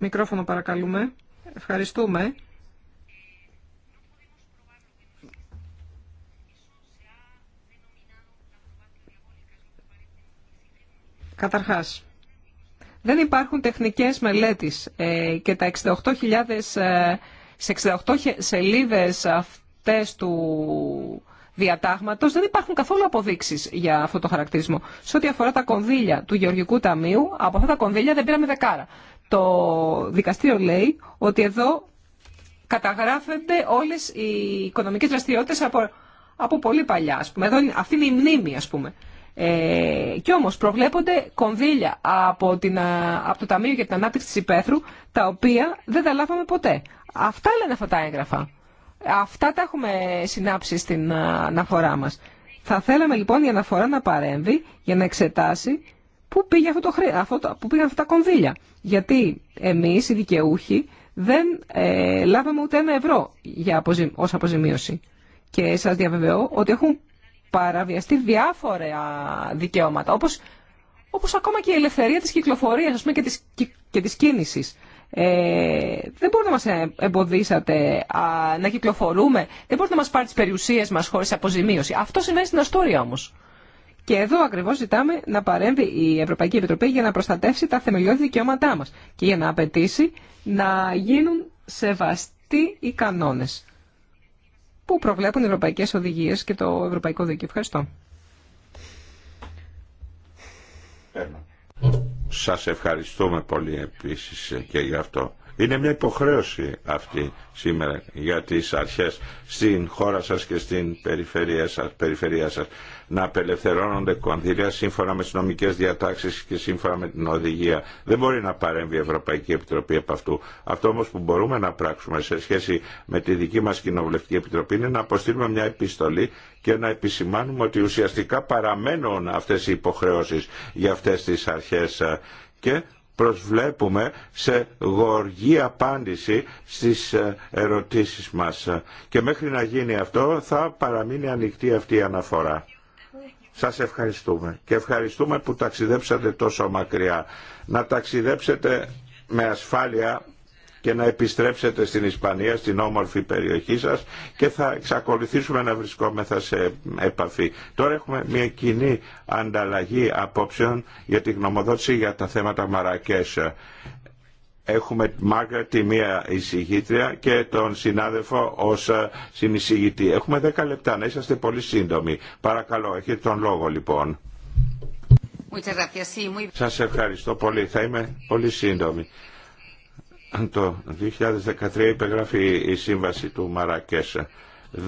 Μικρόφωνο παρακαλούμε. Ευχαριστούμε. Καταρχάς, δεν υπάρχουν τεχνικές μελέτες ε, και τα 68.000 ε, σε 68 σελίδες αυτές του διατάγματος δεν υπάρχουν καθόλου αποδείξεις για αυτό το χαρακτηρισμό. Σε ό,τι αφορά τα κονδύλια του Γεωργικού Ταμείου, από αυτά τα κονδύλια δεν πήραμε δεκάρα. Το δικαστήριο λέει ότι εδώ καταγράφονται όλες οι οικονομικές δραστηριότητες από, από πολύ παλιά. Ας πούμε. Εδώ, αυτή είναι η μνήμη, ας πούμε. Ε, και όμως προβλέπονται κονδύλια από, την, από το Ταμείο για την Ανάπτυξη της Υπέθρου, τα οποία δεν τα λάβαμε ποτέ. Αυτά λένε αυτά τα έγγραφα. Αυτά τα έχουμε συνάψει στην αναφορά μας. Θα θέλαμε λοιπόν η αναφορά να παρέμβει για να εξετάσει πού πού πήγαν αυτά τα κονδύλια. Γιατί εμείς οι δικαιούχοι δεν ε, λάβαμε ούτε ένα ευρώ για ως αποζημίωση. Και σας διαβεβαιώ ότι έχουν παραβιαστεί διάφορα δικαιώματα, όπως, όπως ακόμα και η ελευθερία της κυκλοφορίας και, της, και Ε, δεν μπορείτε να μας ε, εμποδίσατε να κυκλοφορούμε, δεν μπορείτε να μας πάρει τις περιουσίες μας χωρίς αποζημίωση. Αυτό συμβαίνει στην Αστόρια όμως. Και εδώ ακριβώς ζητάμε να παρέμβει η Ευρωπαϊκή Επιτροπή για να προστατεύσει τα θεμελιώδη δικαιώματά μας και για να απαιτήσει να γίνουν σεβαστοί οι κανόνες που προβλέπουν οι ευρωπαϊκές οδηγίες και το ευρωπαϊκό δίκαιο. Ευχαριστώ. Σας ευχαριστούμε πολύ επίσης και γι' αυτό. Είναι μια υποχρέωση αυτή σήμερα για τις αρχές στην χώρα σας και στην περιφερεια σας, σας να απελευθερώνονται κονδύλια σύμφωνα με τι νομικέ διατάξει και σύμφωνα με την οδηγία. Δεν μπορεί να παρέμβει η Ευρωπαϊκή Επιτροπή από αυτού. Αυτό όμω που μπορούμε να πράξουμε σε σχέση με τη δική μα Κοινοβουλευτική Επιτροπή είναι να αποστείλουμε μια επιστολή και να επισημάνουμε ότι ουσιαστικά παραμένουν αυτέ οι υποχρεώσει για αυτέ τι αρχέ και προσβλέπουμε σε γοργή απάντηση στις ε, ερωτήσεις μας. Και μέχρι να γίνει αυτό θα παραμείνει ανοιχτή αυτή η αναφορά. Σας ευχαριστούμε και ευχαριστούμε που ταξιδέψατε τόσο μακριά. Να ταξιδέψετε με ασφάλεια και να επιστρέψετε στην Ισπανία, στην όμορφη περιοχή σας και θα εξακολουθήσουμε να βρισκόμεθα σε επαφή. Τώρα έχουμε μια κοινή ανταλλαγή απόψεων για τη γνωμοδότηση για τα θέματα Μαρακές. Έχουμε μάγκα τη μία εισηγήτρια και τον συνάδελφο ως ε, συνεισηγητή. Έχουμε δέκα λεπτά, να είσαστε πολύ σύντομοι. Παρακαλώ, έχετε τον λόγο λοιπόν. Σας ευχαριστώ πολύ. Θα είμαι πολύ σύντομη. Το 2013 υπεγράφει η σύμβαση του Μαρακέσα.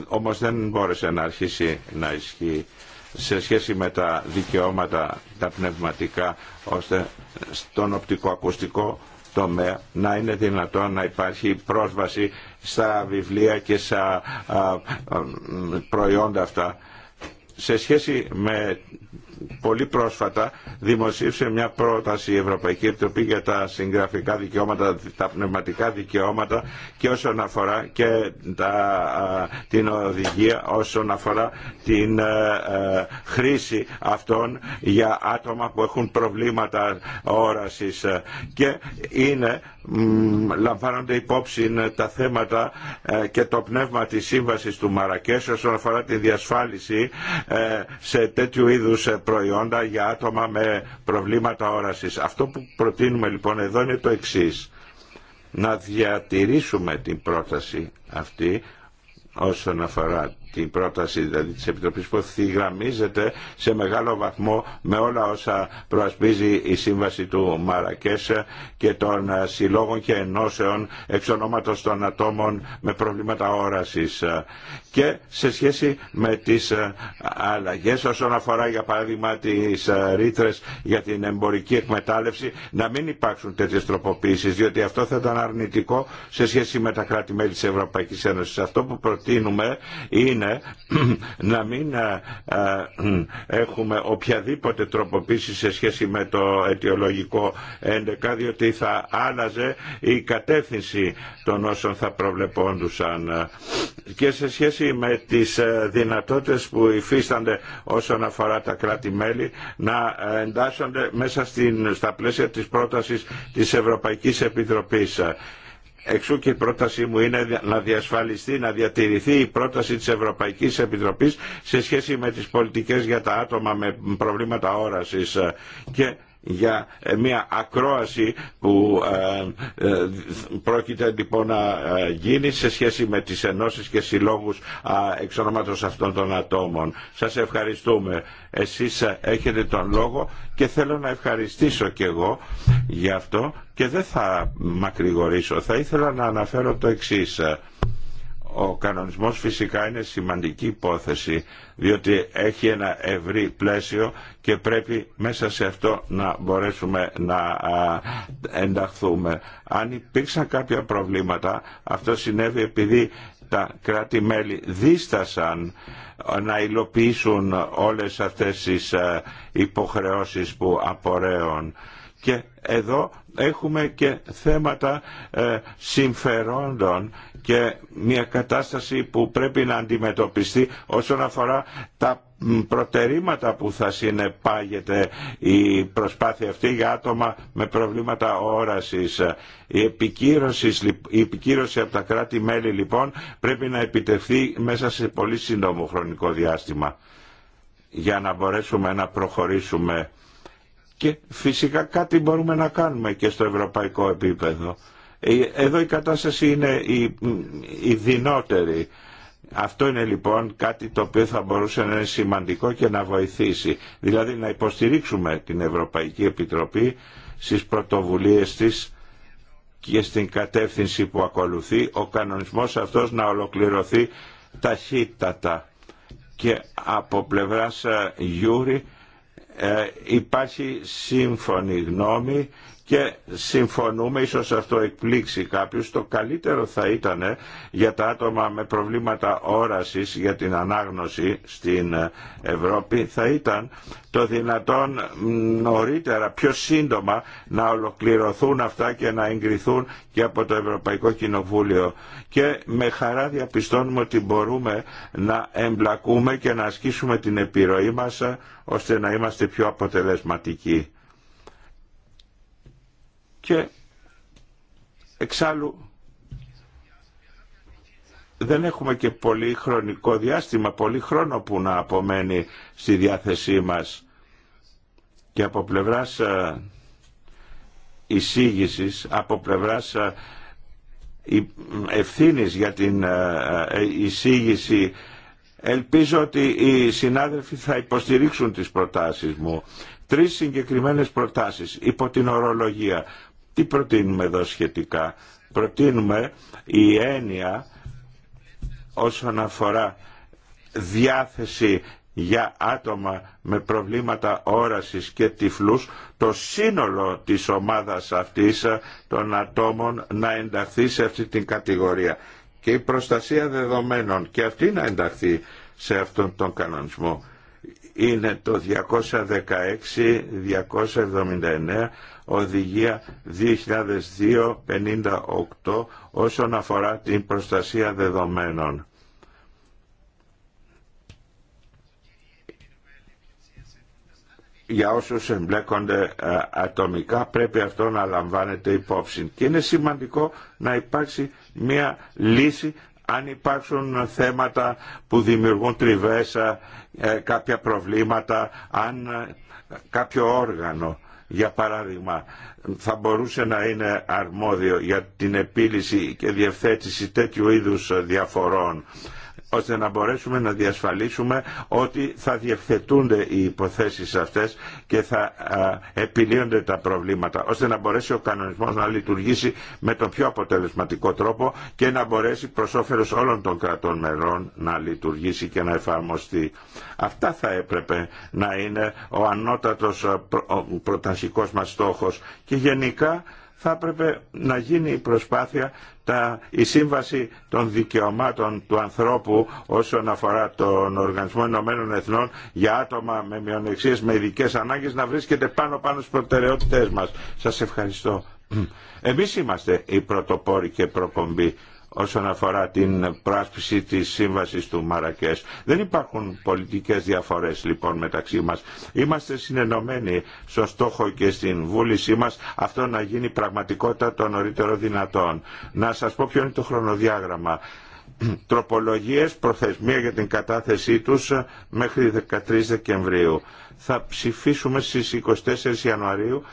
Όμως δεν μπόρεσε να αρχίσει να ισχύει σε σχέση με τα δικαιώματα τα πνευματικά ώστε στον οπτικοακουστικό τομέα να είναι δυνατόν να υπάρχει πρόσβαση στα βιβλία και στα προϊόντα αυτά. Σε σχέση με πολύ πρόσφατα δημοσίευσε μια πρόταση η Ευρωπαϊκή Επιτροπή για τα συγγραφικά δικαιώματα, τα πνευματικά δικαιώματα και όσον αφορά και τα, την οδηγία όσον αφορά την ε, ε, χρήση αυτών για άτομα που έχουν προβλήματα όρασης και είναι λαμβάνονται υπόψη ε, τα θέματα ε, και το πνεύμα της σύμβασης του Μαρακές όσον αφορά τη διασφάλιση ε, σε τέτοιου είδους προϊόντα για άτομα με προβλήματα όρασης. Αυτό που προτείνουμε λοιπόν εδώ είναι το εξής. Να διατηρήσουμε την πρόταση αυτή όσον αφορά την πρόταση δηλαδή της Επιτροπής που θυγραμμίζεται σε μεγάλο βαθμό με όλα όσα προασπίζει η σύμβαση του Μαρακέσα και των συλλόγων και ενώσεων εξ ονόματος των ατόμων με προβλήματα όρασης και σε σχέση με τις αλλαγές όσον αφορά για παράδειγμα τις ρήτρες για την εμπορική εκμετάλλευση να μην υπάρξουν τέτοιες τροποποίησεις διότι αυτό θα ήταν αρνητικό σε σχέση με τα κράτη-μέλη της Ευρωπαϊκής Ένωσης. Αυτό που προτείνουμε είναι *clears throat* να μην ε, ε, έχουμε οποιαδήποτε τροποποίηση σε σχέση με το αιτιολογικό 11 διότι θα άλλαζε η κατεύθυνση των όσων θα προβλεπόντουσαν και σε σχέση με τις ε, δυνατότητες που υφίστανται όσον αφορά τα κράτη-μέλη να εντάσσονται μέσα στην, στα πλαίσια της πρότασης της Ευρωπαϊκής Επιτροπής. Εξού και η πρότασή μου είναι να διασφαλιστεί, να διατηρηθεί η πρόταση της Ευρωπαϊκής Επιτροπής σε σχέση με τις πολιτικές για τα άτομα με προβλήματα όρασης και για ε, μια ακρόαση που ε, ε, πρόκειται λοιπόν να γίνει σε σχέση με τις ενώσεις και συλλόγους εξ ονόματος αυτών των ατόμων. Σας ευχαριστούμε. Εσείς έχετε τον λόγο και θέλω να ευχαριστήσω και εγώ γι' αυτό και δεν θα μακρηγορήσω. Θα ήθελα να αναφέρω το εξής ο κανονισμός φυσικά είναι σημαντική υπόθεση διότι έχει ένα ευρύ πλαίσιο και πρέπει μέσα σε αυτό να μπορέσουμε να ενταχθούμε. Αν υπήρξαν κάποια προβλήματα, αυτό συνέβη επειδή τα κράτη-μέλη δίστασαν να υλοποιήσουν όλες αυτές τις υποχρεώσεις που απορρέουν. Και εδώ έχουμε και θέματα ε, συμφερόντων και μια κατάσταση που πρέπει να αντιμετωπιστεί όσον αφορά τα προτερήματα που θα συνεπάγεται η προσπάθεια αυτή για άτομα με προβλήματα όρασης. Η επικύρωση, η επικύρωση από τα κράτη-μέλη λοιπόν πρέπει να επιτευχθεί μέσα σε πολύ σύντομο χρονικό διάστημα για να μπορέσουμε να προχωρήσουμε και φυσικά κάτι μπορούμε να κάνουμε και στο ευρωπαϊκό επίπεδο. Ε, εδώ η κατάσταση είναι η, η Αυτό είναι λοιπόν κάτι το οποίο θα μπορούσε να είναι σημαντικό και να βοηθήσει. Δηλαδή να υποστηρίξουμε την Ευρωπαϊκή Επιτροπή στις πρωτοβουλίες της και στην κατεύθυνση που ακολουθεί ο κανονισμός αυτός να ολοκληρωθεί ταχύτατα. Και από πλευράς ε, Γιούρη ε, υπάρχει σύμφωνη γνώμη και συμφωνούμε, ίσως αυτό εκπλήξει κάποιους, το καλύτερο θα ήταν για τα άτομα με προβλήματα όρασης για την ανάγνωση στην Ευρώπη θα ήταν το δυνατόν νωρίτερα, πιο σύντομα να ολοκληρωθούν αυτά και να εγκριθούν και από το Ευρωπαϊκό Κοινοβούλιο. Και με χαρά διαπιστώνουμε ότι μπορούμε να εμπλακούμε και να ασκήσουμε την επιρροή μας ώστε να είμαστε πιο αποτελεσματικοί και εξάλλου δεν έχουμε και πολύ χρονικό διάστημα, πολύ χρόνο που να απομένει στη διάθεσή μας και από πλευράς ε, εισήγησης, από πλευράς ε, ευθύνης για την ε, εισήγηση Ελπίζω ότι οι συνάδελφοι θα υποστηρίξουν τις προτάσεις μου. Τρεις συγκεκριμένες προτάσεις υπό την ορολογία. Τι προτείνουμε εδώ σχετικά. Προτείνουμε η έννοια όσον αφορά διάθεση για άτομα με προβλήματα όρασης και τυφλούς το σύνολο της ομάδας αυτής των ατόμων να ενταχθεί σε αυτή την κατηγορία και η προστασία δεδομένων και αυτή να ενταχθεί σε αυτόν τον κανονισμό. Είναι το 216-279 Οδηγία 2002-58 όσον αφορά την προστασία δεδομένων. για όσους εμπλέκονται ε, ατομικά πρέπει αυτό να λαμβάνεται υπόψη. Και είναι σημαντικό να υπάρξει μια λύση αν υπάρξουν θέματα που δημιουργούν τριβές, ε, ε, κάποια προβλήματα, αν κάποιο όργανο για παράδειγμα, θα μπορούσε να είναι αρμόδιο για την επίλυση και διευθέτηση τέτοιου είδους διαφορών ώστε να μπορέσουμε να διασφαλίσουμε ότι θα διευθετούνται οι υποθέσεις αυτές και θα επιλύονται τα προβλήματα, ώστε να μπορέσει ο κανονισμός να λειτουργήσει με τον πιο αποτελεσματικό τρόπο και να μπορέσει προς όφελος όλων των κρατών μελών να λειτουργήσει και να εφαρμοστεί. Αυτά θα έπρεπε να είναι ο ανώτατος προτασικός μας στόχος και γενικά θα έπρεπε να γίνει η προσπάθεια τα, η σύμβαση των δικαιωμάτων του ανθρώπου όσον αφορά τον Οργανισμό Ηνωμένων Εθνών για άτομα με μειονεξίες, με ειδικέ ανάγκες να βρίσκεται πάνω πάνω στις προτεραιότητές μας. Σας ευχαριστώ. Εμείς είμαστε οι πρωτοπόροι και προπομπή όσον αφορά την πράσπιση της σύμβασης του Μαρακές. Δεν υπάρχουν πολιτικές διαφορές λοιπόν μεταξύ μας. Είμαστε συνενωμένοι στο στόχο και στην βούλησή μας αυτό να γίνει πραγματικότητα το νωρίτερο δυνατόν. Να σας πω ποιο είναι το χρονοδιάγραμμα τροπολογίες προθεσμία για την κατάθεσή τους μέχρι 13 Δεκεμβρίου. Θα ψηφίσουμε στις 24 Ιανουαρίου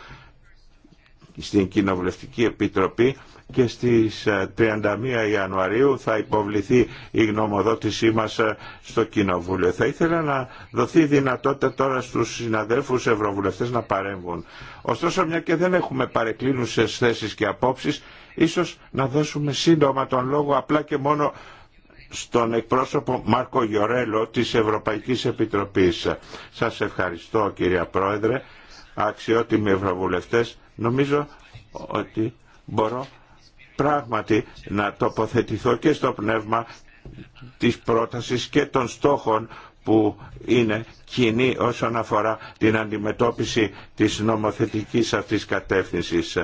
στην Κοινοβουλευτική Επιτροπή και στις 31 ε, Ιανουαρίου θα υποβληθεί η γνωμοδότησή μας ε, στο Κοινοβούλιο. Θα ήθελα να δοθεί δυνατότητα τώρα στους συναδέλφους ευρωβουλευτές να παρέμβουν. Ωστόσο, μια και δεν έχουμε παρεκκλίνουσες θέσεις και απόψεις, ίσως να δώσουμε σύντομα τον λόγο απλά και μόνο στον εκπρόσωπο Μάρκο Γιορέλο της Ευρωπαϊκής Επιτροπής. Σας ευχαριστώ κύριε Πρόεδρε, αξιότιμοι ευρωβουλευτές. Νομίζω ότι μπορώ πράγματι να τοποθετηθώ και στο πνεύμα της πρότασης και των στόχων που είναι κοινή όσον αφορά την αντιμετώπιση της νομοθετικής αυτής κατεύθυνσης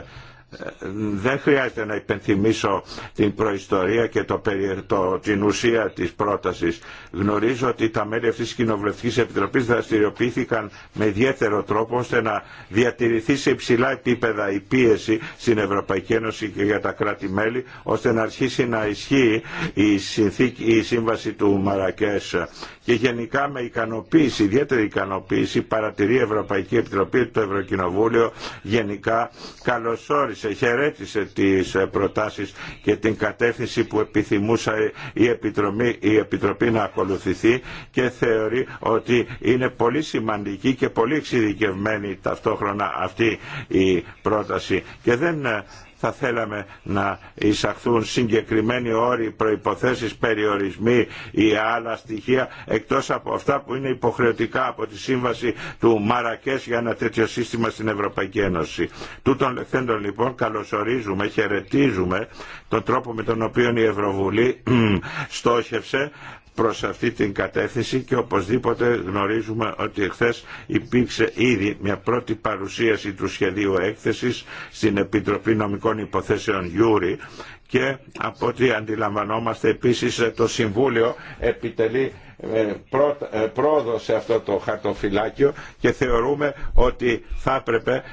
δεν χρειάζεται να υπενθυμίσω την προϊστορία και το, το, την ουσία της πρότασης. Γνωρίζω ότι τα μέλη αυτής της Κοινοβουλευτικής Επιτροπής δραστηριοποιήθηκαν με ιδιαίτερο τρόπο ώστε να διατηρηθεί σε υψηλά επίπεδα η πίεση στην Ευρωπαϊκή Ένωση και για τα κράτη-μέλη ώστε να αρχίσει να ισχύει η, συνθήκη, η σύμβαση του Μαρακές. Και γενικά με ικανοποίηση, ιδιαίτερη ικανοποίηση, παρατηρεί η Ευρωπαϊκή Επιτροπή το Ευρωκοινοβούλιο γενικά καλωσόρισε χαιρέτησε τις ε, προτάσεις και την κατεύθυνση που επιθυμούσε η Επιτροπή, η Επιτροπή να ακολουθηθεί και θεωρεί ότι είναι πολύ σημαντική και πολύ εξειδικευμένη ταυτόχρονα αυτή η πρόταση και δεν ε, θα θέλαμε να εισαχθούν συγκεκριμένοι όροι, προϋποθέσεις, περιορισμοί ή άλλα στοιχεία εκτός από αυτά που είναι υποχρεωτικά από τη σύμβαση του Μαρακές για ένα τέτοιο σύστημα στην Ευρωπαϊκή Ένωση. Τούτων λεχθέντων λοιπόν καλωσορίζουμε, χαιρετίζουμε τον τρόπο με τον οποίο η Ευρωβουλή *clears throat* στόχευσε προς αυτή την κατεύθυνση και οπωσδήποτε γνωρίζουμε ότι εχθές υπήρξε ήδη μια πρώτη παρουσίαση του σχεδίου έκθεσης στην Επιτροπή Νομικών Υποθέσεων Γιούρι και από ό,τι αντιλαμβανόμαστε επίσης ε, το Συμβούλιο επιτελεί ε, ε, πρόοδο σε αυτό το χαρτοφυλάκιο και θεωρούμε ότι θα έπρεπε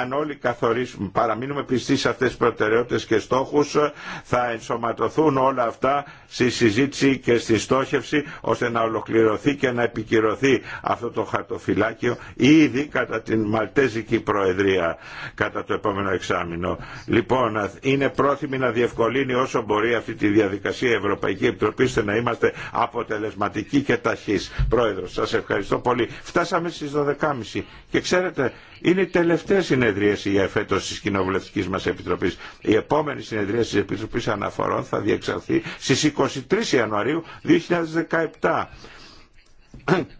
αν όλοι καθορίσουμε, παραμείνουμε πιστοί σε αυτές τις προτεραιότητες και στόχους, θα ενσωματωθούν όλα αυτά στη συζήτηση και στη στόχευση, ώστε να ολοκληρωθεί και να επικυρωθεί αυτό το χαρτοφυλάκιο ήδη κατά την Μαλτέζικη Προεδρία, κατά το επόμενο εξάμεινο. Λοιπόν, είναι πρόθυμη να διευκολύνει όσο μπορεί αυτή τη διαδικασία η Ευρωπαϊκή Επιτροπή, ώστε να είμαστε αποτελεσματικοί και ταχείς. Πρόεδρος, σας ευχαριστώ πολύ. Φτάσαμε στις 12.30 και ξέρετε, είναι η τελευταία συνεδρίαση για φέτο τη κοινοβουλευτική μα επιτροπή. Η επόμενη συνεδρίαση τη Επιτροπή Αναφορών θα διεξαρθεί στι 23 Ιανουαρίου 2017.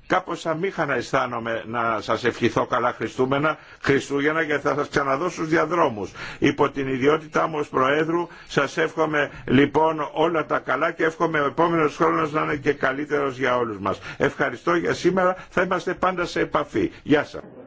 Κάπως αμήχανα να αισθάνομαι να σας ευχηθώ καλά Χριστούμενα, Χριστούγεννα και θα σας ξαναδώ στους διαδρόμους. Υπό την ιδιότητά μου ως Προέδρου σας εύχομαι λοιπόν όλα τα καλά και εύχομαι ο επόμενος χρόνος να είναι και καλύτερος για όλους μας. Ευχαριστώ για σήμερα, θα είμαστε πάντα σε επαφή. Γεια σας.